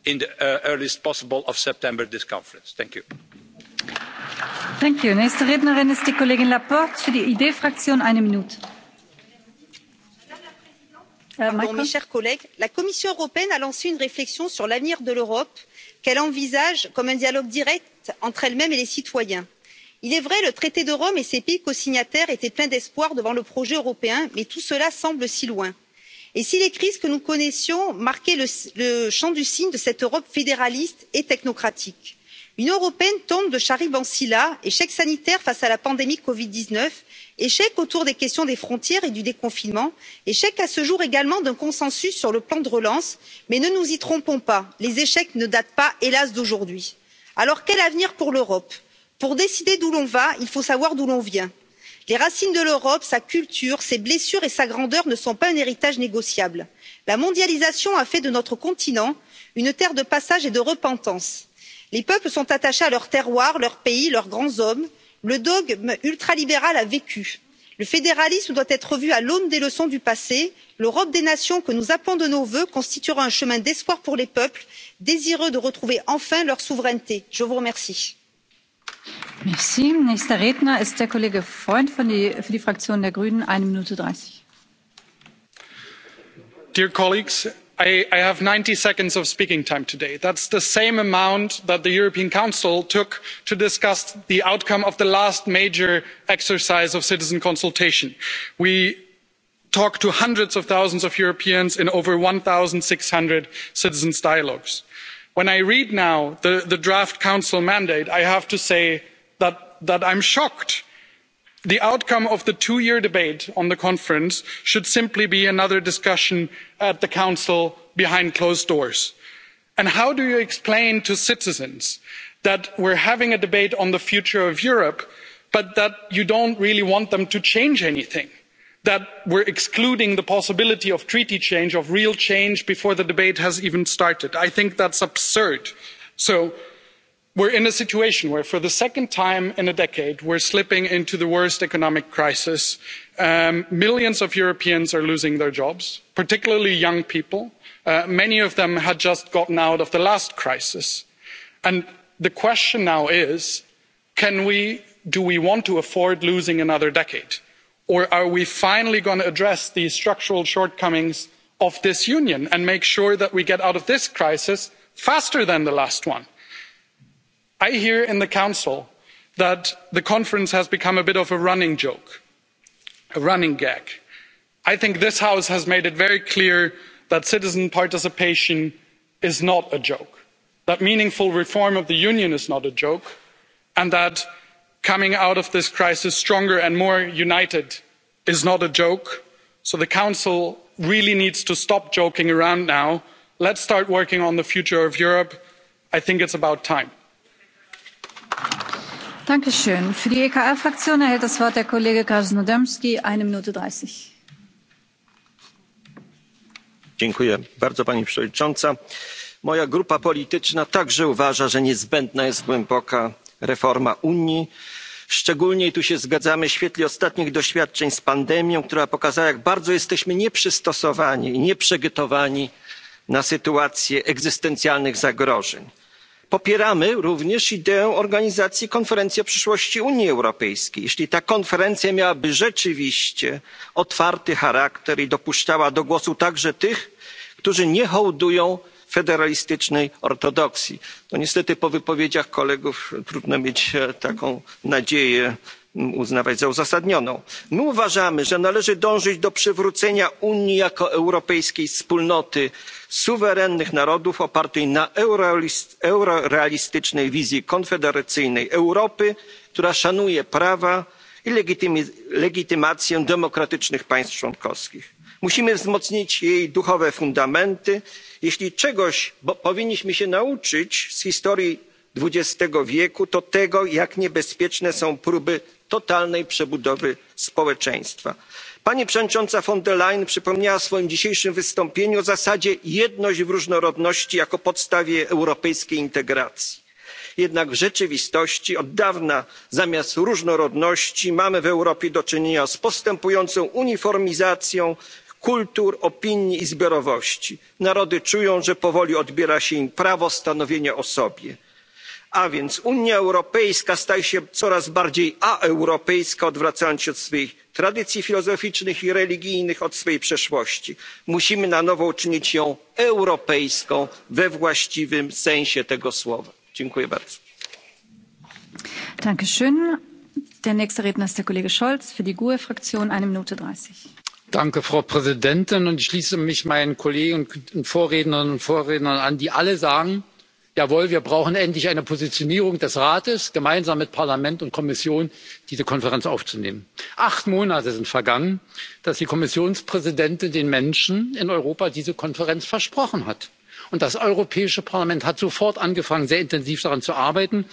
in the uh, earliest possible of september this conference. thank you. Euh, mes chers collègues la commission européenne a lancé une réflexion sur l'avenir de l'europe qu'elle envisage comme un dialogue direct entre elle même et les citoyens. il est vrai le traité de rome et ses pays cosignataires étaient pleins d'espoir devant le projet européen mais tout cela semble si loin. et si les crises que nous connaissions marquaient le, champ du signe de cette europe fédéraliste et technocratique l'union européenne tombe de charib en scylla échec sanitaire face à la pandémie de covid dix neuf échec autour des questions des frontières et du déconfinement échec à ce jour également d'un consensus sur le plan de relance mais ne nous y trompons pas les échecs ne datent pas hélas d'aujourd'hui. alors quel avenir pour l'europe? pour décider d'où l'on va il faut savoir d'où l'on vient. les racines de l'europe sa culture ses blessures et sa grandeur ne sont pas un héritage négociable. la mondialisation a fait de notre continent une terre de passage et de repentance. les peuples sont attachés à leur terroir leur pays leurs grands hommes le dogme ultralibéral a vécu le fédéralisme doit être revu à l'aune des leçons du passé l'europe des nations que nous appelons de nos vœux constituera un chemin d'espoir pour les peuples désireux de retrouver enfin leur souveraineté. je vous remercie i have ninety seconds of speaking time today that's the same amount that the european council took to discuss the outcome of the last major exercise of citizen consultation. we talked to hundreds of thousands of europeans in over one six hundred citizens' dialogues. when i read now the, the draft council mandate i have to say that, that i'm shocked the outcome of the two year debate on the conference should simply be another discussion at the council behind closed doors. and how do you explain to citizens that we're having a debate on the future of europe but that you don't really want them to change anything that we're excluding the possibility of treaty change of real change before the debate has even started? i think that's absurd we're in a situation where for the second time in a decade we're slipping into the worst economic crisis. Um, millions of europeans are losing their jobs particularly young people. Uh, many of them had just gotten out of the last crisis and the question now is can we do we want to afford losing another decade or are we finally going to address the structural shortcomings of this union and make sure that we get out of this crisis faster than the last one? i hear in the council that the conference has become a bit of a running joke a running gag. i think this house has made it very clear that citizen participation is not a joke that meaningful reform of the union is not a joke and that coming out of this crisis stronger and more united is not a joke so the council really needs to stop joking around now let's start working on the future of europe i think it's about time. Für die EKR-Fraktion erhält das Wort der Kollege eine Minute Dziękuję bardzo Pani Przewodnicząca. Moja grupa polityczna także uważa, że niezbędna jest głęboka reforma Unii. Szczególnie i tu się zgadzamy w świetle ostatnich doświadczeń z pandemią, która pokazała, jak bardzo jesteśmy nieprzystosowani i nieprzygotowani na sytuację egzystencjalnych zagrożeń popieramy również ideę organizacji konferencji o przyszłości unii europejskiej. jeśli ta konferencja miałaby rzeczywiście otwarty charakter i dopuszczała do głosu także tych którzy nie hołdują federalistycznej ortodoksji. To niestety po wypowiedziach kolegów trudno mieć e, taką nadzieję uznawać za uzasadnioną. my uważamy że należy dążyć do przywrócenia unii jako europejskiej wspólnoty suwerennych narodów opartej na eurorealistycznej wizji konfederacyjnej europy która szanuje prawa i legitymację demokratycznych państw członkowskich. musimy wzmocnić jej duchowe fundamenty. jeśli czegoś powinniśmy się nauczyć z historii xx wieku to tego jak niebezpieczne są próby totalnej przebudowy społeczeństwa. pani przewodnicząca von der leyen przypomniała w swoim dzisiejszym wystąpieniu o zasadzie jedność w różnorodności jako podstawie europejskiej integracji. jednak w rzeczywistości od dawna zamiast różnorodności mamy w europie do czynienia z postępującą uniformizacją kultur opinii i zbiorowości. narody czują że powoli odbiera się im prawo stanowienia o sobie. A więc Unia Europejska staje się coraz bardziej aeuropejska, odwracając się od swoich tradycji filozoficznych i religijnych, od swojej przeszłości. Musimy na nowo uczynić ją europejską we właściwym sensie tego słowa. Dziękuję bardzo. E Frau Präsidentin. ich schließe mich meinen Kollegen und Vorrednerinnen und Vorrednern an, die alle sagen, jawohl wir brauchen endlich eine positionierung des rates gemeinsam mit parlament und kommission diese konferenz aufzunehmen. acht monate sind vergangen dass die kommissionspräsidentin den menschen in europa diese konferenz versprochen hat und das europäische parlament hat sofort angefangen sehr intensiv daran zu arbeiten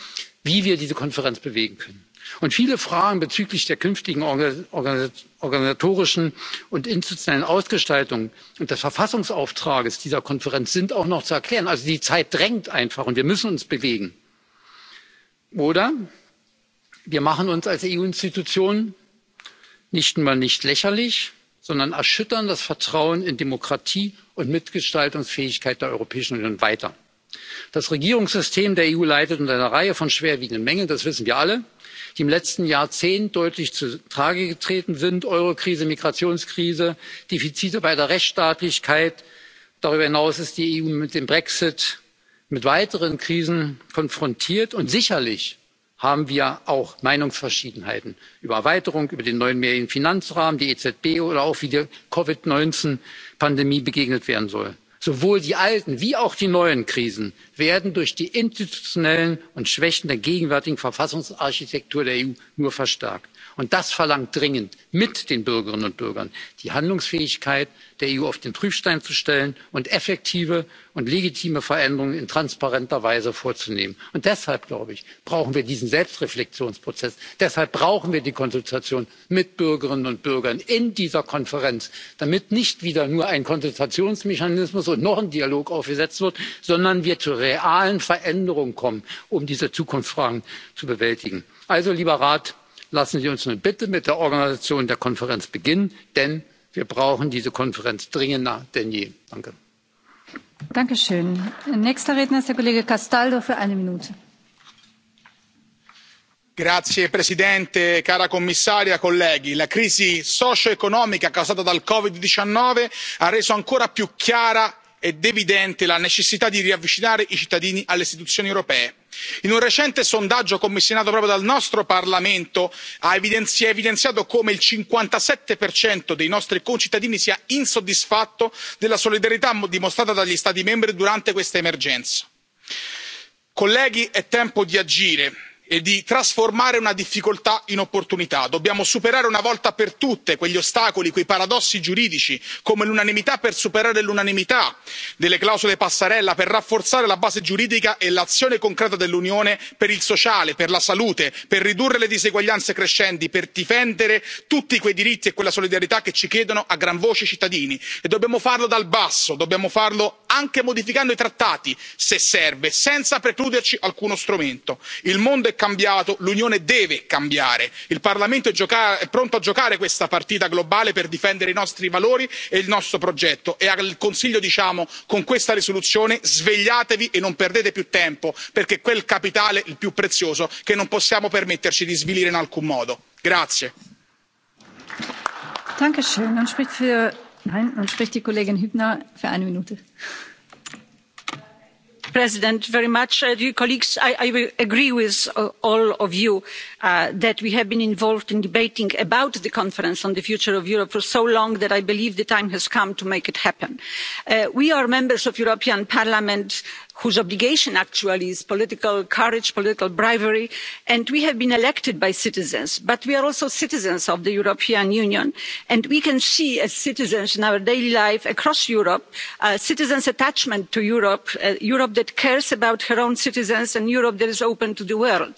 wie wir diese konferenz bewegen können und viele fragen bezüglich der künftigen organisatorischen und institutionellen ausgestaltung und des verfassungsauftrags dieser konferenz sind auch noch zu erklären. also die zeit drängt einfach und wir müssen uns bewegen. oder wir machen uns als eu institutionen nicht nur nicht lächerlich sondern erschüttern das vertrauen in demokratie und mitgestaltungsfähigkeit der europäischen union weiter. das regierungssystem der eu leidet unter einer reihe von schwerwiegenden mängeln das wissen wir alle die im letzten jahrzehnt deutlich zutage getreten sind eurokrise migrationskrise defizite bei der rechtsstaatlichkeit. darüber hinaus ist die eu mit dem brexit mit weiteren krisen konfrontiert und sicherlich haben wir auch meinungsverschiedenheiten über erweiterung über den neuen mehrjährigen finanzrahmen die ezb oder auch wie der covid neunzehn pandemie begegnet werden soll sowohl die alten wie auch die neuen krisen werden durch die institutionellen schwächen der gegenwärtigen verfassungsarchitektur der eu nur verstärkt und das verlangt dringend mit den bürgerinnen und bürgern die handlungsfähigkeit der eu auf den prüfstein zu stellen und effektive und legitime veränderungen in transparenter weise vorzunehmen. und deshalb glaube ich brauchen wir diesen selbstreflexionsprozess deshalb brauchen wir die konsultation mit bürgerinnen und bürgern in dieser konferenz damit nicht wieder nur ein konsultationsmechanismus und noch ein dialog aufgesetzt wird sondern wir zu realen veränderungen kommen um diese zukunftsfragen zu bewältigen. also lieber rat lassen sie uns nun bitte mit der organisation der konferenz beginnen denn wir brauchen diese konferenz dringender denn je. Danke. Danke Nächster Redner ist der Kollege Castaldo für eine Minute. Grazie Presidente, cara Commissaria, colleghi. La crisi socio-economica causata dal Covid-19 ha reso ancora più chiara ed evidente la necessità di riavvicinare i cittadini alle istituzioni europee in un recente sondaggio commissionato proprio dal nostro parlamento si è evidenziato come il cinquantasette dei nostri concittadini sia insoddisfatto della solidarietà dimostrata dagli stati membri durante questa emergenza. colleghi è tempo di agire e di trasformare una difficoltà in opportunità. dobbiamo superare una volta per tutte quegli ostacoli quei paradossi giuridici come l'unanimità per superare l'unanimità delle clausole passerella per rafforzare la base giuridica e l'azione concreta dell'unione per il sociale per la salute per ridurre le diseguaglianze crescenti per difendere tutti quei diritti e quella solidarietà che ci chiedono a gran voce i cittadini e dobbiamo farlo dal basso dobbiamo farlo anche modificando i trattati se serve senza precluderci alcuno strumento. il mondo è cambiato l'unione deve cambiare il parlamento è pronto a giocare questa partita globale per difendere i nostri valori e il nostro progetto e al consiglio diciamo con questa risoluzione svegliatevi e non perdete più tempo perché è quel capitale il più prezioso che non possiamo permetterci di svilire in alcun modo. Dankeschön. spricht für, nein, spricht die Kollegin Hübner für eine Minute president very much. Uh, dear colleagues, I, agree with uh, all of you uh, that we have been involved in debating about the conference on the future of Europe for so long that I believe the time has come to make it happen. we are members of the European Parliament whose obligation actually is political courage political bravery and we have been elected by citizens but we are also citizens of the european union and we can see as citizens in our daily life across europe a uh, citizens' attachment to europe a uh, europe that cares about her own citizens and a europe that is open to the world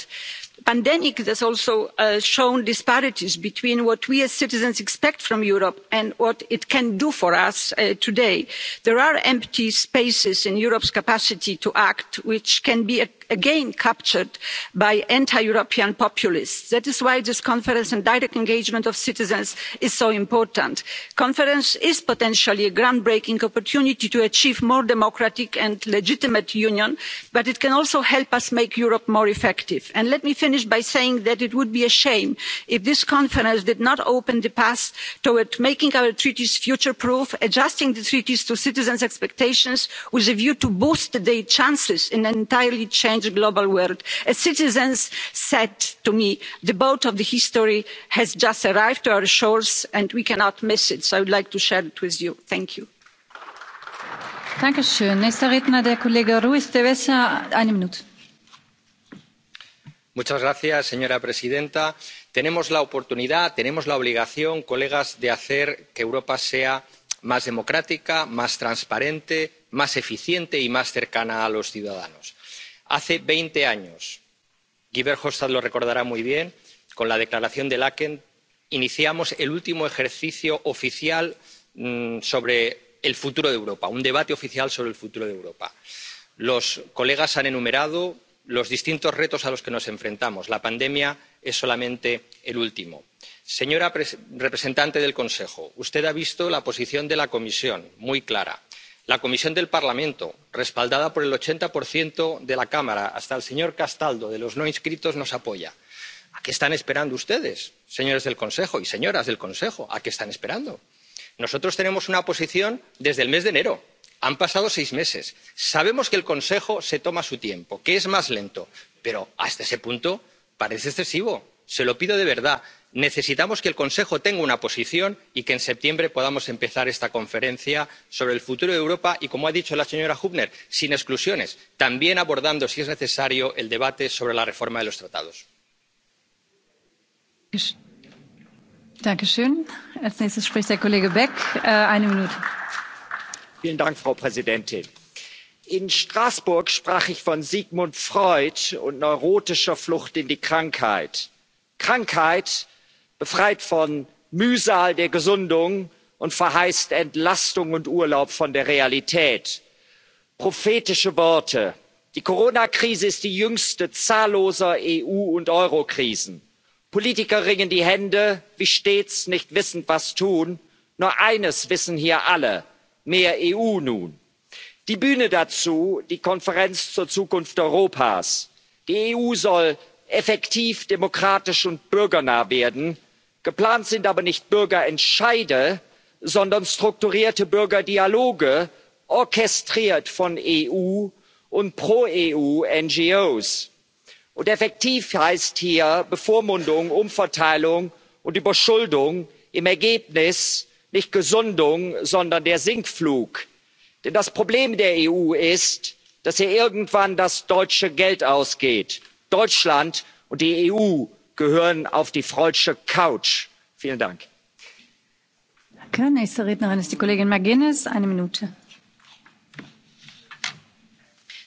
pandemic has also uh, shown disparities between what we as citizens expect from europe and what it can do for us uh, today. there are empty spaces in europe's capacity to act which can be again captured by anti european populists. that is why this conference and direct engagement of citizens is so important. the conference is potentially a ground breaking opportunity to achieve a more democratic and legitimate union but it can also help us make europe more effective. And let me finish by saying that it would be a shame if this conference did not open the path toward making our treaties future proof adjusting the treaties to citizens' expectations with a view to boosting their chances in an entirely changed change the global world as citizens said to me the boat of the history has just arrived to our shores and we cannot miss it so i would like to share it with you. thank you. señora presidenta tenemos la oportunidad tenemos la obligación colegas de hacer que europa sea más democrática más transparente más eficiente y más cercana a los ciudadanos hace veinte años guy verhofstadt lo recordará muy bien con la declaración de laeken iniciamos el último ejercicio oficial mm, sobre el futuro de europa un debate oficial sobre el futuro de europa. los colegas han enumerado los distintos retos a los que nos enfrentamos la pandemia es solamente el último. señora representante del consejo usted ha visto la posición de la comisión muy clara la comisión del parlamento respaldada por el ochenta de la cámara hasta el señor castaldo de los no inscritos nos apoya. a qué están esperando ustedes señores del consejo y señoras del consejo? a qué están esperando? nosotros tenemos una posición desde el mes de enero han pasado seis meses sabemos que el consejo se toma su tiempo que es más lento pero hasta ese punto parece excesivo se lo pido de verdad necesitamos que el consejo tenga una posición y que en septiembre podamos empezar esta conferencia sobre el futuro de europa y como ha dicho la señora hübner sin exclusiones también abordando si es necesario el debate sobre la reforma de los tratados. Äh, frau präsidentin! in straßburg sprach ich von sigmund freud und neurotischer flucht in die krankheit. krankheit befreit von mühsal der gesundung und verheißt entlastung und urlaub von der realität. prophetische worte die corona krise ist die jüngste zahlloser eu und eurokrisen. politiker ringen die hände wie stets nicht wissend was tun. nur eines wissen hier alle mehr eu nun. die bühne dazu die konferenz zur zukunft europas. die eu soll effektiv demokratisch und bürgernah werden geplant sind aber nicht bürgerentscheide sondern strukturierte bürgerdialoge orchestriert von eu und pro eu ngos. und effektiv heißt hier bevormundung umverteilung und überschuldung im ergebnis nicht gesundung sondern der sinkflug. denn das problem der eu ist dass ihr irgendwann das deutsche geld ausgeht deutschland und die eu gehören auf die freudsche couch. vielen dank. Danke. Nächste Rednerin ist die Kollegin McGuinness. Eine Minute.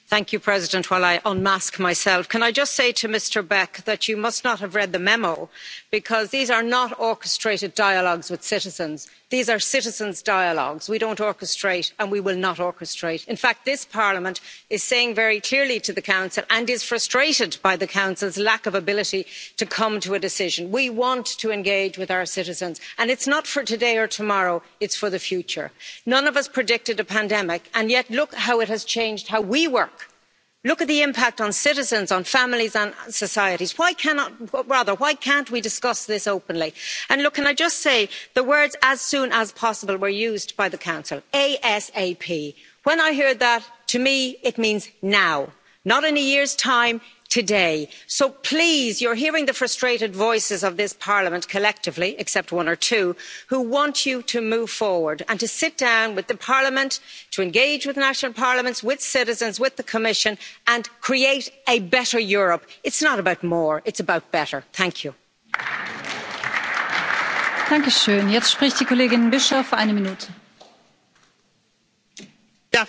Thank you, President. While I unmask myself, can I just say to Mr. Beck that you must not have read the memo because these are not orchestrated dialogues with citizens these are citizens' dialogues we don't orchestrate and we will not orchestrate. in fact this parliament is saying very clearly to the council and is frustrated by the council's lack of ability to come to a decision we want to engage with our citizens and it's not for today or tomorrow it's for the future. none of us predicted a pandemic and yet look how it has changed how we work look at the impact on citizens on families and societies. why why can't we discuss this openly? and look can i just say the words as soon as possible' were used by the council asap. when i hear that to me it means now not in a year's time today. so please you're hearing the frustrated voices of this parliament collectively except one or two who want you to move forward and to sit down with the parliament to engage with national parliaments with citizens with the commission and create a better europe. it's not about more it's about better. thank you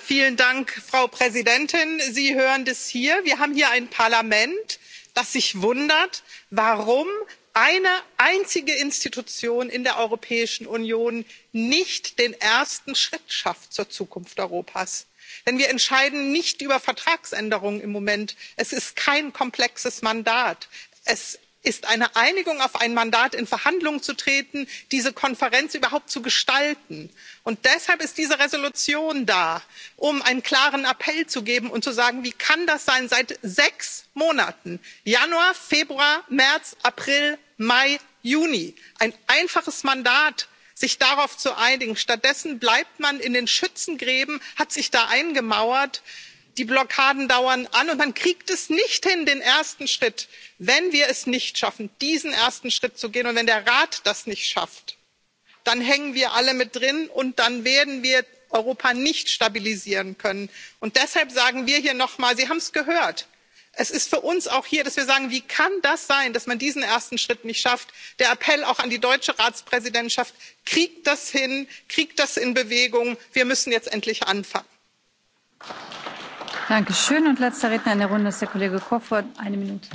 vielen Dank, Frau Präsidentin. Sie hören das hier. Wir haben hier ein Parlament, das sich wundert, warum eine einzige institution in der europäischen union nicht den ersten schritt schafft zur zukunft europas. denn wir entscheiden nicht über vertragsänderungen im moment es ist kein komplexes mandat es ist eine einigung auf ein mandat in verhandlungen zu treten diese konferenz überhaupt zu gestalten. und deshalb ist diese entschließung da um einen klaren appell zu geben und zu sagen wie kann das sein seit sechs monaten januar februar märz april mai juni ein einfaches mandat sich darauf zu einigen. stattdessen bleibt man in den schützengräben hat sich da eingemauert die blockaden dauern an und man kriegt es nicht hin den ersten schritt wenn wir es nicht schaffen diesen ersten schritt zu gehen und wenn der rat das nicht schafft dann hängen wir alle mit drin und dann werden wir europa nicht stabilisieren können. und deshalb sagen wir hier noch mal sie haben es gehört es ist für uns auch hier dass wir sagen wie kann das sein dass man diesen ersten schritt nicht schafft? der appell auch an die deutsche ratspräsidentschaft kriegt das hin kriegt das in bewegung wir müssen jetzt endlich anfangen! Dankeschön. Und letzter Redner in der Runde ist der Kollege Eine Minute.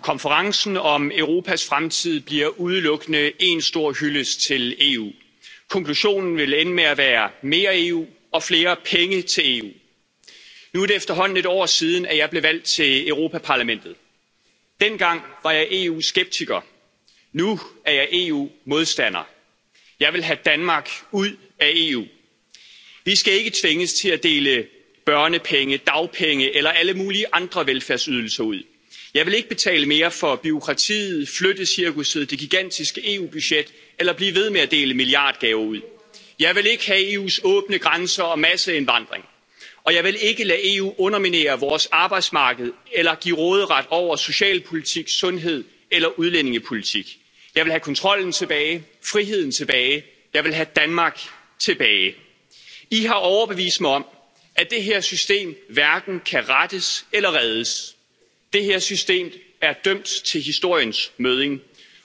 Konferencen om Europas fremtid bliver udelukkende en stor hyldest til EU. Konklusionen vil ende med at være mere EU og flere penge til EU. Nu er det efterhånden et år siden, at jeg blev valgt til Europaparlamentet. Dengang var jeg EU-skeptiker. Nu er jeg EU-modstander. Jeg vil have Danmark ud af EU vi skal ikke tvinges til at dele børnepenge dagpenge eller alle mulige andre velfærdsydelser ud jeg vil ikke betale mere for bureaukratiet flyttecirkusset det gigantiske eu budget eller blive ved med at dele milliardgaver ud jeg vil ikke have eus åbne grænser og masseindvandring og jeg vil ikke lade eu underminere vores arbejdsmarked eller give råderet over socialpolitik sundhed eller udlændingepolitik jeg vil have kontrollen tilbage friheden tilbage jeg vil have danmark tilbage i har overbevist mig om at det her system hverken kan rettes eller reddes det her system er dømt til historiens møding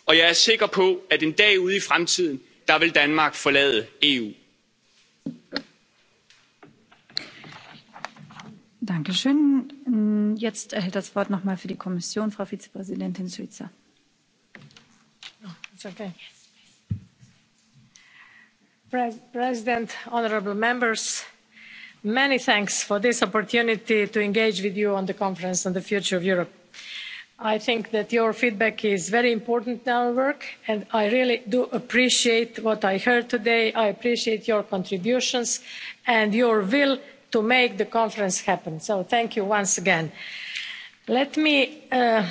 og jeg er sikker på at en dag ude i fremtiden vil danmark forlade eu. Jetzt erhält das Wort nochmal für die Kommission Frau Vizepräsidentin okay. Pre President, honourable members, many thanks for this opportunity to engage with you on the conference on the future of Europe. I think that your feedback is very important in our work, and I really do appreciate what I heard today. I appreciate your contributions and your will to make the conference happen. So thank you once again. Let me uh,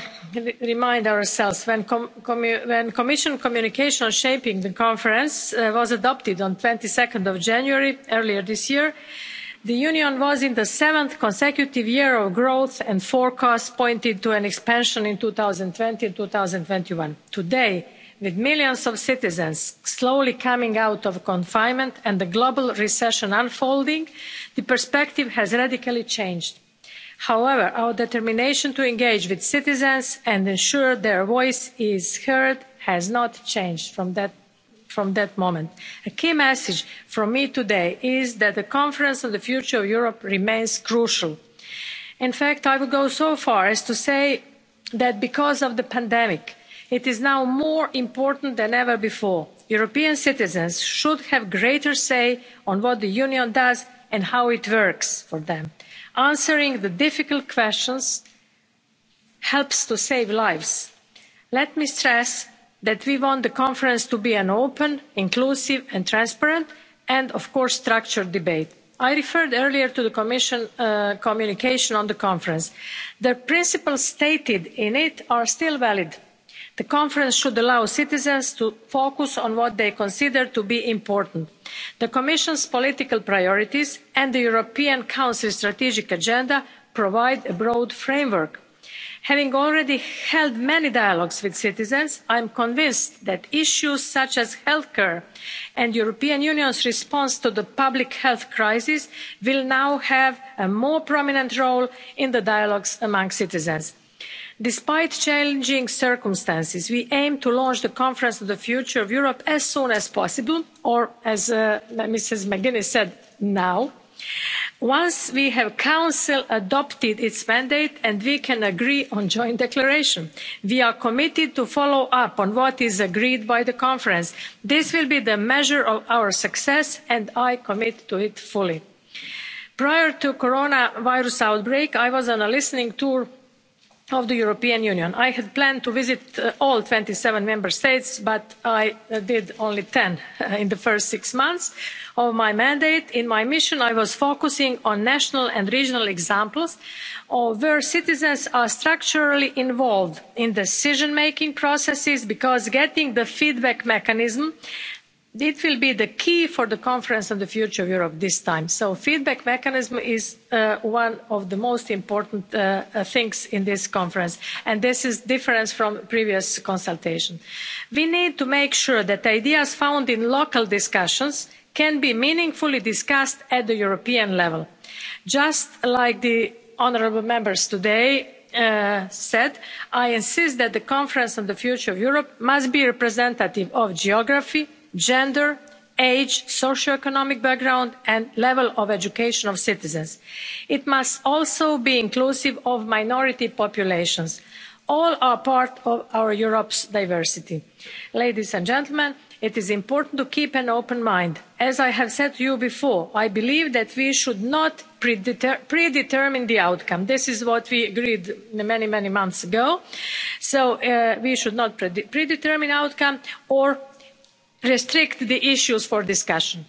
remind ourselves when, com commu when Commission communication on shaping the conference uh, was adopted on 22nd of January earlier this year, the Union was in the seventh consecutive year of growth and forecasts pointed to an expansion in 2020 and 2021. Today, with millions of citizens slowly coming out of confinement and the global recession unfolding, the perspective has radically changed however our determination to engage with citizens and ensure their voice is heard has not changed from that moment. A key message from me today is that the Conference on the Future of Europe remains crucial. In fact, I would go so far as to say that because of the pandemic, it is now more important than ever before. European citizens should have greater say on what the Union does and how it works for them answering the difficult questions helps to save lives. let me stress that we want the conference to be an open inclusive and transparent and of course structured debate. i referred earlier to the commission uh, communication on the conference. the principles stated in it are still valid the conference should allow citizens to focus on what they consider to be important the commission's political priorities and the european council strategic agenda provide a broad framework. having already held many dialogues with citizens i am convinced that issues such as healthcare and the european union's response to the public health crisis will now have a more prominent role in the dialogues among citizens despite challenging circumstances we aim to launch the conference on the future of europe as soon as possible or as uh, mrs mcguinness said now once we have council adopted its mandate and we can agree on joint declaration we are committed to follow up on what is agreed by the conference this will be the measure of our success and i commit to it fully prior to the coronavirus outbreak i was on a listening tour of the European Union. I had planned to visit uh, all twenty seven member states, but I uh, did only ten uh, in the first six months of my mandate. In my mission, I was focusing on national and regional examples of where citizens are structurally involved in decision-making processes because getting the feedback mechanism It will be the key for the conference on the future of Europe this time. So feedback mechanism is uh, one of the most important uh, uh, things in this conference. And this is different from previous consultations. We need to make sure that ideas found in local discussions can be meaningfully discussed at the European level. Just like the honourable members today, said i insist that the conference on the future of europe must be representative of geography gender age socio economic background and level of education of citizens. it must also be inclusive of minority populations. all are part of our europe's diversity. ladies and gentlemen it is important to keep an open mind. as i have said to you before i believe that we should not predetermine the outcome. this is what we agreed many many months ago. so uh, we should not predetermine the outcome or restrict the issues for discussion.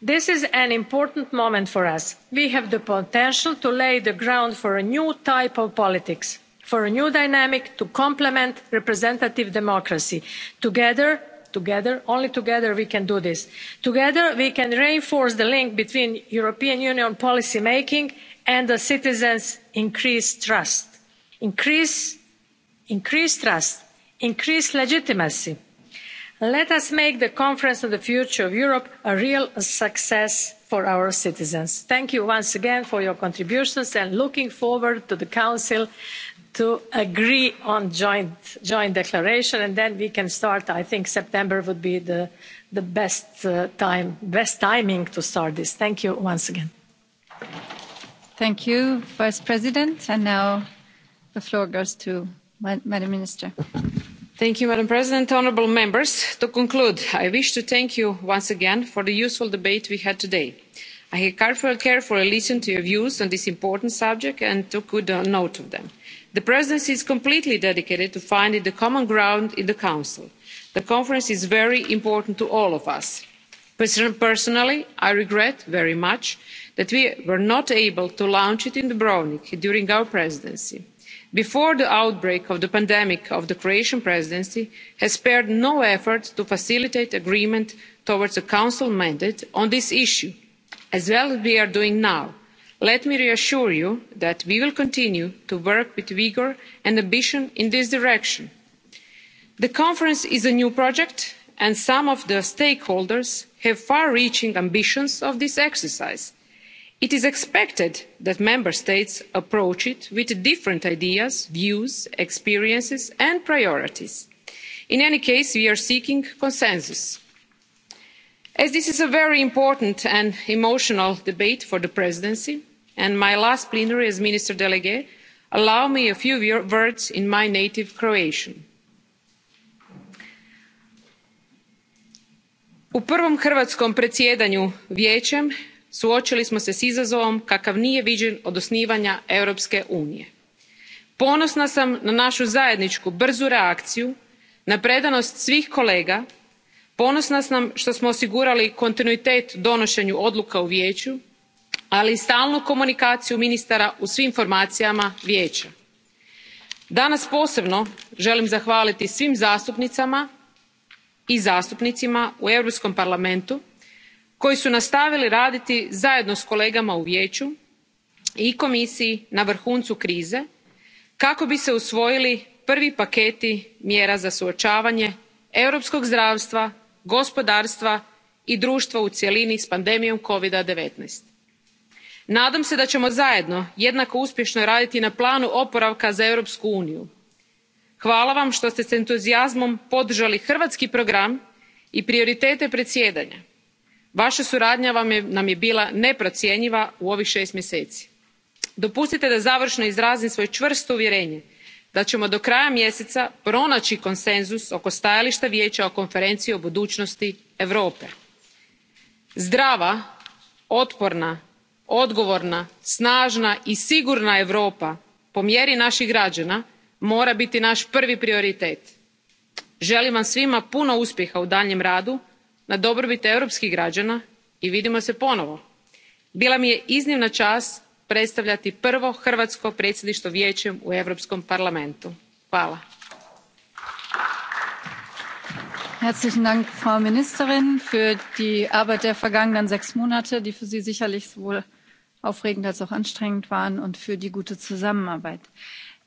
This is an important moment for us. We have the potential to lay the ground for a new type of politics, for a new dynamic to complement representative democracy. Together, together, only together we can do this. Together we can reinforce the link between European Union policy making and the citizens' increased trust. Increase, increased trust, increased legitimacy let us make the conference on the future of europe a real success for our citizens. thank you once again for your contributions and looking forward to the council to agree on joint joint declaration and then we can start i think september would be the the best uh, time best timing to start this thank you once again thank you vice president and now the floor goes to madam minister madam president honourable members to conclude i wish to thank you once again for the useful debate we had today. i have carefully listened to your views on this important subject and took good note of them. the presidency is completely dedicated to finding the common ground in the council. the conference is very important to all of us. personally i regret very much that we were not able to launch it in dubrovnik during our presidency before the outbreak of the pandemic the croatian presidency has spared no effort to facilitate agreement towards a council mandate on this issue as well as we are doing now. let me reassure you that we will continue to work with vigour and ambition in this direction. the conference is a new project and some of the stakeholders have far reaching ambitions of this exercise it is expected that member states approach it with different ideas views experiences and priorities. in any case we are seeking consensus. as this is a very important and emotional debate for the presidency and my last plenary as minister delegate allow me a few words in my native croatian. u prvom hrvatskom predsjedanju vijećem suočili smo se s izazovom kakav nije viđen od osnivanja europske unije. ponosna sam na našu zajedničku brzu reakciju na predanost svih kolega ponosna sam što smo osigurali kontinuitet donošenju odluka u vijeću ali i stalnu komunikaciju ministara u svim formacijama vijeća. danas posebno želim zahvaliti svim zastupnicama i zastupnicima u europskom parlamentu koji su nastavili raditi zajedno s kolegama u vijeću i komisiji na vrhuncu krize kako bi se usvojili prvi paketi mjera za suočavanje europskog zdravstva gospodarstva i društva u cjelini s pandemijom covid a. nineteen nadam se da ćemo zajedno jednako uspješno raditi na planu oporavka za europsku uniju. hvala vam što ste s entuzijazmom podržali hrvatski program i prioritete predsjedanja vaša suradnja vam je, nam je bila neprocjenjiva u ovih šest mjeseci. dopustite da završno izrazim svoje čvrsto uvjerenje da ćemo do kraja mjeseca pronaći konsenzus oko stajališta vijeća o konferenciji o budućnosti europe. zdrava otporna odgovorna snažna i sigurna europa po mjeri naših građana mora biti naš prvi prioritet. želim vam svima puno uspjeha u daljnjem radu na dobrobit europskih građana i vidimo se ponovo. bila mi je iznimna čast predstavljati prvo hrvatsko predsjedništvo vijećem u europskom parlamentu. hvala. Herzlichen Dank, Frau Ministerin, für die Arbeit der vergangenen sechs Monate, die für Sie sicherlich sowohl aufregend als auch anstrengend waren und für die gute Zusammenarbeit.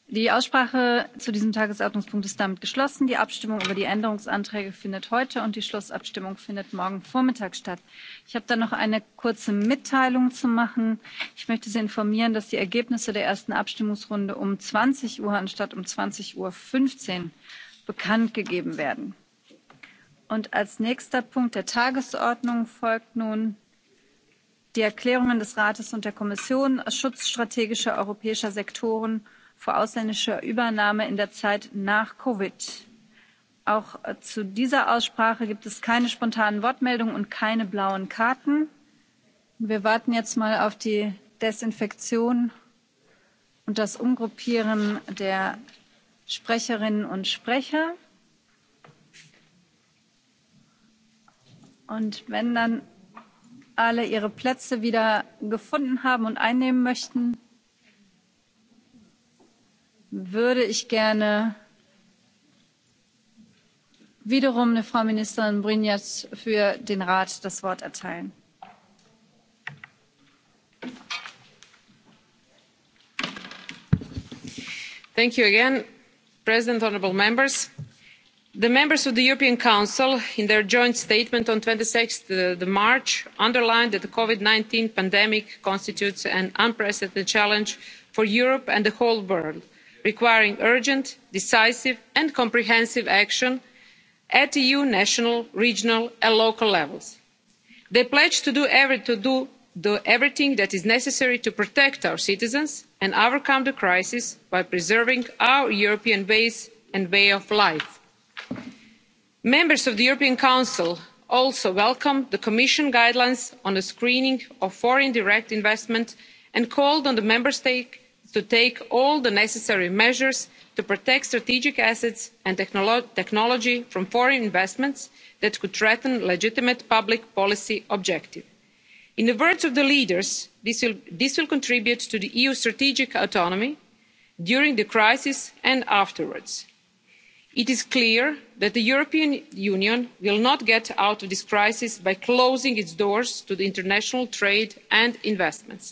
Die Aussprache zu diesem Tagesordnungspunkt ist damit geschlossen. Die Abstimmung über die Änderungsanträge findet heute und die Schlussabstimmung findet morgen Vormittag statt. Ich habe da noch eine kurze Mitteilung zu machen. Ich möchte Sie informieren, dass die Ergebnisse der ersten Abstimmungsrunde um 20 Uhr anstatt um 20.15 Uhr bekannt gegeben werden. Und als nächster Punkt der Tagesordnung folgt nun die Erklärungen des Rates und der Kommission Schutz strategischer europäischer Sektoren vor ausländischer Übernahme in der Zeit nach Covid. Auch äh, zu dieser Aussprache gibt es keine spontanen Wortmeldungen und keine blauen Karten. Wir warten jetzt mal auf die Desinfektion und das Umgruppieren der Sprecherinnen und Sprecher. Und wenn dann alle ihre Plätze wieder gefunden haben und einnehmen möchten, würde ich gerne wiederum der Frau Ministerin Brignac für den Rat das Wort erteilen. Thank you again, President, honourable members. The members of the European Council, in their joint statement on twenty uh, th March, underlined that the covid nineteen pandemic constitutes an unprecedented challenge for Europe and the whole world – requiring urgent decisive and comprehensive action at eu national regional and local levels. they pledged to do everything that is necessary to protect our citizens and overcome the crisis by preserving our european base and way of life. members of the european council also welcomed the commission guidelines on the screening of foreign direct investment and called on the member states to take all the necessary measures to protect strategic assets and technology from foreign investments that could threaten legitimate public policy objectives. in the words of the leaders this will contribute to the eu's strategic autonomy during the crisis and afterwards. it is clear that the european union will not get out of this crisis by closing its doors to international trade and investments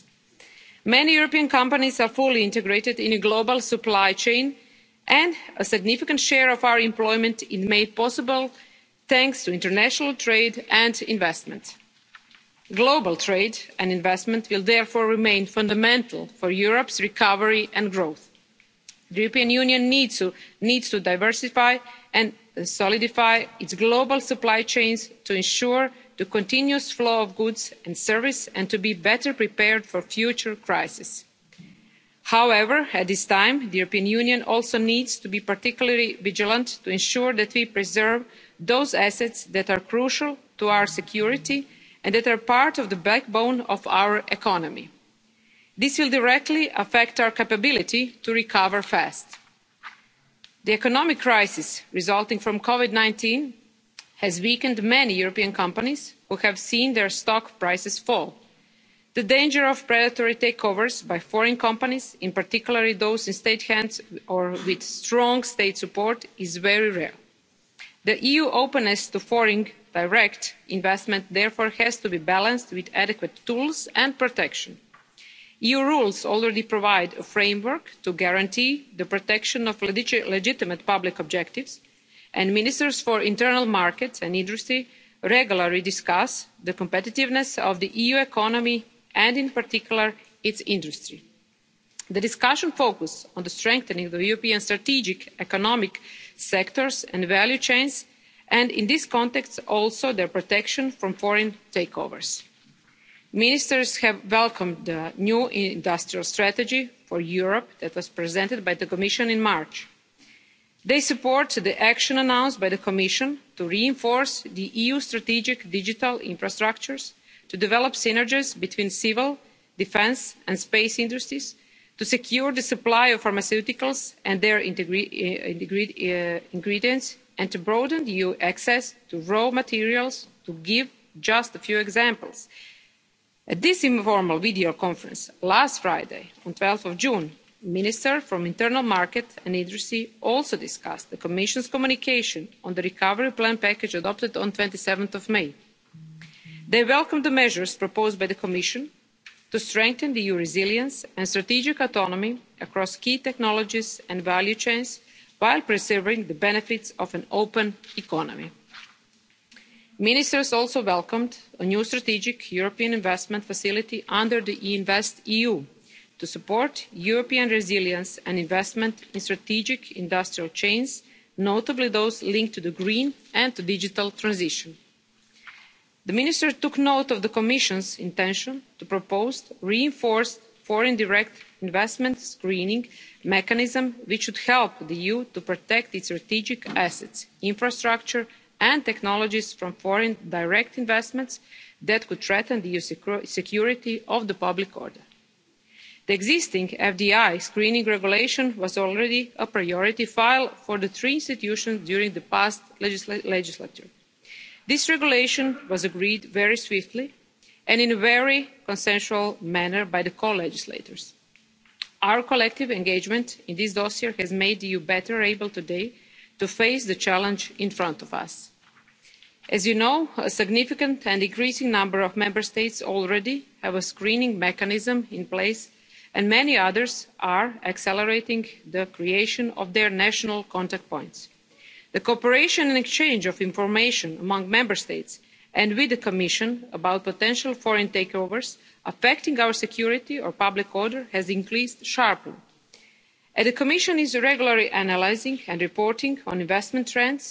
many european companies are fully integrated in a global supply chain and a significant share of our employment is made possible thanks to international trade and investment. global trade and investment will therefore remain fundamental for europe's recovery and growth. the european union needs to, diversify and solidify its global supply chains to ensure the continuous flow of goods and services and to be better prepared for future crises. however at this time the european union also needs to be particularly vigilant to ensure that we preserve those assets that are crucial to our security and that are part of the backbone of our economy. this will directly affect our capability to recover fast. the economic crisis resulting from covid nineteen has weakened many European companies who have seen their stock prices fall. The danger of predatory takeovers by foreign companies, in particular those in state hands or with strong state support, is very rare. The EU openness to foreign direct investment therefore has to be balanced with adequate tools and protection. EU rules already provide a framework to guarantee the protection of legitimate public objectives – and ministers for the internal market and industry regularly discuss the competitiveness of the eu economy and in particular its industry. the discussion focused on strengthening the european strategic economic sectors and value chains and in this context also their protection from foreign takeovers. ministers have welcomed the new industrial strategy for europe that was presented by the commission in march they support the action announced by the commission to reinforce the eu strategic digital infrastructures to develop synergies between civil defence and space industries to secure the supply of pharmaceuticals and their eh, eh, ingredients and to broaden eu e access to raw materials to give just a few examples. at this informal video conference last friday on twelve june minister for the internal market and industry also discussed the commission's communication on the recovery plan package adopted on twenty seven may. they welcomed the measures proposed by the commission to strengthen eu e resilience and strategic autonomy across key technologies and value chains while preserving the benefits of an open economy. ministers also welcomed a new strategic european investment facility under the e investeu to support European resilience and investment in strategic industrial chains, notably those linked to the green and to digital transition. The Minister took note of the Commission's intention to propose reinforced foreign direct investment screening mechanism which should help the EU to protect its strategic assets, infrastructure and technologies from foreign direct investments that could threaten the EU security of the public order the existing fdi screening regulation was already a priority file for the three institutions during the past legislature. this regulation was agreed very swiftly and in a very consensual manner by the co legislators. our collective engagement in this dossier has made the eu better able today to face the challenge in front of us. as you know a significant and increasing number of member states already have a screening mechanism in place and many others are accelerating the creation of their national contact points. the cooperation and exchange of information among member states and with the commission about potential foreign takeovers affecting our security or public order has increased sharply. the commission is regularly analysing and reporting on investment trends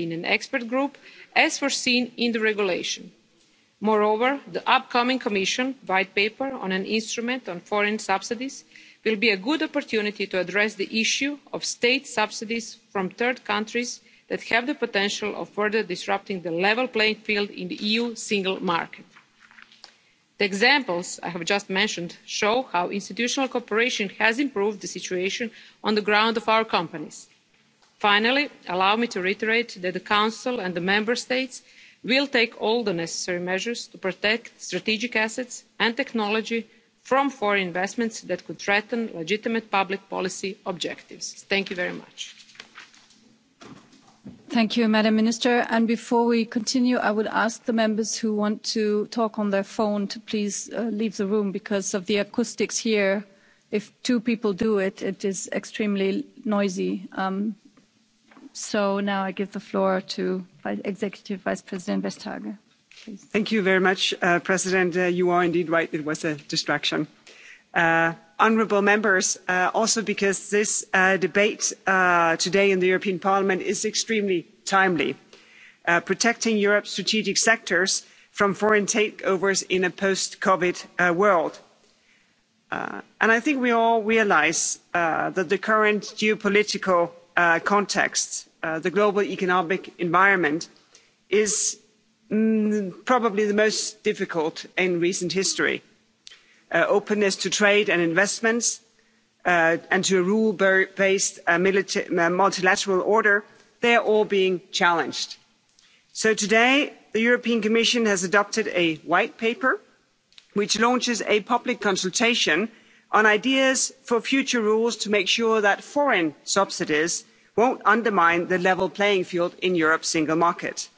in an expert group as foreseen in the regulation moreover the upcoming commission white paper on an instrument on foreign subsidies will be a good opportunity to address the issue of state subsidies from third countries that have the potential of further disrupting the level playing field in the eu single market. the examples i have just mentioned show how institutional cooperation has improved the situation on the ground of our companies. finally allow me to reiterate that the council and the member states will take all the necessary measures to protect strategic assets and technology from foreign investments that could threaten legitimate public policy objectives. thank you very much. Thank you, Madam Minister. And before we continue, I would ask the members who want to talk on their phone to please uh, leave the room because of the acoustics here. If two people do it, it is extremely noisy. Um, so now I give the floor to Executive Vice President Vestager. Please. Thank you very much, uh, President. Uh, you are indeed right. It was a distraction. Uh, honourable members, uh, also because this uh, debate uh, today in the European Parliament is extremely timely. Uh, protecting Europe's strategic sectors from foreign takeovers in a post-COVID uh, world. Uh, and I think we all realise uh, that the current geopolitical uh, context Uh, the global economic environment is mm, probably the most difficult in recent history. Uh, openness to trade and investments uh, and to a rule based uh, uh, multilateral order they are all being challenged. so today the european commission has adopted a white paper which launches a public consultation on ideas for future rules to make sure that foreign subsidies won't undermine the level playing field in Europe's single market.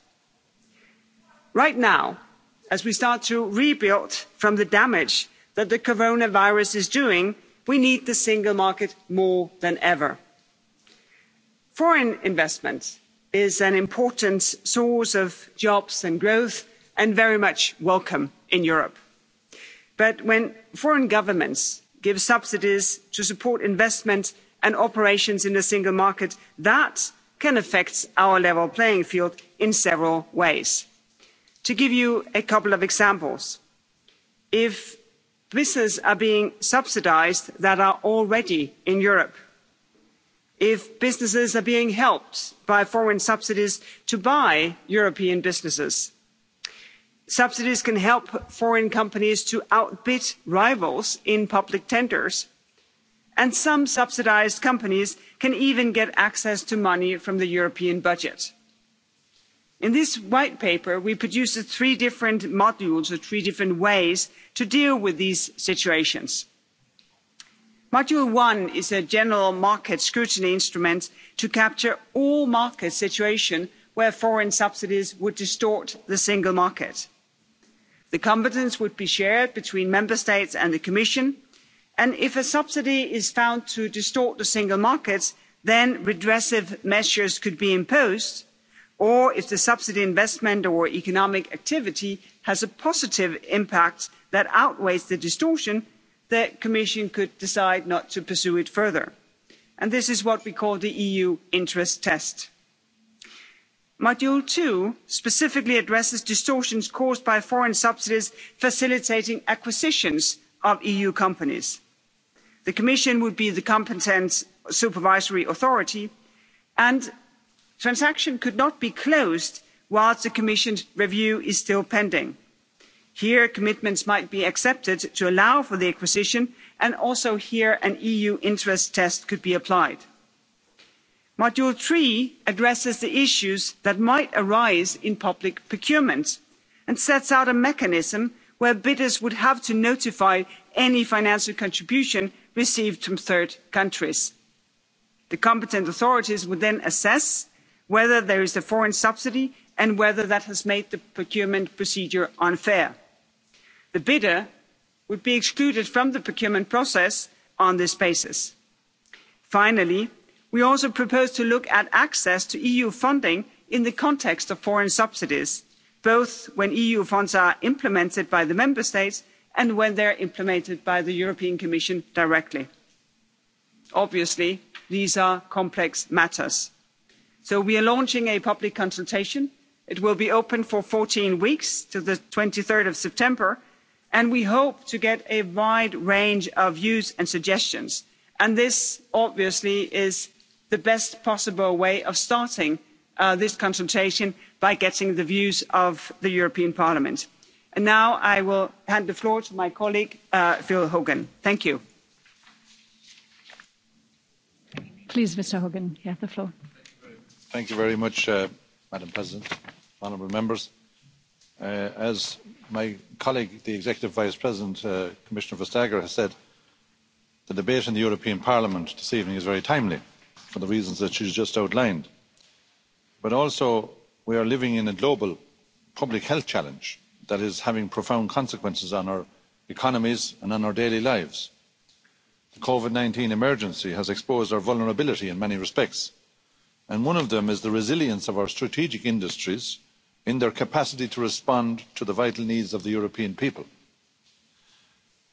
Right now, as we start to rebuild from the damage that the coronavirus is doing, we need the single market more than ever. Foreign investment is an important source of jobs and growth and very much welcome in Europe. But when foreign governments give subsidies to support investment and operations in the single market that can affect our level playing field in several ways. to give you a couple of examples if businesses are being subsidised that are already in europe if businesses are being helped by foreign subsidies to buy european businesses subsidies can help foreign companies to outbid rivals in public tenders and some subsidised companies can even get access to money from the european budget. in this white paper we produced three different modules or three different ways to deal with these situations. module one is a general market scrutiny instrument to capture all market situations where foreign subsidies would distort the single market. the competence would be shared between member states and the commission and if a subsidy is found to distort the single market then redressive measures could be imposed or if the subsidy investment or economic activity has a positive impact that outweighs the distortion the commission could decide not to pursue it further and this is what we call the eu interest test. module two specifically addresses distortions caused by foreign subsidies facilitating acquisitions of eu companies the commission would be the competent supervisory authority and transaction could not be closed whilst the commission's review is still pending. here commitments might be accepted to allow for the acquisition and also here an eu interest test could be applied. module three addresses the issues that might arise in public procurement and sets out a mechanism where bidders would have to notify any financial contribution received from third countries. The competent authorities would then assess whether there is a foreign subsidy and whether that has made the procurement procedure unfair. The bidder would be excluded from the procurement process on this basis. Finally, we also propose to look at access to EU funding in the context of foreign subsidies, both when EU funds are implemented by the member states and when they are implemented by the european commission directly. obviously these are complex matters so we are launching a public consultation. it will be open for fourteen weeks to twenty three september and we hope to get a wide range of views and suggestions and this obviously is the best possible way of starting uh, this consultation by getting the views of the european parliament now I will hand the floor to my colleague, uh, Phil Hogan. Thank you. Please, Mr. Hogan, you have the floor. Thank you very much, uh, Madam President, honourable members. Uh, as my colleague, the Executive Vice President, uh, Commissioner Vestager, has said, the debate in the European Parliament this evening is very timely for the reasons that she's just outlined. But also, we are living in a global public health challenge that is having profound consequences on our economies and on our daily lives. The covid nineteen emergency has exposed our vulnerability in many respects, and one of them is the resilience of our strategic industries in their capacity to respond to the vital needs of the European people.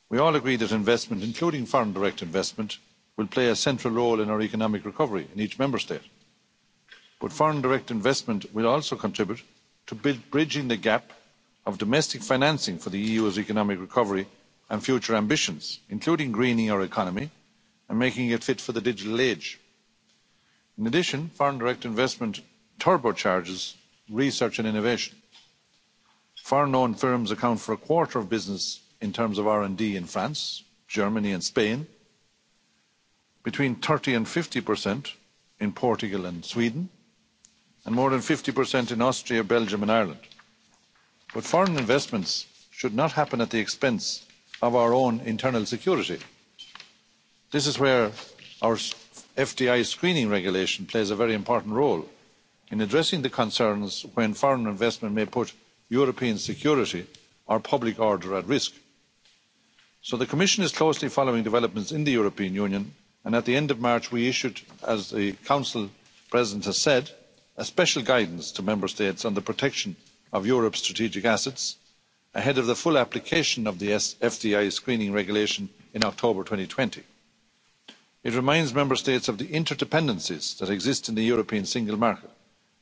We all agree that investment, including foreign direct investment, will play a central role in our economic recovery in each member state. But foreign direct investment will also contribute to bridging the gap of domestic financing for the eu's economic recovery and future ambitions including greening our economy and making it fit for the digital age. in addition foreign direct investment turbocharges research and innovation. foreign owned firms account for a quarter of business in terms of r&d in france germany and spain between thirty and fifty in portugal and sweden and more than fifty in austria belgium and ireland. But foreign investments should not happen at the expense of our own internal security. This is where our FDI screening regulation plays a very important role in addressing the concerns when foreign investment may put European security or public order at risk. So the Commission is closely following developments in the European Union and at the end of March we issued, as the Council President has said, a special guidance to Member States on the protection of europe's strategic assets ahead of the full application of the fdi screening regulation in october. two thousand and twenty it reminds member states of the interdependencies that exist in the european single market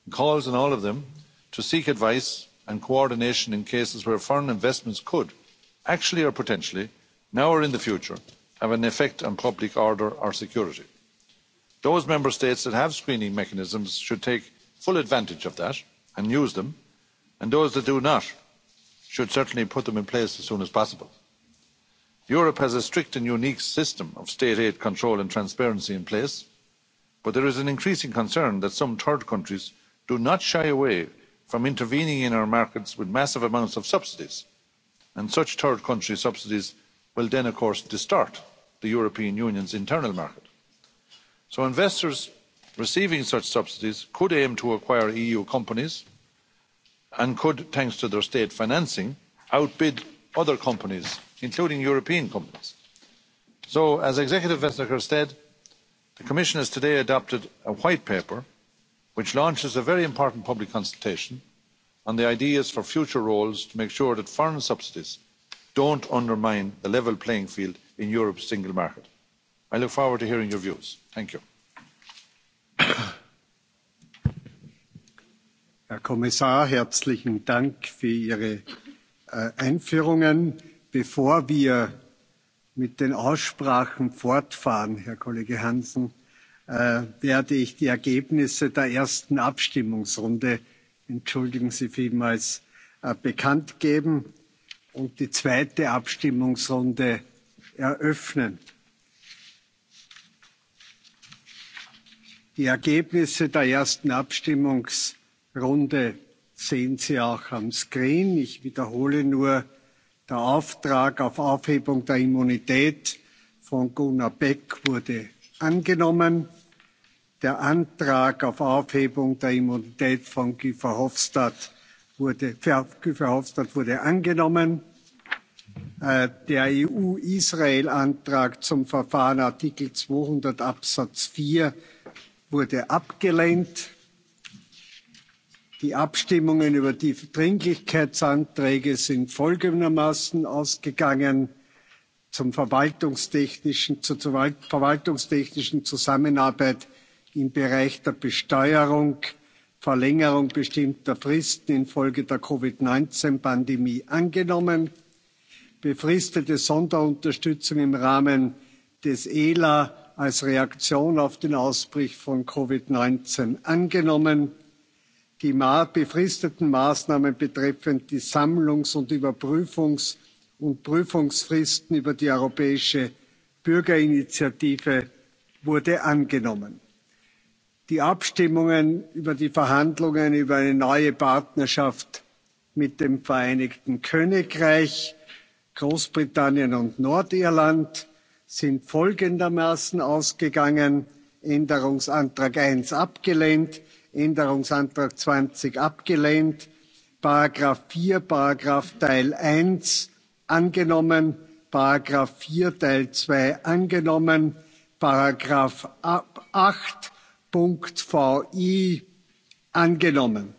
and calls on all of them to seek advice and coordination in cases where foreign investments could actually or potentially now or in the future have an effect on public order or security. those member states that have screening mechanisms should take full advantage of that and use them and those that do not should certainly put them in place as soon as possible. Europe has a strict and unique system of state aid control and transparency in place, but there is an increasing concern that some third countries do not shy away from intervening in our markets with massive amounts of subsidies, and such third country subsidies will then, of course, distort the European Union's internal market. So investors receiving such subsidies could aim to acquire EU companies and could, thanks to their state financing, outbid other companies, including European companies. So, as Executive Vestager said, the Commission has today adopted a white paper which launches a very important public consultation on the ideas for future roles to make sure that foreign subsidies don't undermine the level playing field in Europe's single market. I look forward to hearing your views. Thank you. Herr Kommissar, herzlichen Dank für Ihre äh, Einführungen. Bevor wir mit den Aussprachen fortfahren, Herr Kollege Hansen, äh, werde ich die Ergebnisse der ersten Abstimmungsrunde, entschuldigen Sie vielmals, bekanntgeben äh, bekannt geben und die zweite Abstimmungsrunde eröffnen. Die Ergebnisse der ersten Abstimmungsrunde Runde sehen Sie auch am Screen. Ich wiederhole nur, der Auftrag auf Aufhebung der Immunität von Gunnar Beck wurde angenommen. Der Antrag auf Aufhebung der Immunität von Guy Verhofstadt wurde, Verhofstadt wurde angenommen. Äh, der EU-Israel-Antrag zum Verfahren Artikel 200 Absatz 4 wurde abgelehnt die abstimmungen über die dringlichkeitsanträge sind folgendermaßen ausgegangen zum verwaltungstechnischen, zur verwaltungstechnischen zusammenarbeit im bereich der besteuerung verlängerung bestimmter fristen infolge der covid neunzehn pandemie angenommen befristete sonderunterstützung im rahmen des ela als reaktion auf den ausbruch von covid neunzehn angenommen die befristeten maßnahmen betreffend die sammlungs und überprüfungs und prüfungsfristen über die europäische bürgerinitiative wurde angenommen. die abstimmungen über die verhandlungen über eine neue partnerschaft mit dem vereinigten königreich großbritannien und nordirland sind folgendermaßen ausgegangen änderungsantrag eins abgelehnt; Änderungsantrag 20 abgelehnt. Paragraph 4, Paragraph Teil 1 angenommen. Paragraph 4 Teil 2 angenommen. Paragraph 8 Punkt VI angenommen.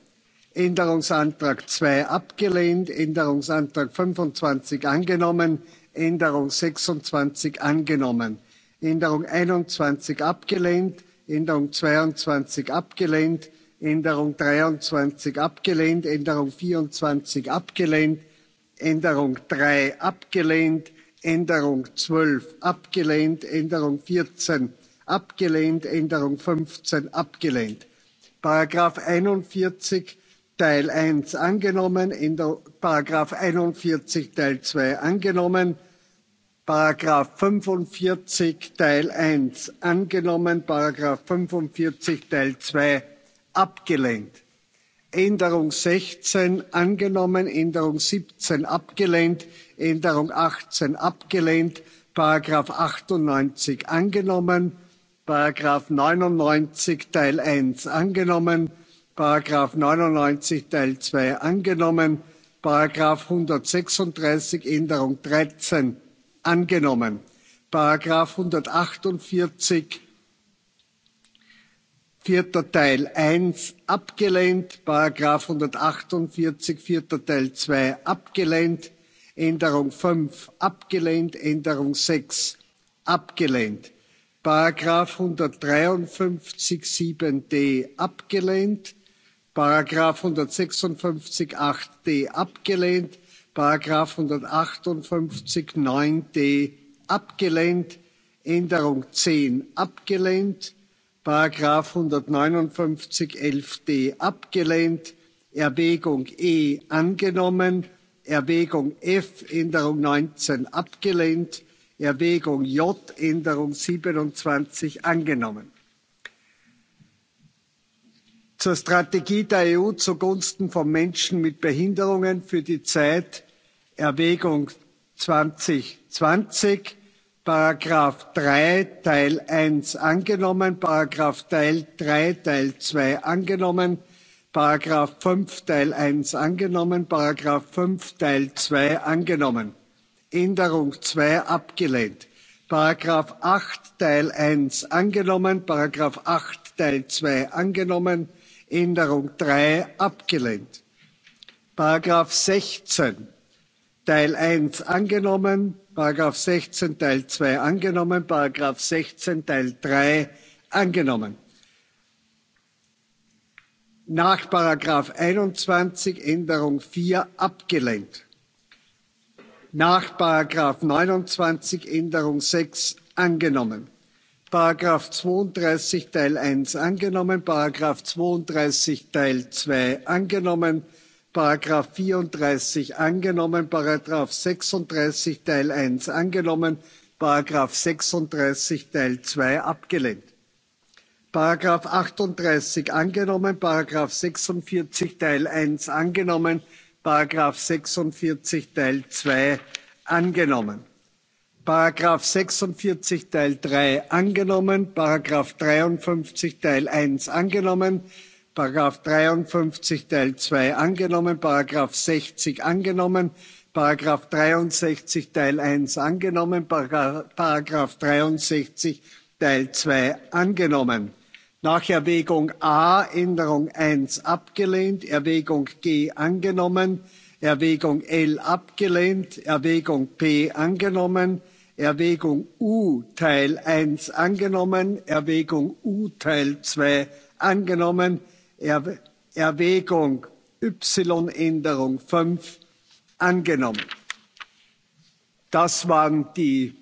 Änderungsantrag 2 abgelehnt, Änderungsantrag 25 angenommen, Änderung 26 angenommen, Änderung 21 abgelehnt, Änderung um 22 abgelehnt. Änderung um 23 abgelehnt. Änderung um 24 abgelehnt. Änderung 3 abgelehnt. Änderung 12 abgelehnt. Änderung 14 abgelehnt. Änderung 15 abgelehnt. Paragraph 41 Teil 1 angenommen. Änderung, Paragraph 41 Teil 2 angenommen. Paragraf 45 Teil 1 angenommen, Paragraf 45 Teil 2 abgelehnt. Änderung 16 angenommen, Änderung 17 abgelehnt, Änderung 18 abgelehnt, Paragraph 98 angenommen, Paragraf 99 Teil 1 angenommen, Paragraf 99 Teil 2 angenommen, Paragraf 136 Änderung 13 angenommen. Paragraph 148 vierter Teil eins abgelehnt, Paragraph 148 vierter Teil zwei abgelehnt, Änderung fünf abgelehnt, Änderung sechs abgelehnt, Paragraph 153 sieben d abgelehnt, Paragraph 156 8 d abgelehnt, Paragraph 158 9d abgelehnt. Änderung 10 abgelehnt. Paragraph 159 11d abgelehnt. Erwägung E angenommen. Erwägung F Änderung 19 abgelehnt. Erwägung J Änderung 27 angenommen. Zur Strategie der EU zugunsten von Menschen mit Behinderungen für die Zeit erwägung zweitausendzwanzig Paragraf drei teil eins angenommen Paragraf teil drei teil zwei angenommen Paragraf fünf teil eins angenommen Paragraf fünf teil zwei angenommen änderung zwei abgelehnt Paragraf acht teil eins angenommen Paragraf acht teil zwei angenommen änderung drei abgelehnt Paragraf sechzehn Teil 1 angenommen, Paragraph 16 Teil 2 angenommen, Paragraph 16 Teil 3 angenommen. Nach Paragraph 21 Änderung 4 abgelehnt. Nach Paragraph 29 Änderung 6 angenommen. Paragraph 32 Teil 1 angenommen, Paragraph 32 Teil 2 angenommen, Paragraph 34 angenommen, Paragraph 36 Teil 1 angenommen, Paragraph 36 Teil 2 abgelehnt. Paragraph 38 angenommen, Paragraph 46 Teil 1 angenommen, Paragraph 46 Teil 2 angenommen. Paragraph 46 Teil 3 angenommen, Paragraph 53 Teil 1 angenommen, Paragraf 53 Teil 2 angenommen, Paragraph 60 angenommen, Paragraf 63 Teil 1 angenommen, Paragraf 63 Teil 2 angenommen. Nach Erwägung A Änderung 1 abgelehnt, Erwägung G angenommen, Erwägung L abgelehnt, Erwägung P angenommen, Erwägung U Teil 1 angenommen, Erwägung U Teil 2 angenommen, Er, Erwägung Y-Änderung fünf angenommen. Das waren die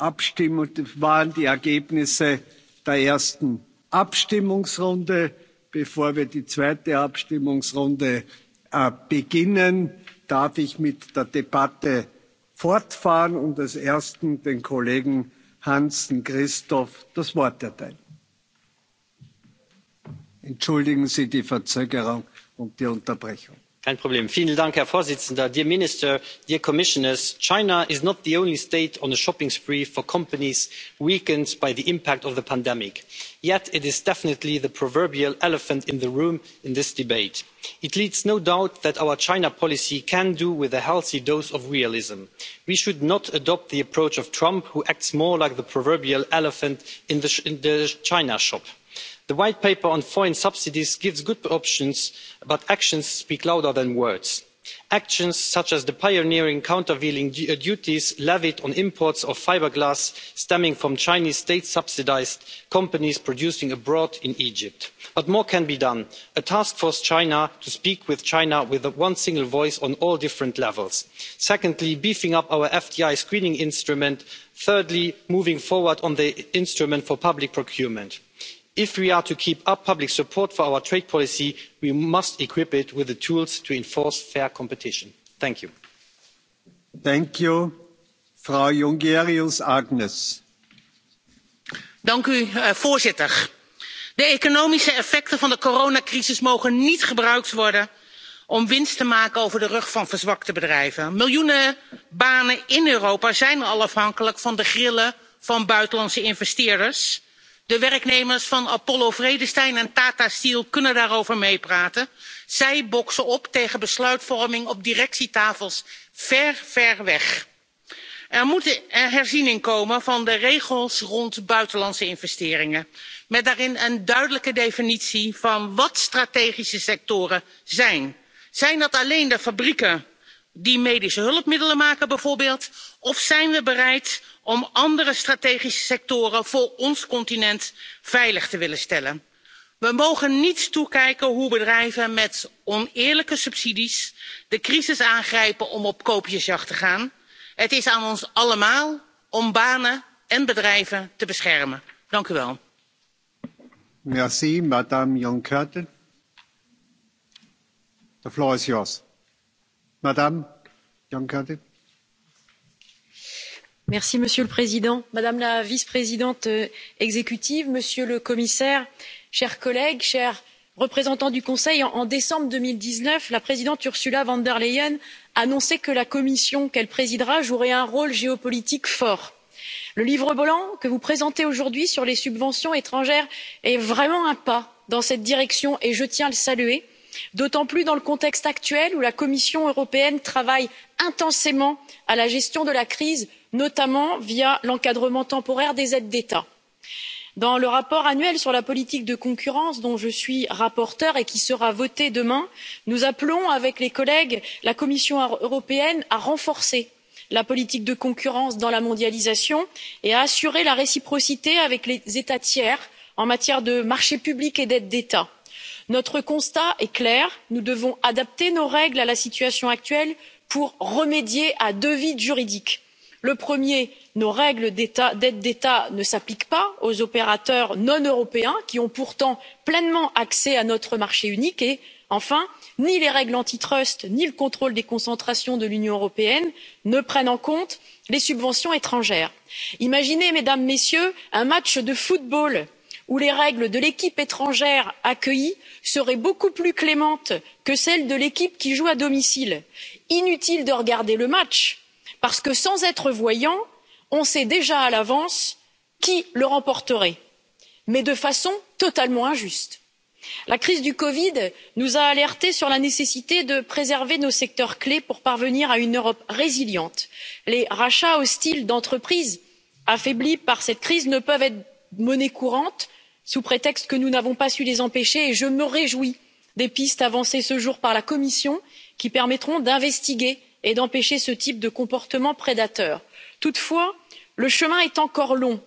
waren die Ergebnisse der ersten Abstimmungsrunde. Bevor wir die zweite Abstimmungsrunde äh, beginnen, darf ich mit der Debatte fortfahren und als ersten den Kollegen Hansen Christoph das Wort erteilen. Entschuldigen Sie die Verzögerung und die Unterbrechung. Kein Problem. Vielen Dank, Herr Präsident. Dear Minister, dear Commissioners, China is not the only state on a shopping spree for companies weakened by the impact of the pandemic. Yet it is definitely the proverbial elephant in the room in this debate. It leaves no doubt that our China policy can do with a healthy dose of realism. We should not adopt the approach of Trump, who acts more like the proverbial elephant in the, in the China shop the white paper on foreign subsidies gives good options but actions speak louder than words actions such as the pioneering countervailing uh, duties levied on imports of fibreglass stemming from chinese state subsidised companies producing abroad in egypt. but more can be done a task force china to speak with china with one single voice on all different levels. secondly beefing up our fdi screening instrument. thirdly moving forward on the instrument for public procurement if we are to keep up public support for our trade policy we must equip it with the tools to enforce fair competition. thank you. Thank you. Frau Jongerius Agnes. Eh, voorzitter. De economische effecten van de coronacrisis mogen niet gebruikt worden om winst te maken over de rug van verzwakte bedrijven. Miljoenen banen in Europa zijn al afhankelijk van de grillen van buitenlandse investeerders de werknemers van apollo vredestein en tata steel kunnen daarover meepraten zij boksen op tegen besluitvorming op directietafels ver ver weg. er moet herziening komen van de regels rond buitenlandse investeringen met daarin een duidelijke definitie van wat strategische sectoren zijn. zijn dat alleen de fabrieken die medische hulpmiddelen maken bijvoorbeeld? of zijn we bereid om andere strategische sectoren voor ons continent veilig te willen stellen? we mogen niet toekijken hoe bedrijven met oneerlijke subsidies de crisis aangrijpen om op koopjesjacht te gaan. het is aan ons allemaal om banen en bedrijven te beschermen. dank u wel. Merci, Monsieur le Président, Madame la Vice-présidente euh, exécutive, Monsieur le Commissaire, chers collègues, chers représentants du conseil en décembre deux mille dix neuf la présidente ursula von der leyen annonçait que la commission qu'elle présidera jouerait un rôle géopolitique fort. le livre blanc que vous présentez aujourd'hui sur les subventions étrangères est vraiment un pas dans cette direction et je tiens à le saluer d'autant plus dans le contexte actuel où la commission européenne travaille intensément à la gestion de la crise notamment via l'encadrement temporaire des aides d'état. dans le rapport annuel sur la politique de concurrence dont je suis rapporteure et qui sera voté demain nous appelons avec les collègues la commission européenne à renforcer la politique de concurrence dans la mondialisation et à assurer la réciprocité avec les états tiers en matière de marchés publics et d'aides d'état. notre constat est clair nous devons adapter nos règles à la situation actuelle pour remédier à deux vides juridiques le premier nos règles d'aide d'état ne s'appliquent pas aux opérateurs non européens qui ont pourtant pleinement accès à notre marché unique et enfin ni les règles antitrust ni le contrôle des concentrations de l'union européenne ne prennent en compte les subventions étrangères. imaginez mesdames messieurs un match de football entre où les règles de l'équipe étrangère accueillie seraient beaucoup plus clémentes que celles de l'équipe qui joue à domicile. inutile de regarder le match parce que sans être voyant on sait déjà à l'avance qui le remporterait mais de façon totalement injuste. la crise du covid nous a alertés sur la nécessité de préserver nos secteurs clés pour parvenir à une europe résiliente. les rachats hostiles d'entreprises affaiblies par cette crise ne peuvent être monnaie courante sous prétexte que nous n'avons pas su les empêcher et je me réjouis des pistes avancées ce jour par la commission qui permettront d'investiguer et d'empêcher ce type de comportement prédateur. toutefois le chemin est encore long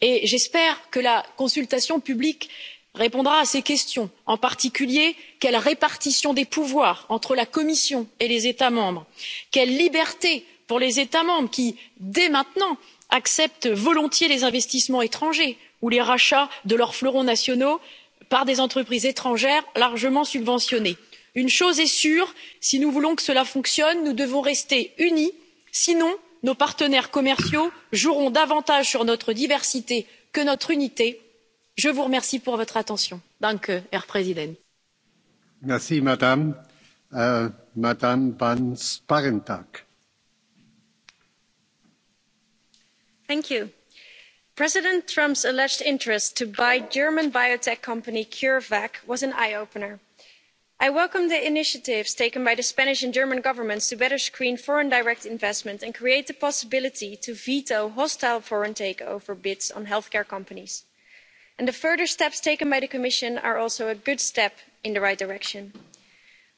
et j'espère que la consultation publique répondra à ces questions en particulier quelle répartition des pouvoirs entre la commission et les états membres quelle liberté pour les états membres qui dès maintenant acceptent volontiers les investissements étrangers? ou les rachats de leurs fleurons nationaux par des entreprises étrangères largement subventionnées. une chose est sûre si nous voulons que cela fonctionne nous devons rester unis sinon nos partenaires commerciaux joueront davantage sur notre diversité que notre unité. je vous remercie pour votre attention. danke herr präsident! Merci, madame. Uh, madame Thank you president trump's alleged interest to buy german biotech company curevac was an eye opener. i welcome the initiatives taken by the spanish and german governments to better screen foreign direct investment and create the possibility to veto hostile foreign takeover bids on healthcare companies and the further steps taken by the commission are also a good step in the right direction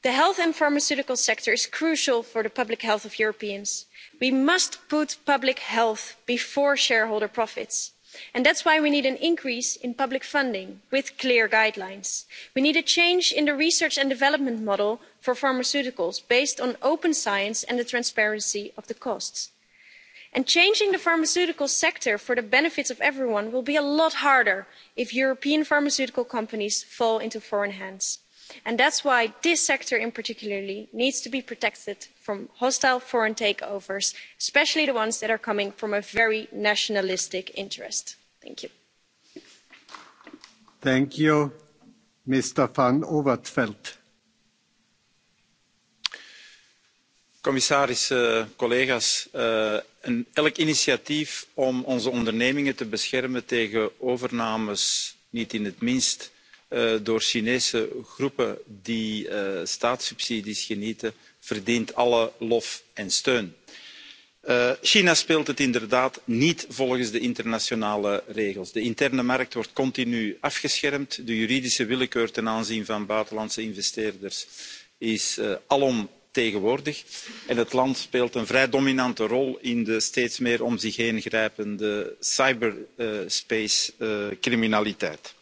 the health and pharmaceutical sector is crucial for the public health of europeans. we must put public health before shareholder profits and that's why we need an increase in public funding with clear guidelines. we need a change in the research and development model for pharmaceuticals based on open science and the transparency of the costs. and changing the pharmaceutical sector for the benefit of everyone will be a lot harder if european pharmaceutical companies fall into foreign hands and that's why this sector in particular needs to be protected from hostile foreign takeovers especially the ones that are coming from a very nationalistic interest. thank you. Thank you mr van overtveld. commissaris eh, collega's eh, elk initiatief om onze ondernemingen te beschermen tegen overnames niet in het minst Eh, door Chinese groepen die eh, staatssubsidies genieten, verdient alle lof en steun. Eh, China speelt het inderdaad niet volgens de internationale regels. De interne markt wordt continu afgeschermd. De juridische willekeur ten aanzien van buitenlandse investeerders is alom tegenwoordig en het land speelt een vrij dominante rol in de steeds meer om zich heen grijpende cyberspace criminaliteit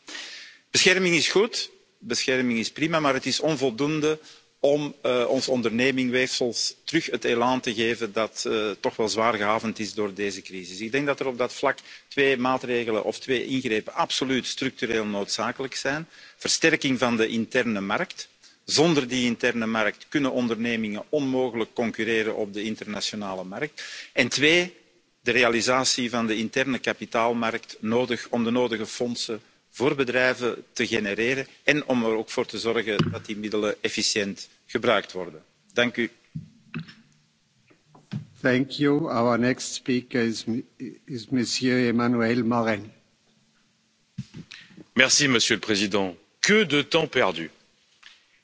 bescherming is goed bescherming is prima maar het is onvoldoende om uh, ons ondernemingweefsels terug het elan te geven dat uh, toch wel zwaar gehavend is door deze crisis. Ik denk dat er op dat vlak twee maatregelen of twee ingrepen absoluut structureel noodzakelijk zijn. Versterking van de interne markt. Zonder die interne markt kunnen ondernemingen onmogelijk concurreren op de internationale markt. En twee, de realisatie van de interne kapitaalmarkt nodig om de nodige fondsen voor bedrijven te genereren en om er ook voor te zorgen dat die middelen efficiënt gebruikt worden. Dank u. Thank you. Our next speaker is, is Monsieur Emmanuel Merci, Monsieur le Président. Que de temps perdu.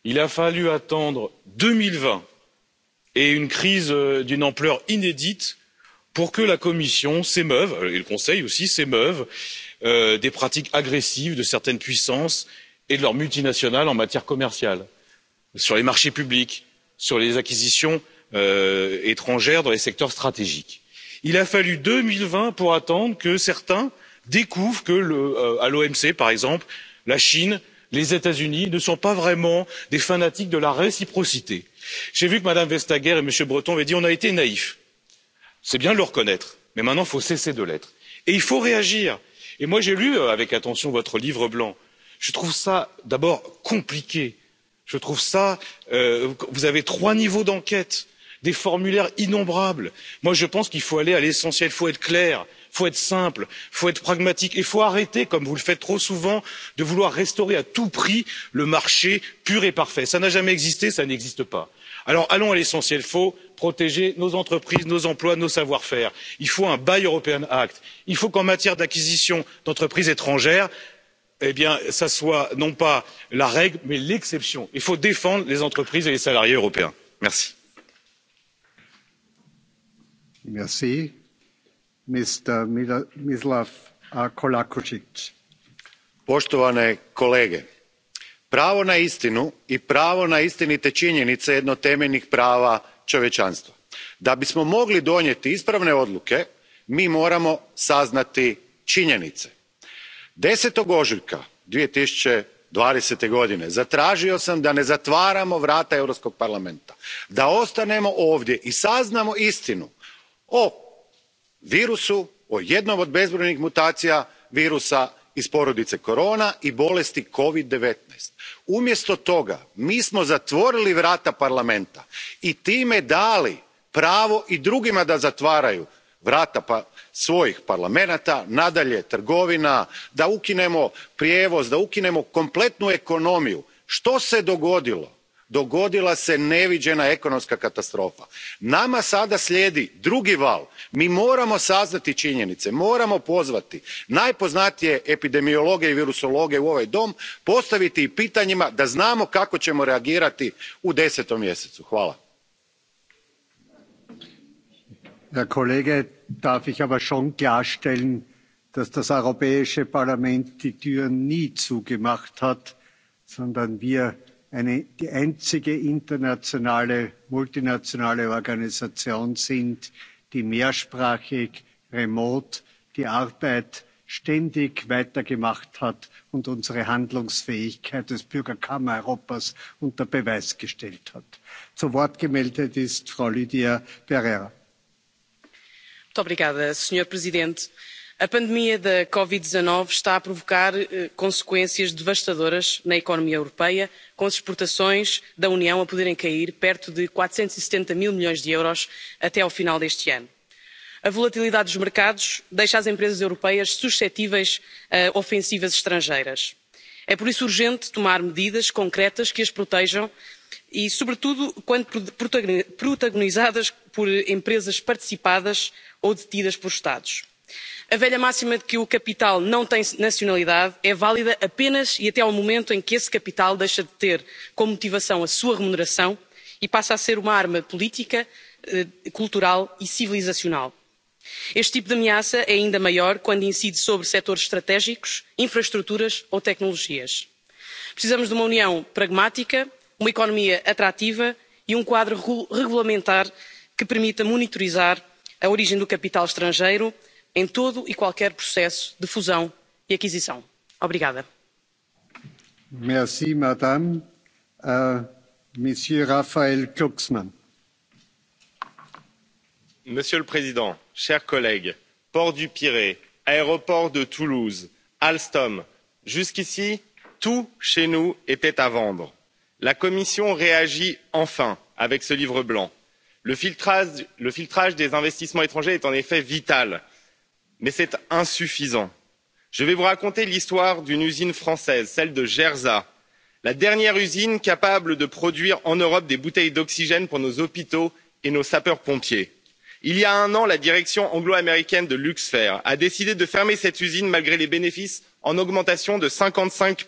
Il a fallu attendre deux mille vingt et une crise euh, d'une ampleur inédite pour que la Commission s'émeuve, euh, et le Conseil aussi s'émeuve, Euh, des pratiques agressives de certaines puissances et de leurs multinationales en matière commerciale sur les marchés publics sur les acquisitions euh, étrangères dans les secteurs stratégiques. il a fallu deux mille vingt pour attendre que certains découvrent que euh, à l'omc par exemple la chine les états unis ne sont pas vraiment des fanatiques de la réciprocité. j'ai vu que mme vestager et m. breton avaient dit on a été naïfs. c'est bien de le reconnaître mais maintenant il faut cesser de l'être et il faut réagir et moi j'ai lu euh, avec attention votre livre blanc je trouve ça d'abord compliqué je trouve ça euh, vous avez trois niveaux d'enquête des formulaires innombrables moi je pense qu'il faut aller à l'essentiel il faut être clair il faut être simple il faut être pragmatique et il faut arrêter comme vous le faites trop souvent de vouloir restaurer à tout prix le marché pur et parfait ça n'a jamais existé ça n'existe pas alors allons à l'essentiel il faut protéger nos entreprises nos emplois nos savoir faire. il faut un buy european act il faut qu'en matière d'acquisition d'entreprises étrangères ce eh soit non pas la règle mais l'exception. il faut défendre les entreprises et les salariés européens. merci. poštovane kolege pravo na istinu i pravo na istinite činjenice jedno je od temeljnih prava čovječanstva. da bismo mogli donijeti ispravne odluke mi moramo saznati činjenice. ten ožujka. two thousand and godine zatražio sam da ne zatvaramo vrata europskog parlamenta da ostanemo ovdje i saznamo istinu o virusu o jednom od bezbrojnih mutacija virusa iz porodice korona i bolesti covid nineteen umjesto toga mi smo zatvorili vrata parlamenta i time dali pravo i drugima da zatvaraju vrata svojih parlamenata nadalje trgovina da ukinemo prijevoz da ukinemo kompletnu ekonomiju. što se dogodilo? dogodila se neviđena ekonomska katastrofa. nama sada slijedi drugi val. mi moramo saznati činjenice moramo pozvati najpoznatije epidemiologe i virusologe u ovaj dom postaviti ih pitanjima da znamo kako ćemo reagirati u ten mjesecu. hvala. herr kollege darf ich aber schon klarstellen dass das europäische parlament die nie zugemacht hat sondern wir eine, die einzige internationale, multinationale Organisation sind, die mehrsprachig, remote die Arbeit ständig weitergemacht hat und unsere Handlungsfähigkeit des Bürgerkammer Europas unter Beweis gestellt hat. Zu Wort gemeldet ist Frau Lydia Pereira. Muito obrigada, Presidente a pandemia da covid dezenove está a provocar eh, consequências devastadoras na economia europeia com as exportações da união a poderem cair perto de quatrocentos e setenta mil milhões de euros até ao final deste ano. a volatilidade dos mercados deixa as empresas europeias suscetíveis a ofensivas estrangeiras. é por isso urgente tomar medidas concretas que as protejam e sobretudo quando protagonizadas por empresas participadas ou detidas por estados a velha máxima de que o capital não tem nacionalidade é válida apenas e até ao momento em que esse capital deixa de ter como motivação a sua remuneração e passa a ser uma arma política eh, cultural e civilizacional. este tipo de ameaça é ainda maior quando incide sobre setores estratégicos infraestruturas ou tecnologias. precisamos de uma união pragmática uma economia atrativa e um quadro regulamentar que permita monitorizar a origem do capital estrangeiro em todo e qualquer processo de fusão e aquisição. Obrigada. Merci, Madame. Uh, Monsieur Raphaël Glucksmann. Monsieur le Président, chers collègues, Port du Pirée, aéroport de Toulouse, Alstom, jusqu'ici, tout chez nous était à vendre. La Commission réagit enfin avec ce livre blanc. Le filtrage, le filtrage des investissements étrangers est en effet vital mais c'est insuffisant. je vais vous raconter l'histoire d'une usine française celle de Gerza, la dernière usine capable de produire en europe des bouteilles d'oxygène pour nos hôpitaux et nos sapeurs pompiers. il y a un an la direction anglo américaine de luxfer a décidé de fermer cette usine malgré les bénéfices en augmentation de cinquante cinq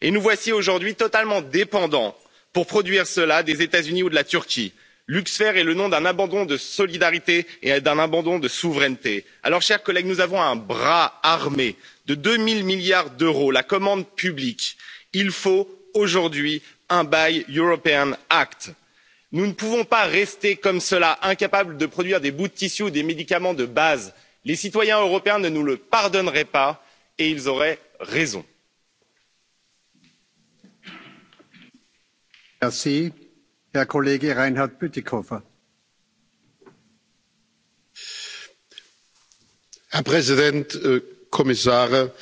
et nous voici aujourd'hui totalement dépendants pour produire cela des états unis ou de la turquie luxfer est le nom d'un abandon de solidarité et d'un abandon de souveraineté. alors chers collègues nous avons un bras armé de deux zéro milliards d'euros la commande publique. il faut aujourd'hui un buy european act. nous ne pouvons pas rester comme cela incapables de produire des bouts de tissu ou des médicaments de base. les citoyens européens ne nous le pardonneraient pas et ils auraient raison. Herr Kollege Reinhard Bütikofer. Herr Präsident, äh, Kommissare!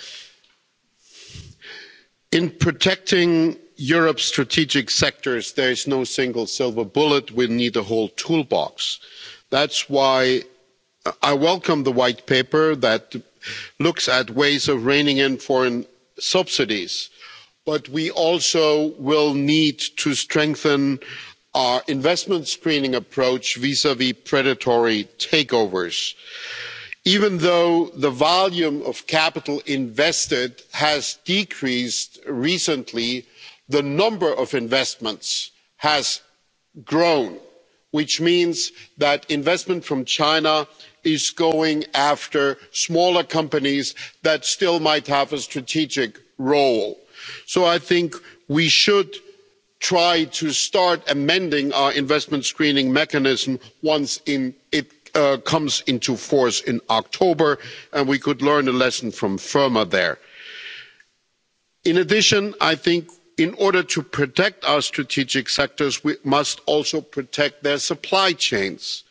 In protecting Europe's strategic sectors, there is no single silver bullet. We need a whole toolbox. That's why I welcome the white paper that looks at ways of reining in foreign subsidies. But we also will need to strengthen our investment screening approach vis vis predatory takeovers. even though the volume of capital invested has decreased recently the number of investments has grown which means that investment from china is going after smaller companies that still might have a strategic role. so i think we should try to start amending our investment screening mechanism once it uh, comes into force in october and we could learn a lesson from firma there. in addition i think in order to protect our strategic sectors we must also protect their supply chains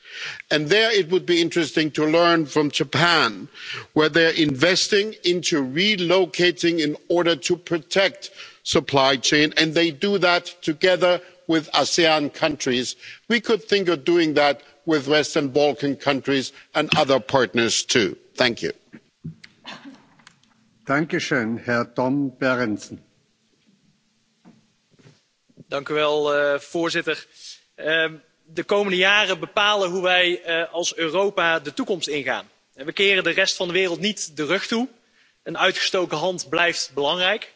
and there it would be interesting to learn from japan where they are investing in relocating in order to protect supply chain and they do that together with asean countries. we could think of doing that with western balkan countries and other partners too. thank you. Eh, voorzitter ehm, de komende jaren bepalen hoe wij eh, als europa de toekomst ingaan. we keren de rest van de wereld niet de rug toe. een uitgestoken hand blijft belangrijk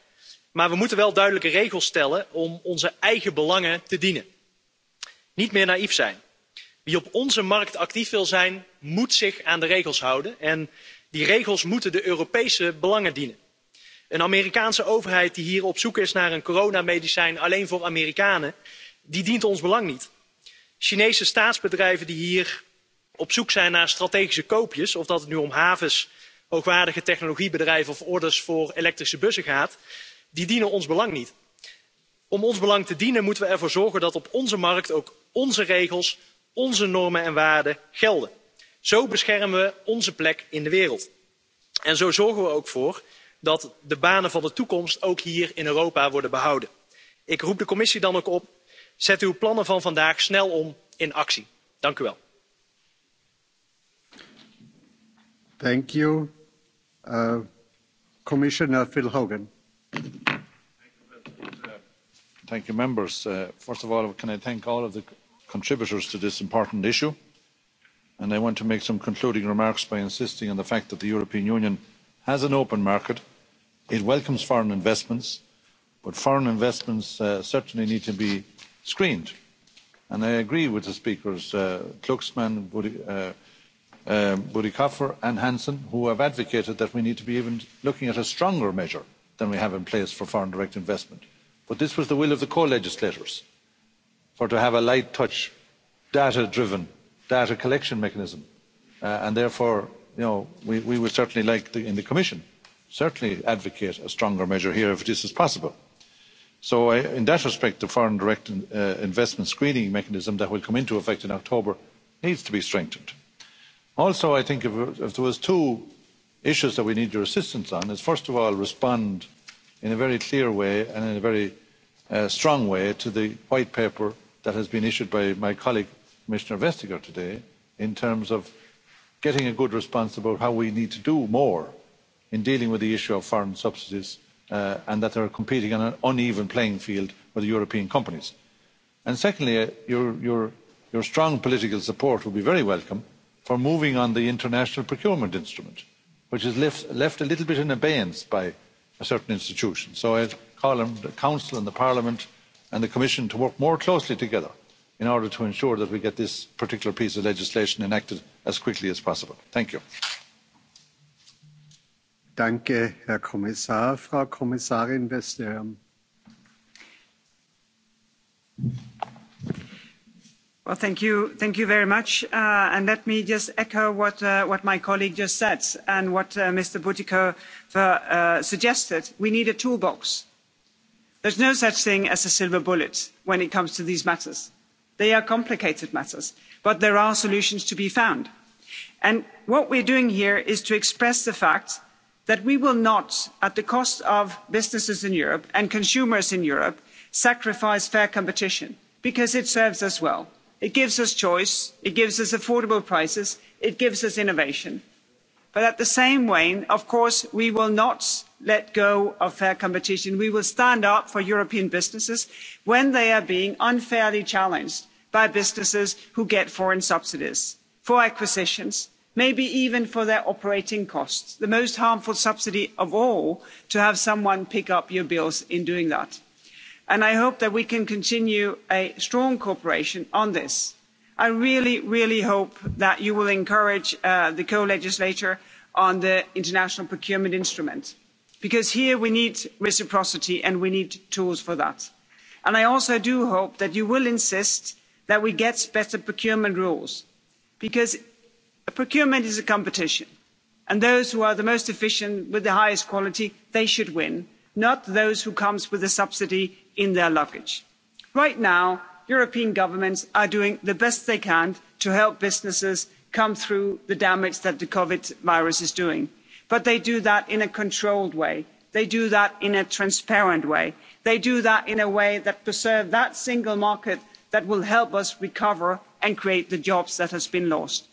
maar we moeten wel duidelijke regels stellen om onze eigen belangen te dienen. niet meer naïef zijn. wie op onze markt actief wil zijn moet zich aan de regels houden en die regels moeten de europese belangen dienen. een amerikaanse overheid die hier op zoek is naar een coronamedicijn alleen voor amerikanen die dient ons belang niet. chinese staatsbedrijven die hier op zoek zijn naar strategische koopjes of dat het nu om havens hoogwaardige technologiebedrijven of orders voor elektrische bussen gaat die dienen ons belang niet. Om ons belang te dienen moeten we ervoor zorgen dat op onze markt ook onze regels, onze normen en waarden gelden. Zo beschermen we onze plek in de wereld. En zo zorgen we ook voor dat de banen van de toekomst ook hier in Europa worden behouden. Ik roep de commissie dan ook op, zet uw plannen van vandaag snel om in actie. Dank u wel. Uh, Commissioner Phil Hogan thank you, members. Uh, first of all, can I thank all of the contributors to this important issue? And I want to make some concluding remarks by insisting on the fact that the European Union has an open market. It welcomes foreign investments, but foreign investments uh, certainly need to be screened. And I agree with the speakers, uh, Kluxman, Budi, uh, uh, and Hansen, who have advocated that we need to be even looking at a stronger measure than we have in place for foreign direct investment But this was the will of the co-legislators for to have a light touch, data-driven, data collection mechanism. Uh, and therefore, you know, we, we would certainly like the, in the Commission, certainly advocate a stronger measure here if this is possible. So I, uh, in that respect, the foreign direct in, uh, investment screening mechanism that will come into effect in October needs to be strengthened. Also, I think if, if there was two issues that we need your assistance on is first of all respond in a very clear way and in a very uh, strong way to the white paper that has been issued by my colleague Commissioner Vestager today in terms of getting a good response about how we need to do more in dealing with the issue of foreign subsidies uh, and that they are competing on an uneven playing field with European companies. And secondly, uh, your, your, your strong political support will be very welcome for moving on the international procurement instrument, which is left, left a little bit in abeyance by a certain institution. So I call on the Council and the Parliament and the Commission to work more closely together in order to ensure that we get this particular piece of legislation enacted as quickly as possible. Thank you. Danke, Herr Kommissar. Frau Kommissarin Westerm. Well, thank you, thank you very much. Uh, and let me just echo what, uh, what my colleague just said and what uh, Mr. Butiko Uh, suggested, we need a toolbox. There's no such thing as a silver bullet when it comes to these matters. They are complicated matters, but there are solutions to be found. And what we're doing here is to express the fact that we will not, at the cost of businesses in Europe and consumers in Europe, sacrifice fair competition because it serves us well. It gives us choice, it gives us affordable prices, it gives us innovation but at the same way, of course we will not let go of fair competition. we will stand up for european businesses when they are being unfairly challenged by businesses who get foreign subsidies for acquisitions maybe even for their operating costs the most harmful subsidy of all to have someone pick up your bills in doing that. and i hope that we can continue a strong cooperation on this I really, really hope that you will encourage uh, the co-legislator on the international procurement instrument, because here we need reciprocity and we need tools for that. And I also do hope that you will insist that we get better procurement rules, because procurement is a competition, and those who are the most efficient with the highest quality, they should win, not those who come with a subsidy in their luggage. Right now, European governments are doing the best they can to help businesses come through the damage that the COVID virus is doing. But they do that in a controlled way. They do that in a transparent way. They do that in a way that preserves that single market that will help us recover and create the jobs that have been lost.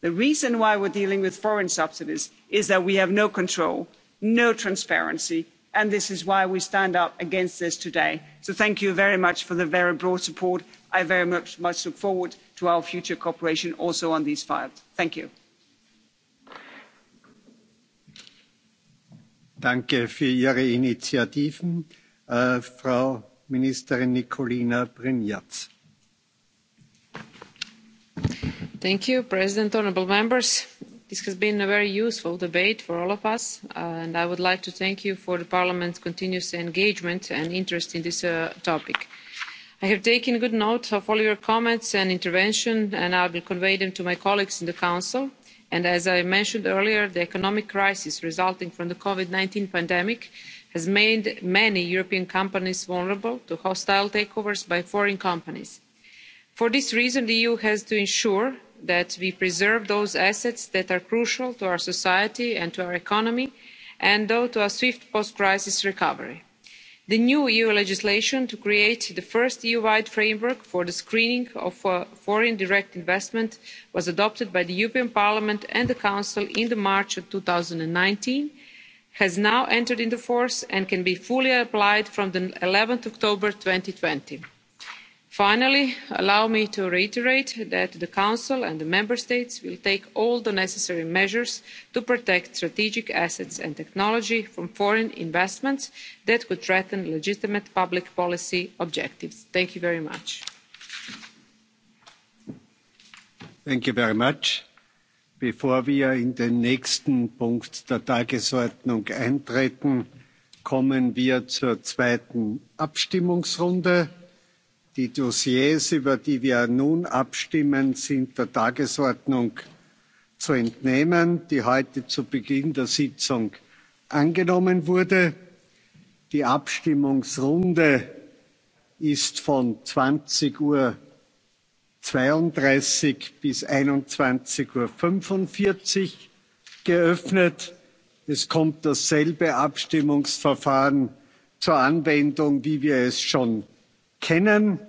The reason why we're dealing with foreign subsidies is that we have no control, no transparency, and this is why we stand up against this today. so thank you very much for the very broad support. i very much, look forward to our future cooperation also on these files. thank you. Äh, frau ministerin thank you president honourable members This has been a very useful debate for all of us, uh, and I would like to thank you for the Parliament's continuous engagement and interest in this uh, topic. I have taken good note of all your comments and intervention, and I will convey them to my colleagues in the Council. And as I mentioned earlier, the economic crisis resulting from the covid nineteen pandemic has made many European companies vulnerable to hostile takeovers by foreign companies. For this reason, the EU has to ensure that we preserve those assets that are crucial to our society and to our economy and though to a swift post crisis recovery. the new eu legislation to create the first eu wide framework for the screening of uh, foreign direct investment was adopted by the european parliament and the council in march two thousand and nineteen has now entered into force and can be fully applied from eleven october. two thousand and twenty finally allow me to reiterate that the council and the member states will take all the necessary measures to protect strategic assets and technology from foreign investments that could threaten legitimate public policy objectives. thank you very much. Thank you very much. Bevor wir in den nächsten Punkt der Tagesordnung eintreten, kommen wir zur zweiten Abstimmungsrunde. Die Dossiers, über die wir nun abstimmen, sind der Tagesordnung zu entnehmen, die heute zu Beginn der Sitzung angenommen wurde. Die Abstimmungsrunde ist von 20 Uhr bis 21 Uhr geöffnet. Es kommt dasselbe Abstimmungsverfahren zur Anwendung, wie wir es schon kennen.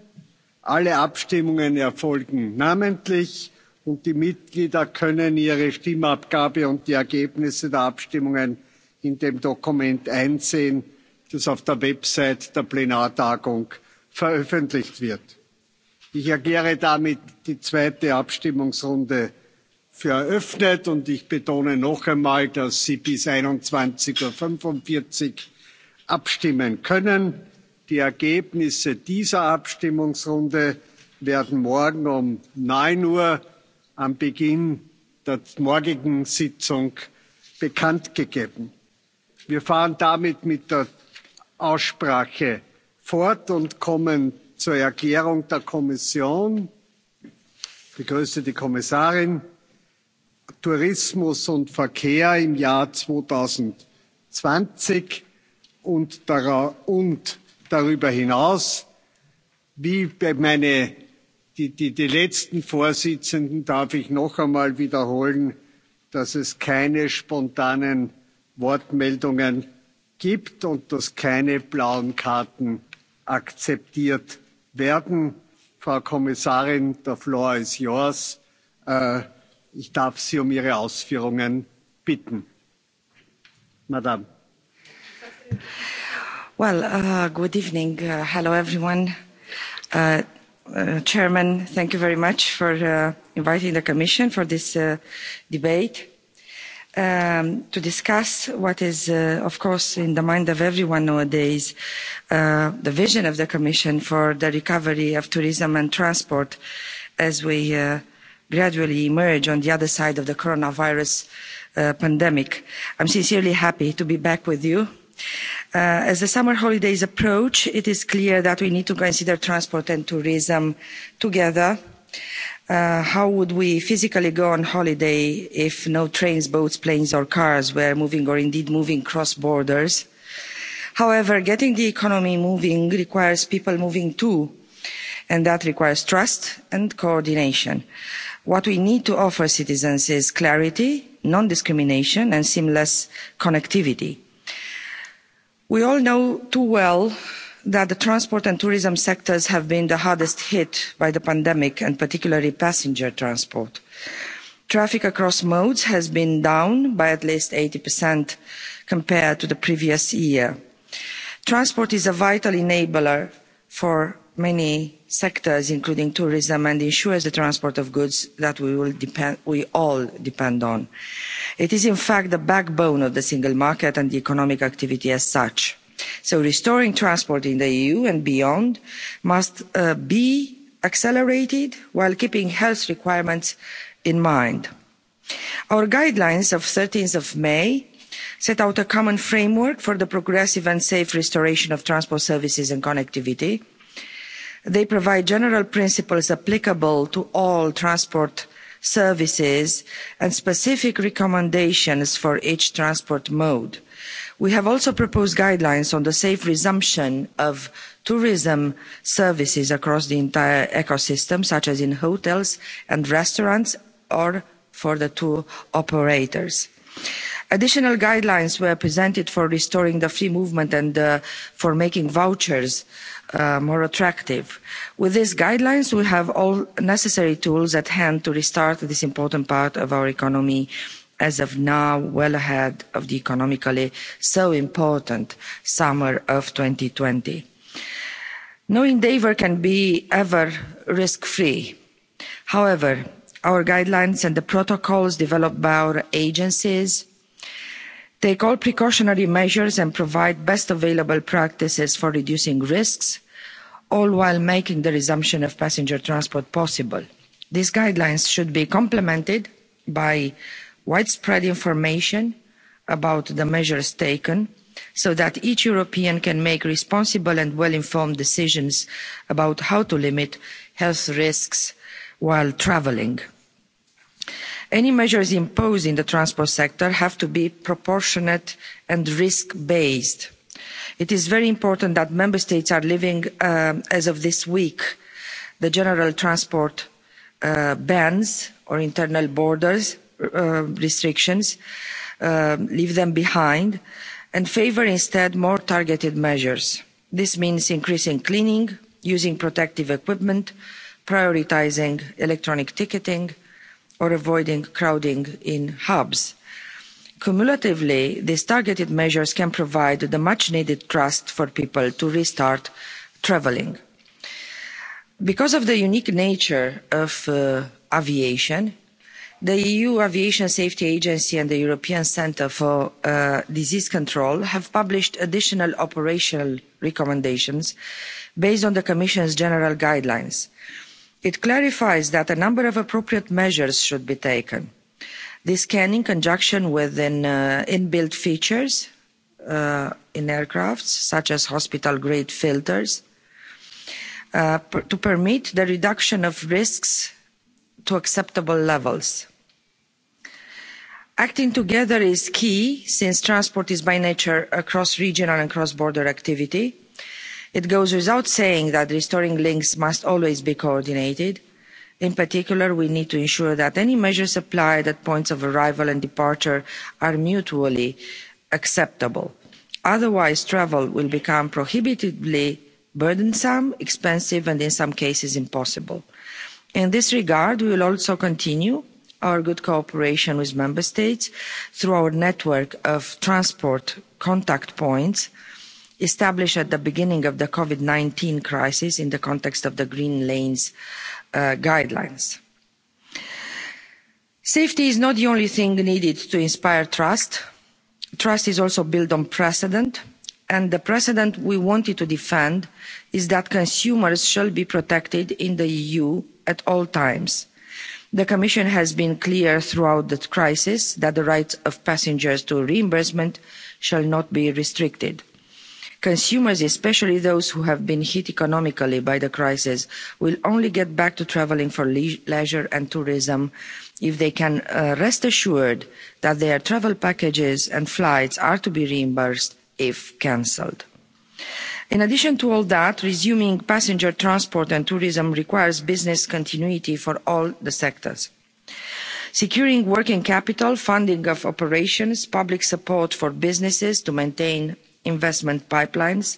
Alle Abstimmungen erfolgen namentlich und die Mitglieder können ihre Stimmabgabe und die Ergebnisse der Abstimmungen in dem Dokument einsehen, das auf der Website der Plenartagung veröffentlicht wird. Ich erkläre damit die zweite Abstimmungsrunde für eröffnet und ich betone noch einmal, dass Sie bis 21.45 Uhr abstimmen können die ergebnisse dieser abstimmungsrunde werden morgen um neun uhr am beginn der morgigen sitzung bekanntgegeben. wir fahren damit mit der aussprache fort und kommen zur erklärung der kommission ich begrüße die kommissarin tourismus und verkehr im jahr zweitausendzwanzig und darüber hinaus, wie meine, die, die, die letzten Vorsitzenden darf ich noch einmal wiederholen, dass es keine spontanen Wortmeldungen gibt und dass keine blauen Karten akzeptiert werden. Frau Kommissarin, the floor is yours. Äh, ich darf Sie um Ihre Ausführungen bitten. Madame. Well, uh, good evening. Uh, hello, everyone. Uh, uh, Chairman, thank you very much for uh, inviting the Commission for this uh, debate um, to discuss what is, uh, of course, in the mind of everyone nowadays, uh, the vision of the Commission for the recovery of tourism and transport as we uh, gradually emerge on the other side of the coronavirus uh, pandemic. I'm sincerely happy to be back with you Uh, as the summer holidays approach, it is clear that we need to consider transport and tourism together. Uh, how would we physically go on holiday if no trains, boats, planes or cars were moving or indeed moving cross borders? However, getting the economy moving requires people moving too, and that requires trust and coordination. What we need to offer citizens is clarity, non-discrimination and seamless connectivity we all know too well that the transport and tourism sectors have been the hardest hit by the pandemic and particularly passenger transport. traffic across modes has been down by at least eighty compared to the previous year. transport is a vital enabler for many sectors including tourism and ensures the transport of goods that we, will depend, we all depend on. it is in fact the backbone of the single market and the economic activity as such so restoring transport in the eu and beyond must uh, be accelerated while keeping health requirements in mind. our guidelines of thirteen may set out a common framework for the progressive and safe restoration of transport services and connectivity They provide general principles applicable to all transport services and specific recommendations for each transport mode. We have also proposed guidelines on the safe resumption of tourism services across the entire ecosystem, such as in hotels and restaurants or for the tour operators. Additional guidelines were presented for restoring the free movement and uh, for making vouchers Uh, more attractive. With these guidelines, we have all necessary tools at hand to restart this important part of our economy as of now well ahead of the economically so important summer of. two thousand and twenty no endeavour can be ever risk free. however our guidelines and the protocols developed by our agencies take all precautionary measures and provide best available practices for reducing risks all while making the resumption of passenger transport possible. these guidelines should be complemented by widespread information about the measures taken so that each european can make responsible and well informed decisions about how to limit health risks while travelling any measures imposed in the transport sector have to be proportionate and risk based. it is very important that member states are leaving um, uh, as of this week the general transport uh, bans or internal borders uh, restrictions uh, leave them behind and favour instead more targeted measures. this means increasing cleaning using protective equipment prioritising electronic ticketing or avoiding crowding in hubs. Cumulatively, these targeted measures can provide the much needed trust for people to restart travelling. Because of the unique nature of uh, aviation, the EU Aviation Safety Agency and the European Centre for uh, Disease Control have published additional operational recommendations based on the Commission's general guidelines it clarifies that a number of appropriate measures should be taken. this can in conjunction with an uh, inbuilt features uh, in aircrafts such as hospital grade filters uh, per to permit the reduction of risks to acceptable levels. acting together is key since transport is by nature a cross regional and cross border activity it goes without saying that restoring links must always be coordinated. in particular we need to ensure that any measures applied at points of arrival and departure are mutually acceptable. otherwise travel will become prohibitively burdensome expensive and in some cases impossible. in this regard we will also continue our good cooperation with member states through our network of transport contact points established at the beginning of the covid nineteen crisis in the context of the green lanes uh, guidelines. safety is not the only thing needed to inspire trust. trust is also built on precedent and the precedent we wanted to defend is that consumers shall be protected in the eu at all times. The Commission has been clear throughout the crisis that the rights of passengers to reimbursement shall not be restricted consumers especially those who have been hit economically by the crisis will only get back to travelling for leisure and tourism if they can uh, rest assured that their travel packages and flights are to be reimbursed if cancelled. In addition to all that, resuming passenger transport and tourism requires business continuity for all the sectors. Securing working capital, funding of operations, public support for businesses to maintain investment pipelines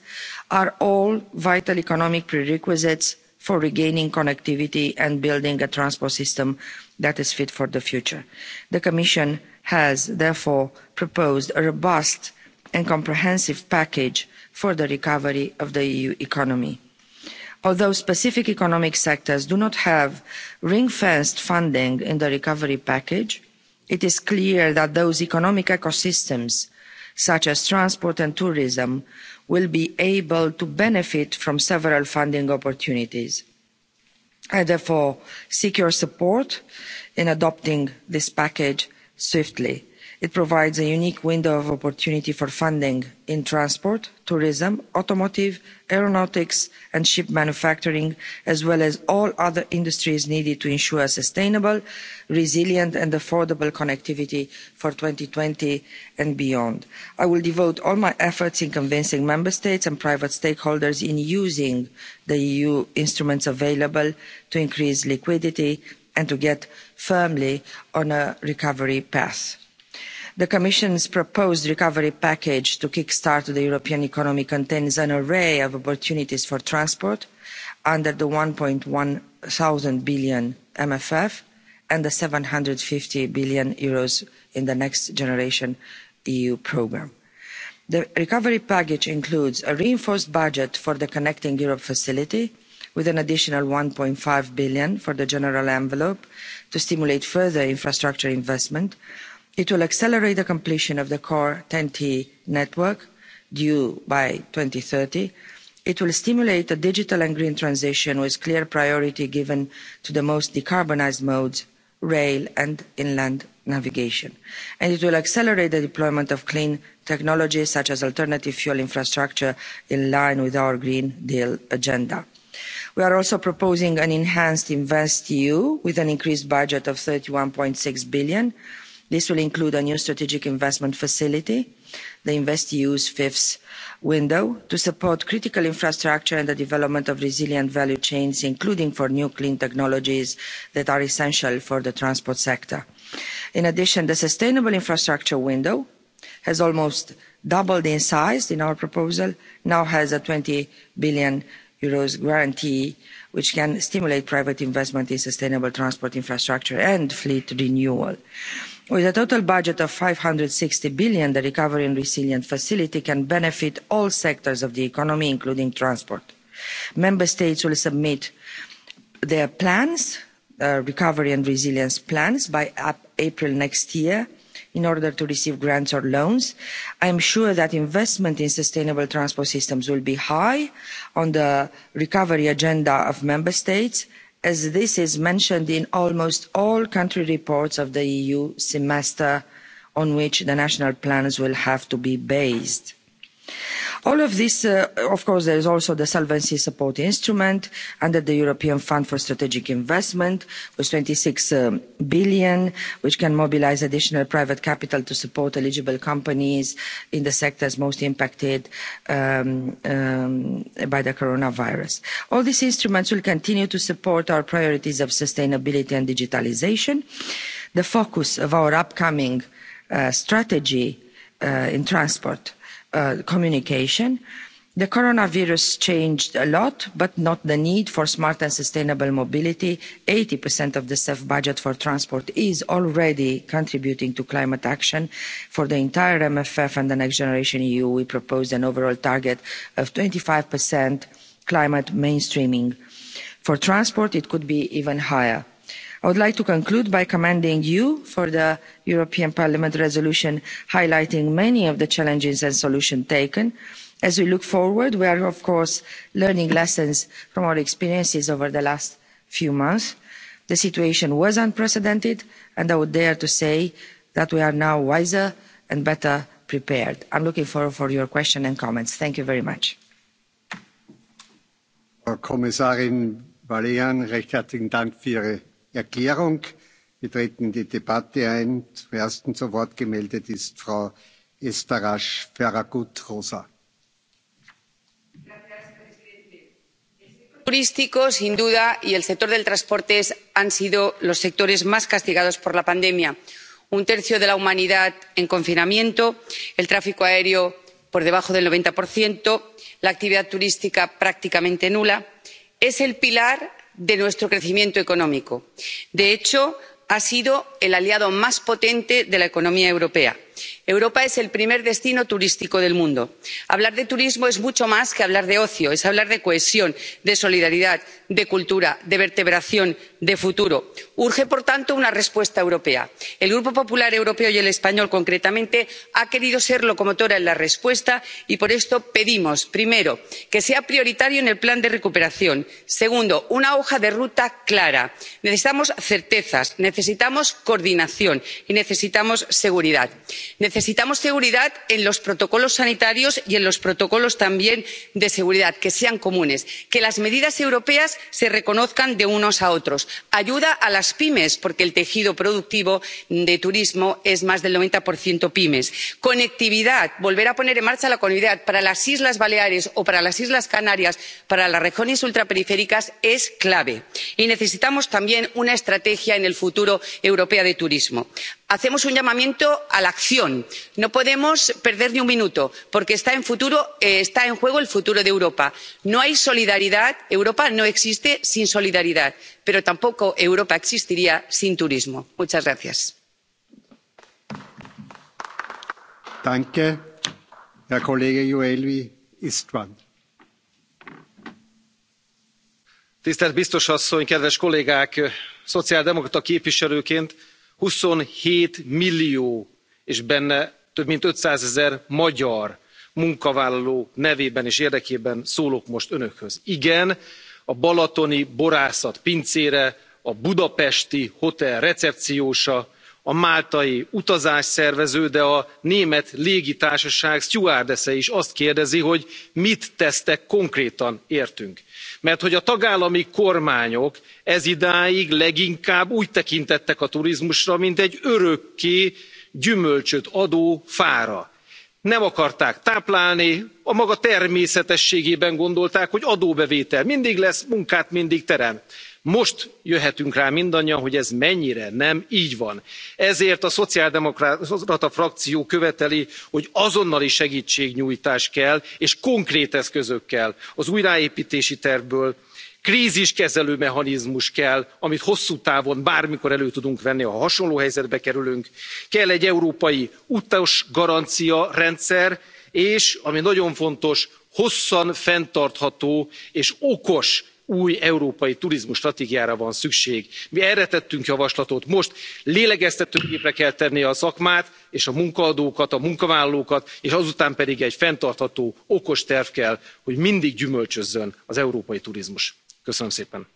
are all vital economic prerequisites for regaining connectivity and building a transport system that is fit for the future. The Commission has therefore proposed a robust and comprehensive package for the recovery of the EU economy. Although specific economic sectors do not have ring-fenced funding in the recovery package, it is clear that those economic ecosystems such as transport and tourism will be able to benefit from several funding opportunities. I therefore seek your support in adopting this package swiftly. It provides a unique window of opportunity for funding in transport, tourism, automotive, aeronautics and ship manufacturing, as well as all other industries needed to ensure sustainable, resilient and affordable connectivity for twenty and beyond. I will devote all my efforts in convincing member states and private stakeholders in using the EU instruments available to increase liquidity and to get firmly on a recovery path the commission's proposed recovery package to kick start the european economy contains an array of opportunities for transport under the eur. one one billion mff and the eur seven hundred and fifty billion Euros in the next generation eu programme. the recovery package includes a reinforced budget for the connecting europe facility with an additional eur. one five billion for the general envelope to stimulate further infrastructure investment it will accelerate the completion of the core ten t network due by two thousand and thirty it will stimulate a digital and green transition with clear priority given to the most decarbonised modes rail and inland navigation and it will accelerate the deployment of clean technologies such as alternative fuel infrastructure in line with our green deal agenda. we are also proposing an enhanced investeu with an increased budget of eur. thirty one six billion this will include a new strategic investment facility the investeu's fifth window to support critical infrastructure and the development of resilient value chains including for new clean technologies that are essential for the transport sector. in addition the sustainable infrastructure window has almost doubled in size in our proposal now has a eur twenty billion Euros guarantee which can stimulate private investment in sustainable transport infrastructure and fleet renewal with a total budget of eur five hundred and sixty billion the recovery and resilience facility can benefit all sectors of the economy including transport. member states will submit their plans uh, recovery and resilience plans by april next year in order to receive grants or loans. i am sure that investment in sustainable transport systems will be high on the recovery agenda of member states as this is mentioned in almost all country reports of the eu semester on which the national plans will have to be based all of this uh, of course there is also the solvency support instrument under the european fund for strategic investment with eur twenty six um, billion which can mobilise additional private capital to support eligible companies in the sectors most impacted um, um, by the coronavirus. all these instruments will continue to support our priorities of sustainability and digitalisation. the focus of our upcoming uh, strategy uh, in transport uh, communication. The coronavirus changed a lot, but not the need for smart and sustainable mobility. 80% of the CEF budget for transport is already contributing to climate action. For the entire MFF and the Next Generation EU, we proposed an overall target of 25% climate mainstreaming. For transport, it could be even higher i would like to conclude by commending you for the european parliament resolution highlighting many of the challenges and solutions taken. as we look forward we are of course learning lessons from our experiences over the last few months. the situation was unprecedented and i would dare to say that we are now wiser and better prepared. i'm looking forward to for your questions and comments. thank you very much. frau kommissarin recht herzlichen dank für ihre erklärung. wir treten in die debatte ein. zur ersten zu wort gemeldet ist frau estars ferragut rosa. turístico sin duda y el sector del transporte han sido los sectores más castigados por la pandemia un tercio de la humanidad en confinamiento el tráfico aéreo por debajo del noventa la actividad turística prácticamente nula. es el pilar de nuestro crecimiento económico. de hecho ha sido el aliado más potente de la economía europea europa es el primer destino turístico del mundo. hablar de turismo es mucho más que hablar de ocio es hablar de cohesión de solidaridad de cultura de vertebración de futuro. urge por tanto una respuesta europea. el grupo popular europeo y el español concretamente ha querido ser locomotora en la respuesta y por esto pedimos primero que sea prioritario en el plan de recuperación segundo una hoja de ruta clara necesitamos certezas necesitamos coordinación y necesitamos seguridad necesitamos seguridad en los protocolos sanitarios y en los protocolos también de seguridad que sean comunes que las medidas europeas se reconozcan de unos a otros ayuda a las pymes porque el tejido productivo de turismo es más del noventa pymes conectividad volver a poner en marcha la conectividad para las islas baleares o para las islas canarias para las regiones ultraperiféricas es clave y necesitamos también una estrategia en el futuro europea de turismo hacemos un llamamiento a la acción. no podemos perder ni un minuto porque está en, futuro, eh, está en juego el futuro de europa. no hay solidaridad europa no existe sin solidaridad pero tampoco europa existiría sin turismo. muchas gracias. Tisztelt biztos asszony, kedves kollégák! Szociáldemokrata képviselőként seven millió és benne több mint hundred ezer magyar munkavállaló nevében és érdekében szólok most önökhöz. Igen, a balatoni borászat pincére, a budapesti hotel recepciósa, a máltai utazásszervező, de a német légitársaság sztjuárdesze is azt kérdezi, hogy mit tesztek konkrétan értünk mert hogy a tagállami kormányok ezidáig leginkább úgy tekintettek a turizmusra mint egy örökké gyümölcsöt adó fára. nem akarták táplálni a maga természetességében gondolták hogy adóbevétel mindig lesz munkát mindig teremt most jöhetünk rá mindannyian hogy ez mennyire nem gy van. ezért a szociáldemokrata frakció követeli hogy azonnali segtségnyújtás kell és konkrét eszközökkel az újjáéptési tervből krziskezelő mechanizmus kell amit hosszú távon bármikor elő tudunk venni ha hasonló helyzetbe kerülünk kell egy európai utasgarancia rendszer és ami nagyon fontos hosszan fenntartható és okos új európai turizmusstratégiára van szükség. mi erre tettünk javaslatot most lélegeztetőgépre kell tenni a szakmát és a munkaadókat a munkavállalókat és azután pedig egy fenntartható okos terv kell hogy mindig gyümölcsözzön az európai turizmus. köszönöm szépen!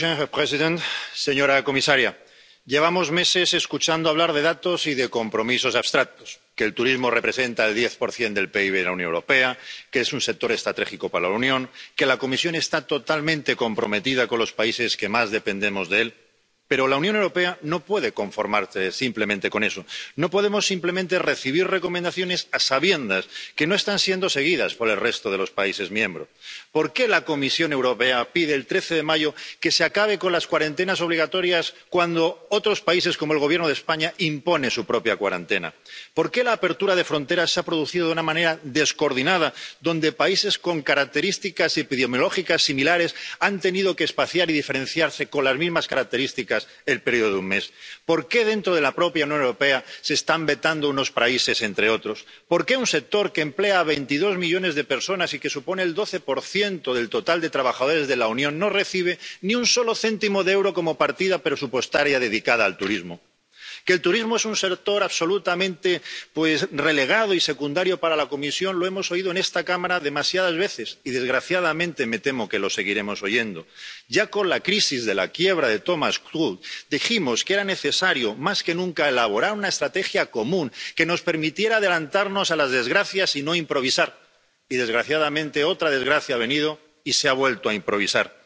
herr präsident señora comisaria! llevamos meses escuchando hablar de datos y de compromisos abstractos que el turismo representa el diez del pib de la unión europea que es un sector estratégico para la unión que la comisión está totalmente comprometida con los países que más dependemos de él pero la unión europea no puede conformarse simplemente con eso. no podemos simplemente recibir recomendaciones a sabiendas de que no están siendo seguidas por el resto de los países miembros. por qué la comisión europea pide el trece de mayo que se acabe con las cuarentenas obligatorias cuando otros países como el gobierno de españa imponen su propia cuarentena? por qué la apertura de fronteras se ha producido de una manera descoordinada donde países con características epidemiológicas similares han tenido que espaciar y diferenciarse con las mismas características fronteras el periodo de un mes? por qué dentro de la propia unión europea se están vetando unos países entre otros? por qué un sector que emplea a veintidós millones de personas y que supone el doce del total de trabajadores de la unión no recibe ni un solo céntimo de euro como partida presupuestaria dedicada al turismo? que el turismo es un sector absolutamente relegado y secundario para la comisión lo hemos oído en esta cámara demasiadas veces y desgraciadamente me temo que lo seguiremos oyendo. ya con la crisis de la quiebra de thomas cook dijimos que era necesario más que nunca elaborar una estrategia común que nos permitiera adelantarnos a las desgracias y no improvisar y desgraciadamente otra desgracia ha venido y se ha vuelto a improvisar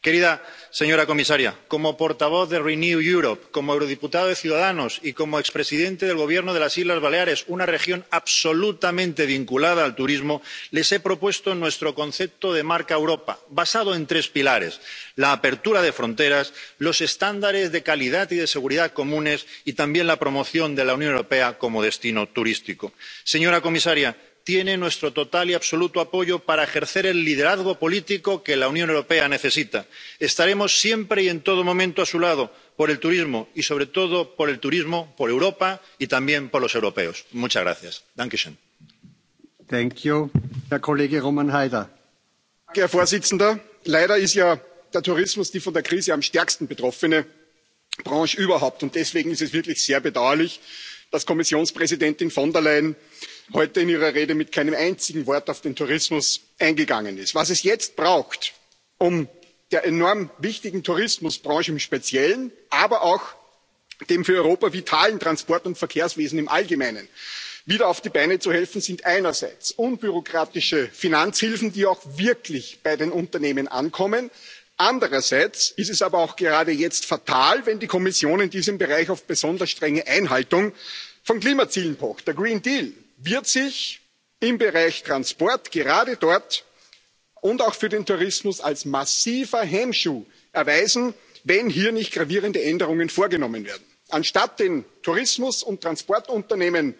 querida señora comisaria como portavoz de renew europe como eurodiputado de ciudadanos y como expresidente del gobierno de las islas baleares una región absolutamente vinculada al turismo les he propuesto nuestro concepto de marca europa basado en tres pilares la apertura de fronteras los estándares de calidad y de seguridad comunes y también la promoción de la unión europea como destino turístico. señora comisaria tiene nuestro total y absoluto apoyo para ejercer el liderazgo político que la unión europea necesita. estaremos siempre y en todo momento a su lado por el turismo y sobre todo por el turismo por europa y también por los europeos. muchas gracias. herr präsident! leider ist ja der tourismus die von der krise am stärksten betroffene branche überhaupt und deswegen ist es wirklich sehr bedauerlich dass kommissionspräsidentin von der leyen heute in ihrer rede mit keinem einzigen wort auf den tourismus eingegangen ist. was es jetzt braucht um der enorm wichtigen tourismusbranche im speziellen aber auch dem für europa vitalen transport und verkehrswesen im allgemeinen wieder auf die beine zu helfen sind einerseits unbürokratische finanzhilfen die auch wirklich bei den unternehmen ankommen andererseits ist es aber auch gerade jetzt fatal wenn die kommission in diesem bereich auf besonders strenge einhaltung von klimazielen pocht. der green deal wird sich im bereich transport gerade dort und auch für den tourismus als massiver hemmschuh erweisen wenn hier nicht gravierende änderungen vorgenommen werden. anstatt den tourismus und transportunternehmen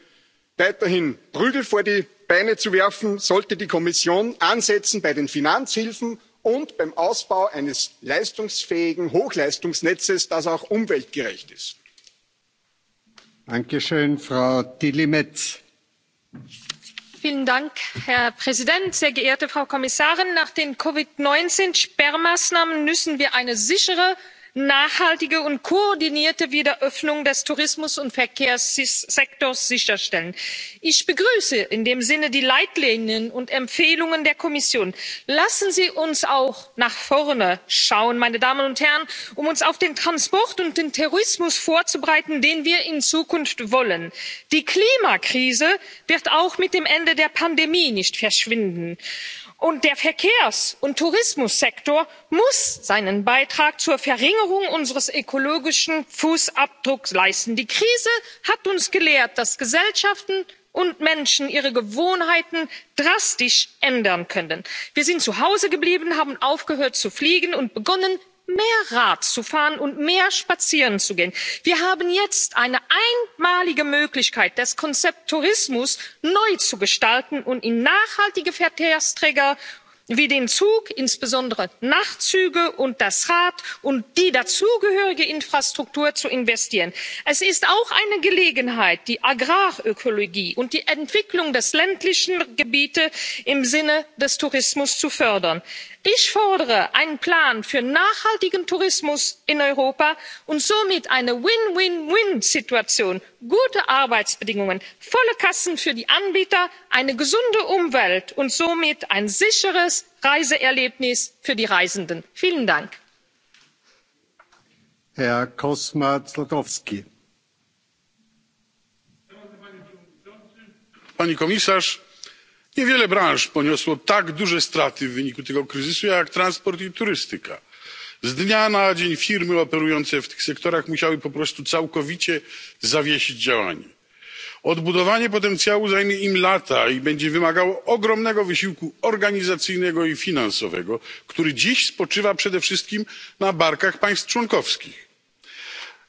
weiterhin prügel vor die beine zu werfen sollte die kommission ansetzen bei den finanzhilfen und beim ausbau eines leistungsfähigen hochleistungsnetzes das auch umweltgerecht ist herr präsident sehr geehrte frau kommissarin! nach den covid neunzehn sperrmaßnahmen müssen wir eine sichere und verlässliche nachhaltige und koordinierte wiederöffnung des tourismus und verkehrssektors sicherstellen. ich begrüße in dem sinne die leitlinien und empfehlungen der kommission. lassen sie uns auch nach vorne schauen meine damen und herren um uns auf den transport und den tourismus vorzubereiten den wir in zukunft wollen. die klimakrise wird auch mit dem ende der pandemie nicht verschwinden und der verkehrs und tourismussektor muss seinen beitrag zur verringerung unseres ökologischen fußabdrucks leisten. die krise hat uns gelehrt dass gesellschaften und menschen ihre gewohnheiten drastisch ändern können. wir sind zu hause geblieben haben aufgehört zu fliegen und begonnen mehr rad zu fahren und mehr spazieren zu gehen. wir haben jetzt eine einmalige möglichkeit das konzept tourismus neu zu gestalten und in nachhaltige verkehrsträger wie den zug insbesondere nachtzüge und das rad und die dazugehörige infrastruktur zu investieren. es ist auch eine gelegenheit die agrarökologie und die entwicklung der ländlichen gebiete im sinne des tourismus zu fördern ich fordere einen plan für nachhaltigen tourismus in europa und somit eine win win win situation gute arbeitsbedingungen volle kassen für die anbieter eine gesunde umwelt und somit ein sicheres reiseerlebnis für die reisenden. vielen dank! herr kosma pani komisarz! niewiele branż poniosło tak duże straty w wyniku tego kryzysu jak transport i turystyka. z dnia na dzień firmy operujące w tych sektorach musiały po prostu całkowicie zawiesić działanie. odbudowanie potencjału zajmie im lata i będzie wymagało ogromnego wysiłku organizacyjnego i finansowego który dziś spoczywa przede wszystkim na barkach państw członkowskich.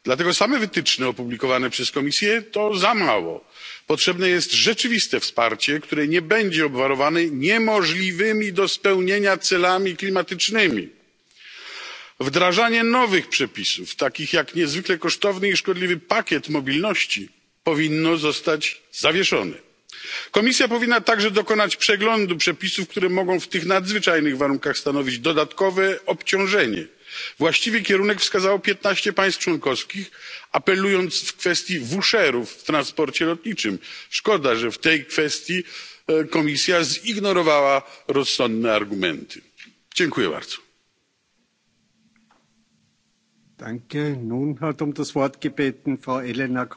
dlatego same wytyczne opublikowane przez komisję to za mało potrzebne jest rzeczywiste wsparcie które nie będzie obwarowane niemożliwymi do spełnienia celami klimatycznymi. wdrażanie nowych przepisów takich jak niezwykle kosztowny i szkodliwy pakiet mobilności powinno zostać zawieszone. komisja powinna także dokonać przeglądu przepisów które mogą w tych nadzwyczajnych warunkach stanowić dodatkowe obciążenie właściwy kierunek wskazało piętnaście państw członkowskich apelując w kwestii voucherów w transporcie lotniczym. szkoda że w tej kwestii e, komisja zignorowała rozsądne argumenty. dziękuję bardzo. Danke. Nun hat um das Wort gebeten Frau Elena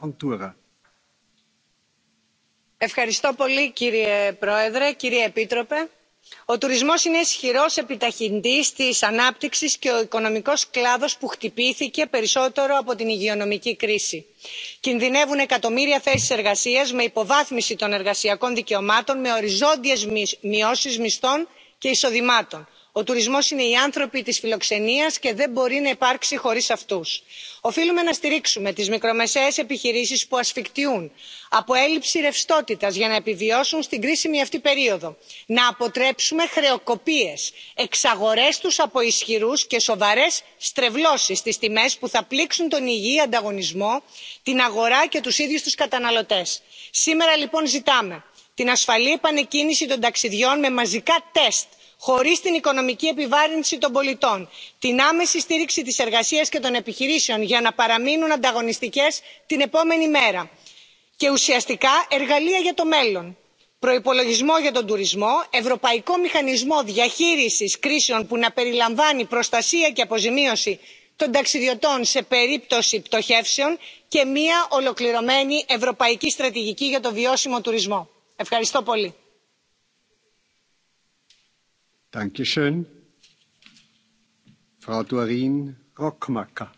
Ευχαριστώ πολύ κύριε Πρόεδρε, κύριε Επίτροπε Ο τουρισμός είναι ισχυρός επιταχυντής της ανάπτυξης και ο οικονομικός κλάδος που χτυπήθηκε περισσότερο από την υγειονομική κρίση. Κινδυνεύουν εκατομμύρια θέσεις εργασίας με υποβάθμιση των εργασιακών δικαιωμάτων με οριζόντιες μειώσεις μισθών και εισοδημάτων Ο τουρισμό είναι οι άνθρωποι τη φιλοξενία και δεν μπορεί να υπάρξει χωρί αυτού. Οφείλουμε να στηρίξουμε τι μικρομεσαίε επιχειρήσει που ασφικτιούν από έλλειψη ρευστότητα για να επιβιώσουν στην κρίσιμη αυτή περίοδο. Να αποτρέψουμε χρεοκοπίε, εξαγορέ του από ισχυρού και σοβαρέ στρεβλώσει στι τιμέ που θα πλήξουν τον υγιή ανταγωνισμό, την αγορά και του ίδιου του καταναλωτέ. Σήμερα λοιπόν ζητάμε την ασφαλή επανεκκίνηση των ταξιδιών με μαζικά τεστ χωρίς την οικονομική επιβάρυνση των πολιτών την άμεση στήριξη της εργασίας και των επιχειρήσεων για να παραμείνουν ανταγωνιστικές την επόμενη μέρα και ουσιαστικά εργαλεία για το μέλλον προϋπολογισμό για τον τουρισμό, ευρωπαϊκό μηχανισμό διαχείρισης κρίσεων που να περιλαμβάνει προστασία και αποζημίωση των ταξιδιωτών σε περίπτωση πτωχεύσεων και μια ολοκληρωμένη ευρωπαϊκή στρατηγική για το βιώσιμο τουρισμό. Ευχαριστώ πολύ. Dankeschön. Frau Dorin Rockmacker.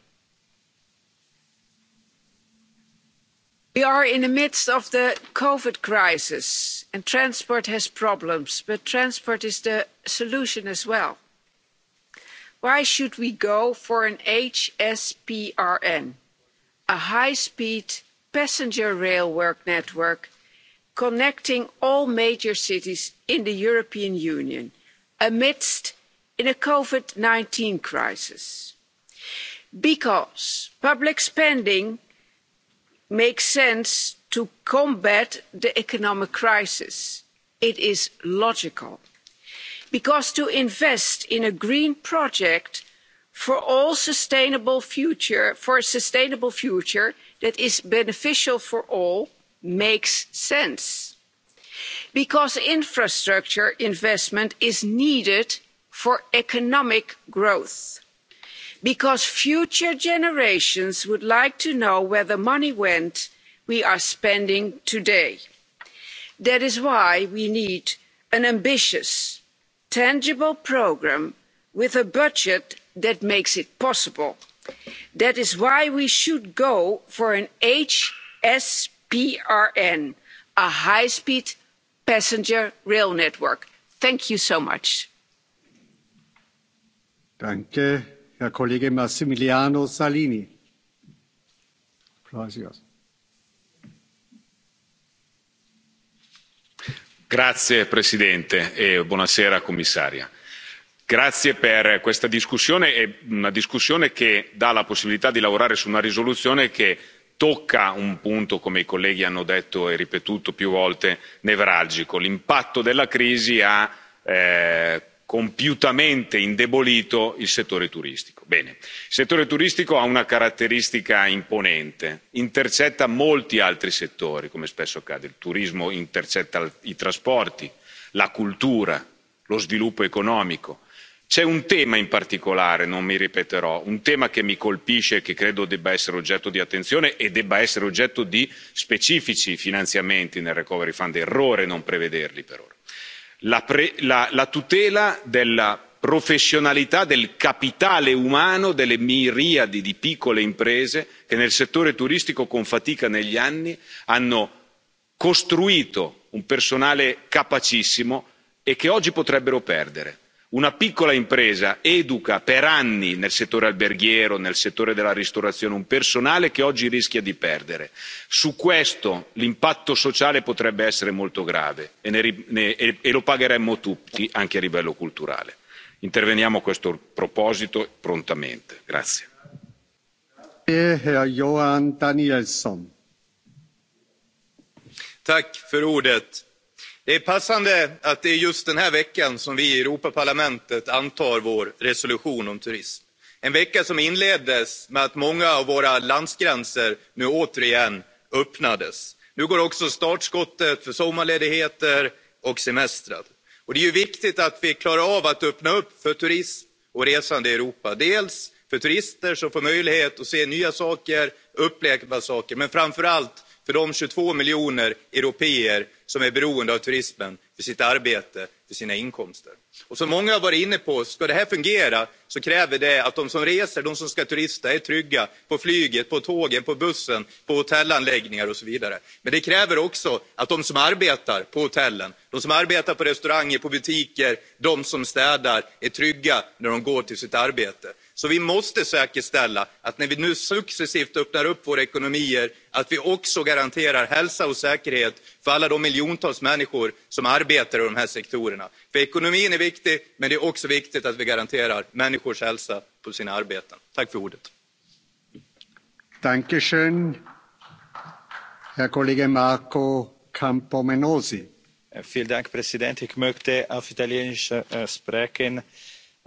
We are in the midst of the COVID crisis and transport has problems, but transport is the solution as well. Why should we go for an HSPRN, a high-speed passenger rail work network connecting all major cities in the European Union – amidst in a covid nineteen crisis because public spending makes sense to combat the economic crisis. It is logical. Because to invest in a green project for all sustainable future, for a sustainable future that is beneficial for all makes sense because infrastructure investment is needed for economic growth because future generations would like to know where the money went we are spending today. that is why we need an ambitious tangible programme with a budget that makes it possible. that is why we should go for an hsprn a high speed passenger rail network. Thank you so much. Danke, Herr Kollege Massimiliano Salini. Grazie Presidente e buonasera Commissaria. Grazie per questa discussione, e una discussione che dà la possibilità di lavorare su una risoluzione che tocca un punto come i colleghi hanno detto e ripetuto più volte nevralgico l'impatto della crisi ha eh, compiutamente indebolito il settore turistico. Bene, il settore turistico ha una caratteristica imponente, intercetta molti altri settori, come spesso accade, il turismo intercetta i trasporti, la cultura, lo sviluppo economico, c'è un tema in particolare non mi ripeterò un tema che mi colpisce e che credo debba essere oggetto di attenzione e debba essere oggetto di specifici finanziamenti nel recovery fund errore non prevederli per ora la tutela della professionalità del capitale umano delle miriadi di piccole imprese che nel settore turistico con fatica negli anni hanno costruito un personale capacissimo e che oggi potrebbero perdere una piccola impresa educa per anni nel settore alberghiero nel settore della ristorazione un personale che oggi rischia di perdere. su questo l'impatto sociale potrebbe essere molto grave e, e, e lo pagheremmo tutti anche a livello culturale. interveniamo a questo proposito prontamente. Det är passande att det är just den här veckan som vi i Europaparlamentet antar vår resolution om turism. En vecka som inleddes med att många av våra landsgränser nu återigen öppnades. Nu går också startskottet för sommarledigheter och semestrar. Och det är ju viktigt att vi klarar av att öppna upp för turism och resande i Europa. Dels för turister som får möjlighet att se nya saker, uppleva saker, men framför allt för de 22 miljoner européer som är beroende av turismen för sitt arbete, för sina inkomster. som många har varit inne på, ska det här fungera så kräver det att de som reser, de som ska turista, är trygga på flyget, på tågen, på bussen, på hotellanläggningar och så vidare. Men det kräver också att de som arbetar på hotellen, de som arbetar på restauranger, på butiker, de som städar är trygga när de går till sitt arbete. Så vi måste säkerställa att när vi nu successivt öppnar upp våra ekonomier att vi också garanterar hälsa och säkerhet för alla de miljontals människor som arbetar i de här sektorerna. För ekonomin är viktig, men det är också viktigt att vi garanterar människors hälsa på sina arbeten. Tack för ordet. Herr Marco Campomenosi. Präsident. Ich möchte auf Italienisch äh, sprechen.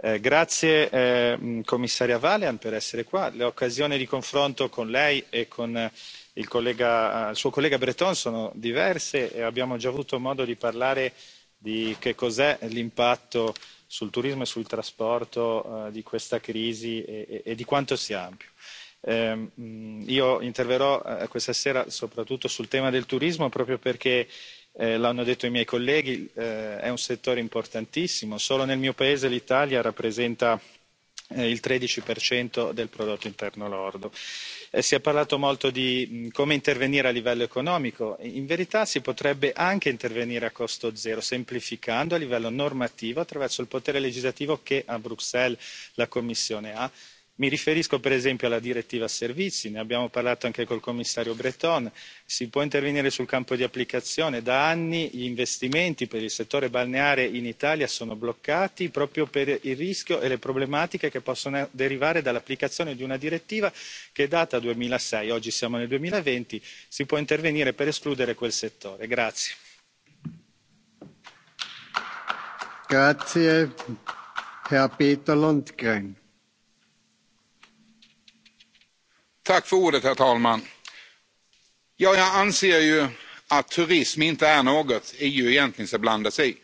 Eh, grazie eh, mm, commissaria Valian per essere qua. L'occasione di confronto con lei e con eh, il, collega, eh, il suo collega Breton sono diverse e abbiamo già avuto modo di parlare di che cos'è l'impatto sul turismo e sul trasporto eh, di questa crisi e, e, e di quanto sia ampio. Eh, io interverrò eh, questa sera soprattutto sul tema del turismo proprio perché Eh, l'hanno detto i miei colleghi, eh, è un settore importantissimo. Solo nel mio paese l'Italia rappresenta eh, il 13% del prodotto interno lordo. si è parlato molto di come intervenire a livello economico. In verità si potrebbe anche intervenire a costo zero, semplificando a livello normativo attraverso il potere legislativo che a Bruxelles la Commissione ha mi riferisco per esempio alla direttiva servizi ne abbiamo parlato anche col commissario breton si può intervenire sul campo di applicazione da anni gli investimenti per il settore balneare in italia sono bloccati proprio per il rischio e le problematiche che possono derivare dall'applicazione di una direttiva che è data duemilasei oggi siamo nel duemilaventi si può intervenire per escludere quel settore. Grazie. Tack för ordet, herr talman. Ja, jag anser ju att turism inte är något EU egentligen ska blanda sig i.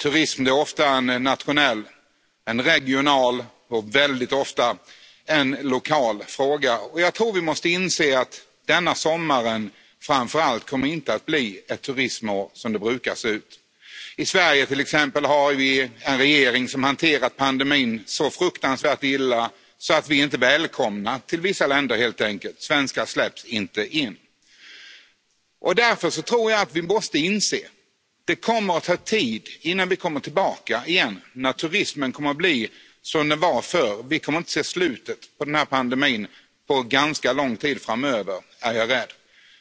Turism är ofta en nationell, en regional och väldigt ofta en lokal fråga. Och jag tror vi måste inse att denna sommaren framför allt kommer inte att bli ett turismår som det brukar se ut. I Sverige till exempel har vi en regering som hanterat pandemin så fruktansvärt illa så att vi inte är välkomna till vissa länder helt enkelt. Svenskar släpps inte in. Och därför så tror jag att vi måste inse det kommer att ta tid innan vi kommer tillbaka igen när turismen kommer att bli som den var förr. Vi kommer inte se slutet på den här pandemin på ganska lång tid framöver, är jag rädd.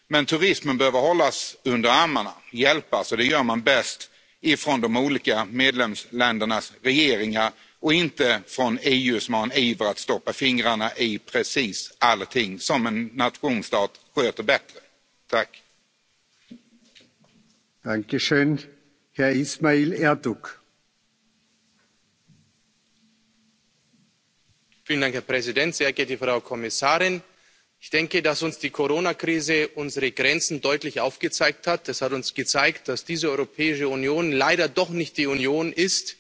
Men turismen behöver hållas under armarna, hjälpas och det gör man bäst ifrån de olika medlemsländernas regeringar och inte från EU som har en iver att stoppa fingrarna i precis allting som en nationsstat sköter bättre. Tack. Dankeschön. Herr Ismail Ertug. Vielen Dank, Herr Präsident, sehr geehrte Frau Kommissarin. Ich denke, dass uns die Corona-Krise unsere Grenzen deutlich aufgezeigt hat. Es hat uns gezeigt, dass diese Europäische Union leider doch nicht die Union ist,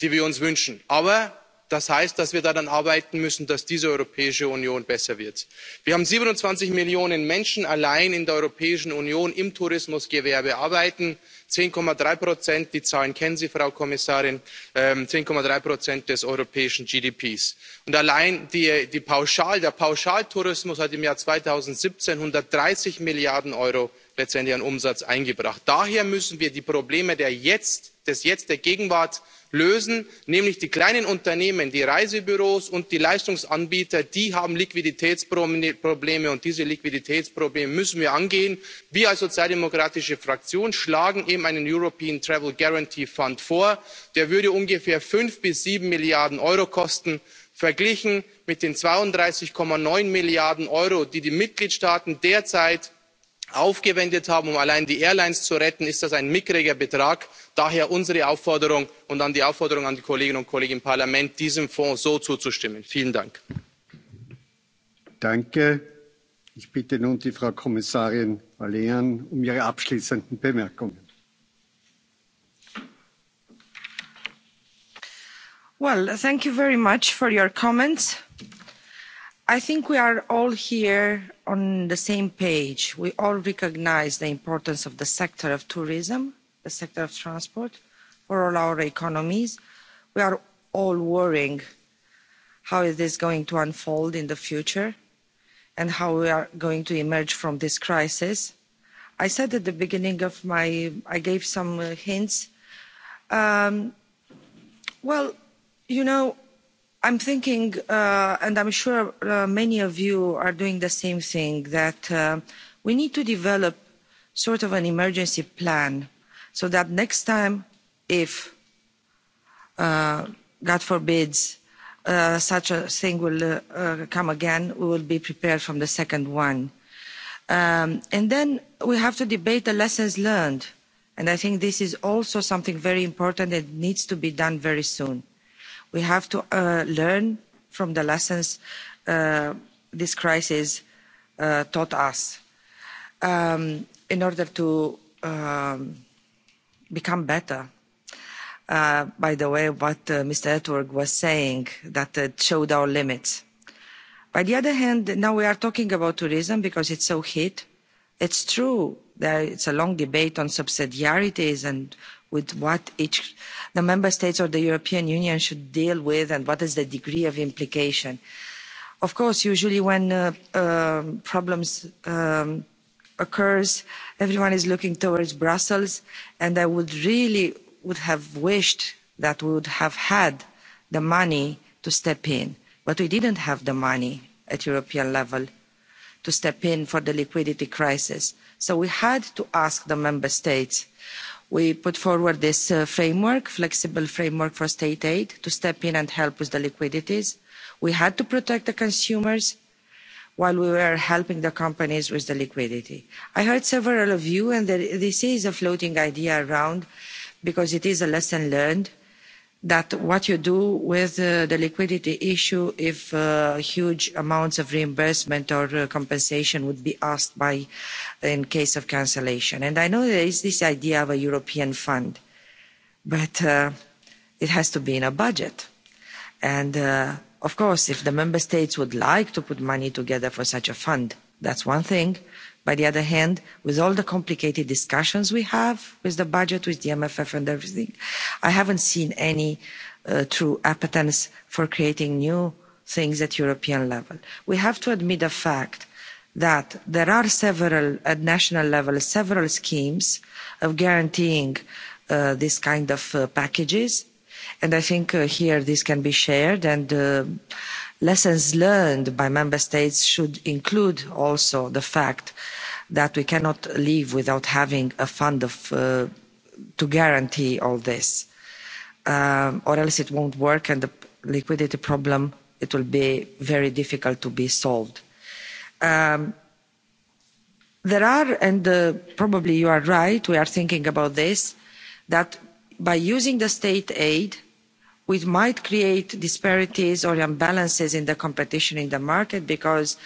die wir uns wünschen. aber das heißt dass wir daran arbeiten müssen dass diese europäische union besser wird. wir haben siebenundzwanzig millionen menschen allein in der europäischen union im tourismusgewerbe arbeiten zehn drei die zahlen kennen sie frau kommissarin ähm, zehn drei des europäischen GDP. und allein die der pauschaltourismus hat im jahr zweitausendsiebzehn einhundertdreißig milliarden euro letztendlich an umsatz eingebracht. daher müssen wir die probleme der jetzt der gegenwart lösen nämlich die kleinen unternehmen die reisebüros und die leistungsanbieter die haben liquiditätsprobleme und diese liquiditätsprobleme müssen wir angehen. wir als sozialdemokratische fraktion schlagen eben einen european travel guarantee fund vor der würde ungefähr fünf bis sieben milliarden euro kosten verglichen mit den zweiunddreißig neun milliarden euro die die mitgliedstaaten derzeit aufgewendet haben um allein die airlines zu retten ist das ein mickriger betrag daher unsere aufforderung und dann die aufforderung an die kolleginnen und kollegen im parlament diesem fonds so zuzustimmen. vielen dank! ich bitte nun die frau kommissarin vlean um ihre abschließenden bemerkungen. well thank you very much for your comments. i think we are all here on the same page. We all recognise the importance of the sector of tourism, the sector of transport for all our economies. We are all worrying how is this going to unfold in the future and how we are going to emerge from this crisis. I said at the beginning of my, I gave some uh, hints. Um, well, you know, I'm thinking, uh, and I'm sure uh, many of you are doing the same thing, that uh, we need to develop sort of an emergency plan so that next time, if, uh, God forbids, uh, such a thing will uh, uh, come again, we will be prepared from the second one. Um, and then we have to debate the lessons learned. And I think this is also something very important that needs to be done very soon. We have to uh, learn from the lessons uh, this crisis uh, taught us um, in order to um, become better. Uh, by the way, what uh, Mr. Edward was saying, that it showed our limits. By the other hand, now we are talking about tourism because it's so hit. It's true that it's a long debate on subsidiarities and with what each the member states or the European Union should deal with and what is the degree of implication. Of course, usually when uh, uh, problems um, occurs, everyone is looking towards Brussels, and I would really would have wished that we would have had the money to step in, but we didn't have the money at European level to step in for the liquidity crisis. So we had to ask the member states We put forward this uh, framework, flexible framework for state aid to step in and help with the liquidities. We had to protect the consumers while we were helping the companies with the liquidity. I heard several of you, and there, this is a floating idea around because it is a lesson learned that what you do with uh, the liquidity issue if uh, huge amounts of reimbursement or uh, compensation would be asked by in case of cancellation and i know there is this idea of a european fund but uh, it has to be in a budget and uh, of course if the member states would like to put money together for such a fund that's one thing on the other hand with all the complicated discussions we have with the budget with the mff and everything i haven't seen any uh, true appetite for creating new things at european level. we have to admit the fact that there are several at national level several schemes of guaranteeing uh, this kind of uh, packages and i think uh, here this can be shared and uh, lessons learned by member states should include also the fact that we cannot leave without having a fund of, uh, to guarantee all this um, or else it won't work and the liquidity problem it will be very difficult to be solved. Um, there are and uh, probably you are right we are thinking about this that by using the state aid we might create disparities or imbalances in the competition in the market because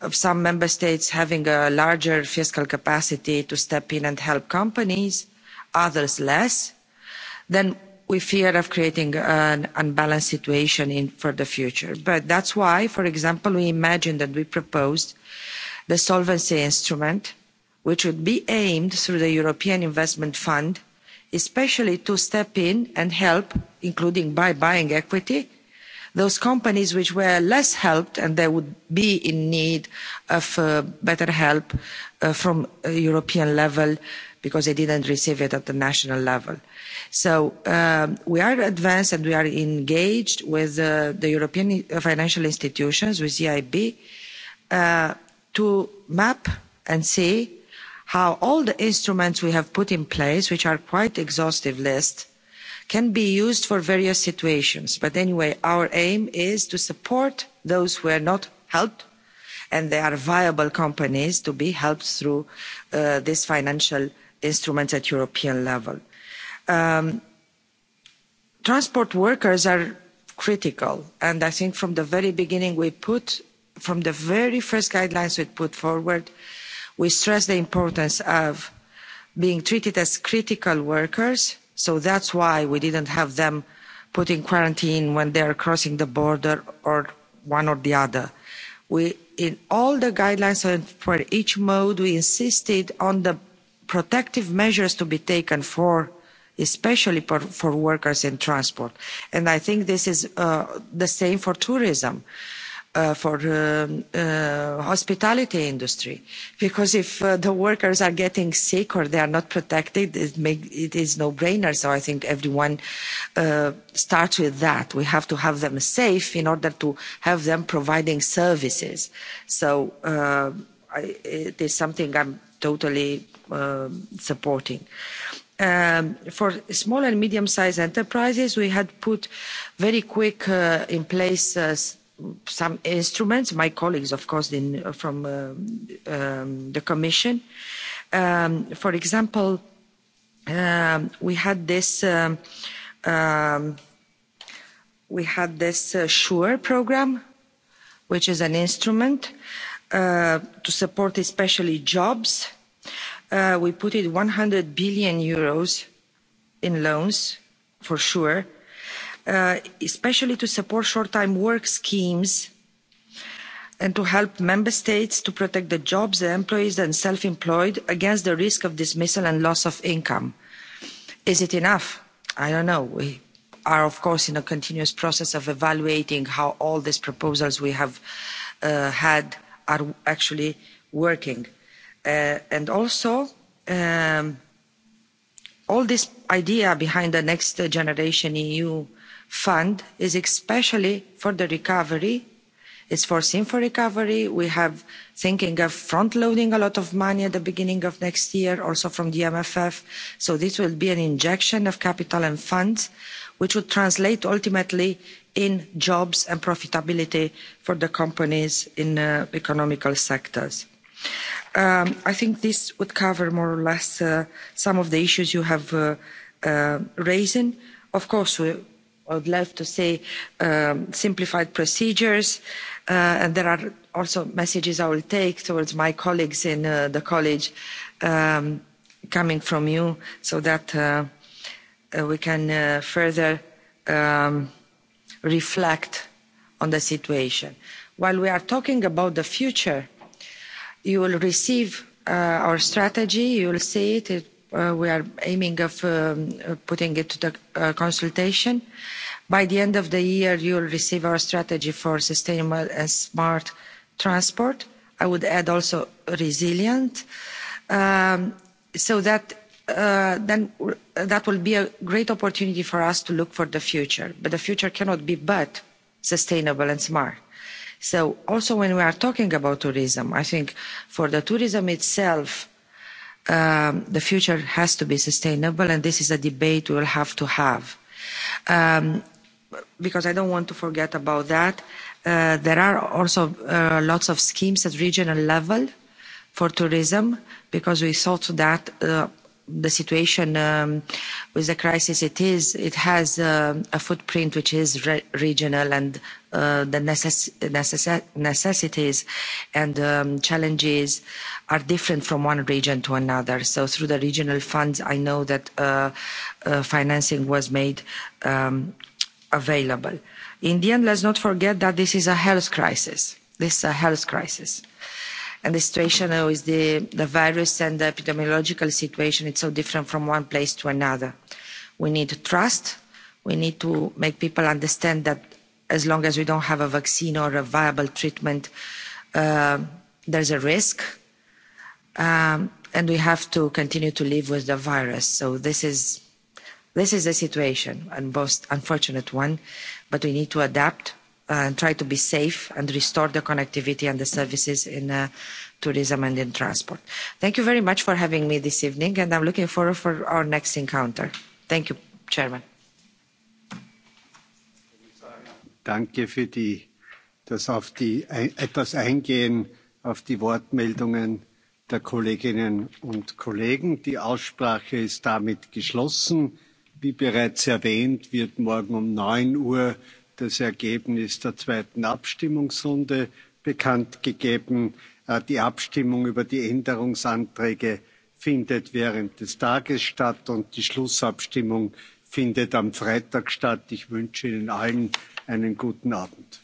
of some member states having a larger fiscal capacity to step in and help companies, others less, then we fear of creating an unbalanced situation in, for the future. But that's why, for example, we imagined that we proposed the solvency instrument, which would be aimed through the European Investment Fund especially to step in and help including by buying equity those companies which were less helped and they would be in need of uh, better help uh, from a European level because they didn't receive it at the national level. So um, we are advanced and we are engaged with uh, the European financial institutions, with EIB, to map and see how all the instruments we have put in place which are quite an exhaustive list can be used for various situations but anyway our aim is to support those who are not helped and they are viable companies to be helped through uh, these financial instruments at european level. Um, transport workers are critical and i think from the very beginning we put from the very first guidelines we put forward uh, we stress the importance of being treated as critical workers so that's why we didn't have them put in quarantine when they are crossing the border or one or the other. We, in all the guidelines and for each mode, we insisted on the protective measures to be taken for especially for, for workers in transport. And I think this is uh, the same for tourism. Uh, uh, for the um, uh, uh, hospitality industry because if uh, the workers are getting sick or they are not protected it, make, it is no brainer so i think everyone uh, starts with that we have to have them safe in order to have them providing services so uh, I, it is something i'm totally uh, supporting um, for small and medium-sized enterprises, we had put very quick uh, in place uh, some instruments, my colleagues, of course, in, from uh, um, the Commission. Um, for example, um, we had this. Um, um, we had this uh, SURE program, which is an instrument uh, to support especially jobs. Uh, we put in 100 billion euros in loans for sure uh, especially to support short-time work schemes and to help member states to protect the jobs, the employees and self-employed against the risk of dismissal and loss of income. Is it enough? I don't know. We are, of course, in a continuous process of evaluating how all these proposals we have uh, had are actually working. Uh, and also, um, all this idea behind the next generation EU fund is especially for the recovery it's foreseen for recovery we have thinking of front loading a lot of money at the beginning of next year also from the mff so this will be an injection of capital and funds which would translate ultimately in jobs and profitability for the companies in uh, economical sectors um, i think this would cover more or less uh, some of the issues you have uh, uh, raised of course we I would love to say um, simplified procedures. Uh, and there are also messages I will take towards my colleagues in uh, the college um, coming from you so that uh, uh we can uh, further um, reflect on the situation. While we are talking about the future, you will receive uh, our strategy, you will see it, it Uh, we are aiming of um, uh, putting it to the uh, consultation. By the end of the year, you'll receive our strategy for sustainable and smart transport. I would add also resilient. Um, so that uh, then that will be a great opportunity for us to look for the future. But the future cannot be but sustainable and smart. So also when we are talking about tourism, I think for the tourism itself, um, the future has to be sustainable, and this is a debate we will have to have. Um, because I don't want to forget about that, uh, there are also uh, lots of schemes at regional level for tourism because we thought that uh, the situation um, with the crisis it is, it has uh, a footprint which is re regional and uh, the necess necess necessities and um, challenges are different from one region to another. So through the regional funds, I know that uh, uh, financing was made um, available. In the end, let's not forget that this is a health crisis. This is a health crisis And the situation now is the, the virus and the epidemiological situation, it's so different from one place to another. We need trust. We need to make people understand that as long as we don't have a vaccine or a viable treatment, uh, there's a risk. Um, and we have to continue to live with the virus. So this is, this is the situation, and most unfortunate one, but we need to adapt and try to be safe and restore the connectivity and the services in uh, tourism and in transport. Thank you very much for having me this evening and I'm looking forward for our next encounter. Thank you, Chairman. Danke für die, das auf die, äh, etwas eingehen auf die Wortmeldungen der Kolleginnen und Kollegen. Die Aussprache ist damit geschlossen. Wie bereits erwähnt, wird morgen um 9 Uhr das Ergebnis der zweiten Abstimmungsrunde bekannt gegeben. Äh, die Abstimmung über die Änderungsanträge findet während des Tages statt und die Schlussabstimmung findet am Freitag statt. Ich wünsche Ihnen allen einen guten Abend.